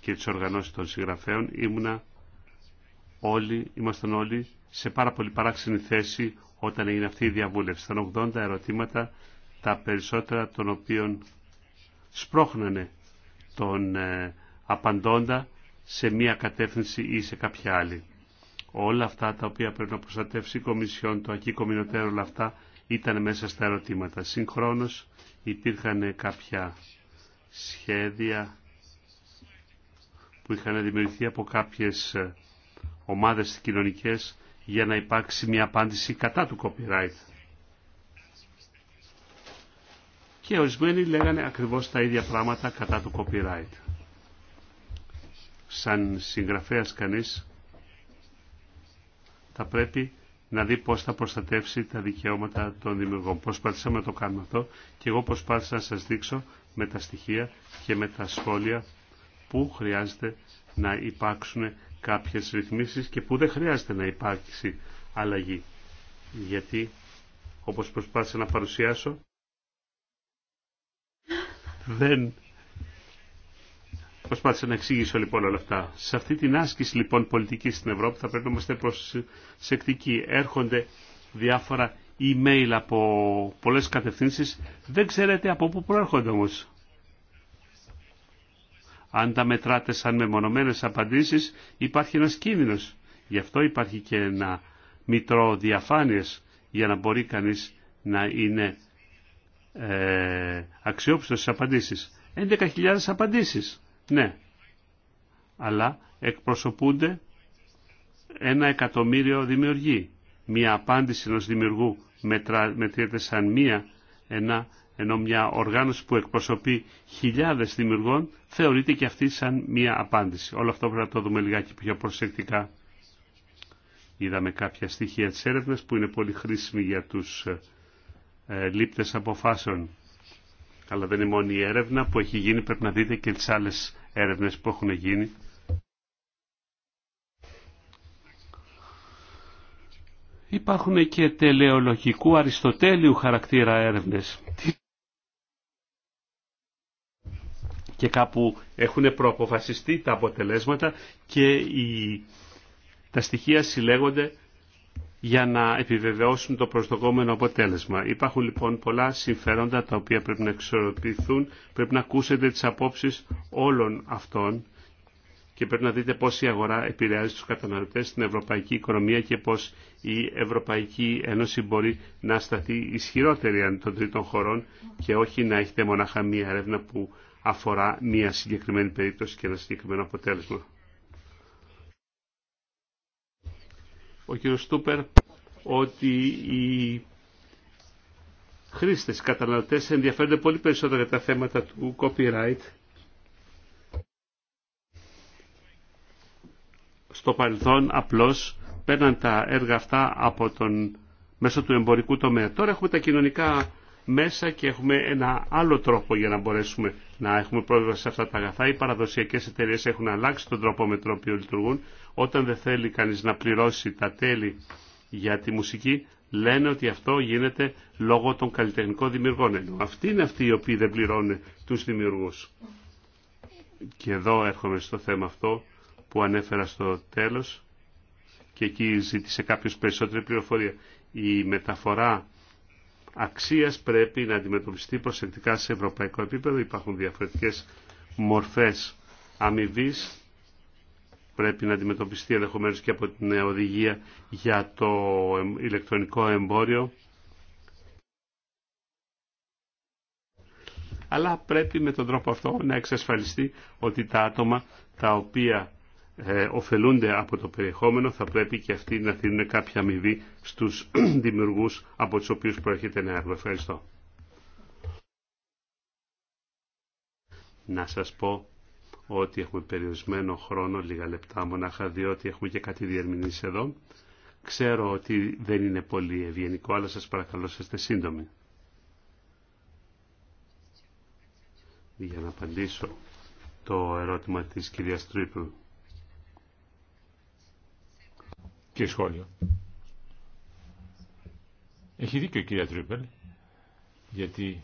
και τις οργανώσεις των συγγραφέων ήμουνα όλοι, ήμασταν όλοι σε πάρα πολύ παράξενη θέση όταν έγινε αυτή η διαβούλευση. Ήταν 80 ερωτήματα τα περισσότερα των οποίων σπρώχνανε τον ε, απαντώντα σε μία κατεύθυνση ή σε κάποια άλλη. Όλα αυτά τα οποία πρέπει να προστατεύσει η Κομισιόν, το Ακή Κομινοτέρο, όλα αυτά ήταν μέσα στα ερωτήματα. Συγχρόνως υπήρχαν κάποια σχέδια που είχαν δημιουργηθεί από κάποιες ε, ομάδες κοινωνικές για να υπάρξει μια απάντηση κατά του copyright. και ορισμένοι λέγανε ακριβώς τα ίδια πράγματα κατά του copyright. Σαν συγγραφέας κανείς θα πρέπει να δει πώς θα προστατεύσει τα δικαιώματα των δημιουργών. Προσπαθήσαμε να το κάνουμε αυτό και εγώ προσπάθησα να σας δείξω με τα στοιχεία και με τα σχόλια που χρειάζεται να υπάρξουν κάποιες ρυθμίσεις και που δεν χρειάζεται να υπάρξει αλλαγή. Γιατί, όπως προσπάθησα να παρουσιάσω, δεν Προσπάθησα να εξηγήσω λοιπόν όλα αυτά. Σε αυτή την άσκηση λοιπόν πολιτική στην Ευρώπη θα πρέπει να είμαστε προσεκτικοί. Έρχονται διάφορα email από πολλέ κατευθύνσει. Δεν ξέρετε από πού προέρχονται όμω. Αν τα μετράτε σαν μεμονωμένε απαντήσει υπάρχει ένα κίνδυνο. Γι' αυτό υπάρχει και ένα μητρό διαφάνεια για να μπορεί κανεί να είναι ε, αξιόπιστο στις απαντήσεις. 11.000 απαντήσεις, ναι. Αλλά εκπροσωπούνται ένα εκατομμύριο δημιουργοί. Μία απάντηση ενός δημιουργού μετριέται σαν μία, ένα, ενώ μια οργάνωση που εκπροσωπεί χιλιάδες δημιουργών θεωρείται και αυτή σαν μια ενω μια απάντηση. Όλο αυτό πρέπει να το δούμε λιγάκι πιο προσεκτικά. Είδαμε κάποια στοιχεία της έρευνας που είναι πολύ χρήσιμη για τους ε, ε, λήπτες αποφάσεων. Αλλά δεν είναι μόνο η έρευνα που έχει γίνει, πρέπει να δείτε και τις άλλες έρευνες που έχουν γίνει. Υπάρχουν και τελεολογικού αριστοτέλειου χαρακτήρα έρευνες. Και κάπου έχουν προαποφασιστεί τα αποτελέσματα και οι, τα στοιχεία συλλέγονται για να επιβεβαιώσουν το προσδοκόμενο αποτέλεσμα. Υπάρχουν λοιπόν πολλά συμφέροντα τα οποία πρέπει να εξορροπηθούν, πρέπει να ακούσετε τις απόψεις όλων αυτών και πρέπει να δείτε πώς η αγορά επηρεάζει τους καταναλωτές στην ευρωπαϊκή οικονομία και πώς η Ευρωπαϊκή Ένωση μπορεί να σταθεί ισχυρότερη αν των τρίτων χωρών και όχι να έχετε μονάχα μία έρευνα που αφορά μία συγκεκριμένη περίπτωση και ένα συγκεκριμένο αποτέλεσμα. ο κύριος Στούπερ ότι οι χρήστες, οι καταναλωτές ενδιαφέρονται πολύ περισσότερο για τα θέματα του copyright. Στο παρελθόν απλώς παίρναν τα έργα αυτά από τον, μέσω του εμπορικού τομέα. Τώρα έχουμε τα κοινωνικά μέσα και έχουμε ένα άλλο τρόπο για να μπορέσουμε να έχουμε πρόσβαση σε αυτά τα αγαθά. Οι παραδοσιακές εταιρείες έχουν αλλάξει τον τρόπο με τον οποίο λειτουργούν όταν δεν θέλει κανείς να πληρώσει τα τέλη για τη μουσική, λένε ότι αυτό γίνεται λόγω των καλλιτεχνικών δημιουργών. Ενώ αυτοί είναι αυτοί οι οποίοι δεν πληρώνουν τους δημιουργούς. Και εδώ έρχομαι στο θέμα αυτό που ανέφερα στο τέλος και εκεί ζήτησε κάποιος περισσότερη πληροφορία. Η μεταφορά αξίας πρέπει να αντιμετωπιστεί προσεκτικά σε ευρωπαϊκό επίπεδο. Υπάρχουν διαφορετικές μορφές αμοιβή πρέπει να αντιμετωπιστεί ενδεχομένω και από την οδηγία για το ηλεκτρονικό εμπόριο. Αλλά πρέπει με τον τρόπο αυτό να εξασφαλιστεί ότι τα άτομα τα οποία ε, ωφελούνται από το περιεχόμενο θα πρέπει και αυτοί να δίνουν κάποια αμοιβή στους [CLEARS THROAT] δημιουργούς από τους οποίους προέρχεται ένα έργο. Ευχαριστώ. Να σας πω ότι έχουμε περιορισμένο χρόνο, λίγα λεπτά μονάχα, διότι έχουμε και κάτι διερμηνήσει εδώ. Ξέρω ότι δεν είναι πολύ ευγενικό, αλλά σας παρακαλώ είστε σύντομοι. Για να απαντήσω το ερώτημα της κυρίας Τρίπλ. Και σχόλιο. Έχει δίκιο η κυρία Τρίπελ, γιατί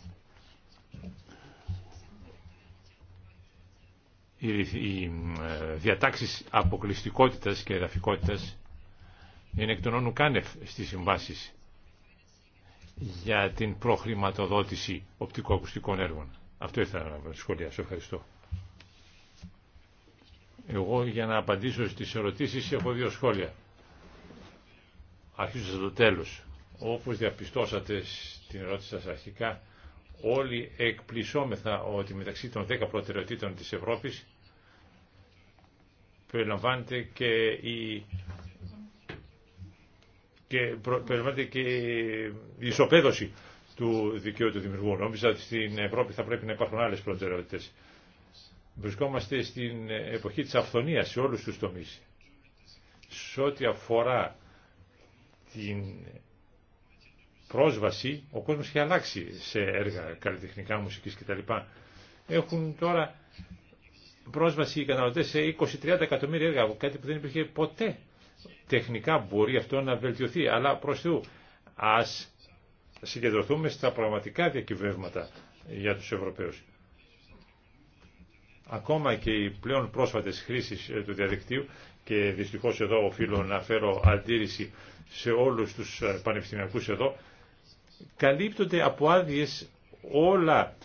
οι ε, διατάξεις αποκλειστικότητας και εδαφικότητας είναι εκ των όνων κάνευ στις συμβάσεις για την προχρηματοδότηση οπτικοακουστικών έργων. Αυτό ήθελα να σχολιάσω. Ευχαριστώ. Εγώ για να απαντήσω στις ερωτήσεις έχω δύο σχόλια. Αρχίζω το τέλος. Όπως διαπιστώσατε στην ερώτηση σας αρχικά, όλοι εκπλησόμεθα ότι μεταξύ των 10 προτεραιοτήτων της Ευρώπης περιλαμβάνεται και η περιλαμβάνεται και η ισοπαίδωση του δικαίου του δημιουργού. Νόμιζα ότι στην Ευρώπη θα πρέπει να υπάρχουν άλλες προτεραιότητες. Βρισκόμαστε στην εποχή της αυθονίας σε όλους τους τομείς. Σε ό,τι αφορά την πρόσβαση, ο κόσμος έχει αλλάξει σε έργα καλλιτεχνικά, μουσικής κτλ. Έχουν τώρα πρόσβαση οι καταναλωτές σε 20-30 εκατομμύρια έργα, κάτι που δεν υπήρχε ποτέ. Τεχνικά μπορεί αυτό να βελτιωθεί, αλλά προς Θεού, ας συγκεντρωθούμε στα πραγματικά διακυβεύματα για τους Ευρωπαίους. Ακόμα και οι πλέον πρόσφατες χρήσεις ε, του διαδικτύου και δυστυχώς εδώ οφείλω να φέρω αντίρρηση σε όλους τους ε, πανεπιστημιακούς εδώ καλύπτονται από άδειε όλα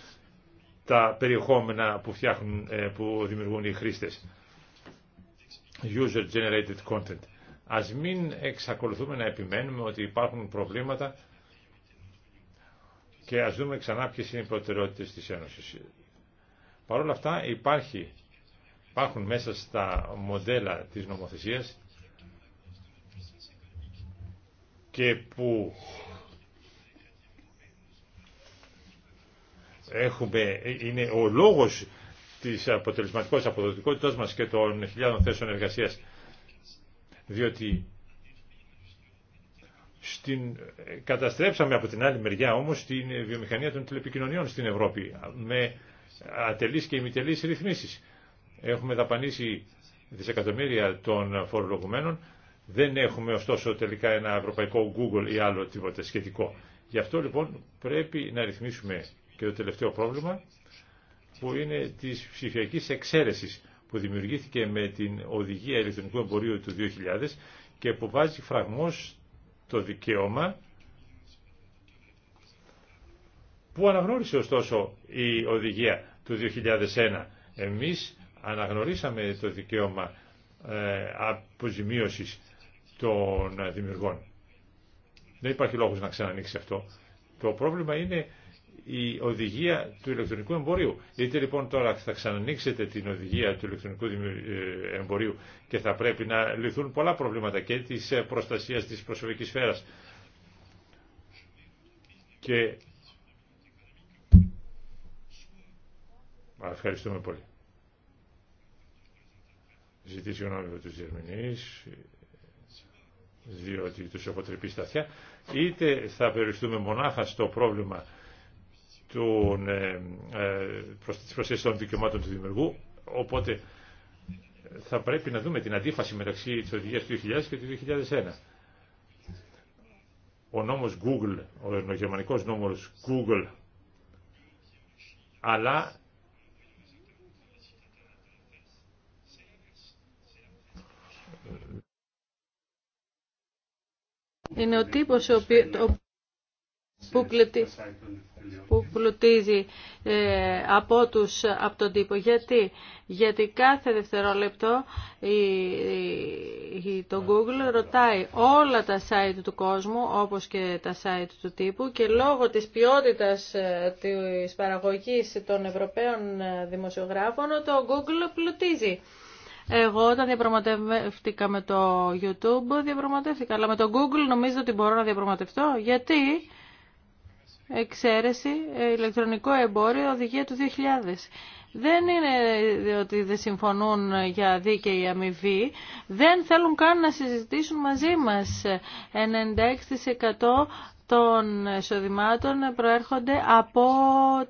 τα περιεχόμενα που, φτιάχνουν, ε, που δημιουργούν οι χρήστες. User generated content. Ας μην εξακολουθούμε να επιμένουμε ότι υπάρχουν προβλήματα και ας δούμε ξανά ποιες είναι οι προτεραιότητες της Ένωσης. Παρ' όλα αυτά υπάρχει, υπάρχουν μέσα στα μοντέλα της νομοθεσίας και που έχουμε, είναι ο λόγος της αποτελεσματικής αποδοτικότητας μας και των χιλιάδων θέσεων εργασίας. Διότι στην, καταστρέψαμε από την άλλη μεριά όμως την βιομηχανία των τηλεπικοινωνιών στην Ευρώπη με ατελείς και ημιτελείς ρυθμίσεις. Έχουμε δαπανίσει δισεκατομμύρια των φορολογουμένων, δεν έχουμε ωστόσο τελικά ένα ευρωπαϊκό Google ή άλλο τίποτα σχετικό. Γι' αυτό λοιπόν πρέπει να ρυθμίσουμε και το τελευταίο πρόβλημα που είναι της ψηφιακής εξαίρεσης που δημιουργήθηκε με την Οδηγία Ηλεκτρονικού Εμπορίου του 2000 και που βάζει φραγμός το δικαίωμα που αναγνώρισε ωστόσο η Οδηγία του 2001. Εμείς αναγνωρίσαμε το δικαίωμα ε, αποζημίωσης των δημιουργών. Δεν υπάρχει λόγος να ξανανοίξει αυτό. Το πρόβλημα είναι η οδηγία του ηλεκτρονικού εμπορίου. Είτε λοιπόν τώρα θα ξανανοίξετε την οδηγία του ηλεκτρονικού ε, εμπορίου και θα πρέπει να λυθούν πολλά προβλήματα και της ε, προστασίας της προσωπικής σφαίρας και Ευχαριστούμε πολύ. Ζητήσει γνώμη από τους Διερμηνείς διότι τους έχω τρυπεί αυτιά. Είτε θα περιοριστούμε μονάχα στο πρόβλημα των, ε, ε των δικαιωμάτων του δημιουργού, οπότε θα πρέπει να δούμε την αντίφαση μεταξύ της οδηγίας του 2000 και του 2001. Ο νόμος Google, ο γερμανικός νόμος Google, αλλά είναι ο τύπος ο Που που πλουτίζει ε, από τους από τον τύπο. Γιατί, Γιατί κάθε δευτερόλεπτο το Google ρωτάει όλα τα site του κόσμου όπως και τα site του τύπου και λόγω της ποιότητας ε, της παραγωγής των Ευρωπαίων ε, δημοσιογράφων το Google πλουτίζει. Εγώ όταν διαπραγματεύτηκα με το YouTube διαπραγματεύτηκα, αλλά με το Google νομίζω ότι μπορώ να διαπραγματευτώ. Γιατί εξαίρεση ε, ηλεκτρονικό εμπόριο οδηγία του 2000. Δεν είναι ότι δεν συμφωνούν για δίκαιη αμοιβή. Δεν θέλουν καν να συζητήσουν μαζί μας. 96% των εισοδημάτων προέρχονται από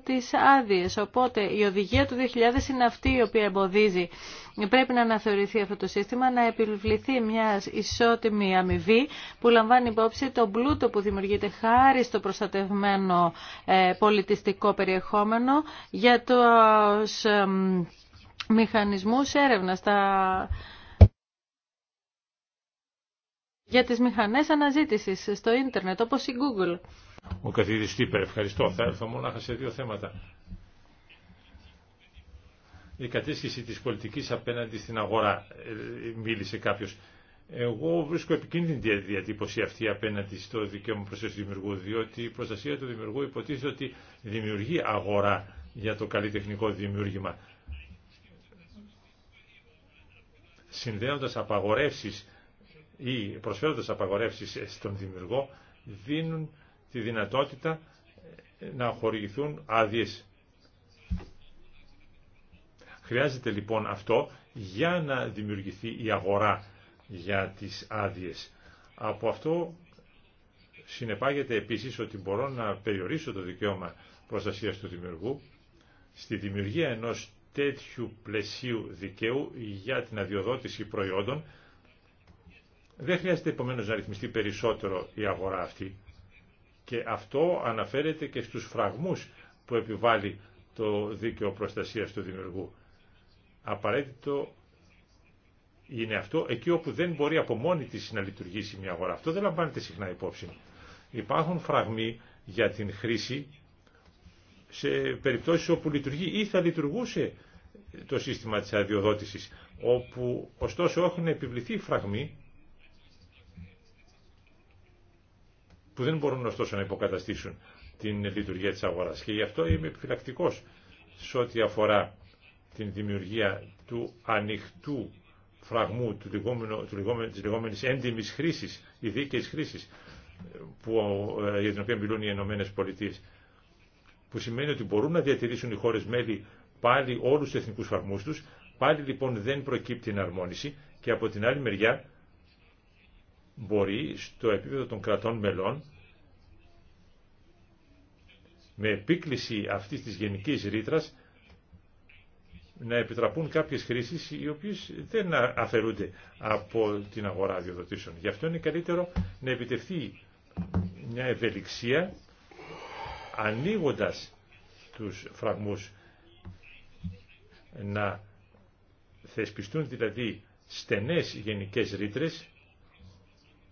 τις άδειες. Οπότε η οδηγία του 2000 είναι αυτή η οποία εμποδίζει Πρέπει να αναθεωρηθεί αυτό το σύστημα, να επιβληθεί μια ισότιμη αμοιβή που λαμβάνει υπόψη τον πλούτο που δημιουργείται χάρη στο προστατευμένο ε, πολιτιστικό περιεχόμενο για τους μηχανισμούς έρευνας, τα... για τις μηχανές αναζήτησης στο ίντερνετ, όπως η Google. Ο καθηγητής Τίπερ, ευχαριστώ. Θα έρθω μόνο σε δύο θέματα η κατήσχηση της πολιτικής απέναντι στην αγορά, ε, μίλησε κάποιος. Εγώ βρίσκω επικίνδυνη διατύπωση αυτή απέναντι στο δικαίωμα προστασία του δημιουργού, διότι η προστασία του δημιουργού υποτίθεται ότι δημιουργεί αγορά για το καλλιτεχνικό δημιούργημα. Συνδέοντας απαγορεύσεις ή προσφέροντας απαγορεύσεις στον δημιουργό, δίνουν τη δυνατότητα να χορηγηθούν άδειες Χρειάζεται λοιπόν αυτό για να δημιουργηθεί η αγορά για τις άδειε. Από αυτό συνεπάγεται επίσης ότι μπορώ να περιορίσω το δικαίωμα προστασίας του δημιουργού στη δημιουργία ενός τέτοιου πλαισίου δικαίου για την αδειοδότηση προϊόντων. Δεν χρειάζεται επομένως να ρυθμιστεί περισσότερο η αγορά αυτή και αυτό αναφέρεται και στους φραγμούς που επιβάλλει το δίκαιο προστασίας του δημιουργού απαραίτητο είναι αυτό εκεί όπου δεν μπορεί από μόνη της να λειτουργήσει μια αγορά. Αυτό δεν λαμβάνεται συχνά υπόψη. Υπάρχουν φραγμοί για την χρήση σε περιπτώσεις όπου λειτουργεί ή θα λειτουργούσε το σύστημα της αδειοδότησης, όπου ωστόσο έχουν επιβληθεί φραγμοί που δεν μπορούν ωστόσο να υποκαταστήσουν την λειτουργία της αγοράς. Και γι' αυτό είμαι επιφυλακτικός σε ό,τι αφορά την δημιουργία του ανοιχτού φραγμού του λιγόμενου, του λιγόμενου, της λεγόμενης έντιμης χρήσης, η δίκαιης χρήσης που, ε, για την οποία μιλούν οι Ηνωμένε Πολιτείε, που σημαίνει ότι μπορούν να διατηρήσουν οι χώρες μέλη πάλι όλους τους εθνικούς φραγμούς τους, πάλι λοιπόν δεν προκύπτει εναρμόνιση και από την άλλη μεριά μπορεί στο επίπεδο των κρατών μελών με επίκληση αυτής της γενικής ρήτρας να επιτραπούν κάποιες χρήσεις οι οποίες δεν αφαιρούνται από την αγορά διοδοτήσεων. Γι' αυτό είναι καλύτερο να επιτευχθεί μια ευελιξία ανοίγοντας τους φραγμούς να θεσπιστούν δηλαδή στενές γενικές ρήτρες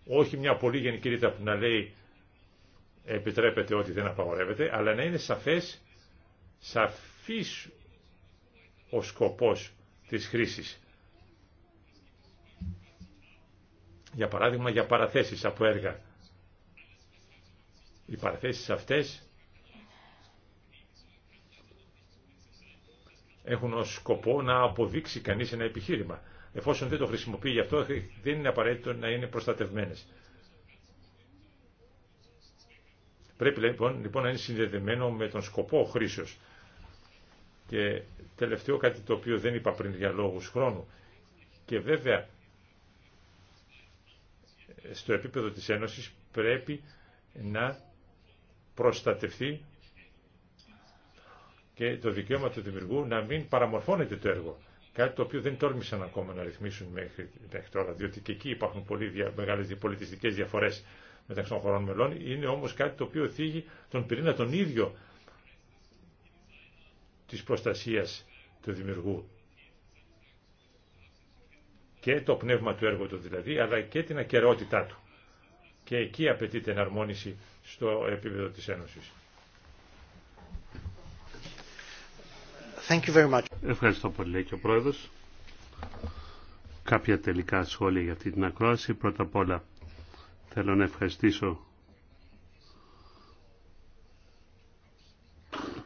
όχι μια πολύ γενική ρήτρα που να λέει επιτρέπεται ότι δεν απαγορεύεται αλλά να είναι σαφές σαφής ο σκοπός της χρήσης. Για παράδειγμα, για παραθέσεις από έργα. Οι παραθέσεις αυτές έχουν ως σκοπό να αποδείξει κανείς ένα επιχείρημα. Εφόσον δεν το χρησιμοποιεί γι' αυτό, δεν είναι απαραίτητο να είναι προστατευμένες. Πρέπει λοιπόν, λοιπόν να είναι συνδεδεμένο με τον σκοπό χρήσεως. Και τελευταίο κάτι το οποίο δεν είπα πριν για λόγους χρόνου. Και βέβαια στο επίπεδο της Ένωσης πρέπει να προστατευτεί και το δικαίωμα του δημιουργού να μην παραμορφώνεται το έργο. Κάτι το οποίο δεν τόλμησαν ακόμα να ρυθμίσουν μέχρι, μέχρι τώρα, διότι και εκεί υπάρχουν πολύ δια, μεγάλες πολιτιστικές διαφορές μεταξύ των χωρών μελών. Είναι όμως κάτι το οποίο θίγει τον πυρήνα τον ίδιο της προστασίας του δημιουργού και το πνεύμα του έργου του δηλαδή, αλλά και την ακαιρεότητά του. Και εκεί απαιτείται εναρμόνιση στο επίπεδο της Ένωσης. Thank you very much. Ευχαριστώ πολύ, λέει και ο Πρόεδρος. Κάποια τελικά σχόλια για αυτή την ακρόαση. Πρώτα απ' όλα θέλω να ευχαριστήσω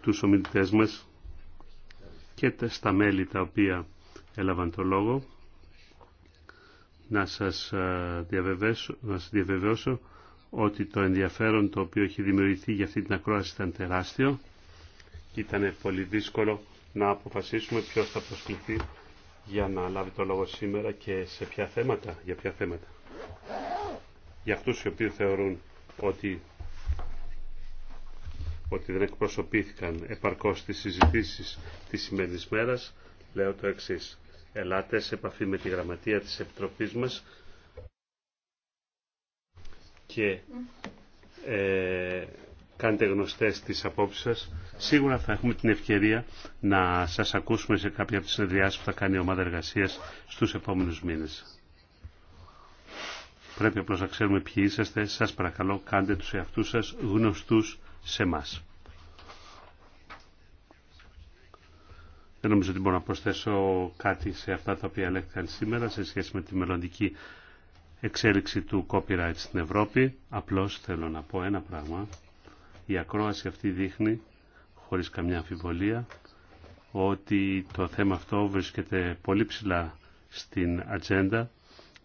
τους ομιλητές μας και στα μέλη τα οποία έλαβαν το λόγο να σας ε, διαβεβαιώσω, να σας ότι το ενδιαφέρον το οποίο έχει δημιουργηθεί για αυτή την ακρόαση ήταν τεράστιο και ήταν πολύ δύσκολο να αποφασίσουμε ποιος θα προσκληθεί για να λάβει το λόγο σήμερα και σε ποια θέματα, για ποια θέματα. Για αυτούς οι οποίοι θεωρούν ότι ότι δεν εκπροσωπήθηκαν επαρκώς στις συζητήσεις της σημερινής μέρας, λέω το εξής. Ελάτε σε επαφή με τη γραμματεία της Επιτροπής μας και ε, κάντε γνωστές τις απόψεις σας. Σίγουρα θα έχουμε την ευκαιρία να σας ακούσουμε σε κάποια από τις συνεδριάσεις που θα κάνει η ομάδα εργασίας στους επόμενους μήνες. Πρέπει απλώς να ξέρουμε ποιοι είσαστε. Σας παρακαλώ κάντε τους εαυτούς σας γνωστούς σε εμά. Δεν νομίζω ότι μπορώ να προσθέσω κάτι σε αυτά τα οποία λέγεται σήμερα σε σχέση με τη μελλοντική εξέλιξη του copyright στην Ευρώπη. Απλώς θέλω να πω ένα πράγμα. Η ακρόαση αυτή δείχνει, χωρίς καμιά αμφιβολία, ότι το θέμα αυτό βρίσκεται πολύ ψηλά στην ατζέντα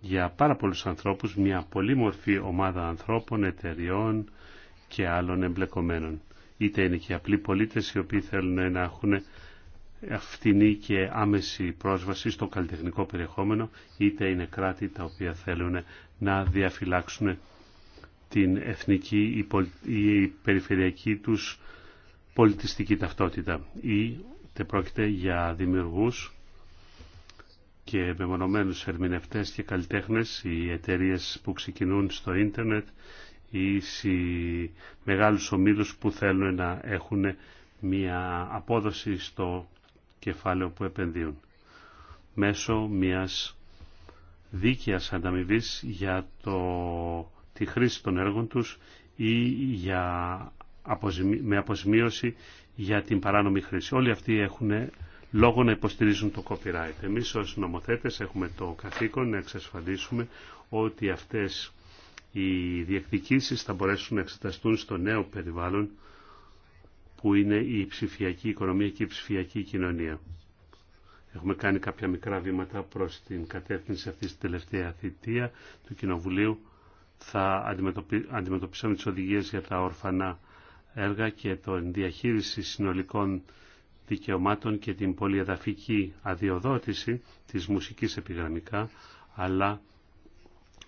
για πάρα πολλούς ανθρώπους, μια μορφή ομάδα ανθρώπων, εταιριών, και άλλων εμπλεκομένων. Είτε είναι και απλοί πολίτες οι οποίοι θέλουν να έχουν φτηνή και άμεση πρόσβαση στο καλλιτεχνικό περιεχόμενο, είτε είναι κράτη τα οποία θέλουν να διαφυλάξουν την εθνική ή περιφερειακή τους πολιτιστική ταυτότητα. Είτε πρόκειται για δημιουργούς και μεμονωμένους ερμηνευτές και καλλιτέχνες, οι εταιρείε που ξεκινούν στο ίντερνετ, ή σε μεγάλους ομίλους που θέλουν να έχουν μια απόδοση στο κεφάλαιο που επενδύουν μέσω μιας δίκαιας ανταμοιβή για το, τη χρήση των έργων τους ή για, με αποζημίωση για την παράνομη χρήση. Όλοι αυτοί έχουν λόγο να υποστηρίζουν το copyright. Εμείς ως νομοθέτες έχουμε το καθήκον να εξασφαλίσουμε ότι αυτές οι διεκδικήσεις θα μπορέσουν να εξεταστούν στο νέο περιβάλλον που είναι η ψηφιακή οικονομία και η ψηφιακή κοινωνία. Έχουμε κάνει κάποια μικρά βήματα προς την κατεύθυνση αυτής της τελευταία θητεία του Κοινοβουλίου. Θα αντιμετωπίσουμε τις οδηγίες για τα όρφανα έργα και την διαχείριση συνολικών δικαιωμάτων και την πολυεδαφική αδειοδότηση της μουσικής επιγραμμικά, αλλά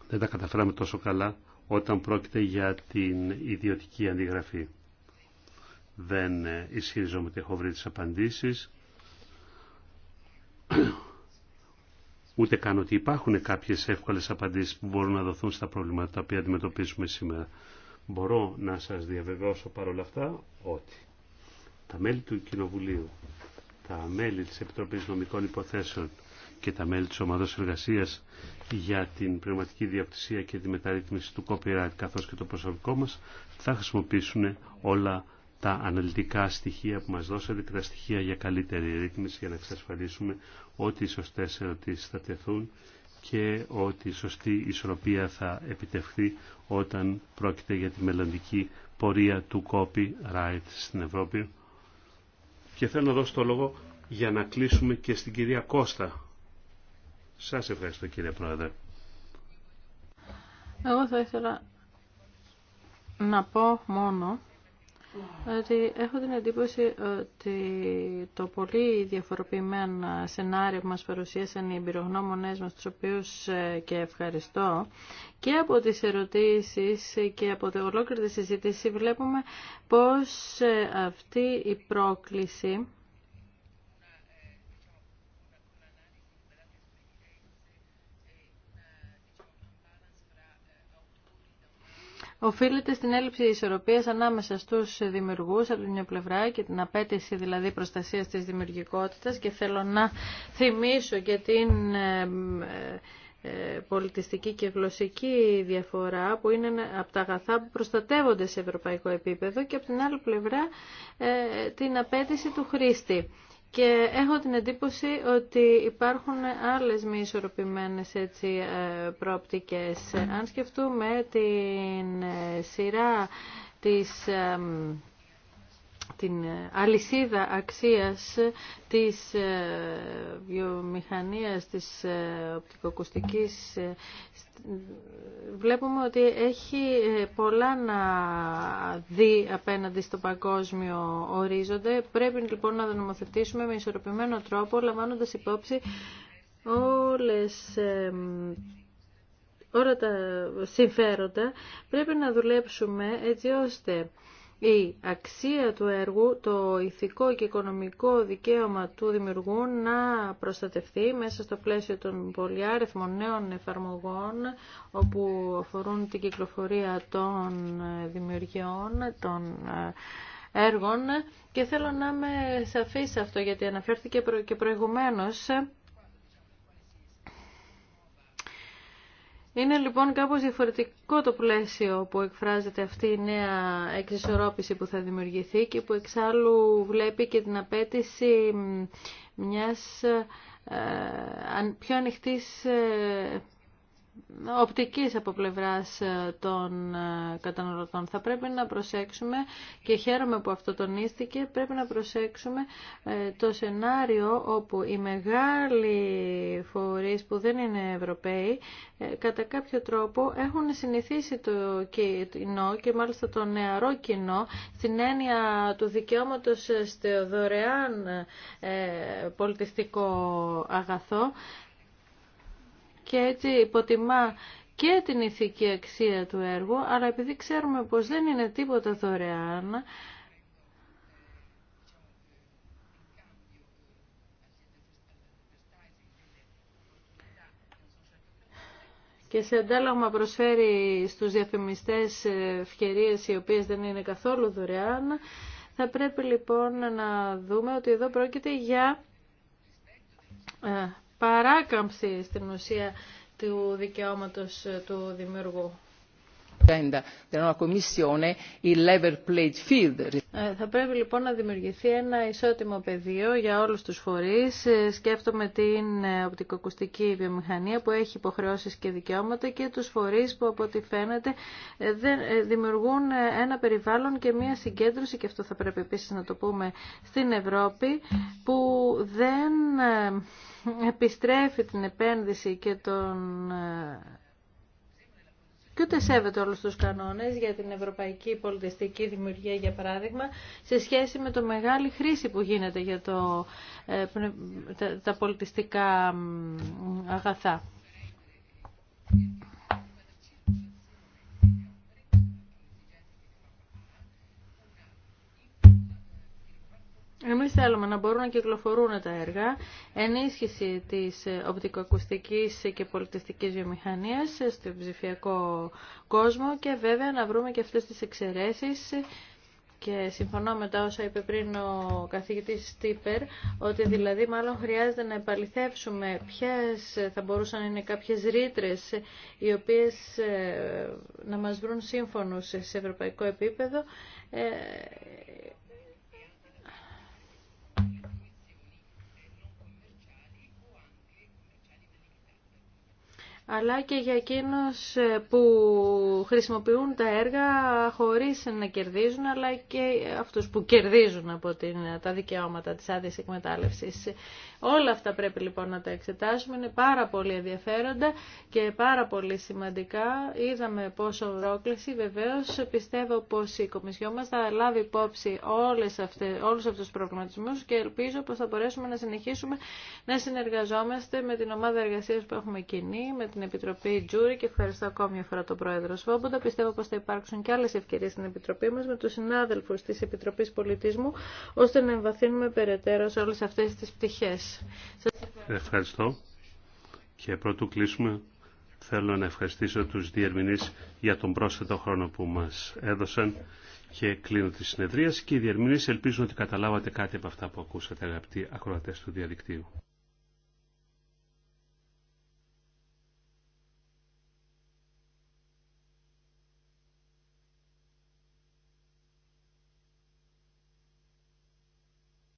δεν τα καταφέραμε τόσο καλά όταν πρόκειται για την ιδιωτική αντιγραφή. Δεν ε, ισχυριζόμαι ότι έχω βρει τις απαντήσεις. [CLEARS THROAT] Ούτε καν ότι υπάρχουν κάποιες εύκολες απαντήσεις που μπορούν να δοθούν στα προβλήματα τα οποία αντιμετωπίζουμε σήμερα. Μπορώ να σας διαβεβαιώσω παρόλα αυτά ότι τα μέλη του Κοινοβουλίου, τα μέλη της Επιτροπής Νομικών Υποθέσεων και τα μέλη της Ομάδας Εργασίας για την πνευματική διαπτυσία και τη μεταρρύθμιση του copyright καθώς και το προσωπικό μας θα χρησιμοποιήσουν όλα τα αναλυτικά στοιχεία που μας δώσατε και τα στοιχεία για καλύτερη ρύθμιση για να εξασφαλίσουμε ότι οι σωστές ερωτήσεις θα τεθούν και ότι η σωστή ισορροπία θα επιτευχθεί όταν πρόκειται για τη μελλοντική πορεία του copyright στην Ευρώπη. Και θέλω να δώσω το λόγο για να κλείσουμε και στην κυρία Κώστα. Σας ευχαριστώ κύριε Πρόεδρε. Εγώ θα ήθελα να πω μόνο ότι έχω την εντύπωση ότι το πολύ διαφοροποιημένο σενάριο που μας παρουσίασαν οι εμπειρογνώμονές μας, τους οποίους ε, και ευχαριστώ, και από τις ερωτήσεις και από την ολόκληρη συζήτηση βλέπουμε πως ε, αυτή η πρόκληση οφείλεται στην έλλειψη ισορροπία ανάμεσα στου δημιουργού, από την μια πλευρά και την απέτηση δηλαδή προστασίας της δημιουργικότητας και θέλω να θυμίσω και την ε, ε, πολιτιστική και γλωσσική διαφορά που είναι από τα αγαθά που προστατεύονται σε ευρωπαϊκό επίπεδο και από την άλλη πλευρά ε, την απέτηση του χρήστη. Και έχω την εντύπωση ότι υπάρχουν άλλες μη ισορροπημένες έτσι, ε, προοπτικές. Αν σκεφτούμε την ε, σειρά της ε, την ε, αλυσίδα αξίας της ε, βιομηχανίας της ε, οπτικοκουστικής βλέπουμε ότι έχει πολλά να δει απέναντι στο παγκόσμιο ορίζοντα. Πρέπει λοιπόν να νομοθετήσουμε με ισορροπημένο τρόπο λαμβάνοντας υπόψη όλες όλα τα συμφέροντα πρέπει να δουλέψουμε έτσι ώστε η αξία του έργου, το ηθικό και οικονομικό δικαίωμα του δημιουργού να προστατευτεί μέσα στο πλαίσιο των πολυάριθμων νέων εφαρμογών όπου αφορούν την κυκλοφορία των δημιουργιών, των ε, έργων και θέλω να είμαι σαφής σε αυτό γιατί αναφέρθηκε και προηγουμένως Είναι λοιπόν κάπως διαφορετικό το πλαίσιο που εκφράζεται αυτή η νέα εξισορρόπηση που θα δημιουργηθεί και που εξάλλου βλέπει και την απέτηση μιας ε, πιο ανοιχτής ε, οπτικής από πλευράς ε, των ε, καταναλωτών. Θα πρέπει να προσέξουμε και χαίρομαι που αυτό τονίστηκε, πρέπει να προσέξουμε ε, το σενάριο όπου οι μεγάλοι φορείς που δεν είναι Ευρωπαίοι κατά κάποιο τρόπο έχουν συνηθίσει το κοινό και μάλιστα το νεαρό κοινό στην έννοια του δικαιώματος στο δωρεάν πολιτιστικό αγαθό και έτσι υποτιμά και την ηθική αξία του έργου, αλλά επειδή ξέρουμε πως δεν είναι τίποτα δωρεάν, και σε αντάλλαγμα προσφέρει στους διαφημιστές ευκαιρίε οι οποίες δεν είναι καθόλου δωρεάν, θα πρέπει λοιπόν να δούμε ότι εδώ πρόκειται για ε, παράκαμψη στην ουσία του δικαιώματος του δημιουργού. Ε, θα πρέπει λοιπόν να δημιουργηθεί ένα ισότιμο πεδίο για όλους τους φορείς. Ε, σκέφτομαι την ε, οπτικοκουστική βιομηχανία που έχει υποχρεώσεις και δικαιώματα και τους φορείς που από ό,τι φαίνεται δημιουργούν ένα περιβάλλον και μια συγκέντρωση και αυτό θα πρέπει επίσης να το πούμε στην Ευρώπη που δεν επιστρέφει την επένδυση και τον και ούτε σέβεται όλους τους κανόνες για την ευρωπαϊκή πολιτιστική δημιουργία, για παράδειγμα, σε σχέση με το μεγάλη χρήση που γίνεται για το, ε, τα πολιτιστικά αγαθά. Εμείς θέλουμε να μπορούν να κυκλοφορούν τα έργα, ενίσχυση της οπτικοακουστικής και πολιτιστικής βιομηχανίας στον ψηφιακό κόσμο και βέβαια να βρούμε και αυτές τις εξαιρέσεις και συμφωνώ με τα όσα είπε πριν ο καθηγητής Τίπερ, ότι δηλαδή μάλλον χρειάζεται να επαληθεύσουμε ποιες θα μπορούσαν να είναι κάποιες ρήτρε οι οποίες ε, να μας βρουν σύμφωνους σε ευρωπαϊκό επίπεδο ε, αλλά και για εκείνους ε, που χρησιμοποιούν τα έργα χωρίς να κερδίζουν, αλλά και αυτούς που κερδίζουν από την, τα δικαιώματα της άδεια εκμετάλλευσης. Όλα αυτά πρέπει λοιπόν να τα εξετάσουμε, είναι πάρα πολύ ενδιαφέροντα και πάρα πολύ σημαντικά. Είδαμε πόσο πρόκληση, βεβαίως πιστεύω πως η Κομισιό μας θα λάβει υπόψη όλες αυτές, όλους αυτούς τους προβληματισμούς και ελπίζω πως θα μπορέσουμε να συνεχίσουμε να συνεργαζόμαστε με την ομάδα εργασίας που έχουμε κοινή, την Επιτροπή Τζούρι και ευχαριστώ ακόμη μια φορά τον Πρόεδρο Σβόμποντα. Πιστεύω πως θα υπάρξουν και άλλε ευκαιρίες στην Επιτροπή μας με τους συνάδελφους της Επιτροπής Πολιτισμού ώστε να εμβαθύνουμε περαιτέρω σε όλες αυτές τις πτυχές. Ευχαριστώ και πρώτου κλείσουμε θέλω να ευχαριστήσω τους διερμηνείς για τον πρόσθετο χρόνο που μας έδωσαν και κλείνω τη συνεδρία. και οι διερμηνείς ελπίζουν ότι καταλάβατε κάτι από αυτά που ακούσατε αγαπητοί ακροατέ του διαδικτύου.